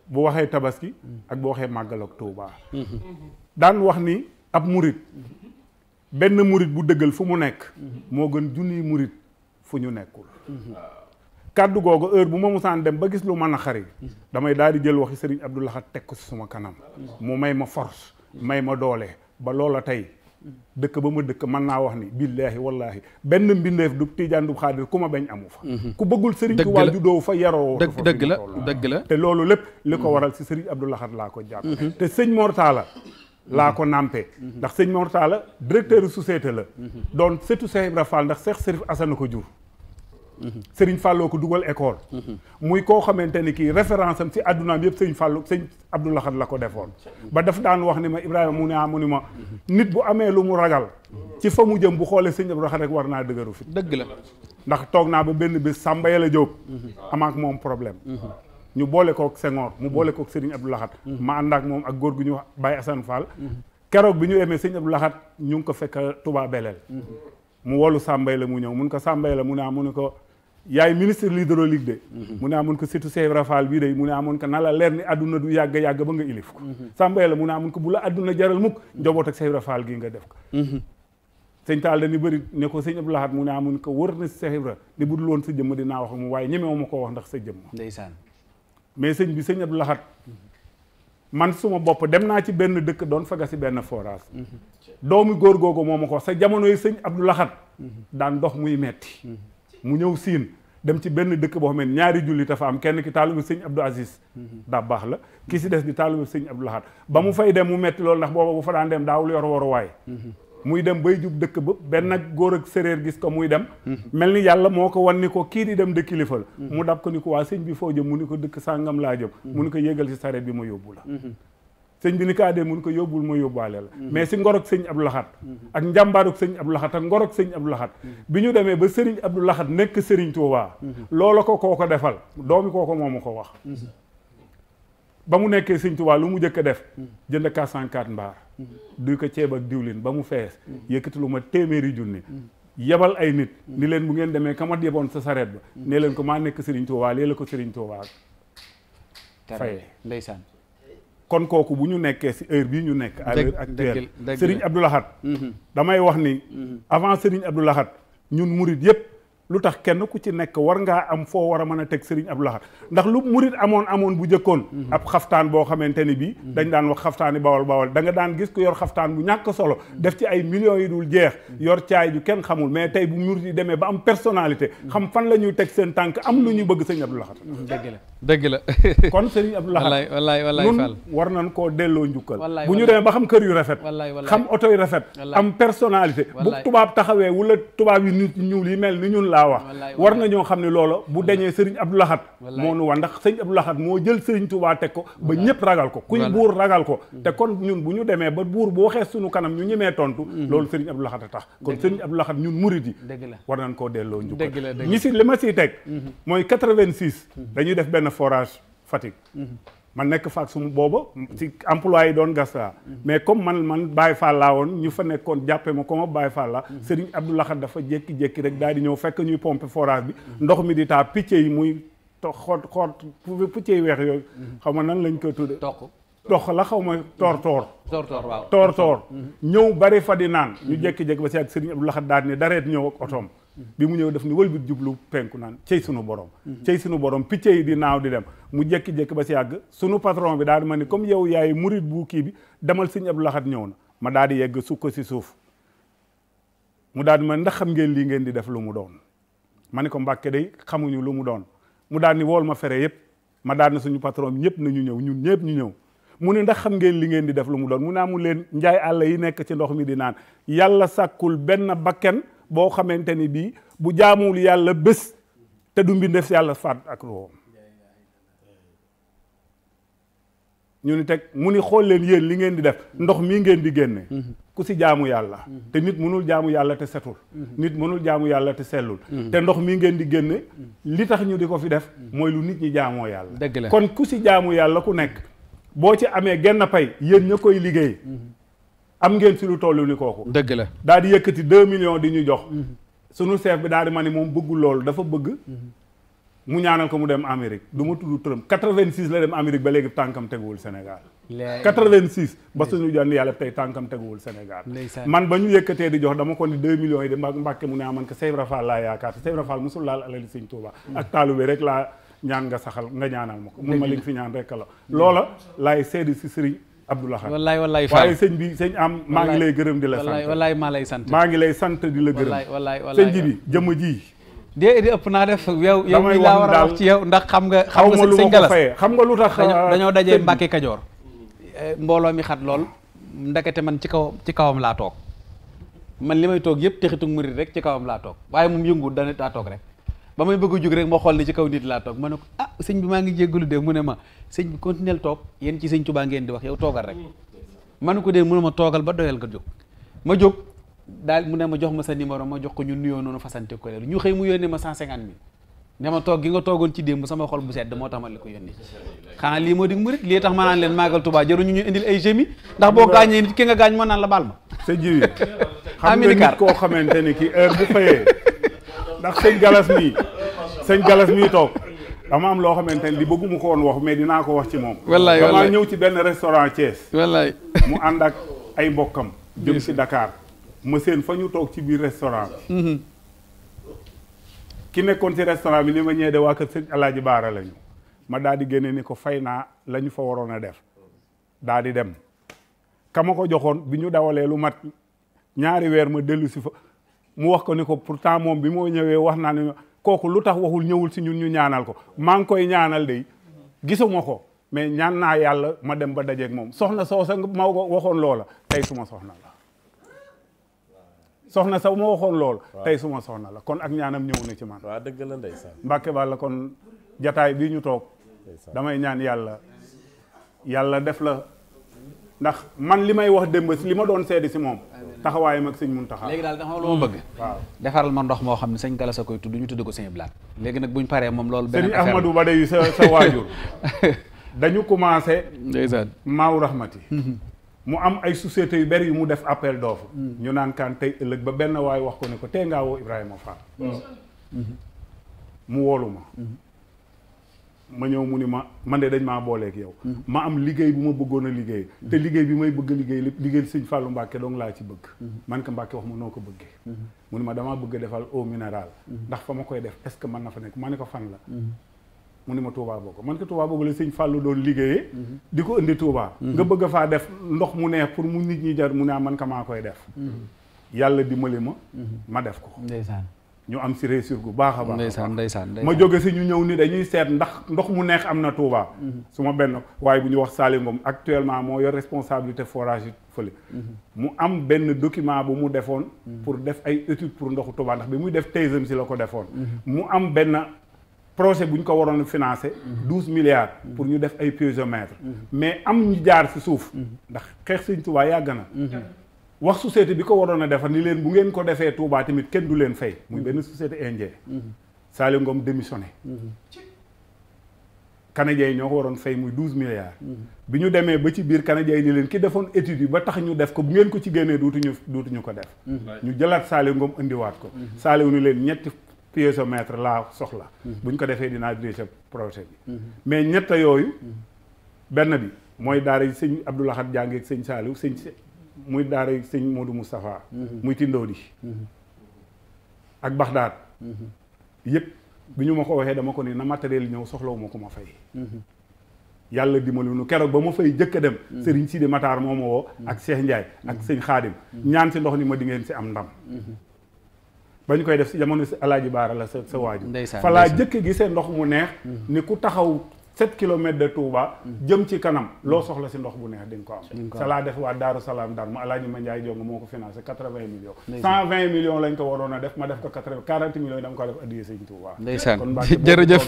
bu waxee tabaski ak bu waxee màggal ak Touba mhm. daan wax ni ab murit benn murit bu dëggal fu mu nekk moo gën junniy murit fu ñu nekkul kàddu googu heure bu ma musaan dem ba gis lu mën a xari damay daal di jël waxi sëriñ Abdou Lahad teg ko si suma kanam mu may ma force may ma doole ba loola tey dëkk ba ma dëkk mën naa wax ni billaahi wallaahi benn mbindeef du tiijaan du xaadir ku ma bañ amu fa mhm. ku bëggul sëriñ bi waa juddoo fa yaroo dëgg la dëgg la te loolu lépp li ko waral si sëriñ Abdou Lahad laa ko jàpp mhm. te sëñ Mortala laa ko nampé. ndax sëñ Mor Talla directeur société la. doon surtout Cheikh Ibra Fall ndax Cheikh Serif Assane ko jur. Serigne Falloo ko dugal école. muy koo xamante ni kii référence si addunaam yëpp sëñ Fallou sëñ la xam la ko defoon. ba daf daan wax ne ma Ibrahima mu ne ah, mu ne ma. nit bu amee lu mu ragal. ci fa mu jëm bu xoolee sëñ Abdou Lahad rek war naa dëgëru fi. dëgg la ndax toog naa ba benn bés Samba Yàlla Jóob. am ak moom problème. ñu boole kook Senghor mu boole mm. kook Serigne Abdou Lahad mm. ma ànd ak moom ak góor gu ñu wax Baye Assane Fall mm. keroog bi ñu emee sëñ Abdou Lahad ñu ngi ko fekk Touba Beleel mu wolu Sambay la mu ñëw mun ko Sambay la mu ne ah, mu ne ko yaay ministre de l'hydraulique mm-hmm. mu ne amun ah, ko surtout Cheikh Ibra bii de mu ne ah, ko na leer ni àdduna du yàgg yàgg ba nga ilif ko mm-hmm. Sambay la mu ne amun ko bu la àdduna jaral mukk mm-hmm. njaboot ak Cheikh Ibra Fall gi nga def ko sëñ Taal dañu bëri ne ko sëñ Abdou Lahad mu ne mun ko wër na Cheikh Ibra ni budul jëmm dinaa wax mu waaye ñemewuma koo wax ndax sa jëmm ndeysaan mais sëñ bi sëñ Abdou man suma bopp dem naa ci benn dëkk doon faga si benn forage doomu góor googu moo ma ko sa jamono sëñ Abdou Lahad daan dox muy metti mu ñëw siin dem ci benn dëkk boo xam ne ñaari jullit dafa am kenn ki taalibu sëñ Abdou Aziz daa baax la ki si des di taalibu sëñ Abdou Lahad ba mu fay dem mu metti loolu ndax booba bu fa daan dem daawul yor waruwaay muy dem bay jub dëkk ba benn nag góor ak séréer gis ko muy dem mel ni yàlla moo ko wan ni ko kii di dem de kilifa la mu dab ko ni ko waa sëñ bi foo jëm mu ni ko dëkk sàngam laa jëm mu ni ko yégal ci sareet bi ma yóbbu la sëñ bi ni kaa dee mun ko yóbbul ma yóbbaale la mais si ngorog sëñ Abdou Lahat ak njàmbaarug sëñ ab laxat ak ngorog sëñ ab Lahat bi ñu demee ba sëriñ Abdou Lahat nekk sëriñ Tuubaa loola ko koo ko defal doomi kooko moomu ko wax ba mu nekkee sëñ Tuubaa lu mu njëkk a def jënd 404 mbaar du ko ceeb ak diwlin ba mu fees yëkkati lu ma téeméeri junni yebal ay nit ni leen bu ngeen demee kamat yeboon sa sareet ba ne leen ko maa nekk Serigne Touba lee la ko Serigne Touba faye ndeysaan kon kooku bu ñu nekkee si heure bii ñu nekk à ak actuelle Serigne Abdou Lahad mhm. damay wax ni mhm. avant Serigne Abdou Lahad ñun murit yëpp lu tax kenn ku ci nekk war ngaa am foo war a mën a teg Serigne ab Lahad ndax lu murit amoon amoon bu njëkkoon mhm. ab xaftaan boo xamante ni bii mhm. dañ daan wax xaftaani bawal bawal da nga daan gis ku yor xaftaan bu ñàkk solo mhm. def ci ay millions yi dul jeex yor caay ju kenn xamul mais tey bu murit yi demee ba am personnalité xam fan la ñuy teg seen tànk am lu ñu bëgg Serigne Abdou Lahad dëgg la dëgg la <laughs> kon Serigne Abdou Lahad wallaay wallaay wallaay Fall nun war nañ koo delloo njukkal bu ñu demee ba xam kër yu rafet xam oto yu rafet am personnalité bu tubaab taxawee wala tubaab yu nit ñuul yi mel ni ñun laa wax war na ñoo xam ne loola bu deñee Serigne Abdou Lahad moo nu war ndax Serigne Abdou Lahad moo jël Serigne Touba teg ko ba ñëpp ragal ko kuy buur ragal ko mm. te kon ñun bu ñu demee ba buur bu waxee sunu kanam ñu ñemee tontu mm. loolu Serigne Abdou Lahad a tax kon Serigne Abdou Lahad ñun murit yi war nañ koo delloo njukkal ñi si li ma siy teg mm-hmm. mooy 86 mm-hmm. dañuy def benn forage Fatick. man nekk faak suma booba ci employé yi doon gas laa mais comme man man Baye Fall woon ñu fa nekkoon jàppee ma comme Baye Fall la Serigne Abdou Lahad dafa jékki-jékki rek daal di ñëw fekk ñuy pompe forage bi ndox mi di taa picc yi muy to xoot xoot picc yi weex yooyu xaw ma nan lañ koy tudde toq toq la xaw ma toor toor toor waaw toor toor mm-hmm. ñëw bari fa di naan ñu jékki-jékki ba si ak Serigne Abdou Lahad daal di dareet ñëw ak otoom bi mu ñëw def ni wëlbit jublu penku naan cey suñu borom cey suñu borom picc yi di naaw di dem mu jekki-jekki ba si yàgg sunu patron bi daal di ma ni comme yow yaay murit bu kii bi demal sëñ Abdou Lahad ñëw na ma daal di yegg sukk si suuf mu daal di ndax xam ngeen lii ngeen di def lu mu doon ma ni ko mbàkke day xamuñu lu mu doon mu daal ni wool ma fere yëpp ma daan ni suñu patron bi ñëpp nañu ñëw ñun ñëpp ñu ñëw mu ne ndax xam ngeen li ngeen di def lu mu doon mu naa mu leen njaay àll yi nekk ci ndox mi di naan yàlla sàkkul benn bakken boo xamante ni bii bu jaamuwul yàlla bés te du mbindeef yàlla faat ak room ñu ni teg mu ni xool leen yéen li ngeen di def ndox mii ngeen di génne ku si jaamu yàlla te nit mënul jaamu yàlla te setul nit mënul jaamu yàlla te sellul te ndox mii ngeen di génne li tax ñu di ko fi def mooy lu nit ñi jaamoo yàlla dëgg kon ku si jaamu yàlla ku nekk boo ci amee genn pay yéen ña koy liggéey am ngeen fi lu toll ni kooku. dëgg la daal di yëkkati deux millions di ñu jox. sunu chef bi daal di man ne moom bëggul loolu dafa bëgg. mu ñaanal ko mu dem Amérique du ma tudd turam 86 la dem Amérique ba léegi tànkam teguwul Sénégal. 86 ba suñu jànd yàlla tey tànkam teguwul Sénégal. man ba ñu yëkkatee di jox dama ko ni 2 millions yi di mbàkke mu ne aman ah, ko Seydou Rafal laa yaakaar te Seydou Rafal mosul laal alali Sëñ Tuuba. Mm. ak rek laa ñaan saxal nga ñaanal ma ko. mun ma fi ñaan rek la loola mm. laay seedi si sëriñ Abdou Lahad wallaay wallaay Fall waaye sëñ bi sëñ am maa ngi lay gërëm di la sant wallaay maa lay sant maa ngi lay sant di la gërëm wallaay wallaay sëñ ji bi jëmm ji dé di ëpp naa def yow yow mi laa war a wax ci yow ndax xam nga xam nga sëñ galas xam nga lu tax dañoo euh, dajee Mbàkke Kajoor euh, mbooloo mi xat lool ndakate man ci kaw ci kawam laa toog man li may toog yëpp texitug murit rek ci kawam laa toog waaye moom yëngu dana daa toog rek ba may bëgg jóg rek ma xool ni ci kaw nit laa toog ma ne ko ah sëñ bi maa ngi jéggalu de mu ne ma sëñ bi continuel toog yéen ci sëñ Tuubaa ngeen di wax yow toogal rek ma ne ko dee mu ne ma toogal ba doyal nga jóg ma jóg daal mu ne ma jox ma sa numéro ma jox ko ñu nuyoo noonu fasante ko leer ñu xëy mu yónnee ma cent cinquante mille toog gi nga toogoon ci démb sama xol bu sedd moo tax ma la ko yónnee xanaa lii moo dig murit lii tax ma naan leen màggal Tuubaa jëru ñu ñu indil ay gémi ndax boo gaañee nit ki nga gaañ ma naan la baal ma <laughs> xam nga nit ndax sëñ galas mii sëñ galas mii toog dama am loo xamante ne di bëgguma ko woon wax mais dinaa ko wax ci moom wallaay wallaay dama ñëw ci benn restaurant Thiès wallaay mu ànd ak ay mbokkam jëm si dakaar ma seen fa ñu toog ci biir restaurant mm-hmm. ki nekkoon si restaurant bi ni ma ñëwee de waa kër sëñ Alaaji Baara lañu ma daal di génne ni ko fay naa la ñu fa waroon a def daal di dem kama ko joxoon bi ñu dawalee lu mat ñaari weer ma dellu si fa mu wax ko ni ko pourtant moom bi moo ñëwee wax naa ne kooku lu tax waxul ñëwul si ñun ñu ñaanal ko maa ngi koy ñaanal de gisuma ko mais ñaan naa yàlla ma dem ba dajeeg moom soxna soo sa ma waxoon loola tey suma soxna la soxna sa ma waxoon lool tey suma soxna la kon ak ñaanam ñëw na ci man waaw dëgg la ndeysaan Mbàkke Bàlla kon jataay bii ñu toog damay ñaan yàlla yàlla def la ndax man li may wax démb li ma doon seedi si moom taxawaayam ak sëñ Muntaxa léegi daal dama lu ma hmm. bëgg waaw defaral ma ndox moo xam ne sëñ Gallas a koy tudd ñu tudd ko sëñ Blaat léegi nag buñ paree moom loolu benn sëñ Ahmadou Ba day sa sa waajur <laughs> dañu commencé ndeysaan maaw rahmati hmm. mu am ay sociétés yu bari yu mu def appel d'offre hmm. ñu naan kaan tey ëllëg ba benn waay wax ko ne ko tee ngaa woo Ibrahima Fall mu woolu ma ma ñëw mu ni ma man de dañ maa booleek yow mm-hmm. ma am liggéey bu ma bëggoon a liggéey mm-hmm. te liggéey bi may bëgg liggéey lépp liggéey sëñ fàllu mbàkke dong laa ci bëgg mm-hmm. man ko Mbacke wax ma noo ko bëggee mu ni ma damaa bëgg defal eau minérale ndax fa ma koy def est-ce que mën na fa nekk ma ne ko fan la mu ni ma Touba boo ko man ko Touba boobu la sëñ fàllu doon liggéeyee di ko indi Touba nga bëgg faa def ndox mu neex pour mu nit ñi jar mu ne ah, man ka maa koy def yàlla dimbali ma ma def ko ndeysaan ñu am si réussir gu baax a baax. ndeysaan ndeysaan ma joge si ñu ñëw nii dañuy seet ndax ndox mu neex am na Touba. Mhm. su ma benn waaye bu ñu wax Salim Ngom actuellement moo yor responsabilité forage fële. Mhm. mu am benn document bu mu defoon. Mhm. pour def ay étude pour ndoxu Touba ndax bi muy def thèse si la ko defoon. mu am benn projet bu ñu ko waroon financer. douze milliards. pour ñu def ay piézomètres. mais am ñu jaar si suuf. ndax xeex Sëñ Touba yàgg na. wax société bi ko waroon a defar ni leen bu ngeen ko defee Touba tamit kenn du leen fey muy benn société indien Saliou Ngom démissionné canadiens yi ñoo ko waroon fay muy douze milliards bi ñu demee ba ci biir canadiens yi ni leen ki defoon études yi ba tax ñu def ko bu ngeen ko ci génnee duutuñu duutuñu ko def ñu jëlaat Saliou ngoom indiwaat ko wu mm-hmm. ni leen ñetti piézomètre laa soxla mm-hmm. buñ ko defee dinaa dirigé projet bi mm-hmm. mais ñett yooyu benn bi mooy daara yi sëñ Abdoul Ahad jàngee sëñ Saliou sëñ muy daara sëñ Modou Moustapha mhm. muy tindoo di mhm. ak Baxdaad mhm. yëpp bi ñu ma ko waxee dama ko ni na matériel ñëw soxlawu ma ko ma fay yàlla dimbali nu keroog ba ma fay jëkk a dem sëriñ Sidi Mataar moo ak seex Ndiaye ak sëñ Xaadim ñaan si ndox ni ma di ngeen si am ndam bañ koy def si jamono si alaaji baara la sa sa waaju fa jëkk gisee ndox mu neex ni ku taxaw 7 kilomètres de Touba. Mm. jëm ci kanam loo soxla si ndox bu neex di nga ko am. sa laa def waa Daaru Salaam Dar mu Alaaji Mandiaye Jong moo ko financé 80 millions. 120 millions lañ ko waroon a def ma def ko 80 40 millions dama ko def addiya Sëñ Touba. ndeysaan jërëjëf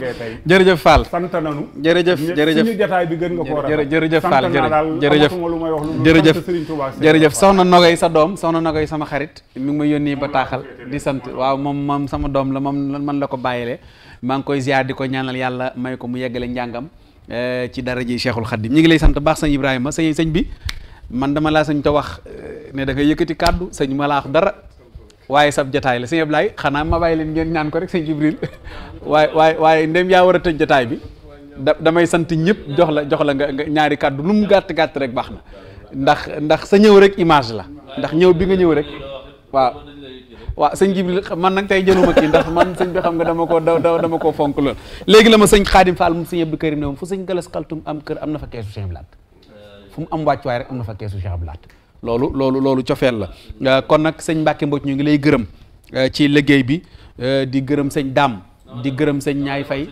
jërëjëf Fall sant nañu. jërëjëf jërëjëf suñu jotaay bi jërëjëf jërëjëf jërëjëf jërëjëf soxna sa doom soxna Nogay sama xarit mi ngi ma yónnee bataaxal di sant waaw moom moom sama doom la moom man la ko bàyyile maa ngi koy ziar di ko ñaanal yàlla may ko mu yeggale njàngam eh, ci dara ji Cheikhul Khadim ñu ngi lay sant baax sëñ Ibrahima sañ sëñ bi man dama laa sañ te wax eh, ne da nga yëkkati kàddu sëñ ma laa wax dara waaye sab jataay la sëñ Ablaye xanaa ma bàyyi leen ngeen ñaan ko rek sëñ Jibril <laughs> waaye waaye waaye ndem yaa war a tëj jataay bi da damay sant ñëpp jox la jox la nga ñaari kàddu lu mu gàtt gàtt rek baax na ndax ndax sa ñëw rek image la ndax ñëw bi nga ñëw rek waaw waaw sëñ Jibril man nag tey jëluma kii ndax man sëñ bi xam nga dama koo da dama koo fonk lool léegi la ma sëñ Xaadim Fall mu sëñ Abdou Karim ne moom fu sëñ Galas Xaltum am am na fa keesu Cheikh Ablaat fu mu am wàccuwaay rek am na fa keesu Cheikh Ablaat loolu loolu loolu cofeel la euh, kon nag sëñ Mbàkke Mbodj ñu ngi lay gërëm euh, ci liggéey bi euh, di gërëm sëñ Daam di gërëm sëñ Ñaay Fay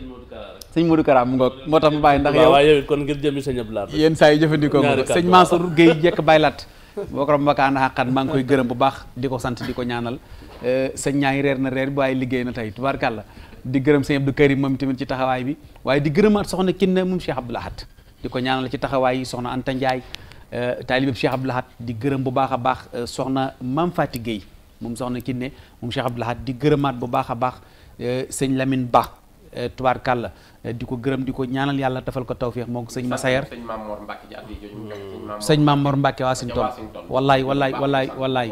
sëñ Modou Karam mu ngoog moo tax mu bàyyi ndax yow waaw yow kon ngir jëmi sëñ Ablaat yéen saa yi jëfandikoo nga sëñ Mansour Guèye jekk baylaat boo ko rom mbakaana xaqan maa ngi koy gërëm bu baax di ko sant di ko ñaanal Euh, sëñ ñaay reer na reer bi waaye liggéey na tey tubaarkàlla di gërëm sëñ Abdou Karim moom tamit ci taxawaay bi waaye di gërëmaat soxna Kiné moom Cheikh Abdou Lahad di ko ñaanal ci taxawaay yi soxna Anta Ndiaye euh, taalibe Cheikh Abdou Lahad di gërëm bu baax a baax euh, soxna Mame faa tiggéey moom soxna Kiné moom Cheikh Abdou Lahad di gërëmaat bu baax a baax sëñ Lamine Ba tubaarkàlla di ko gërëm di ko ñaanal yàlla defal ko tawféex moom sëñ Masayer sëñ Mamor Mbacke Washington wallaay wallaay wallaay wallaay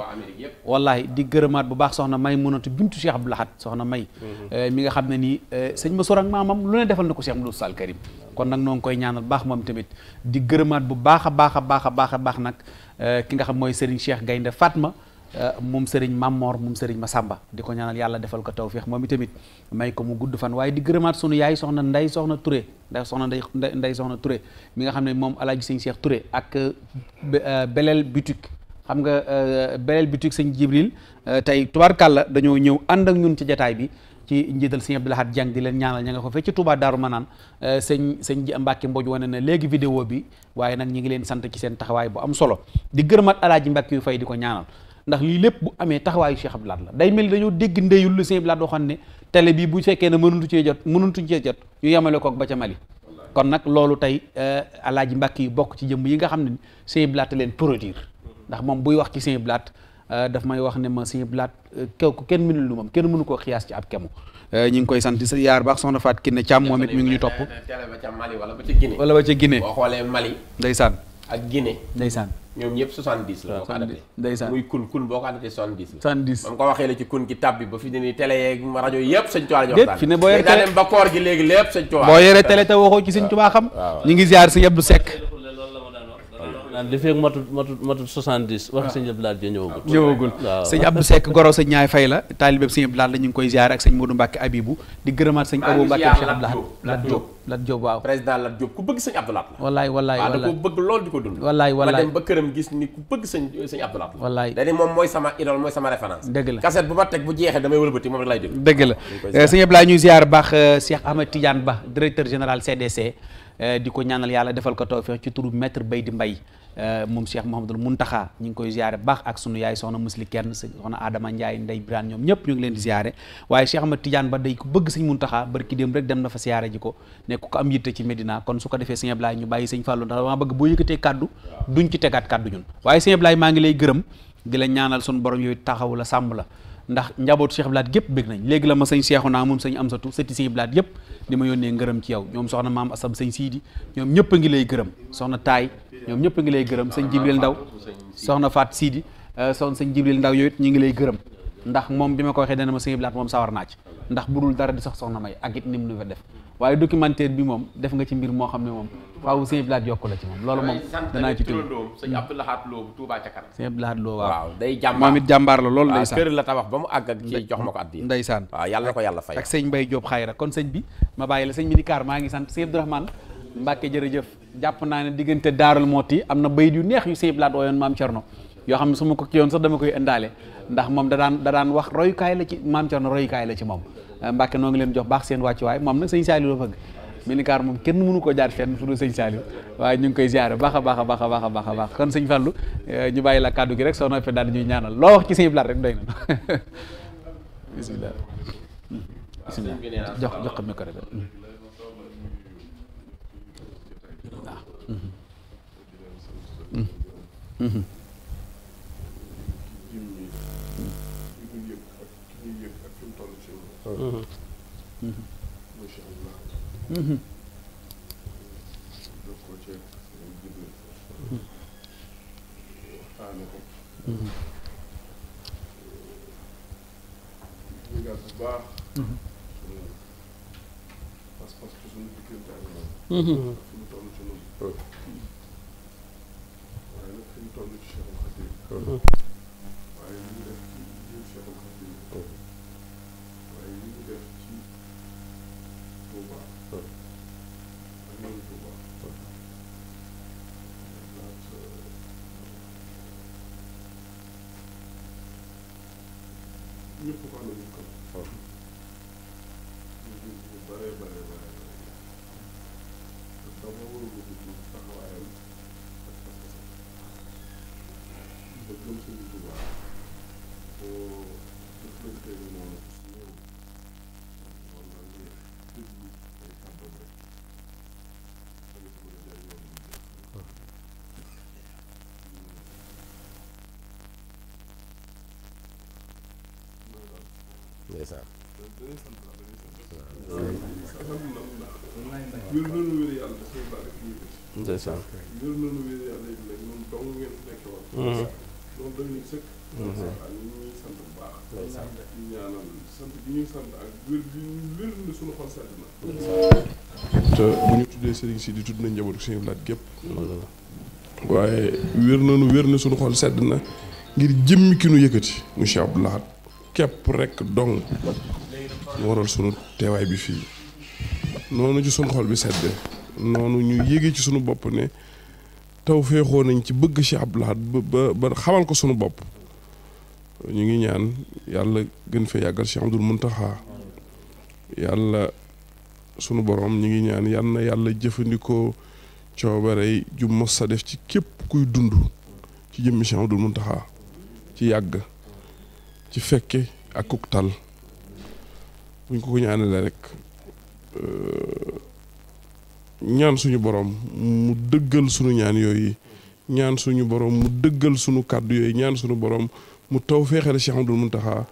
wallaay di gërëmaat bu baax soxna may mënatu bintu Cheikh Abdou Lahad soxna may mhm. eh, mi nga xam ne nii eh, sëñ ma ak maamam lu ne defal na ko Cheikh Abdou Sall Karim kon nag noo ngi koy ñaanal baax moom tamit di gërëmaat bu baax a baax a baax a baax a baax nag eh, ki nga xam mooy Serigne Cheikh Gaynde ma Euh, moom Serigne Mamor moom ma Massamba di ko ñaanal yàlla defal ko taw feex moom itamit may ko mu gudd fan waaye di gërëmaat sunu yaay soxna nday soxna Touré nday soxna nday soxna Touré mi nga xam ne moom alaaji sëñ Cheikh Touré ak euh, euh, beleel boutique xam nga beleel boutique sëñ Jibril tey tubaarkàlla dañoo ñëw ànd ak ñun ci jataay bi ci njiital sëñ Abdou Lahad Dieng di leen ñaanal ña nga ko fekk ci Touba Darou Manane sëñ sëñ Mbacke Mbodj wane na léegi video bi waaye nag ñi ngi leen sant ci seen taxawaay bu am solo di gërëmaat alaaji Mbacke yu fay di ko ñaanal ndax lii lépp bu amee taxawaayu Cheikh Abdou Lahad la day mel ni dañoo dégg ndeyul lu Cheikh Abdou Lahad waxoon ne tele bi bu fekkee ne mënuntu cee jot mënuntuñ cee jot ñu yemale koog ba ca Mali kon nag loolu tey euh, alaaji mbàkk yi bokk ci jëmm yi nga xam ne Cheikh leen produire ndax moom buy wax ci Cheikh Abdou Lahad daf may wax ne ma Cheikh Abdou Lahad kew ko kenn mënul lu moom kenn mënu koo xiyaas ci ab kemu euh, ñu ngi koy sant sa yaar baax soxna Faat Kiné Thiam moom it mi ngi ñu topp wala ba ca Guinée boo xoolee Mali ndeysaan ak Guinée. ndeysaan ñoom ñëpp 70 la. boo ko adapté ndeysaan muy kun kun boo ko adapté 70 la. 70 ba mu waxee la ci kun gi tab ba fi ne nii télé yeeg rajo yëpp sëñ Tuubaa la jox daal fi ne boo yoree télé ba koor gi léegi lépp sëñ Tuubaa boo yoree télé te waxoo ci sëñ Tuubaa xam ñu ngi ziar si Abdou Seck naan li feeg matut matut matut soixante-dix wax ah. sëñ Abdou Lahad ja ñëwagul ah. ñëwagul waaw <laughs> sëñ Abdou Seck goro sëñ ñaay fay la taalibeb sëñ Abdou Lahad la ñu ngi koy ziar ak sëñ Modou Mbacke Abibou di gërëmaat sëñ Abou Mbacke Cheikh Abdou Lahad Lat Diop Lat Diop waaw président Lat Diop ku bëgg sëñ Abdou Lahad la wallaay wallaay wallaay da ko bëgg lool di ko dund wallaay wallaay ma dem ba këram gis ni ku bëgg sëñ sëñ Abdou Lahad wallaay dañu moom mooy sama idole mooy sama référence dëgg la cassette bu ma teg bu jeexee damay wëlbati moom rek lay déglu dëgg la eh, sëñ Abdou Lahad ñuy ziar baax eh, Cheikh Ahmed Tidiane Ba directeur général CDC eh, di ko ñaanal yàlla defal ko tawfeex ci turu maître Baydi Mbaye Euh, moom Cheikh Mouhamadul Muntaxa ñu ngi koy ziare baax ak sunu yaay soxna musli kenn soxna Adama Ndiaye Ndey Birane ñoom ñëpp ñu ngi leen di ziare waaye Cheikh Ahmad Tidiane ba day ku bëgg sëñ Muntaxa barki dem rek dem na fa ziare ji ko ne ko am yitte ci Medina kon su ko defee sëñ Ablaye ñu bàyyi sëñ Fallou ndax dama bëgg boo yëkkatee kaddu duñ ci tegaat kaddu ñun waaye sëñ Ablaye maa ngi lay gërëm di la ñaanal sunu borom yooyu taxaw la sàmm la ndax njaboot Cheikh Blaat gépp bég nañ léegi la ma sëñ Cheikhu naa moom sa Amsatu sëti sëñ Blaat yëpp di ma yónnee ngërëm ci yow ñoom soxna maam Asam sañ Siidi ñoom ñëpp ngi lay gërëm soxna Taay ñoom ñëpp ngi lay gërëm sëñ Jibril Ndaw soxna Faat Siidi euh, soxna sëñ Jibril Ndaw yooyu ñu ngi lay gërëm ndax moom bi ma ko waxee dana ma sëñ Blaat moom sawar naa ci ndax budul dara di sax soxna may ak it nim nu fa def waaye documentaire bi moom def nga ci mbir moo xam ne moom faaw sëñ Abdoulaye yokk la ci moom loolu moom danaa ci tudd sëñ mm. Abdoulaye Lo bu Touba ca kanam sëñ Abdoulaye jàmbaar moom it jàmbaar la loolu ndeysaan kër la tabax ba mu àgg ak ci jox ma ko addi ndeysaan waaw yàlla ko yàlla fay ak sëñ Mbaye Diop xayra kon sëñ bi ma bàyyi la sëñ mi di kaar maa ngi sant sëñ Abdourahmane Mbacke jërëjëf jàpp naa ne diggante Daarul Mooti am na bayit yu neex yu sëñ Abdoulaye ooyoon maam Cerno yoo xam ne su ma ko ki yoon sax dama koy indaale ndax moom da daan da daan wax royukaay la ci maam Cerno royukaay la ci moom Euh, Mbàkke noo ngi leen jox baax seen wàcc wàccuwaay moom nag sëñ Saliou la bëgg Minicar moom kenn mënu koo jaar fenn su dul sëñ Saliou waaye ñu ngi koy ziare baax a baax a baax a baax a baax a baax kon sëñ Fallou euh, ñu bàyyi la kàddu gi rek soo noppee daal ñuy ñaanal loo wax ci sëñ Blaat rek <laughs> bisimilah bisimilah jox jox mi ko rek waaw mhm. Mhm. Mhm. allah waaye nag fi ñu toll ci ñëpp ko amee wér na te bu ñu tuddee sëriñ si di tudd nañ njabootu suñu laaj gépp. waaye wér na nu wér na sunu xol sedd na ngir jëmmi ki nu yëkkati mu Cheikh Abdou Lahad képp rek dong. waral sunu teewaay bi fii. noonu ci sunu xol bi sedde noonu ñu yéegee ci sunu bopp ne taw féexoo nañ ci bëgg ci Abdou Lahad ba ba xamal ko sunu bopp ñu ngi ñaan yàlla gën fee yàggal Cheikh Abdoul Mountakha yàlla sunu borom ñu ngi ñaan yal na yàlla jëfandikoo coobare ju mos a def ci képp kuy dund ci jëmmi du Abdoul Mountakha ci yàgg ci fekke ak kuk tal buñ ko ko ñaanalee rek Euh, ñaan suñu boroom mu dëggal suñu ñaan yooyu ñaan suñu borom mu dëggal suñu kàddu yooyu ñaan suñu borom mu taw feexale Cheikh Amadou Mountakha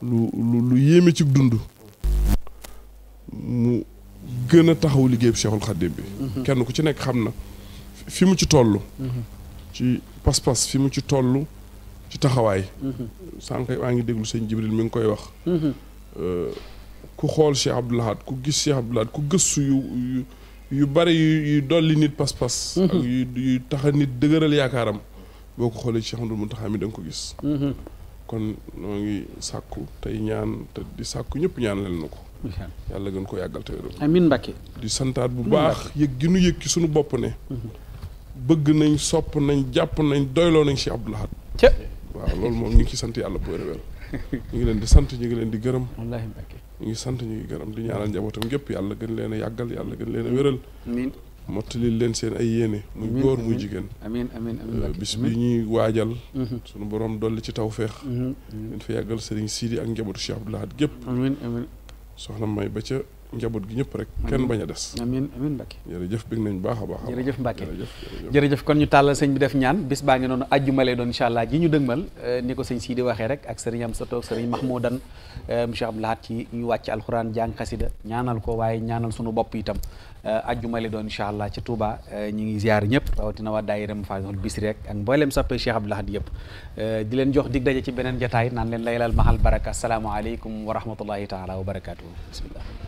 lu lu lu yéeme ci dund mu gën a taxaw liggéey bu Cheikhul Khadim bi mhm. kenn ku ci nekk xam na fi mu ci toll mhm. ci pas-pas fi mu ci tollu ci taxawaay mhm. sànq maa ngi déglu sëñ Jibril mi ngi koy wax euh, ku xool Cheikh Abdoul Ahad ku gis Cheikh Abdoul Ahad ku gëstu yu yu yu bari yu dolli nit pas-pas. Mhm. ak yu tax nit dëgëral yaakaaram boo ko xoolee Cheikh Ahmadou Mountakha mi da nga ko gis. Mhm. kon noo ngi sàkku tey ñaan te di sàkku ñëpp ñaan leen na ko. yàlla gën ko yàggal te wéral. amiin di santaat bu baax yëg gi nu yëg ci suñu bopp ne. Mhm. bëgg nañ sopp nañ jàpp nañ doyloo nañ Cheikh Abdoul Ahad. waaw loolu moom ñu ngi ciy sant yàlla bu wér ñu ngi leen di sant ñu ngi leen di gërëm. ñu ngi sant ñu ngi gërëm di ñaanal njabootam gépp yàlla gën leen a yàggal yàlla gën leen a wéral mottali leen seen ay yéene muy góor muy jigéen amiin amiin amiin euh, bis bi ñuy waajal mhm. sunu borom dolli ci taw tawféex ñu mhm, mhm. fa yàggal sëriñ Sidi ak njabootu Cheikh Abdoul Ahad gépp amiin amiin soxna may ba ca njaboot gi ñëpp rek kenn bañ a des amiin amiin Mbacke jërëjëf bëgg nañ baax a baax jërëjëf Mbacke jërëjëf kon ñu tàllal sëñ bi def ñaan bis baa ngi noonu àjjuma lay doon incha allah ji ñu dëgmal eh, ni ko sëñ Sidi waxee rek ak sëriñ Amsatou sëriñ Mahmoudan eh, monsieur Abdoulahat ci ñu wàcc alxuraan jàng xasida ñaanal ko waaye ñaanal sunu bopp itam eh, àjjuma lay doon incha allah ci Touba ñu ngi ziar ñëpp rawatina waa daayira Mafatihul Bichri rek ak mboolem sappe Cheikh Abdoulahat yëpp di leen jox dig daje ci beneen jotaay naan leen laylal mahal baraka asalaamaaleykum wa rahmatullahi taala wa barakatuh bismillah